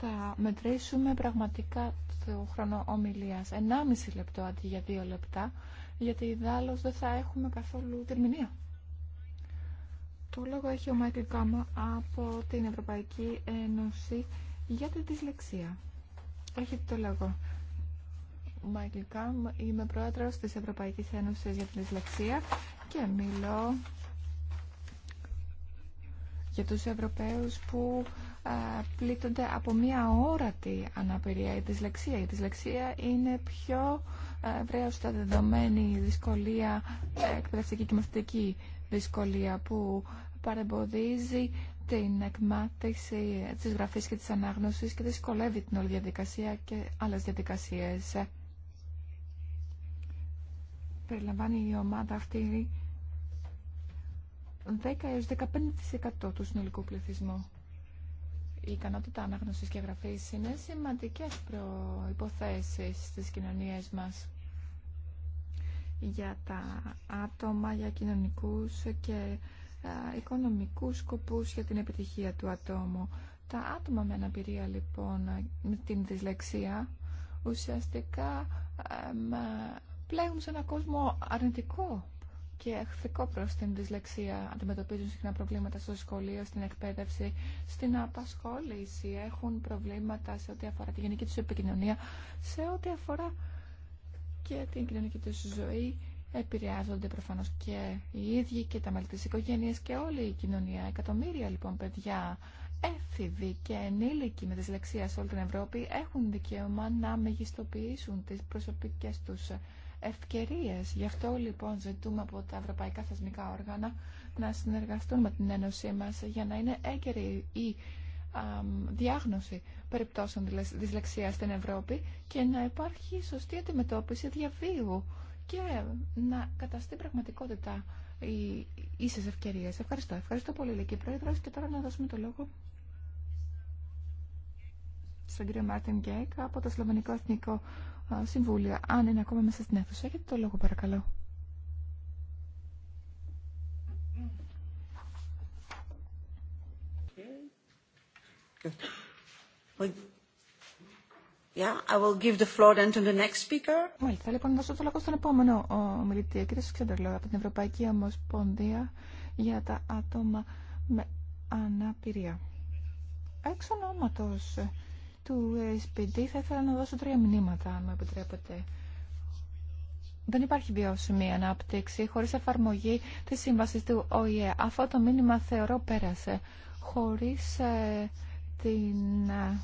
Θα μετρήσουμε πραγματικά το χρόνο ομιλία. 1,5 λεπτό αντί για 2 λεπτά γιατί ιδάλλως δεν θα έχουμε καθόλου τερμηνία. Το λόγο έχει ο Μάικλ Κάμα από την Ευρωπαϊκή Ένωση για τη δυσλεξία. Έχετε το λόγο. Μάικλ Κάμ, είμαι πρόεδρος της Ευρωπαϊκής Ένωσης για τη δυσλεξία και μιλώ για τους Ευρωπαίους που πλήττονται από μια όρατη αναπηρία. Η δυσλεξία, η δυσλεξία είναι πιο ευρέως τα δεδομένη δυσκολία, ε, εκπαιδευτική και μαθητική δυσκολία που παρεμποδίζει την εκμάθηση της γραφής και της ανάγνωσης και δυσκολεύει την όλη διαδικασία και άλλες διαδικασίες. Περιλαμβάνει η ομάδα αυτή 10 έως 15% του συνολικού πληθυσμού η ικανότητα ανάγνωση και γραφής είναι σημαντικές προϋποθέσεις στις κοινωνίες μας για τα άτομα, για κοινωνικούς και οικονομικούς σκοπούς για την επιτυχία του ατόμου. Τα άτομα με αναπηρία λοιπόν, με την δυσλεξία, ουσιαστικά πλέουν σε έναν κόσμο αρνητικό και εχθρικό προ την δυσλεξία. Αντιμετωπίζουν συχνά προβλήματα στο σχολείο, στην εκπαίδευση, στην απασχόληση. Έχουν προβλήματα σε ό,τι αφορά τη γενική του επικοινωνία, σε ό,τι αφορά και την κοινωνική του ζωή. Επηρεάζονται προφανώ και οι ίδιοι και τα μέλη τη και όλη η κοινωνία. Εκατομμύρια λοιπόν παιδιά έφηβοι και ενήλικοι με δυσλεξία σε όλη την Ευρώπη έχουν δικαίωμα να μεγιστοποιήσουν τις προσωπικέ του ευκαιρίες. Γι' αυτό λοιπόν ζητούμε από τα ευρωπαϊκά θεσμικά όργανα να συνεργαστούν με την Ένωσή μας για να είναι έγκαιρη η διάγνωση περιπτώσεων δυσλεξίας στην Ευρώπη και να υπάρχει σωστή αντιμετώπιση διαβίου και να καταστεί πραγματικότητα οι ίσες ευκαιρίες. Ευχαριστώ. Ευχαριστώ πολύ, Λεκή Πρόεδρος. Και τώρα να δώσουμε το λόγο στον κύριο Μάρτιν Γκέικ από το Σλοβενικό Εθνικό συμβούλια, αν είναι ακόμα μέσα στην αίθουσα, έχετε το λόγο παρακαλώ. Θα I will give λοιπόν, δώσω το λόγο στον επόμενο ομιλητή, κ. Ξέντερλο, από την Ευρωπαϊκή Ομοσπονδία για τα άτομα με αναπηρία. Εξ ονόματος του SPD θα ήθελα να δώσω τρία μηνύματα, αν με επιτρέπετε. Δεν υπάρχει βιώσιμη ανάπτυξη χωρίς εφαρμογή της σύμβασης του ΟΗΕ. Αυτό το μήνυμα θεωρώ πέρασε. Χωρίς ε, την ε,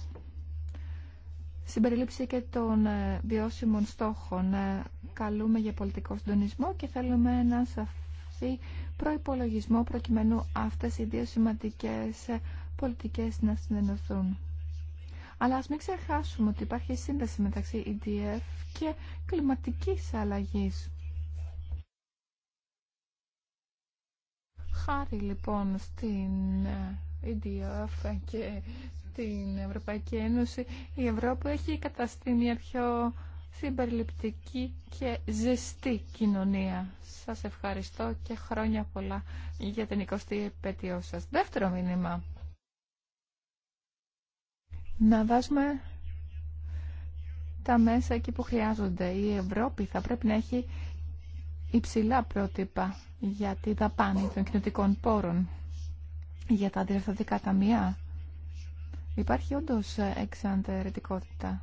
συμπεριλήψη και των ε, βιώσιμων στόχων καλούμε για πολιτικό συντονισμό και θέλουμε ένα σαφή προϋπολογισμό προκειμένου αυτές οι δύο σημαντικές πολιτικές να συνενωθούν. Αλλά ας μην ξεχάσουμε ότι υπάρχει σύνδεση μεταξύ EDF και κλιματικής αλλαγής. Χάρη λοιπόν στην ε, EDF και την Ευρωπαϊκή Ένωση, η Ευρώπη έχει καταστεί μια πιο συμπεριληπτική και ζεστή κοινωνία. Σας ευχαριστώ και χρόνια πολλά για την 20η επέτειό σας. Δεύτερο μήνυμα να βάζουμε τα μέσα εκεί που χρειάζονται. Η Ευρώπη θα πρέπει να έχει υψηλά πρότυπα για τη δαπάνη των κοινωτικών πόρων, για τα διευθυντικά ταμεία. Υπάρχει όντως εξαντερετικότητα,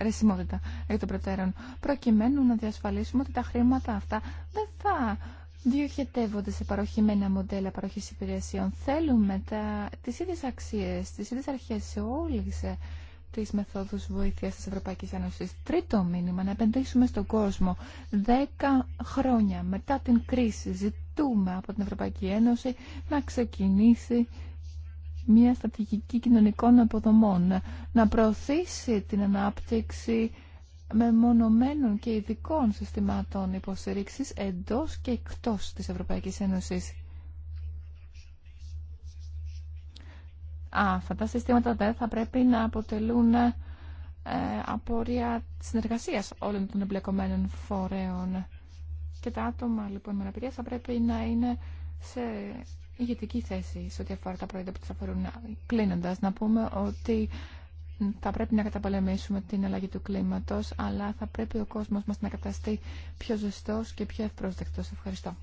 ρεσιμότητα εκ των προτέρων, προκειμένου να διασφαλίσουμε ότι τα χρήματα αυτά δεν θα διοχετεύονται σε παροχημένα μοντέλα παροχής υπηρεσιών. Θέλουμε τα, τις ίδιες αξίες, τις ίδιες αρχές σε όλες ε, τις μεθόδους βοήθειας της Ευρωπαϊκής Ένωσης. Τρίτο μήνυμα, να επενδύσουμε στον κόσμο. Δέκα χρόνια μετά την κρίση ζητούμε από την Ευρωπαϊκή Ένωση να ξεκινήσει μια στρατηγική κοινωνικών αποδομών, να προωθήσει την ανάπτυξη με μονομένων και ειδικών συστημάτων υποστηρίξης εντός και εκτός της Ευρωπαϊκής Ένωσης. αυτά τα συστήματα δεν θα πρέπει να αποτελούν ε, απορία συνεργασίας όλων των εμπλεκομένων φορέων. Και τα άτομα λοιπόν με αναπηρία θα πρέπει να είναι σε ηγετική θέση σε ό,τι αφορά τα προϊόντα που τους αφορούν. Κλείνοντας, να πούμε ότι θα πρέπει να καταπολεμήσουμε την αλλαγή του κλίματος, αλλά θα πρέπει ο κόσμος μας να καταστεί πιο ζεστός και πιο ευπρόσδεκτος. Ευχαριστώ.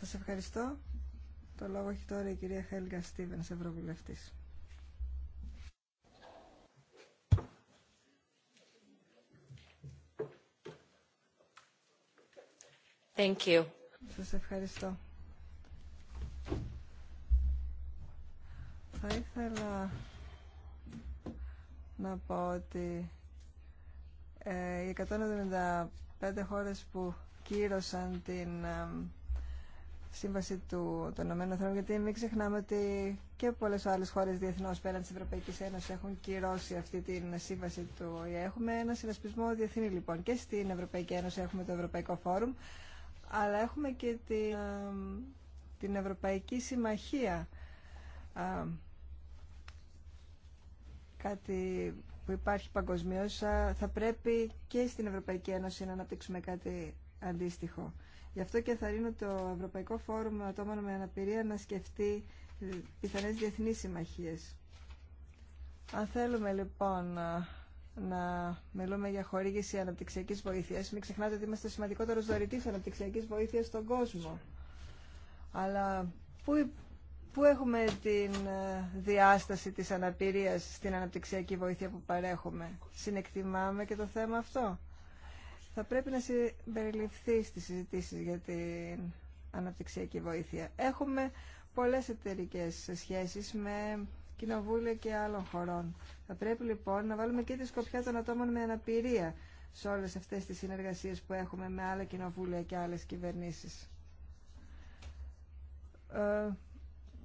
Σας ευχαριστώ. Το λόγο έχει τώρα η κυρία Χέλγα Στίβενς, Ευρωβουλευτής. Thank you. Σας ευχαριστώ. Θα ήθελα να πω ότι ε, οι 195 χώρες που κύρωσαν την ε, σύμβαση του, ΕΕ, γιατί μην ξεχνάμε ότι και πολλές άλλες χώρες διεθνώς πέραν της Ευρωπαϊκής Ένωσης έχουν κυρώσει αυτή την σύμβαση του Έχουμε ένα συνασπισμό διεθνή λοιπόν και στην Ευρωπαϊκή Ένωση έχουμε το Ευρωπαϊκό Φόρουμ, αλλά έχουμε και την, ε, την Ευρωπαϊκή Συμμαχία κάτι που υπάρχει παγκοσμίω, θα πρέπει και στην Ευρωπαϊκή Ένωση να αναπτύξουμε κάτι αντίστοιχο. Γι' αυτό και θα ρίνω το Ευρωπαϊκό Φόρουμ Ατόμων με Αναπηρία να σκεφτεί πιθανές διεθνείς συμμαχίες. Αν θέλουμε λοιπόν να μιλούμε για χορήγηση αναπτυξιακής βοήθειας, Μην ξεχνάτε ότι είμαστε ο σημαντικότερο αναπτυξιακής αναπτυξιακή στον κόσμο. Αλλά πού Πού έχουμε την ε, διάσταση της αναπηρίας στην αναπτυξιακή βοήθεια που παρέχουμε. Συνεκτιμάμε και το θέμα αυτό. Θα πρέπει να συμπεριληφθεί στις συζητήσεις για την αναπτυξιακή βοήθεια. Έχουμε πολλές εταιρικέ σχέσεις με κοινοβούλια και άλλων χωρών. Θα πρέπει λοιπόν να βάλουμε και τη σκοπιά των ατόμων με αναπηρία σε όλες αυτές τις συνεργασίες που έχουμε με άλλα κοινοβούλια και άλλες κυβερνήσεις. Ε,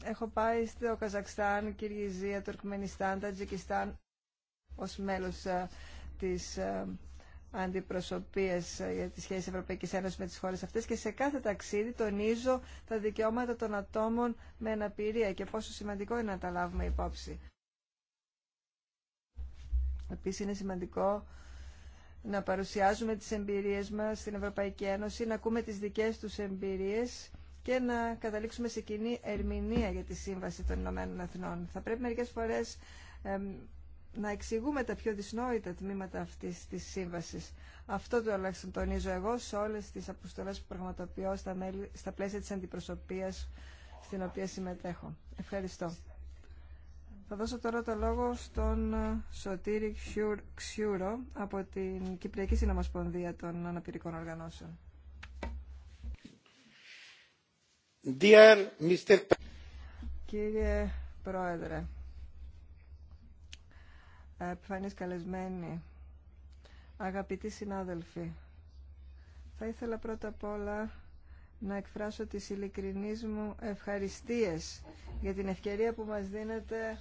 Έχω πάει στο Καζακστάν, Κυριζία, Τουρκμενιστάν, Τατζικιστάν ως μέλος ε, της ε, αντιπροσωπείας ε, για τις σχέσεις Ευρωπαϊκής Ένωσης με τις χώρες αυτές και σε κάθε ταξίδι τονίζω τα δικαιώματα των ατόμων με αναπηρία και πόσο σημαντικό είναι να τα λάβουμε υπόψη. Επίσης είναι σημαντικό να παρουσιάζουμε τις εμπειρίες μας στην Ευρωπαϊκή Ένωση, να ακούμε τις δικές τους εμπειρίες και να καταλήξουμε σε κοινή ερμηνεία για τη Σύμβαση των Ηνωμένων Εθνών. Θα πρέπει μερικές φορές να εξηγούμε τα πιο δυσνόητα τμήματα αυτής της Σύμβασης. Αυτό το τονίζω εγώ σε όλες τις αποστολές που πραγματοποιώ στα, πλαίσια της αντιπροσωπείας στην οποία συμμετέχω. Ευχαριστώ. Θα δώσω τώρα το λόγο στον ε, Σωτήρη Ξιούρο από την Κυπριακή Συνομοσπονδία των Αναπηρικών Οργανώσεων. Κύριε Πρόεδρε, επιφανείς καλεσμένοι, αγαπητοί συνάδελφοι, θα ήθελα πρώτα απ' όλα να εκφράσω τις ειλικρινείς μου ευχαριστίες για την ευκαιρία που μας δίνεται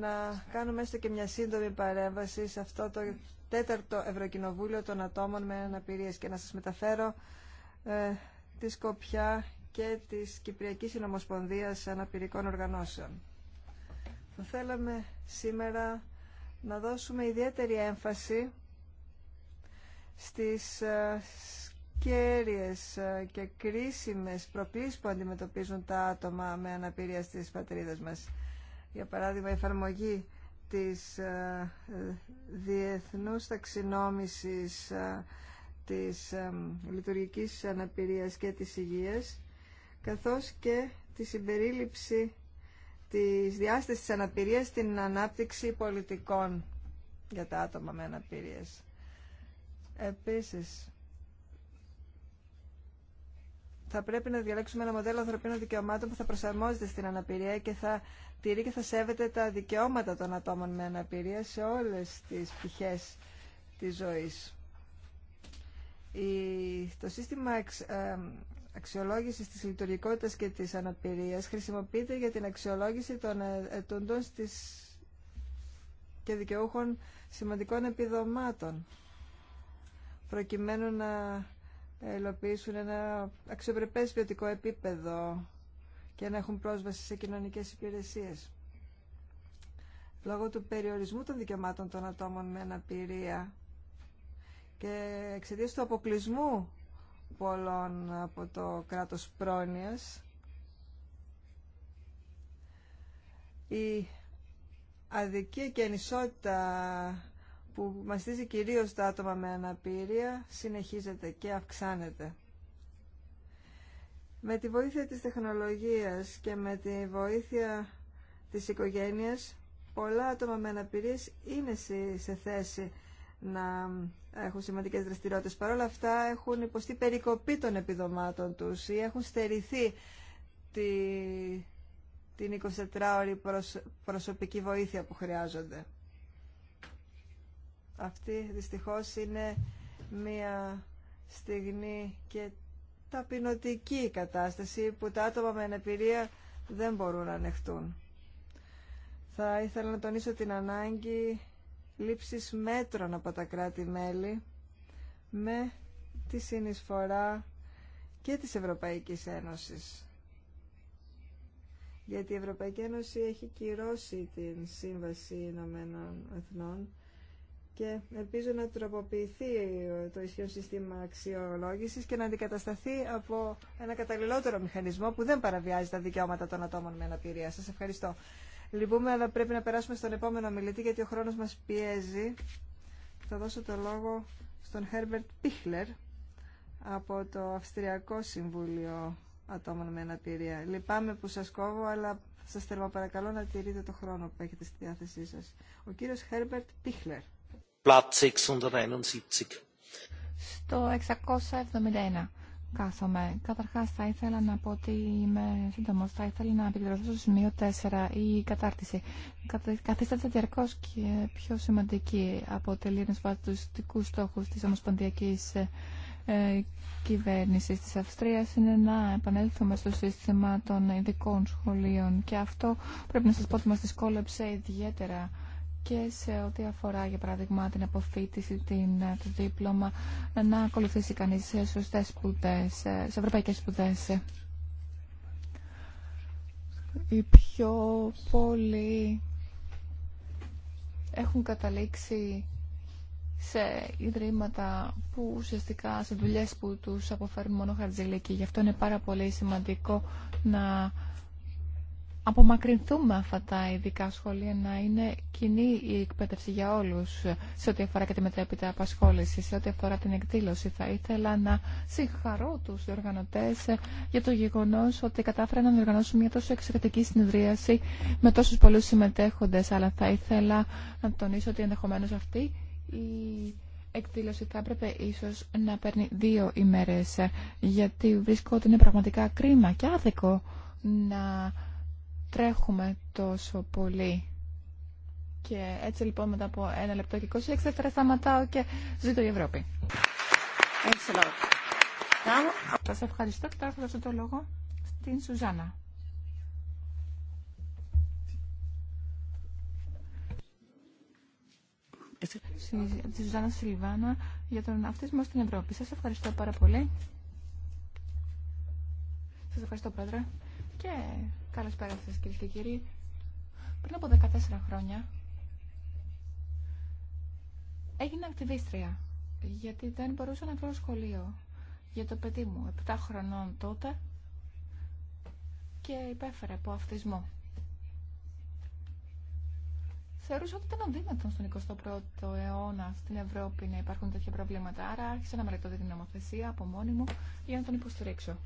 να κάνουμε έστω και μια σύντομη παρέμβαση σε αυτό το τέταρτο Ευρωκοινοβούλιο των ατόμων με αναπηρίες και να σας μεταφέρω ε, τη Σκοπιά και της Κυπριακής Συνομοσπονδίας Αναπηρικών Οργανώσεων. Θα θέλαμε σήμερα να δώσουμε ιδιαίτερη έμφαση στις ε, κέρυες ε, και κρίσιμες προπλήσεις που αντιμετωπίζουν τα άτομα με αναπηρία στις πατρίδες μας. Για παράδειγμα, η εφαρμογή της ε, διεθνούς ταξινόμησης της λειτουργικής αναπηρίας και της υγείας, καθώς και τη συμπερίληψη της διάστασης της αναπηρίας στην ανάπτυξη πολιτικών για τα άτομα με αναπηρίες. Επίσης, θα πρέπει να διαλέξουμε ένα μοντέλο ανθρωπίνων δικαιωμάτων που θα προσαρμόζεται στην αναπηρία και θα τηρεί και θα σέβεται τα δικαιώματα των ατόμων με αναπηρία σε όλες τις πτυχές της ζωής το σύστημα ε, αξιολόγησης της λειτουργικότητας και της αναπηρίας χρησιμοποιείται για την αξιολόγηση των ε, ετούντων στις και δικαιούχων σημαντικών επιδομάτων προκειμένου να υλοποιήσουν ένα αξιοπρεπές ποιοτικό επίπεδο και να έχουν πρόσβαση σε κοινωνικές υπηρεσίες. Λόγω του περιορισμού των δικαιωμάτων των ατόμων με αναπηρία και εξαιτίας του αποκλεισμού πολλών από το κράτος πρόνοιας η αδικία και ανισότητα που μαστίζει κυρίως τα άτομα με αναπηρία συνεχίζεται και αυξάνεται. Με τη βοήθεια της τεχνολογίας και με τη βοήθεια της οικογένειας πολλά άτομα με αναπηρία είναι σε θέση να έχουν σημαντικές δραστηριότητες. Παρ' όλα αυτά έχουν υποστεί περικοπή των επιδομάτων τους ή έχουν στερηθεί τη, την 24ωρη προσωπική βοήθεια που χρειάζονται. Αυτή δυστυχώς είναι μια στιγμή και ταπεινωτική κατάσταση που τα άτομα με αναπηρία δεν μπορούν να ανεχτούν. Θα ήθελα να τονίσω την ανάγκη λήψης μέτρων από τα κράτη-μέλη με τη συνεισφορά και της Ευρωπαϊκής Ένωσης. Γιατί η Ευρωπαϊκή Ένωση έχει κυρώσει την Σύμβαση Ηνωμένων Εθνών και ελπίζω να τροποποιηθεί το ισχυρό σύστημα αξιολόγησης και να αντικατασταθεί από ένα καταλληλότερο μηχανισμό που δεν παραβιάζει τα δικαιώματα των ατόμων με αναπηρία. Σας ευχαριστώ. Λυπούμε, αλλά πρέπει να περάσουμε στον επόμενο μιλητή, γιατί ο χρόνος μας πιέζει. Θα δώσω το λόγο στον Herbert Pichler από το Αυστριακό Συμβούλιο Ατόμων με Αναπηρία. Λυπάμαι που σας κόβω, αλλά σας θέλω παρακαλώ να τηρείτε το χρόνο που έχετε στη διάθεσή σας. Ο κύριος Herbert Pichler. Στο 671 κάθομαι. Καταρχάς θα ήθελα να πω ότι είμαι σύντομο. Θα ήθελα να επικεντρωθώ στο σημείο 4, η κατάρτιση. Καθίσταται διαρκώ και πιο σημαντική. Αποτελεί ένα από του δικού στόχου τη Ομοσπονδιακή ε, Κυβέρνηση τη Αυστρία είναι να επανέλθουμε στο σύστημα των ειδικών σχολείων. Και αυτό πρέπει να σα πω ότι μα δυσκόλεψε ιδιαίτερα και σε ό,τι αφορά, για παράδειγμα, την αποφύτιση, την, το δίπλωμα, να ακολουθήσει κανείς σε σωστές σπουδές, σε ευρωπαϊκές σπουδές. Οι πιο πολλοί έχουν καταλήξει σε ιδρύματα που ουσιαστικά σε δουλειές που τους αποφέρουν μόνο χαρτζηλίκη. Γι' αυτό είναι πάρα πολύ σημαντικό να απομακρυνθούμε αυτά τα ειδικά σχολεία να είναι κοινή η εκπαίδευση για όλους σε ό,τι αφορά και τη μετέπειτα απασχόληση, σε ό,τι αφορά την εκδήλωση. Θα ήθελα να συγχαρώ τους οργανωτές για το γεγονός ότι κατάφεραν να διοργανώσουν μια τόσο εξαιρετική συνεδρίαση με τόσους πολλούς συμμετέχοντες, αλλά θα ήθελα να τονίσω ότι ενδεχομένως αυτή η εκδήλωση θα έπρεπε ίσως να παίρνει δύο ημέρες, γιατί βρίσκω ότι είναι πραγματικά κρίμα και άδικο να τρέχουμε τόσο πολύ. Και έτσι λοιπόν μετά από ένα λεπτό και θα σταματάω και ζήτω η Ευρώπη. Σα ευχαριστώ και τώρα θα δώσω το λόγο στην Σουζάνα. Τη Σουζάνα Σιλιβάνα για τον αυτισμό στην Ευρώπη. Σας ευχαριστώ πάρα πολύ. Σας ευχαριστώ, Πρόεδρε. Και Καλησπέρα σα κυρίε και κύριοι. Πριν από 14 χρόνια έγινα ακτιβίστρια γιατί δεν μπορούσα να βρω σχολείο για το παιδί μου 7 χρονών τότε και υπέφερε από αυτισμό. Θεωρούσα ότι ήταν αδύνατον στον 21ο αιώνα στην Ευρώπη να υπάρχουν τέτοια προβλήματα, άρα άρχισα να μελετώ την νομοθεσία από μόνη μου για να τον υποστηρίξω.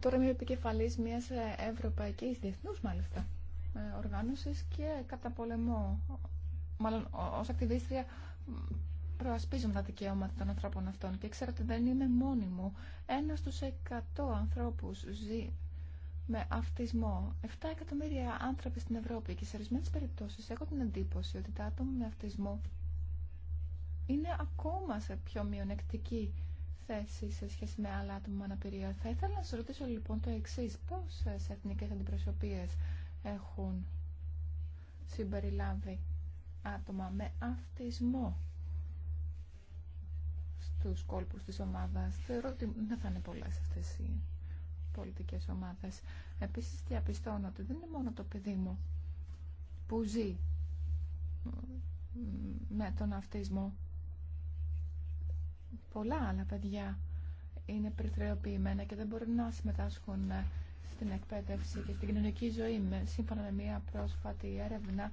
Τώρα είμαι επικεφαλή μια ε, Ευρωπαϊκή διεθνούς μάλιστα, ε, οργάνωσης και κατά πολεμό. μάλλον ω ακτιβίστρια προασπίζουν τα δικαιώματα των ανθρώπων αυτών και ξέρω ότι δεν είμαι μόνη μου. Ένα στου 100 ανθρώπου ζει με αυτισμό. 7 εκατομμύρια άνθρωποι στην Ευρώπη και σε ορισμένε περιπτώσει έχω την εντύπωση ότι τα άτομα με αυτισμό είναι ακόμα σε πιο μειονεκτική θέση σε σχέση με άλλα άτομα με αναπηρία. Θα ήθελα να σα ρωτήσω λοιπόν το εξή. Πόσε εθνικέ αντιπροσωπείε έχουν συμπεριλάβει άτομα με αυτισμό στους κόλπους της ομάδας. Θεωρώ ότι δεν θα είναι πολλέ αυτές οι πολιτικές ομάδες. Επίση διαπιστώνω ότι δεν είναι μόνο το παιδί μου που ζει με τον αυτισμό πολλά άλλα παιδιά είναι περιθωριοποιημένα και δεν μπορούν να συμμετάσχουν ε, στην εκπαίδευση και στην κοινωνική ζωή. σύμφωνα με μια πρόσφατη έρευνα,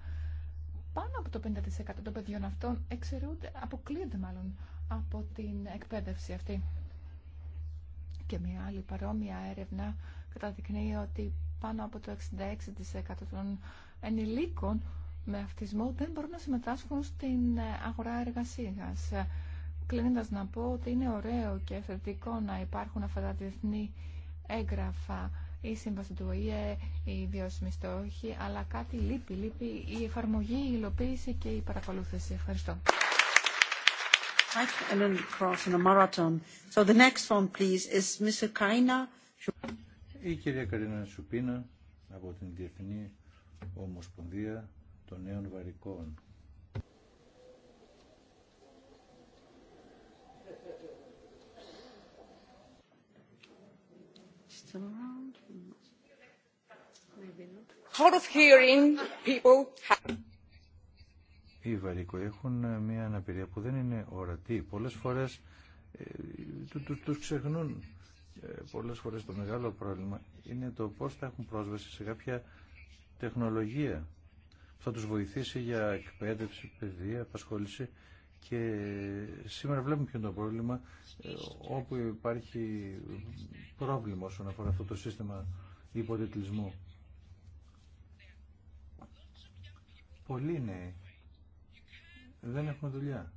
πάνω από το 50% των παιδιών αυτών εξαιρούνται, αποκλείονται μάλλον από την εκπαίδευση αυτή. Και μια άλλη παρόμοια έρευνα καταδεικνύει ότι πάνω από το 66% των ενηλίκων με αυτισμό δεν μπορούν να συμμετάσχουν στην ε, αγορά εργασίας Κλείνοντα να πω ότι είναι ωραίο και θετικό να υπάρχουν αυτά τα διεθνή έγγραφα, η σύμβαση του ΟΗΕ, οι βιώσιμοι αλλά κάτι λείπει, λείπει η εφαρμογή, η υλοποίηση και η παρακολούθηση. Ευχαριστώ. Η κυρία Καρίνα Σουπίνα από την Διεθνή Ομοσπονδία των Νέων Βαρικών. Οι έχουν ε, μια αναπηρία που δεν είναι ορατή. Πολλές φορές ε, του, τους ξεχνούν. Ε, πολλές φορές το μεγάλο πρόβλημα είναι το πώς θα έχουν πρόσβαση σε κάποια τεχνολογία που θα τους βοηθήσει για εκπαίδευση, παιδεία, απασχόληση. Και σήμερα βλέπουμε ποιο είναι το πρόβλημα ε, όπου υπάρχει πρόβλημα όσον αφορά αυτό το σύστημα υποτιτλισμού. Πολλοί νέοι δεν έχουν δουλειά.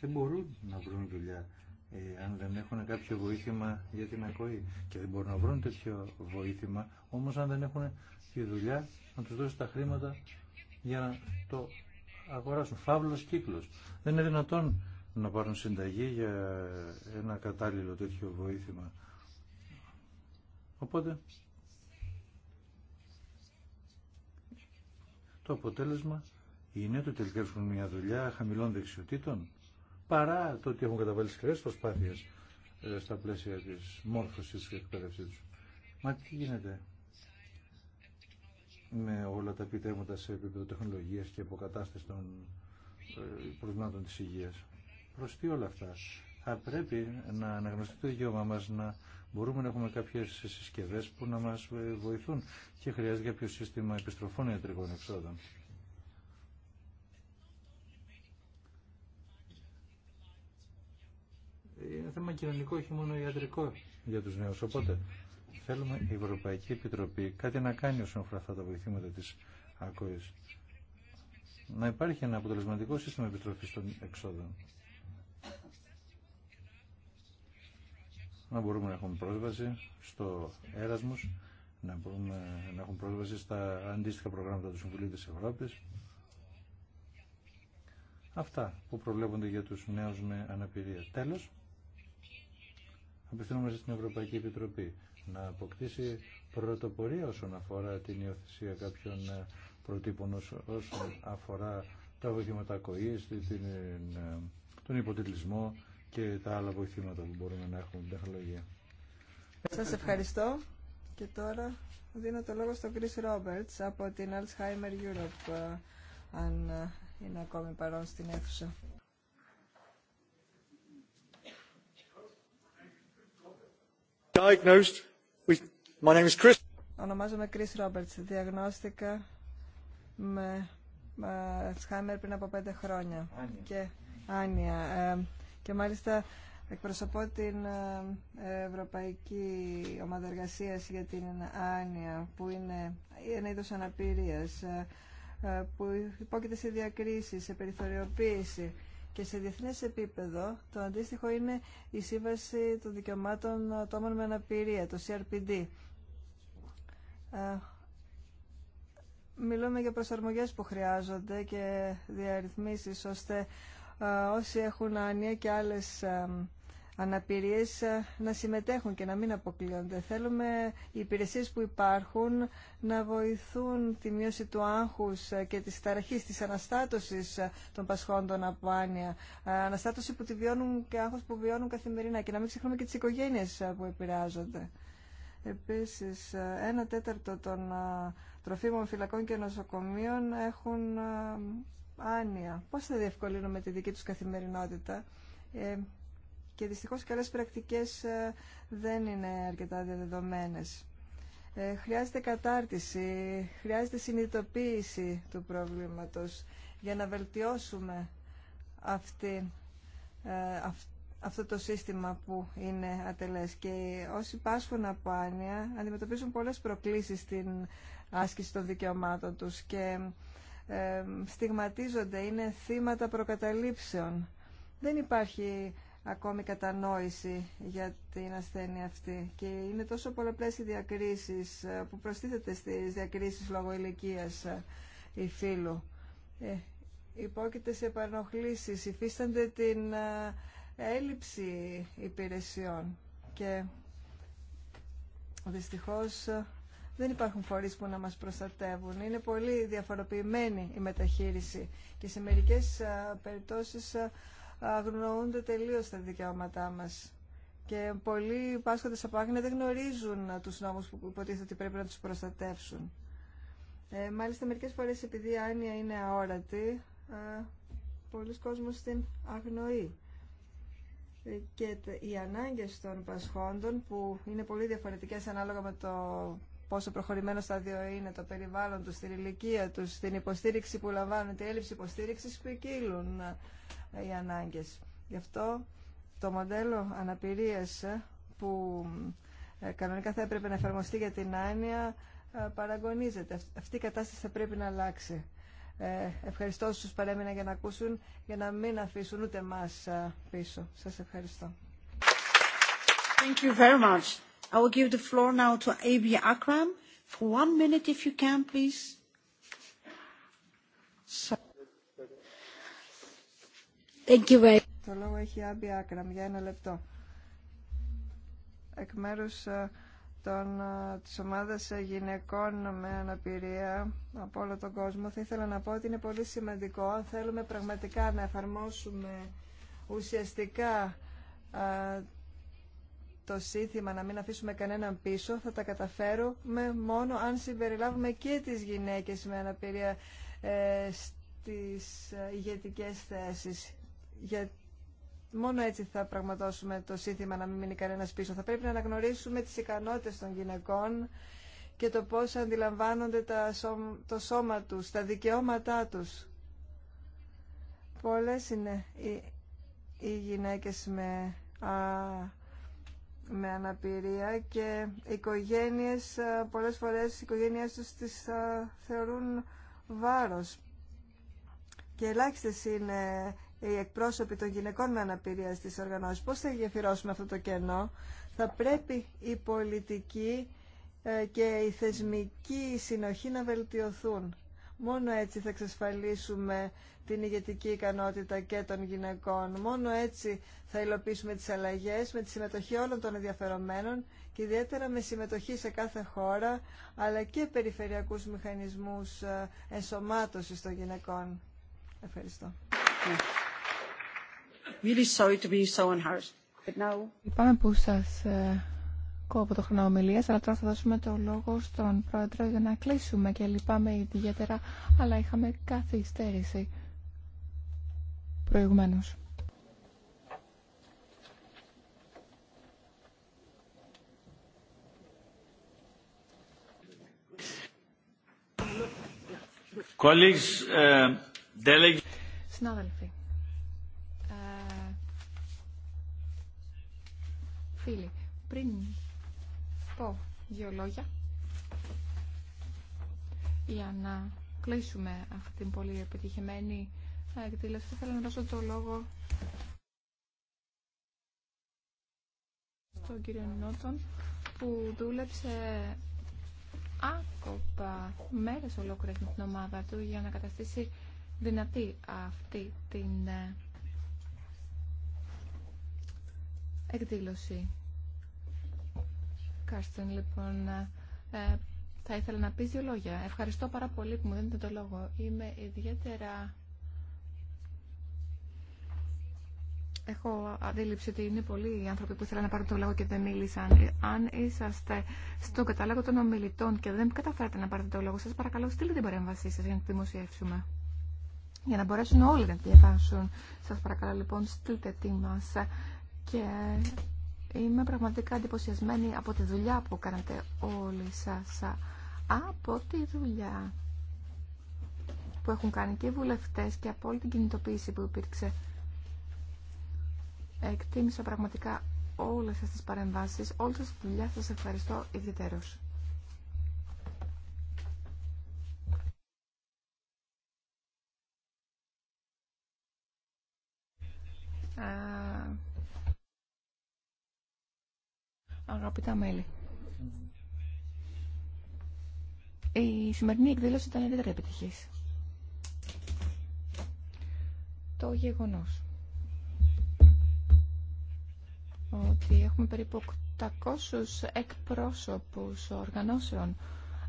Δεν μπορούν να βρουν δουλειά ε, αν δεν έχουν κάποιο βοήθημα για την ακοή. Και δεν μπορούν να βρουν τέτοιο βοήθημα, όμως αν δεν έχουν τη δουλειά να τους δώσει τα χρήματα για να το αγοράσουν. Φαύλο κύκλο. Δεν είναι δυνατόν να πάρουν συνταγή για ένα κατάλληλο τέτοιο βοήθημα. Οπότε, το αποτέλεσμα είναι ότι τελικά έχουν μια δουλειά χαμηλών δεξιοτήτων, παρά το ότι έχουν καταβάλει σκληρές προσπάθειε ε, στα πλαίσια της μόρφωσης και εκπαίδευσής τους. Μα τι γίνεται με όλα τα επιτεύγματα σε επίπεδο τεχνολογίας και αποκατάσταση των ε, προβλημάτων της υγείας. Προς τι όλα αυτά. Θα πρέπει να αναγνωστεί το δικαίωμα μας να μπορούμε να έχουμε κάποιες συσκευές που να μας ε, βοηθούν και χρειάζεται κάποιο σύστημα επιστροφών ιατρικών εξόδων. Είναι θέμα κοινωνικό, όχι μόνο ιατρικό για τους νέους. Οπότε Θέλουμε η Ευρωπαϊκή Επιτροπή κάτι να κάνει όσον αφορά αυτά τα βοηθήματα της ακοής. Να υπάρχει ένα αποτελεσματικό σύστημα επιτροφής των εξόδων. Να μπορούμε να έχουμε πρόσβαση στο έρασμος, να μπορούμε να έχουμε πρόσβαση στα αντίστοιχα προγράμματα του Συμβουλίου της Ευρώπης. Αυτά που προβλέπονται για τους νέους με αναπηρία. Τέλος, απευθυνόμαστε στην Ευρωπαϊκή Επιτροπή να αποκτήσει πρωτοπορία όσον αφορά την υιοθεσία κάποιων ε, προτύπων όσον αφορά τα βοηθήματα ακοής, ε, τον υποτιτλισμό και τα άλλα βοηθήματα που μπορούμε να έχουμε την τεχνολογία. Σας ευχαριστώ και τώρα δίνω το λόγο στον Chris Roberts από την Alzheimer Europe ε, αν είναι ακόμη παρόν στην αίθουσα. Diagnosed My name Chris. Ονομάζομαι Chris Roberts. Διαγνώστηκα με Alzheimer πριν από πέντε χρόνια. Και Άνια. Ε, και μάλιστα εκπροσωπώ την ε, Ευρωπαϊκή Ομάδα Εργασία για την Άνια, που είναι ένα είδο αναπηρία, ε, που υπόκειται σε διακρίσει, σε περιθωριοποίηση. Και σε διεθνέ επίπεδο το αντίστοιχο είναι η Σύμβαση των Δικαιωμάτων Ατόμων με Αναπηρία, το CRPD. Ε, μιλούμε για προσαρμογές που χρειάζονται και διαρρυθμίσεις ώστε ε, όσοι έχουν άνοια και άλλες ε, αναπηρίες ε, να συμμετέχουν και να μην αποκλείονται. Θέλουμε οι υπηρεσίες που υπάρχουν να βοηθούν τη μείωση του άγχους ε, και της ταραχής, της αναστάτωσης ε, των πασχόντων από άνοια. Αναστάτωση που τη βιώνουν και άγχος που βιώνουν καθημερινά και να μην ξεχνούμε και τις οικογένειες που επηρεάζονται. Επίσης, ένα τέταρτο των τροφίμων φυλακών και νοσοκομείων έχουν άνοια. Πώς θα διευκολύνουμε τη δική τους καθημερινότητα και δυστυχώς καλές πρακτικές ε, δεν είναι αρκετά διαδεδομένες. Ε, χρειάζεται κατάρτιση, χρειάζεται συνειδητοποίηση του προβλήματος για να βελτιώσουμε αυτή, ε, αυτό το σύστημα που είναι ατελές. Και όσοι πάσχουν από άνοια αντιμετωπίζουν πολλές προκλήσεις στην άσκηση των δικαιωμάτων τους και στιγματίζονται, είναι θύματα προκαταλήψεων. Δεν υπάρχει ακόμη κατανόηση για την ασθένεια αυτή. Και είναι τόσο πολλαπλές οι διακρίσεις ε, που προστίθεται στις διακρίσεις λόγω ηλικίας ή ε, φύλου. Ε, υπόκειται σε επανοχλήσεις, υφίστανται την ε, έλλειψη υπηρεσιών και δυστυχώς δεν υπάρχουν φορείς που να μας προστατεύουν. Είναι πολύ διαφοροποιημένη η μεταχείριση και σε μερικές περιπτώσεις αγνοούνται τελείως τα δικαιώματά μας. Και πολλοί πάσχοντες από άγνοια δεν γνωρίζουν τους νόμους που υποτίθεται ότι πρέπει να τους προστατεύσουν. Ε, μάλιστα μερικές φορές επειδή η άνοια είναι αόρατη, ε, πολλοί κόσμοι την αγνοεί. Ε, και οι ανάγκες των πασχόντων που είναι πολύ διαφορετικές ανάλογα με το πόσο προχωρημένο στάδιο είναι το περιβάλλον του την ηλικία του, την υποστήριξη που λαμβάνουν, την έλλειψη υποστήριξης που εκείλουν ε, οι ανάγκες. Γι' αυτό το μοντέλο αναπηρία ε, που ε, κανονικά θα έπρεπε να εφαρμοστεί για την άνοια παραγωνίζεται. Αυτή η κατάσταση θα πρέπει να αλλάξει. Ευχαριστώ όσους παρέμειναν για να ακούσουν, για να μην αφήσουν ούτε εμάς πίσω. Σας ευχαριστώ. Thank you very much. I will give the floor now to A.B. Akram for one minute, if you can, please. Thank you very Το λόγο έχει Άμπι Άκραμ για ένα λεπτό. Εκ μέρους ε, των, ε, της ομάδας ε, γυναικών με αναπηρία από όλο τον κόσμο θα ήθελα να πω ότι είναι πολύ σημαντικό αν θέλουμε πραγματικά να εφαρμόσουμε ουσιαστικά το σύνθημα να μην αφήσουμε κανέναν πίσω θα τα καταφέρουμε μόνο αν συμπεριλάβουμε και τις γυναίκες με αναπηρία ε, στις ηγετικές θέσεις. Για... Μόνο έτσι θα πραγματώσουμε το σύνθημα να μην μείνει κανένας πίσω. Θα πρέπει να αναγνωρίσουμε τις ικανότητες των γυναικών και το πώς αντιλαμβάνονται το σώμα τους, τα δικαιώματά τους. Πολλές είναι οι, οι γυναίκες με α, με αναπηρία και οικογένειες, ε, πολλές φορές οι οικογένειές τους τις ε, θεωρούν βάρος. Και ελάχιστε είναι οι εκπρόσωποι των γυναικών με αναπηρία στις οργανώσεις. Πώς θα γεφυρώσουμε αυτό το κενό. Θα πρέπει η πολιτική ε, και η θεσμική συνοχή να βελτιωθούν. Μόνο έτσι θα εξασφαλίσουμε την ηγετική ικανότητα και των γυναικών. Μόνο έτσι θα υλοποιήσουμε τις αλλαγές με τη συμμετοχή όλων των ενδιαφερομένων και ιδιαίτερα με συμμετοχή σε κάθε χώρα, αλλά και περιφερειακούς μηχανισμούς ε, ενσωμάτωσης των γυναικών. Ευχαριστώ. Really but now... που ε, από το χρόνο αλλά τώρα θα δώσουμε το λόγο στον Πρόεδρο για να κλείσουμε και λυπάμαι ιδιαίτερα, αλλά είχαμε καθυστέρηση προηγουμένως. Colleagues, uh, Συνάδελφοι, ε, φίλοι, πριν πω δύο λόγια για να κλείσουμε αυτή την πολύ επιτυχημένη ε, εκδήλωση. Θέλω να δώσω το λόγο στον κύριο Νότον που δούλεψε άκοπα μέρες ολόκληρες με την ομάδα του για να καταστήσει δυνατή αυτή την ε, εκδήλωση. Κάρστον, λοιπόν, ε, θα ήθελα να πεις δύο λόγια. Ευχαριστώ πάρα πολύ που μου δίνετε το λόγο. Είμαι ιδιαίτερα... Έχω αντίληψη ότι είναι πολλοί οι άνθρωποι που ήθελαν να πάρουν το λόγο και δεν μίλησαν. Αν είσαστε στον κατάλογο των ομιλητών και δεν καταφέρατε να πάρετε το λόγο σας, παρακαλώ στείλτε την παρέμβασή σας για να τη δημοσιεύσουμε. Για να μπορέσουν όλοι να τη διαβάσουν. Σας παρακαλώ λοιπόν στείλτε τι μας και Είμαι πραγματικά εντυπωσιασμένη από τη δουλειά που κάνατε όλοι σας. Από τη δουλειά που έχουν κάνει και οι βουλευτές και από όλη την κινητοποίηση που υπήρξε. Εκτίμησα πραγματικά όλες σας τις παρεμβάσεις, όλες σας τη δουλειά σας ευχαριστώ ιδιαίτερως. Αγαπητά μέλη. Η σημερινή εκδήλωση ήταν ιδιαίτερα επιτυχη. Το γεγονό. ότι έχουμε περίπου 800 εκπρόσωπους οργανώσεων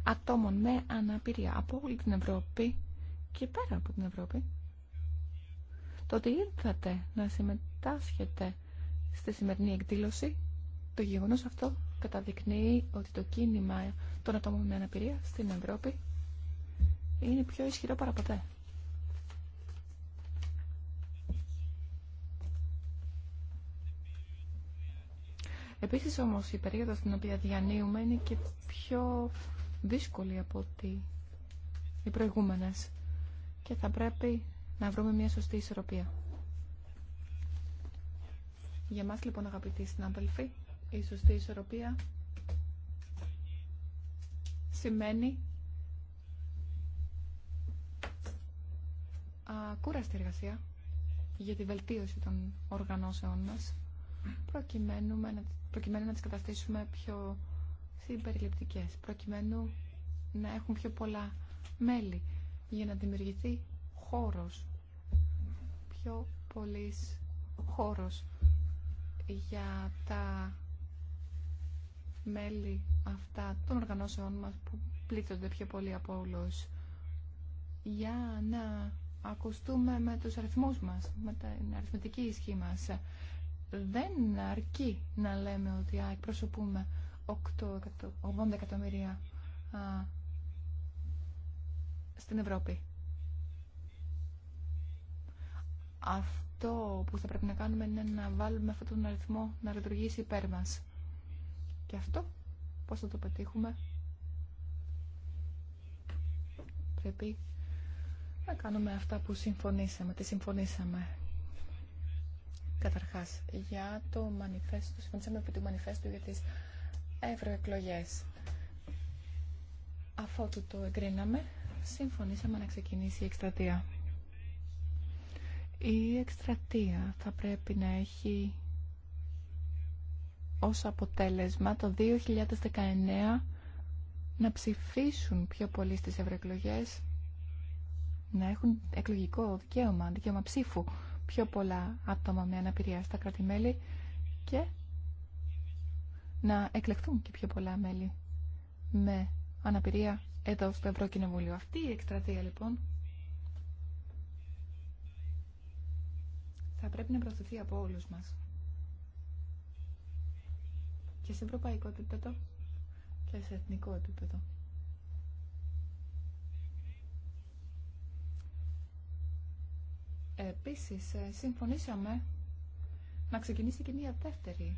ατόμων με αναπηρία από όλη την Ευρώπη και πέρα από την Ευρώπη. Το ότι ήρθατε να συμμετάσχετε στη σημερινή εκδήλωση το γεγονό αυτό καταδεικνύει ότι το κίνημα των ατόμων με αναπηρία στην Ευρώπη είναι πιο ισχυρό παραποτέ. Επίσης όμως η περίοδος στην οποία διανύουμε είναι και πιο δύσκολη από ότι οι προηγούμενες και θα πρέπει να βρούμε μια σωστή ισορροπία. Για μας λοιπόν αγαπητοί συνάδελφοι, η σωστή ισορροπία σημαίνει ακούραστη εργασία για τη βελτίωση των οργανώσεών μας προκειμένου να, προκειμένου να τις καταστήσουμε πιο συμπεριληπτικές, προκειμένου να έχουν πιο πολλά μέλη για να δημιουργηθεί χώρος, πιο πολύς χώρος για τα μέλη αυτά των οργανώσεών μας που πλήττονται πιο πολύ από όλους για να ακουστούμε με τους αριθμούς μας, με την αριθμητική ισχύ μας. Δεν αρκεί να λέμε ότι α, εκπροσωπούμε 80 εκατομμύρια στην Ευρώπη. Αυτό που θα πρέπει να κάνουμε είναι να βάλουμε αυτόν τον αριθμό να λειτουργήσει υπέρ μας. Και αυτό πώς θα το πετύχουμε. Πρέπει να κάνουμε αυτά που συμφωνήσαμε, τι συμφωνήσαμε. Καταρχάς, για το μανιφέστο, συμφωνήσαμε επί του μανιφέστου για τις ευρωεκλογέ. Αφότου το εγκρίναμε, συμφωνήσαμε να ξεκινήσει η εκστρατεία. Η εκστρατεία θα πρέπει να έχει ως αποτέλεσμα το 2019 να ψηφίσουν πιο πολύ στις ευρωεκλογέ, να έχουν εκλογικό δικαίωμα, δικαίωμα ψήφου πιο πολλά άτομα με αναπηρία στα κράτη-μέλη και να εκλεχθούν και πιο πολλά μέλη με αναπηρία εδώ στο Ευρωκοινοβούλιο. Αυτή η εκστρατεία λοιπόν θα πρέπει να προωθηθεί από όλους μας και σε ευρωπαϊκό επίπεδο και σε εθνικό επίπεδο. Επίσης, ε, συμφωνήσαμε να ξεκινήσει και μια δεύτερη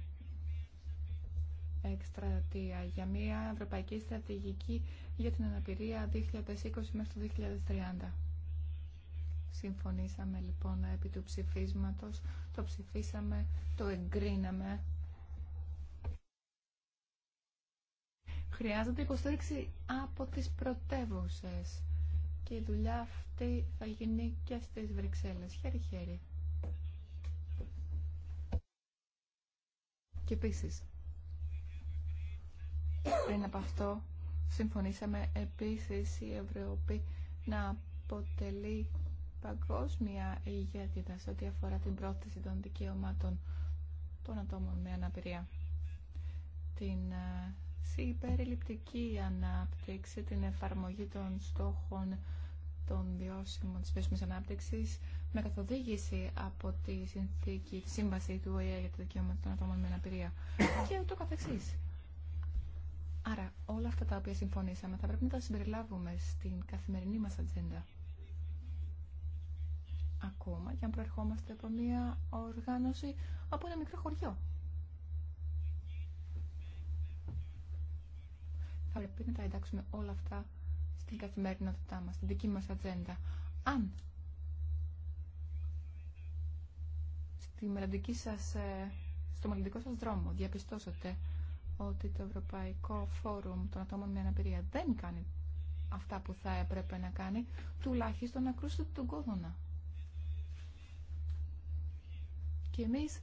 εκστρατεία για μια ευρωπαϊκή στρατηγική για την αναπηρία 2020 μέχρι το 2030. Συμφωνήσαμε λοιπόν επί του ψηφίσματος, το ψηφίσαμε, το εγκρίναμε Χρειάζεται υποστήριξη από τις πρωτεύουσε. Και η δουλειά αυτή θα γίνει και στις Βρυξέλλες, χέρι-χέρι. Και επίσης, πριν από αυτό, συμφωνήσαμε επίσης η Ευρώπη να αποτελεί παγκόσμια ηγέτητα σε ό,τι αφορά την πρόθεση των δικαιωμάτων των ατόμων με αναπηρία. Την ε, υπερληπτική ανάπτυξη, την εφαρμογή των στόχων των βιώσιμων της βιώσιμης ανάπτυξης με καθοδήγηση από τη συνθήκη, τη σύμβαση του ΟΕΑ για τα δικαιώματα των ατόμων με αναπηρία και ούτω καθεξής. Άρα όλα αυτά τα οποία συμφωνήσαμε θα πρέπει να τα συμπεριλάβουμε στην καθημερινή μας ατζέντα. Ακόμα και αν προερχόμαστε από μια οργάνωση από ένα μικρό χωριό θα πρέπει να τα εντάξουμε όλα αυτά στην καθημερινότητά μας, στην δική μας ατζέντα. Αν στη μελλοντική σας, ε, στο μελλοντικό σας δρόμο διαπιστώσετε ότι το Ευρωπαϊκό Φόρουμ των Ατόμων με Αναπηρία δεν κάνει αυτά που θα έπρεπε να κάνει, τουλάχιστον να κρούσετε τον κόδωνα. Και εμείς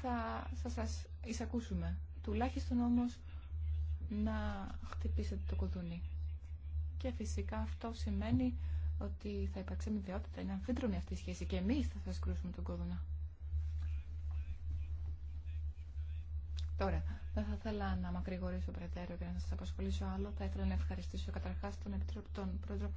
θα, θα σας εισακούσουμε. Τουλάχιστον όμως να χτυπήσετε το κουδούνι. Και φυσικά αυτό σημαίνει ότι θα υπάρξει αμοιβαιότητα, είναι αμφίδρομη αυτή η σχέση και εμείς θα σας κρούσουμε τον κόδωνα. Τώρα, δεν θα ήθελα να μακρηγορήσω περαιτέρω και να σας απασχολήσω άλλο. Θα ήθελα να ευχαριστήσω καταρχάς τον Επιτρόπο, τον Πρόεδρο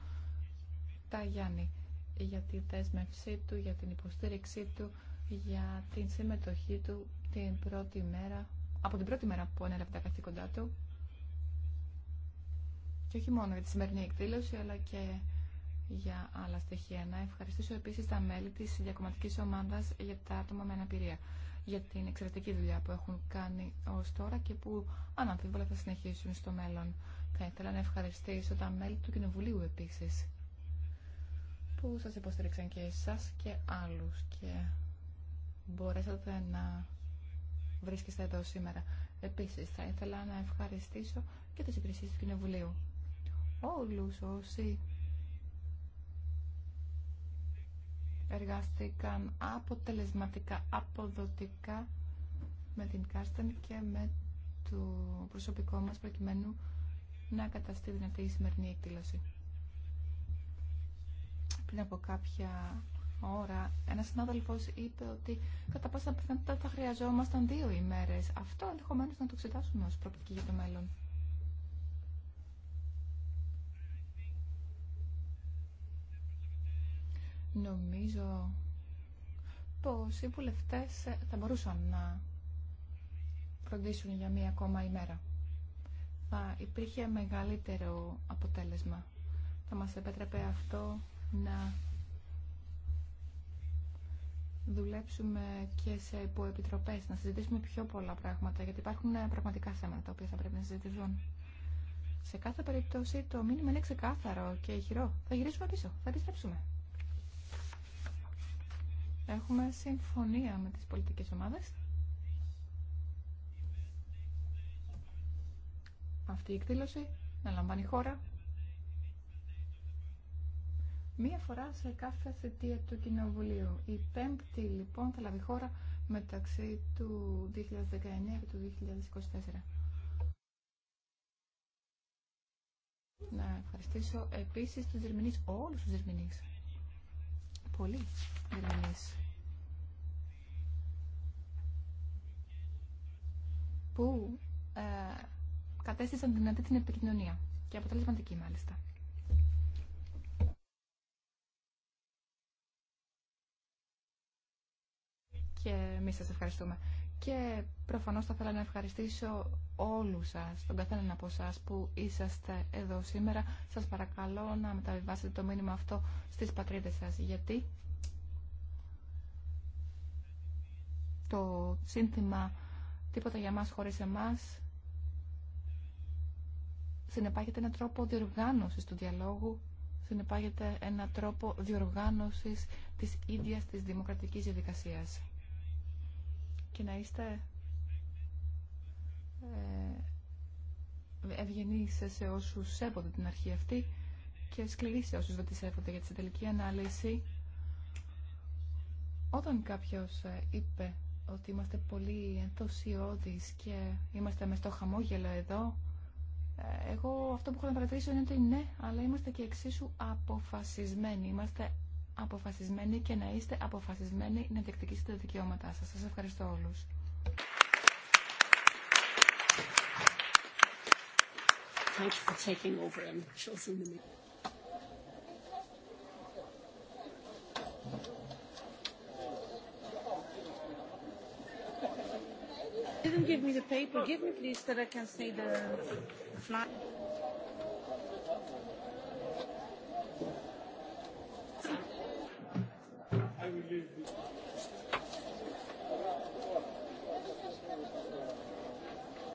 Ταγιάννη για τη δέσμευσή του, για την υποστήριξή του, για την συμμετοχή του την πρώτη μέρα, από την πρώτη μέρα που ανέλαβε τα καθήκοντά του και όχι μόνο για τη σημερινή εκδήλωση, αλλά και για άλλα στοιχεία. Να ευχαριστήσω επίση τα μέλη τη διακομματική ομάδα για τα άτομα με αναπηρία για την εξαιρετική δουλειά που έχουν κάνει ω τώρα και που αναμφίβολα θα συνεχίσουν στο μέλλον. Θα ήθελα να ευχαριστήσω τα μέλη του Κοινοβουλίου επίση που σα υποστήριξαν και εσά και άλλου και μπορέσατε να βρίσκεστε εδώ σήμερα. Επίση, θα ήθελα να ευχαριστήσω και τι υπηρεσίε του Κοινοβουλίου όλους όσοι εργάστηκαν αποτελεσματικά, αποδοτικά με την Κάρσταν και με το προσωπικό μας προκειμένου να καταστεί δυνατή η σημερινή εκδήλωση. Πριν από κάποια ώρα, ένα συνάδελφο είπε ότι κατά πάσα πιθανότητα θα χρειαζόμασταν δύο ημέρε. Αυτό ενδεχομένω να το εξετάσουμε ω προοπτική για το μέλλον. Νομίζω πως οι βουλευτέ θα μπορούσαν να φροντίσουν για μία ακόμα ημέρα. Θα υπήρχε μεγαλύτερο αποτέλεσμα. Θα μας επέτρεπε αυτό να δουλέψουμε και σε υποεπιτροπές, να συζητήσουμε πιο πολλά πράγματα, γιατί υπάρχουν πραγματικά θέματα τα οποία θα πρέπει να συζητηθούν. Σε κάθε περίπτωση το μήνυμα είναι ξεκάθαρο και χειρό. Θα γυρίσουμε πίσω, θα επιστρέψουμε. Έχουμε συμφωνία με τις πολιτικές ομάδες. Αυτή η εκδήλωση να λαμβάνει χώρα μία φορά σε κάθε θητεία του Κοινοβουλίου. Η πέμπτη λοιπόν θα λάβει χώρα μεταξύ του 2019 και του 2024. Να ευχαριστήσω επίσης τους Δερμηνείς, όλους τους Δερμηνείς. Πολύ Που ε, κατέστησαν δυνατή την επικοινωνία και αποτελεσματική μάλιστα. Και εμεί σα ευχαριστούμε και προφανώς θα ήθελα να ευχαριστήσω όλους σας, τον καθέναν από εσά που είσαστε εδώ σήμερα. Σας παρακαλώ να μεταβιβάσετε το μήνυμα αυτό στις πατρίδες σας, γιατί το σύνθημα «Τίποτα για μας χωρίς εμάς» συνεπάγεται ένα τρόπο διοργάνωσης του διαλόγου, συνεπάγεται ένα τρόπο διοργάνωσης της ίδιας της δημοκρατικής διαδικασίας και να είστε ε, ευγενείς σε όσους σέβονται την αρχή αυτή και σκληροί σε όσους δεν τη σέβονται για τη τελική ανάλυση. Όταν κάποιος ε, είπε ότι είμαστε πολύ ενθουσιώδεις και είμαστε με στο χαμόγελο εδώ, ε, εγώ αυτό που έχω να παρατηρήσω είναι ότι ναι, αλλά είμαστε και εξίσου αποφασισμένοι. Είμαστε αποφασισμένοι και να είστε αποφασισμένοι να διεκδικήσετε τα δικαιώματά σας. Σας ευχαριστώ όλους. Thank you for taking over and choosing the meeting. Didn't give me the paper. Give me please that I can say the flight. Υπότιτλοι AUTHORWAVE